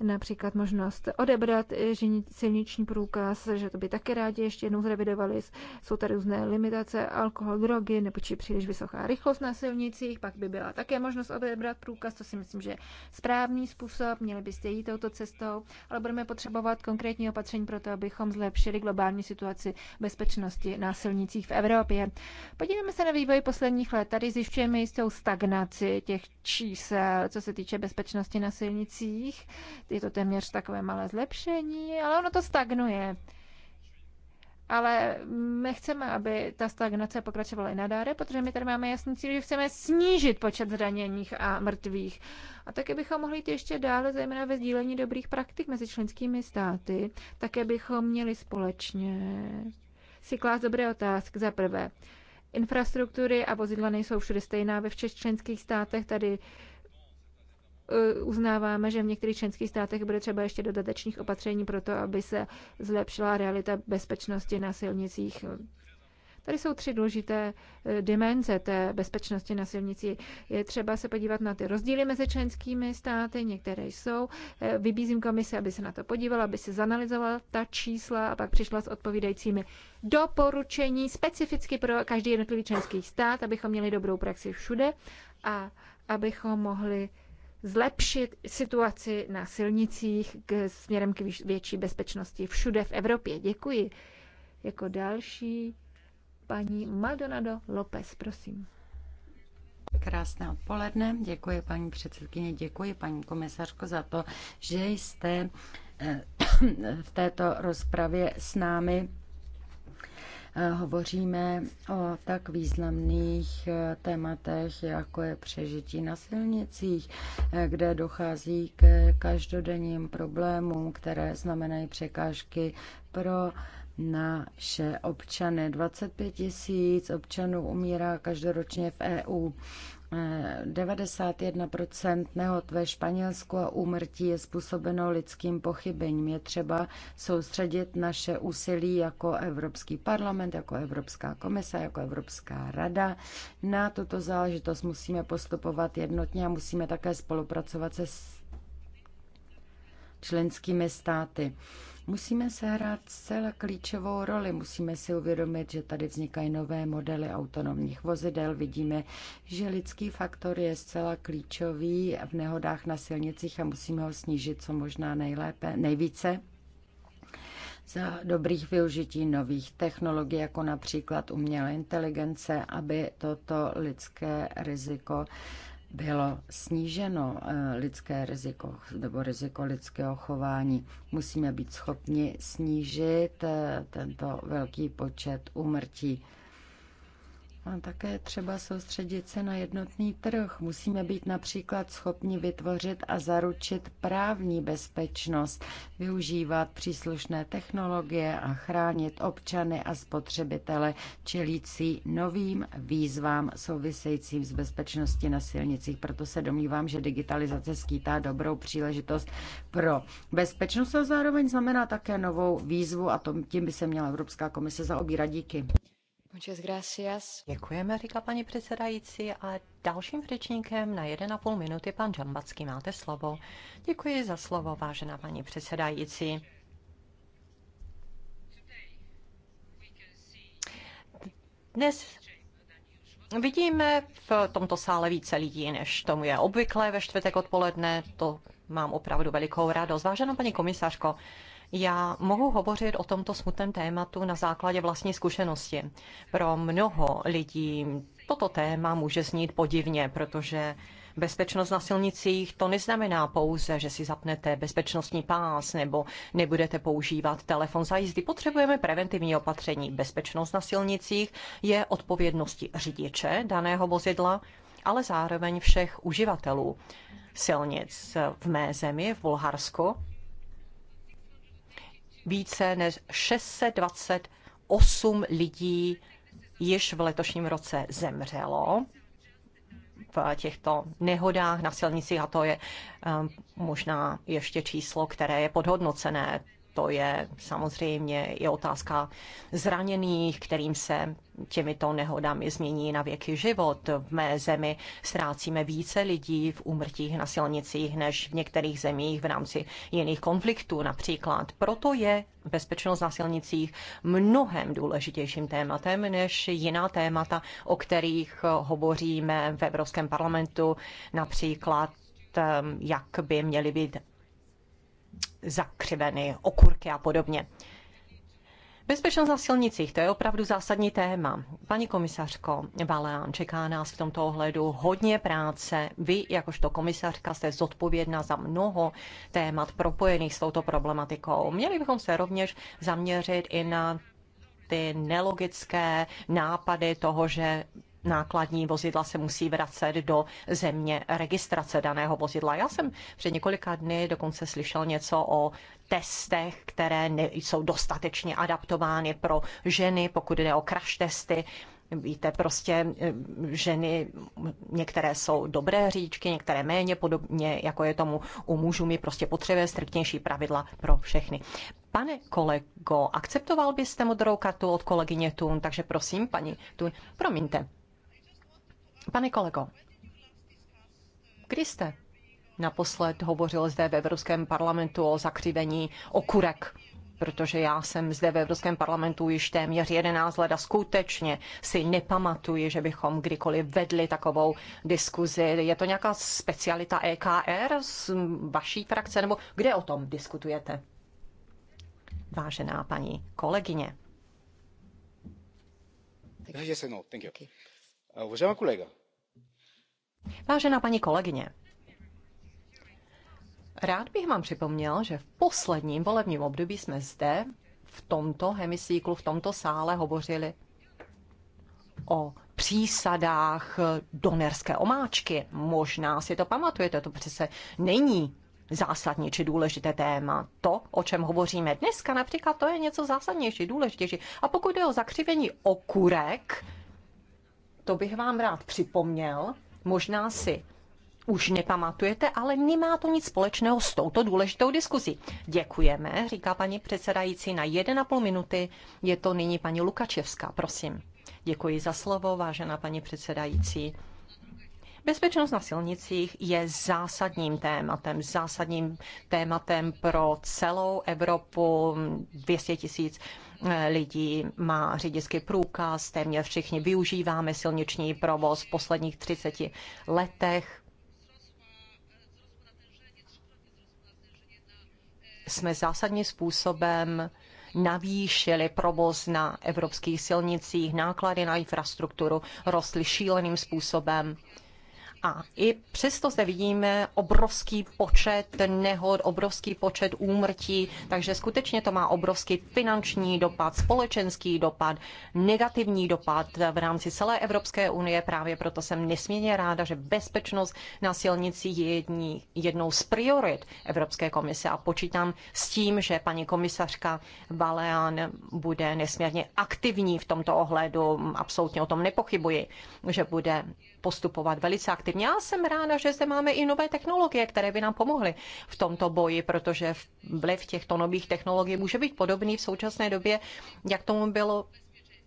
například možnost odebrat eh, silniční průkaz, že to by taky rádi ještě jednou zrevidovali. Jsou tady různé limitace, alkohol, drogy, nebo či příliš vysoká rychlost na silnicích, pak by byla také možnost odebrat průkaz, to si myslím, že je správný způsob, měli byste jít touto cestou, ale budeme potřebovat konkrétní opatření pro to, abychom zlepšili globální situaci bezpečnosti na silnicích v Evropě. Podívejme se na vývoj posledních let. Tady zjišťujeme jistou stagnaci těch čísel, co se týče bezpečnosti na silnicích je to téměř takové malé zlepšení, ale ono to stagnuje. Ale my chceme, aby ta stagnace pokračovala i nadále, protože my tady máme jasný cíl, že chceme snížit počet zraněných a mrtvých. A také bychom mohli jít ještě dále, zejména ve sdílení dobrých praktik mezi členskými státy. Také bychom měli společně si klást dobré otázky. Za prvé, infrastruktury a vozidla nejsou všude stejná ve všech členských státech. Tady Eh, uznáváme, že v některých členských státech bude třeba ještě dodatečných opatření pro to, aby se zlepšila realita bezpečnosti na silnicích. Tady jsou tři důležité eh, dimenze té bezpečnosti na silnici. Je třeba se podívat na ty rozdíly mezi členskými státy, některé jsou. Eh, vybízím komise, aby se na to podívala, aby se zanalizovala ta čísla a pak přišla s odpovídajícími doporučení specificky pro každý jednotlivý členský stát, abychom měli dobrou praxi všude a abychom mohli zlepšit situaci na silnicích k, směrem k větší bezpečnosti všude v Evropě. Děkuji. Jako další paní Maldonado López, prosím. Krásné odpoledne. Děkuji paní předsedkyně, děkuji paní komisařko za to, že jste eh, v této rozpravě s námi Eh, hovoříme o tak významných eh, tématech, jako je přežití na silnicích, eh, kde dochází ke každodenním problémům, které znamenají překážky pro naše občany. 25 tisíc občanů umírá každoročně v EU 91% nehod ve Španělsku a úmrtí je způsobeno lidským pochybením. Je třeba soustředit naše úsilí jako Evropský parlament, jako Evropská komise, jako Evropská rada. Na tuto záležitost musíme postupovat jednotně a musíme také spolupracovat se členskými státy. Musíme sehrát zcela klíčovou roli. Musíme si uvědomit, že tady vznikají nové modely autonomních vozidel. Vidíme, že lidský faktor je zcela klíčový v nehodách na silnicích a musíme ho snížit co možná nejlépe, nejvíce za dobrých využití nových technologií, jako například umělé inteligence, aby toto lidské riziko bylo sníženo eh, lidské riziko nebo riziko lidského chování. Musíme být schopni snížit eh, tento velký počet úmrtí. A také třeba soustředit se na jednotný trh. Musíme být například schopni vytvořit a zaručit právní bezpečnost, využívat příslušné technologie a chránit občany a spotřebitele čelící novým výzvám souvisejícím s bezpečností na silnicích. Proto se domnívám, že digitalizace skýtá dobrou příležitost pro bezpečnost a zároveň znamená také novou výzvu a tím by se měla Evropská komise zaobírat. Díky. Muchas gracias. Děkujeme, říká paní předsedající. A dalším řečníkem na 1,5 minuty pan Džambacký. Máte slovo. Děkuji za slovo, vážená paní předsedající. Dnes Vidíme v tomto sále více lidí, než tomu je obvyklé ve čtvrtek odpoledne. To mám opravdu velikou radost. Vážená paní komisařko, já mohu hovořit o tomto smutném tématu na základě vlastní zkušenosti. Pro mnoho lidí toto téma může znít podivně, protože Bezpečnost na silnicích to neznamená pouze, že si zapnete bezpečnostní pás nebo nebudete používat telefon za jízdy. Potřebujeme preventivní opatření. Bezpečnost na silnicích je odpovědnosti řidiče daného vozidla, ale zároveň všech uživatelů silnic v mé zemi, v Bulharsku více než 628 lidí již v letošním roce zemřelo v těchto nehodách na silnicích a to je eh, možná ještě číslo, které je podhodnocené to je samozřejmě i otázka zraněných, kterým se těmito nehodami změní na věky život. V mé zemi ztrácíme více lidí v úmrtích na silnicích než v některých zemích v rámci jiných konfliktů například. Proto je bezpečnost na silnicích mnohem důležitějším tématem než jiná témata, o kterých hovoříme v Evropském parlamentu, například ehm, jak by měly být zakřiveny, okurky a podobně. Bezpečnost na silnicích, to je opravdu zásadní téma. Paní komisařko Baleán, čeká nás v tomto ohledu hodně práce. Vy, jakožto komisařka, jste zodpovědná za mnoho témat propojených s touto problematikou. Měli bychom se rovněž zaměřit i na ty nelogické nápady toho, že nákladní vozidla se musí vracet do země registrace daného vozidla. Já jsem před několika dny dokonce slyšel něco o testech, které jsou dostatečně adaptovány pro ženy, pokud jde o crash testy. Víte, prostě eh, ženy, některé jsou dobré říčky, některé méně, podobně jako je tomu u mužů. mi prostě potřebuje striktnější pravidla pro všechny. Pane kolego, akceptoval byste modrou kartu od kolegyně Tun, takže prosím, paní Tun, promiňte, Pane kolego, kdy jste naposled hovořil zde ve Evropském parlamentu o zakřivení okurek? Protože já jsem zde ve Evropském parlamentu již téměř 11 let a skutečně si nepamatuji, že bychom kdykoliv vedli takovou diskuzi. Je to nějaká specialita EKR z vaší frakce, nebo kde o tom diskutujete? Vážená paní kolegyně. Yes, no, thank you. Vážená paní kolegyně, rád bych vám připomněl, že v posledním volebním období jsme zde, v tomto hemisíklu, v tomto sále hovořili o přísadách donerské omáčky. Možná si to pamatujete, to přece není zásadní či důležité téma. To, o čem hovoříme dneska, například to je něco zásadnější, důležitější. A pokud jde o zakřivení okurek, to bych vám rád připomněl. Možná si už nepamatujete, ale nemá to nic společného s touto důležitou diskuzí. Děkujeme, říká paní předsedající, na 1,5 minuty je to nyní paní Lukačevská, prosím. Děkuji za slovo, vážená paní předsedající. Bezpečnost na silnicích je zásadním tématem, zásadním tématem pro celou Evropu 200 tisíc lidí má řidičský průkaz, téměř všichni využíváme silniční provoz v posledních 30 letech. Jsme zásadním způsobem navýšili provoz na evropských silnicích, náklady na infrastrukturu rostly šíleným způsobem. A i přesto zde vidíme obrovský počet nehod, obrovský počet úmrtí, takže skutečně to má obrovský finanční dopad, společenský dopad, negativní dopad v rámci celé Evropské unie. Právě proto jsem nesmírně ráda, že bezpečnost na silnici je jední, jednou z priorit Evropské komise a počítám s tím, že paní komisařka Baleán bude nesmírně aktivní v tomto ohledu. Absolutně o tom nepochybuji, že bude postupovat velice aktivně. Já jsem ráda, že zde máme i nové technologie, které by nám pomohly v tomto boji, protože vliv těchto nových technologií může být podobný v současné době, jak tomu bylo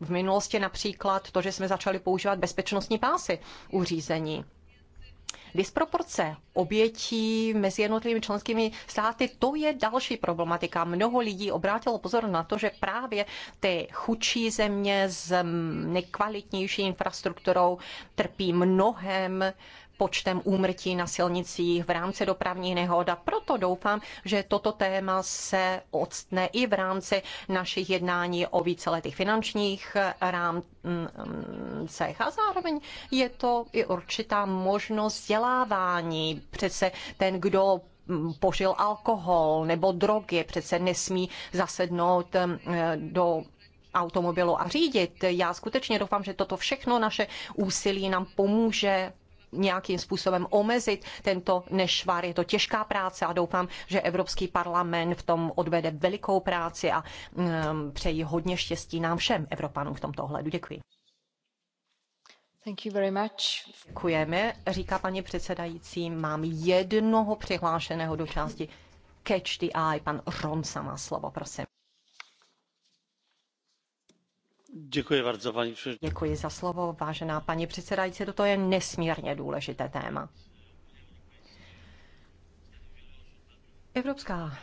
v minulosti například to, že jsme začali používat bezpečnostní pásy u řízení disproporce obětí mezi jednotlivými členskými státy, to je další problematika. Mnoho lidí obrátilo pozor na to, že právě ty chudší země s nekvalitnější infrastrukturou trpí mnohem počtem úmrtí na silnicích v rámci dopravních nehod a proto doufám, že toto téma se odstne i v rámci našich jednání o víceletých finančních rámcech. A zároveň je to i určitá možnost vzdělávání. Přece ten, kdo požil alkohol nebo drogy, přece nesmí zasednout eh, do automobilu a řídit. Já skutečně doufám, že toto všechno naše úsilí nám pomůže nějakým způsobem omezit tento nešvar. Je to těžká práce a doufám, že Evropský parlament v tom odvede velikou práci a um, přeji hodně štěstí nám všem Evropanům v tomto ohledu. Děkuji. Thank you very much. Děkujeme, říká paní předsedající. Mám jednoho přihlášeného do části Catch the Eye. Pan Ronsa má slovo, prosím. Děkuji za slovo, vážená paní předsedající. Toto je nesmírně důležité téma. Evropská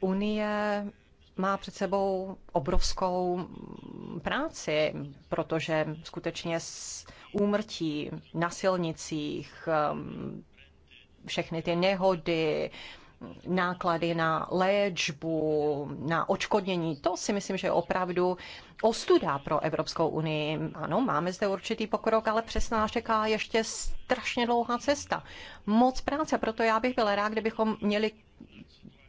unie má před sebou obrovskou práci, protože skutečně s úmrtí na silnicích, um, všechny ty nehody, náklady na léčbu, na očkodnění. To si myslím, že je opravdu ostuda pro Evropskou unii. Ano, máme zde určitý pokrok, ale přesná nás čeká ještě strašně dlouhá cesta. Moc práce, proto já bych byla rád, kdybychom měli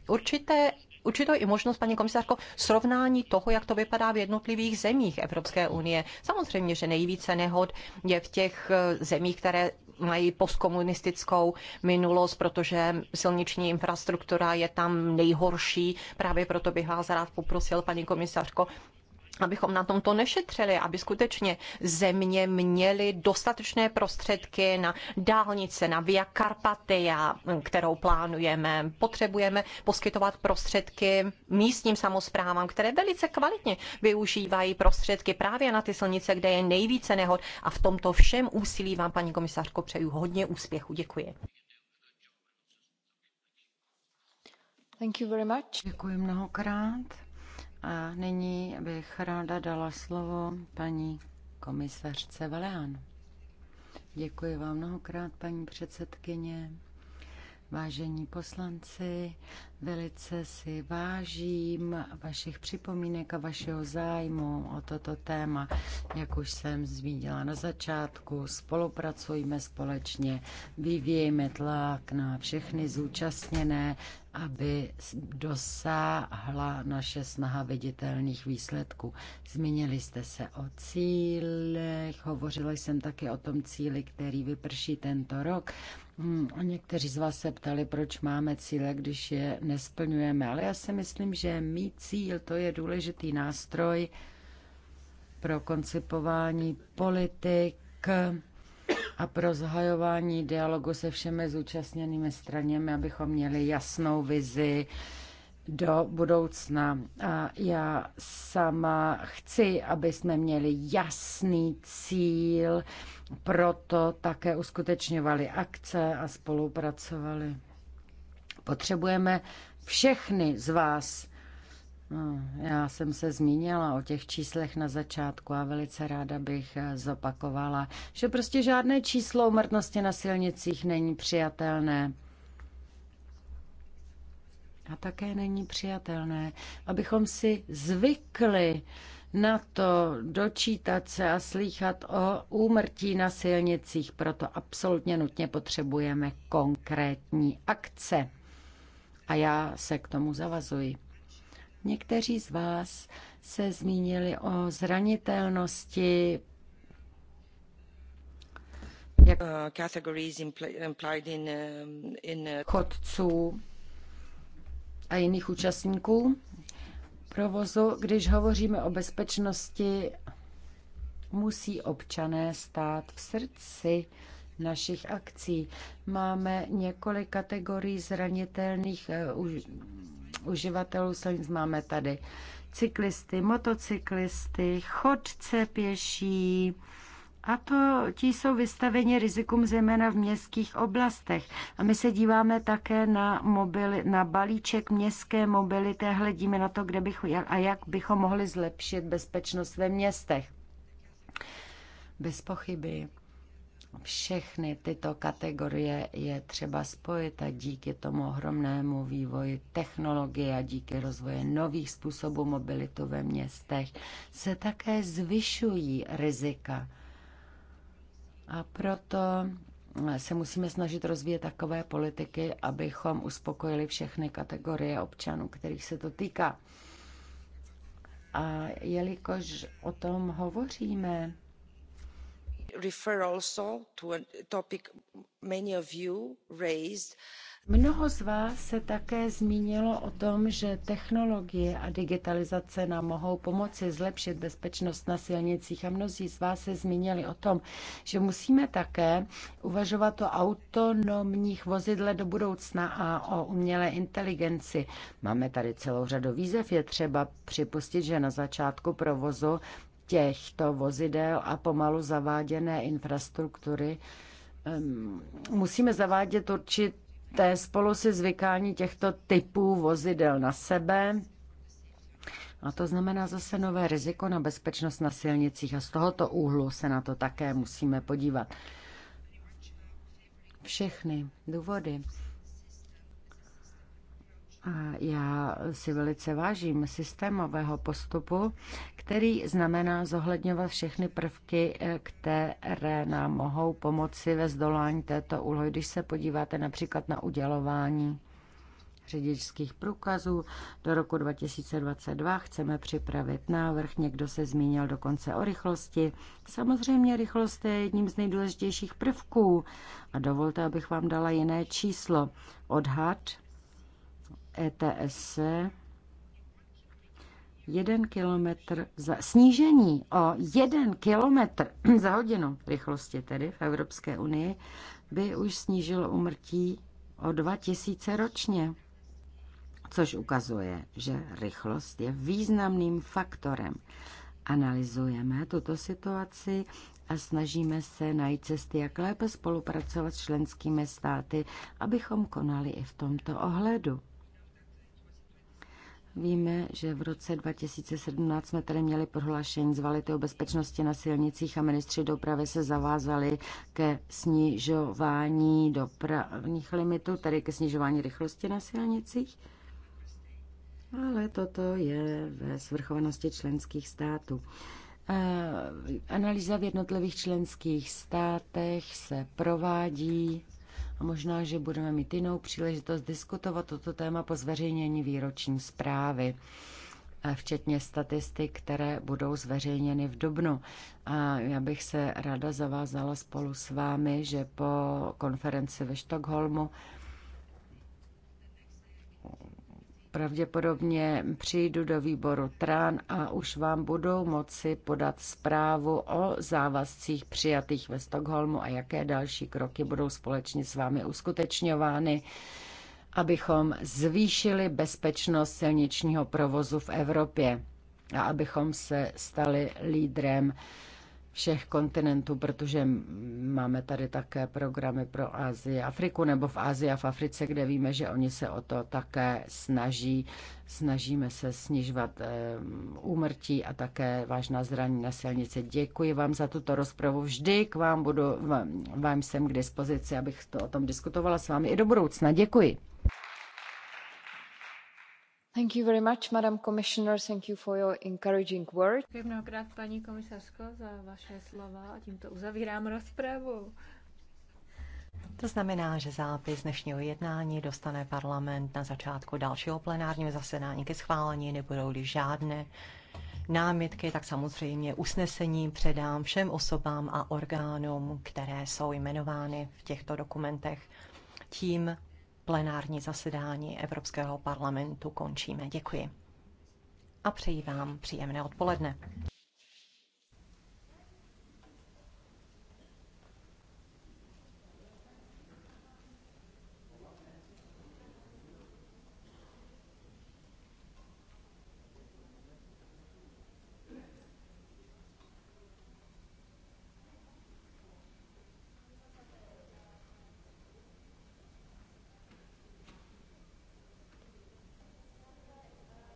určité určitou i možnost, paní komisařko, srovnání toho, jak to vypadá v jednotlivých zemích Evropské unie. Samozřejmě, že nejvíce nehod je v těch eh, zemích, které mají postkomunistickou minulost, protože silniční infrastruktura je tam nejhorší. Právě proto bych vás rád poprosil, paní komisařko, abychom na tomto nešetřili, aby skutečně země měly dostatečné prostředky na dálnice, na Via Carpatia, kterou plánujeme. Potřebujeme poskytovat prostředky místním samozprávám, které velice kvalitně využívají prostředky právě na ty silnice, kde je nejvíce nehod. A v tomto všem úsilí vám, paní komisařko, přeju hodně úspěchu. Děkuji. Thank you very much. Děkuji mnohokrát. A nyní bych ráda dala slovo paní komisařce Valeán. Děkuji vám mnohokrát, paní předsedkyně. Vážení poslanci, velice si vážím vašich připomínek a vašeho zájmu o toto téma. Jak už jsem zmínila na začátku, spolupracujme společně, vyvíjejme tlak na všechny zúčastněné, aby dosáhla naše snaha viditelných výsledků. Zmínili jste se o cílech, hovořila jsem také o tom cíli, který vyprší tento rok. Hmm, někteří z vás se ptali, proč máme cíle, když je nesplňujeme, ale já si myslím, že mít cíl to je důležitý nástroj pro koncipování politik, a pro zahajování dialogu se všemi zúčastněnými straněmi, abychom měli jasnou vizi do budoucna. A já sama chci, aby jsme měli jasný cíl, proto také uskutečňovali akce a spolupracovali. Potřebujeme všechny z vás Hmm, já jsem se zmínila o těch číslech na začátku a velice ráda bych eh, zopakovala, že prostě žádné číslo umrtnosti na silnicích není přijatelné. A také není přijatelné, abychom si zvykli na to dočítat se a slýchat o úmrtí na silnicích. Proto absolutně nutně potřebujeme konkrétní akce. A já se k tomu zavazuji. Někteří z vás se zmínili o zranitelnosti jak uh, um, uh, chodců a jiných účastníků provozu. Když hovoříme o bezpečnosti, musí občané stát v srdci našich akcí. Máme několik kategorií zranitelných uh, uživatelů silnic. Máme tady cyklisty, motocyklisty, chodce pěší, a to ti jsou vystaveni rizikům zejména v městských oblastech. A my se díváme také na, mobil, na balíček městské mobility a hledíme na to, kde bych, a jak bychom mohli zlepšit bezpečnost ve městech. Bez pochyby všechny tyto kategorie je třeba spojit a díky tomu ohromnému vývoji technologie a díky rozvoje nových způsobů mobilitu ve městech se také zvyšují rizika. A proto se musíme snažit rozvíjet takové politiky, abychom uspokojili všechny kategorie občanů, kterých se to týká. A jelikož o tom hovoříme, refer also to a topic many of you raised. Mnoho z vás se také zmínilo o tom, že technologie a digitalizace nám mohou pomoci zlepšit bezpečnost na silnicích a mnozí z vás se zmínili o tom, že musíme také uvažovat o autonomních vozidle do budoucna a o umělé inteligenci. Máme tady celou řadu výzev, je třeba připustit, že na začátku provozu těchto vozidel a pomalu zaváděné infrastruktury. Musíme zavádět určité spolu si zvykání těchto typů vozidel na sebe. A to znamená zase nové riziko na bezpečnost na silnicích a z tohoto úhlu se na to také musíme podívat. Všechny důvody, a já si velice vážím systémového postupu, který znamená zohledňovat všechny prvky, eh, které nám mohou pomoci ve zdolání této úlohy. Když se podíváte například na udělování řidičských průkazů. Do roku 2022 chceme připravit návrh, někdo se zmínil dokonce o rychlosti. Samozřejmě rychlost je jedním z nejdůležitějších prvků a dovolte, abych vám dala jiné číslo. Odhad ETS jeden kilometr za, snížení o jeden kilometr za hodinu rychlosti tedy v Evropské unii by už snížilo umrtí o 2000 ročně, což ukazuje, že rychlost je významným faktorem. Analyzujeme tuto situaci a snažíme se najít cesty, jak lépe spolupracovat s členskými státy, abychom konali i v tomto ohledu. Víme, že v roce 2017 jsme tady měli prohlášení z o bezpečnosti na silnicích a ministři dopravy se zavázali ke snižování dopravních limitů, tedy ke snižování rychlosti na silnicích. Ale toto je ve svrchovanosti členských států. Eh, analýza v jednotlivých členských státech se provádí a možná, že budeme mít jinou příležitost diskutovat toto téma po zveřejnění výroční zprávy eh, včetně statistik, které budou zveřejněny v Dubnu. A já bych se ráda zavázala spolu s vámi, že po konferenci ve Štokholmu Pravděpodobně přijdu do výboru TRAN a už vám budou moci podat zprávu o závazcích přijatých ve Stockholmu a jaké další kroky budou společně s vámi uskutečňovány, abychom zvýšili bezpečnost silničního provozu v Evropě a abychom se stali lídrem všech kontinentů, protože máme tady také programy pro Asii, Afriku nebo v Asii a v Africe, kde víme, že oni se o to také snaží. Snažíme se snižovat úmrtí a také vážná zranění na silnici. Děkuji vám za tuto rozpravu. Vždy k vám budu, vám, vám jsem k dispozici, abych to o tom diskutovala s vámi i do budoucna. Děkuji. Thank you very much, Madam Commissioner. Thank you for your encouraging words. Děkuji mnohokrát, paní komisařko, za vaše slova a tímto uzavírám rozpravu. To znamená, že zápis dnešního jednání dostane parlament na začátku dalšího plenárního zasedání ke schválení, nebudou-li žádné námitky, tak samozřejmě usnesení předám všem osobám a orgánům, které jsou jmenovány v těchto dokumentech. Tím plenární zasedání Evropského parlamentu končíme. Děkuji. A přeji vám příjemné odpoledne.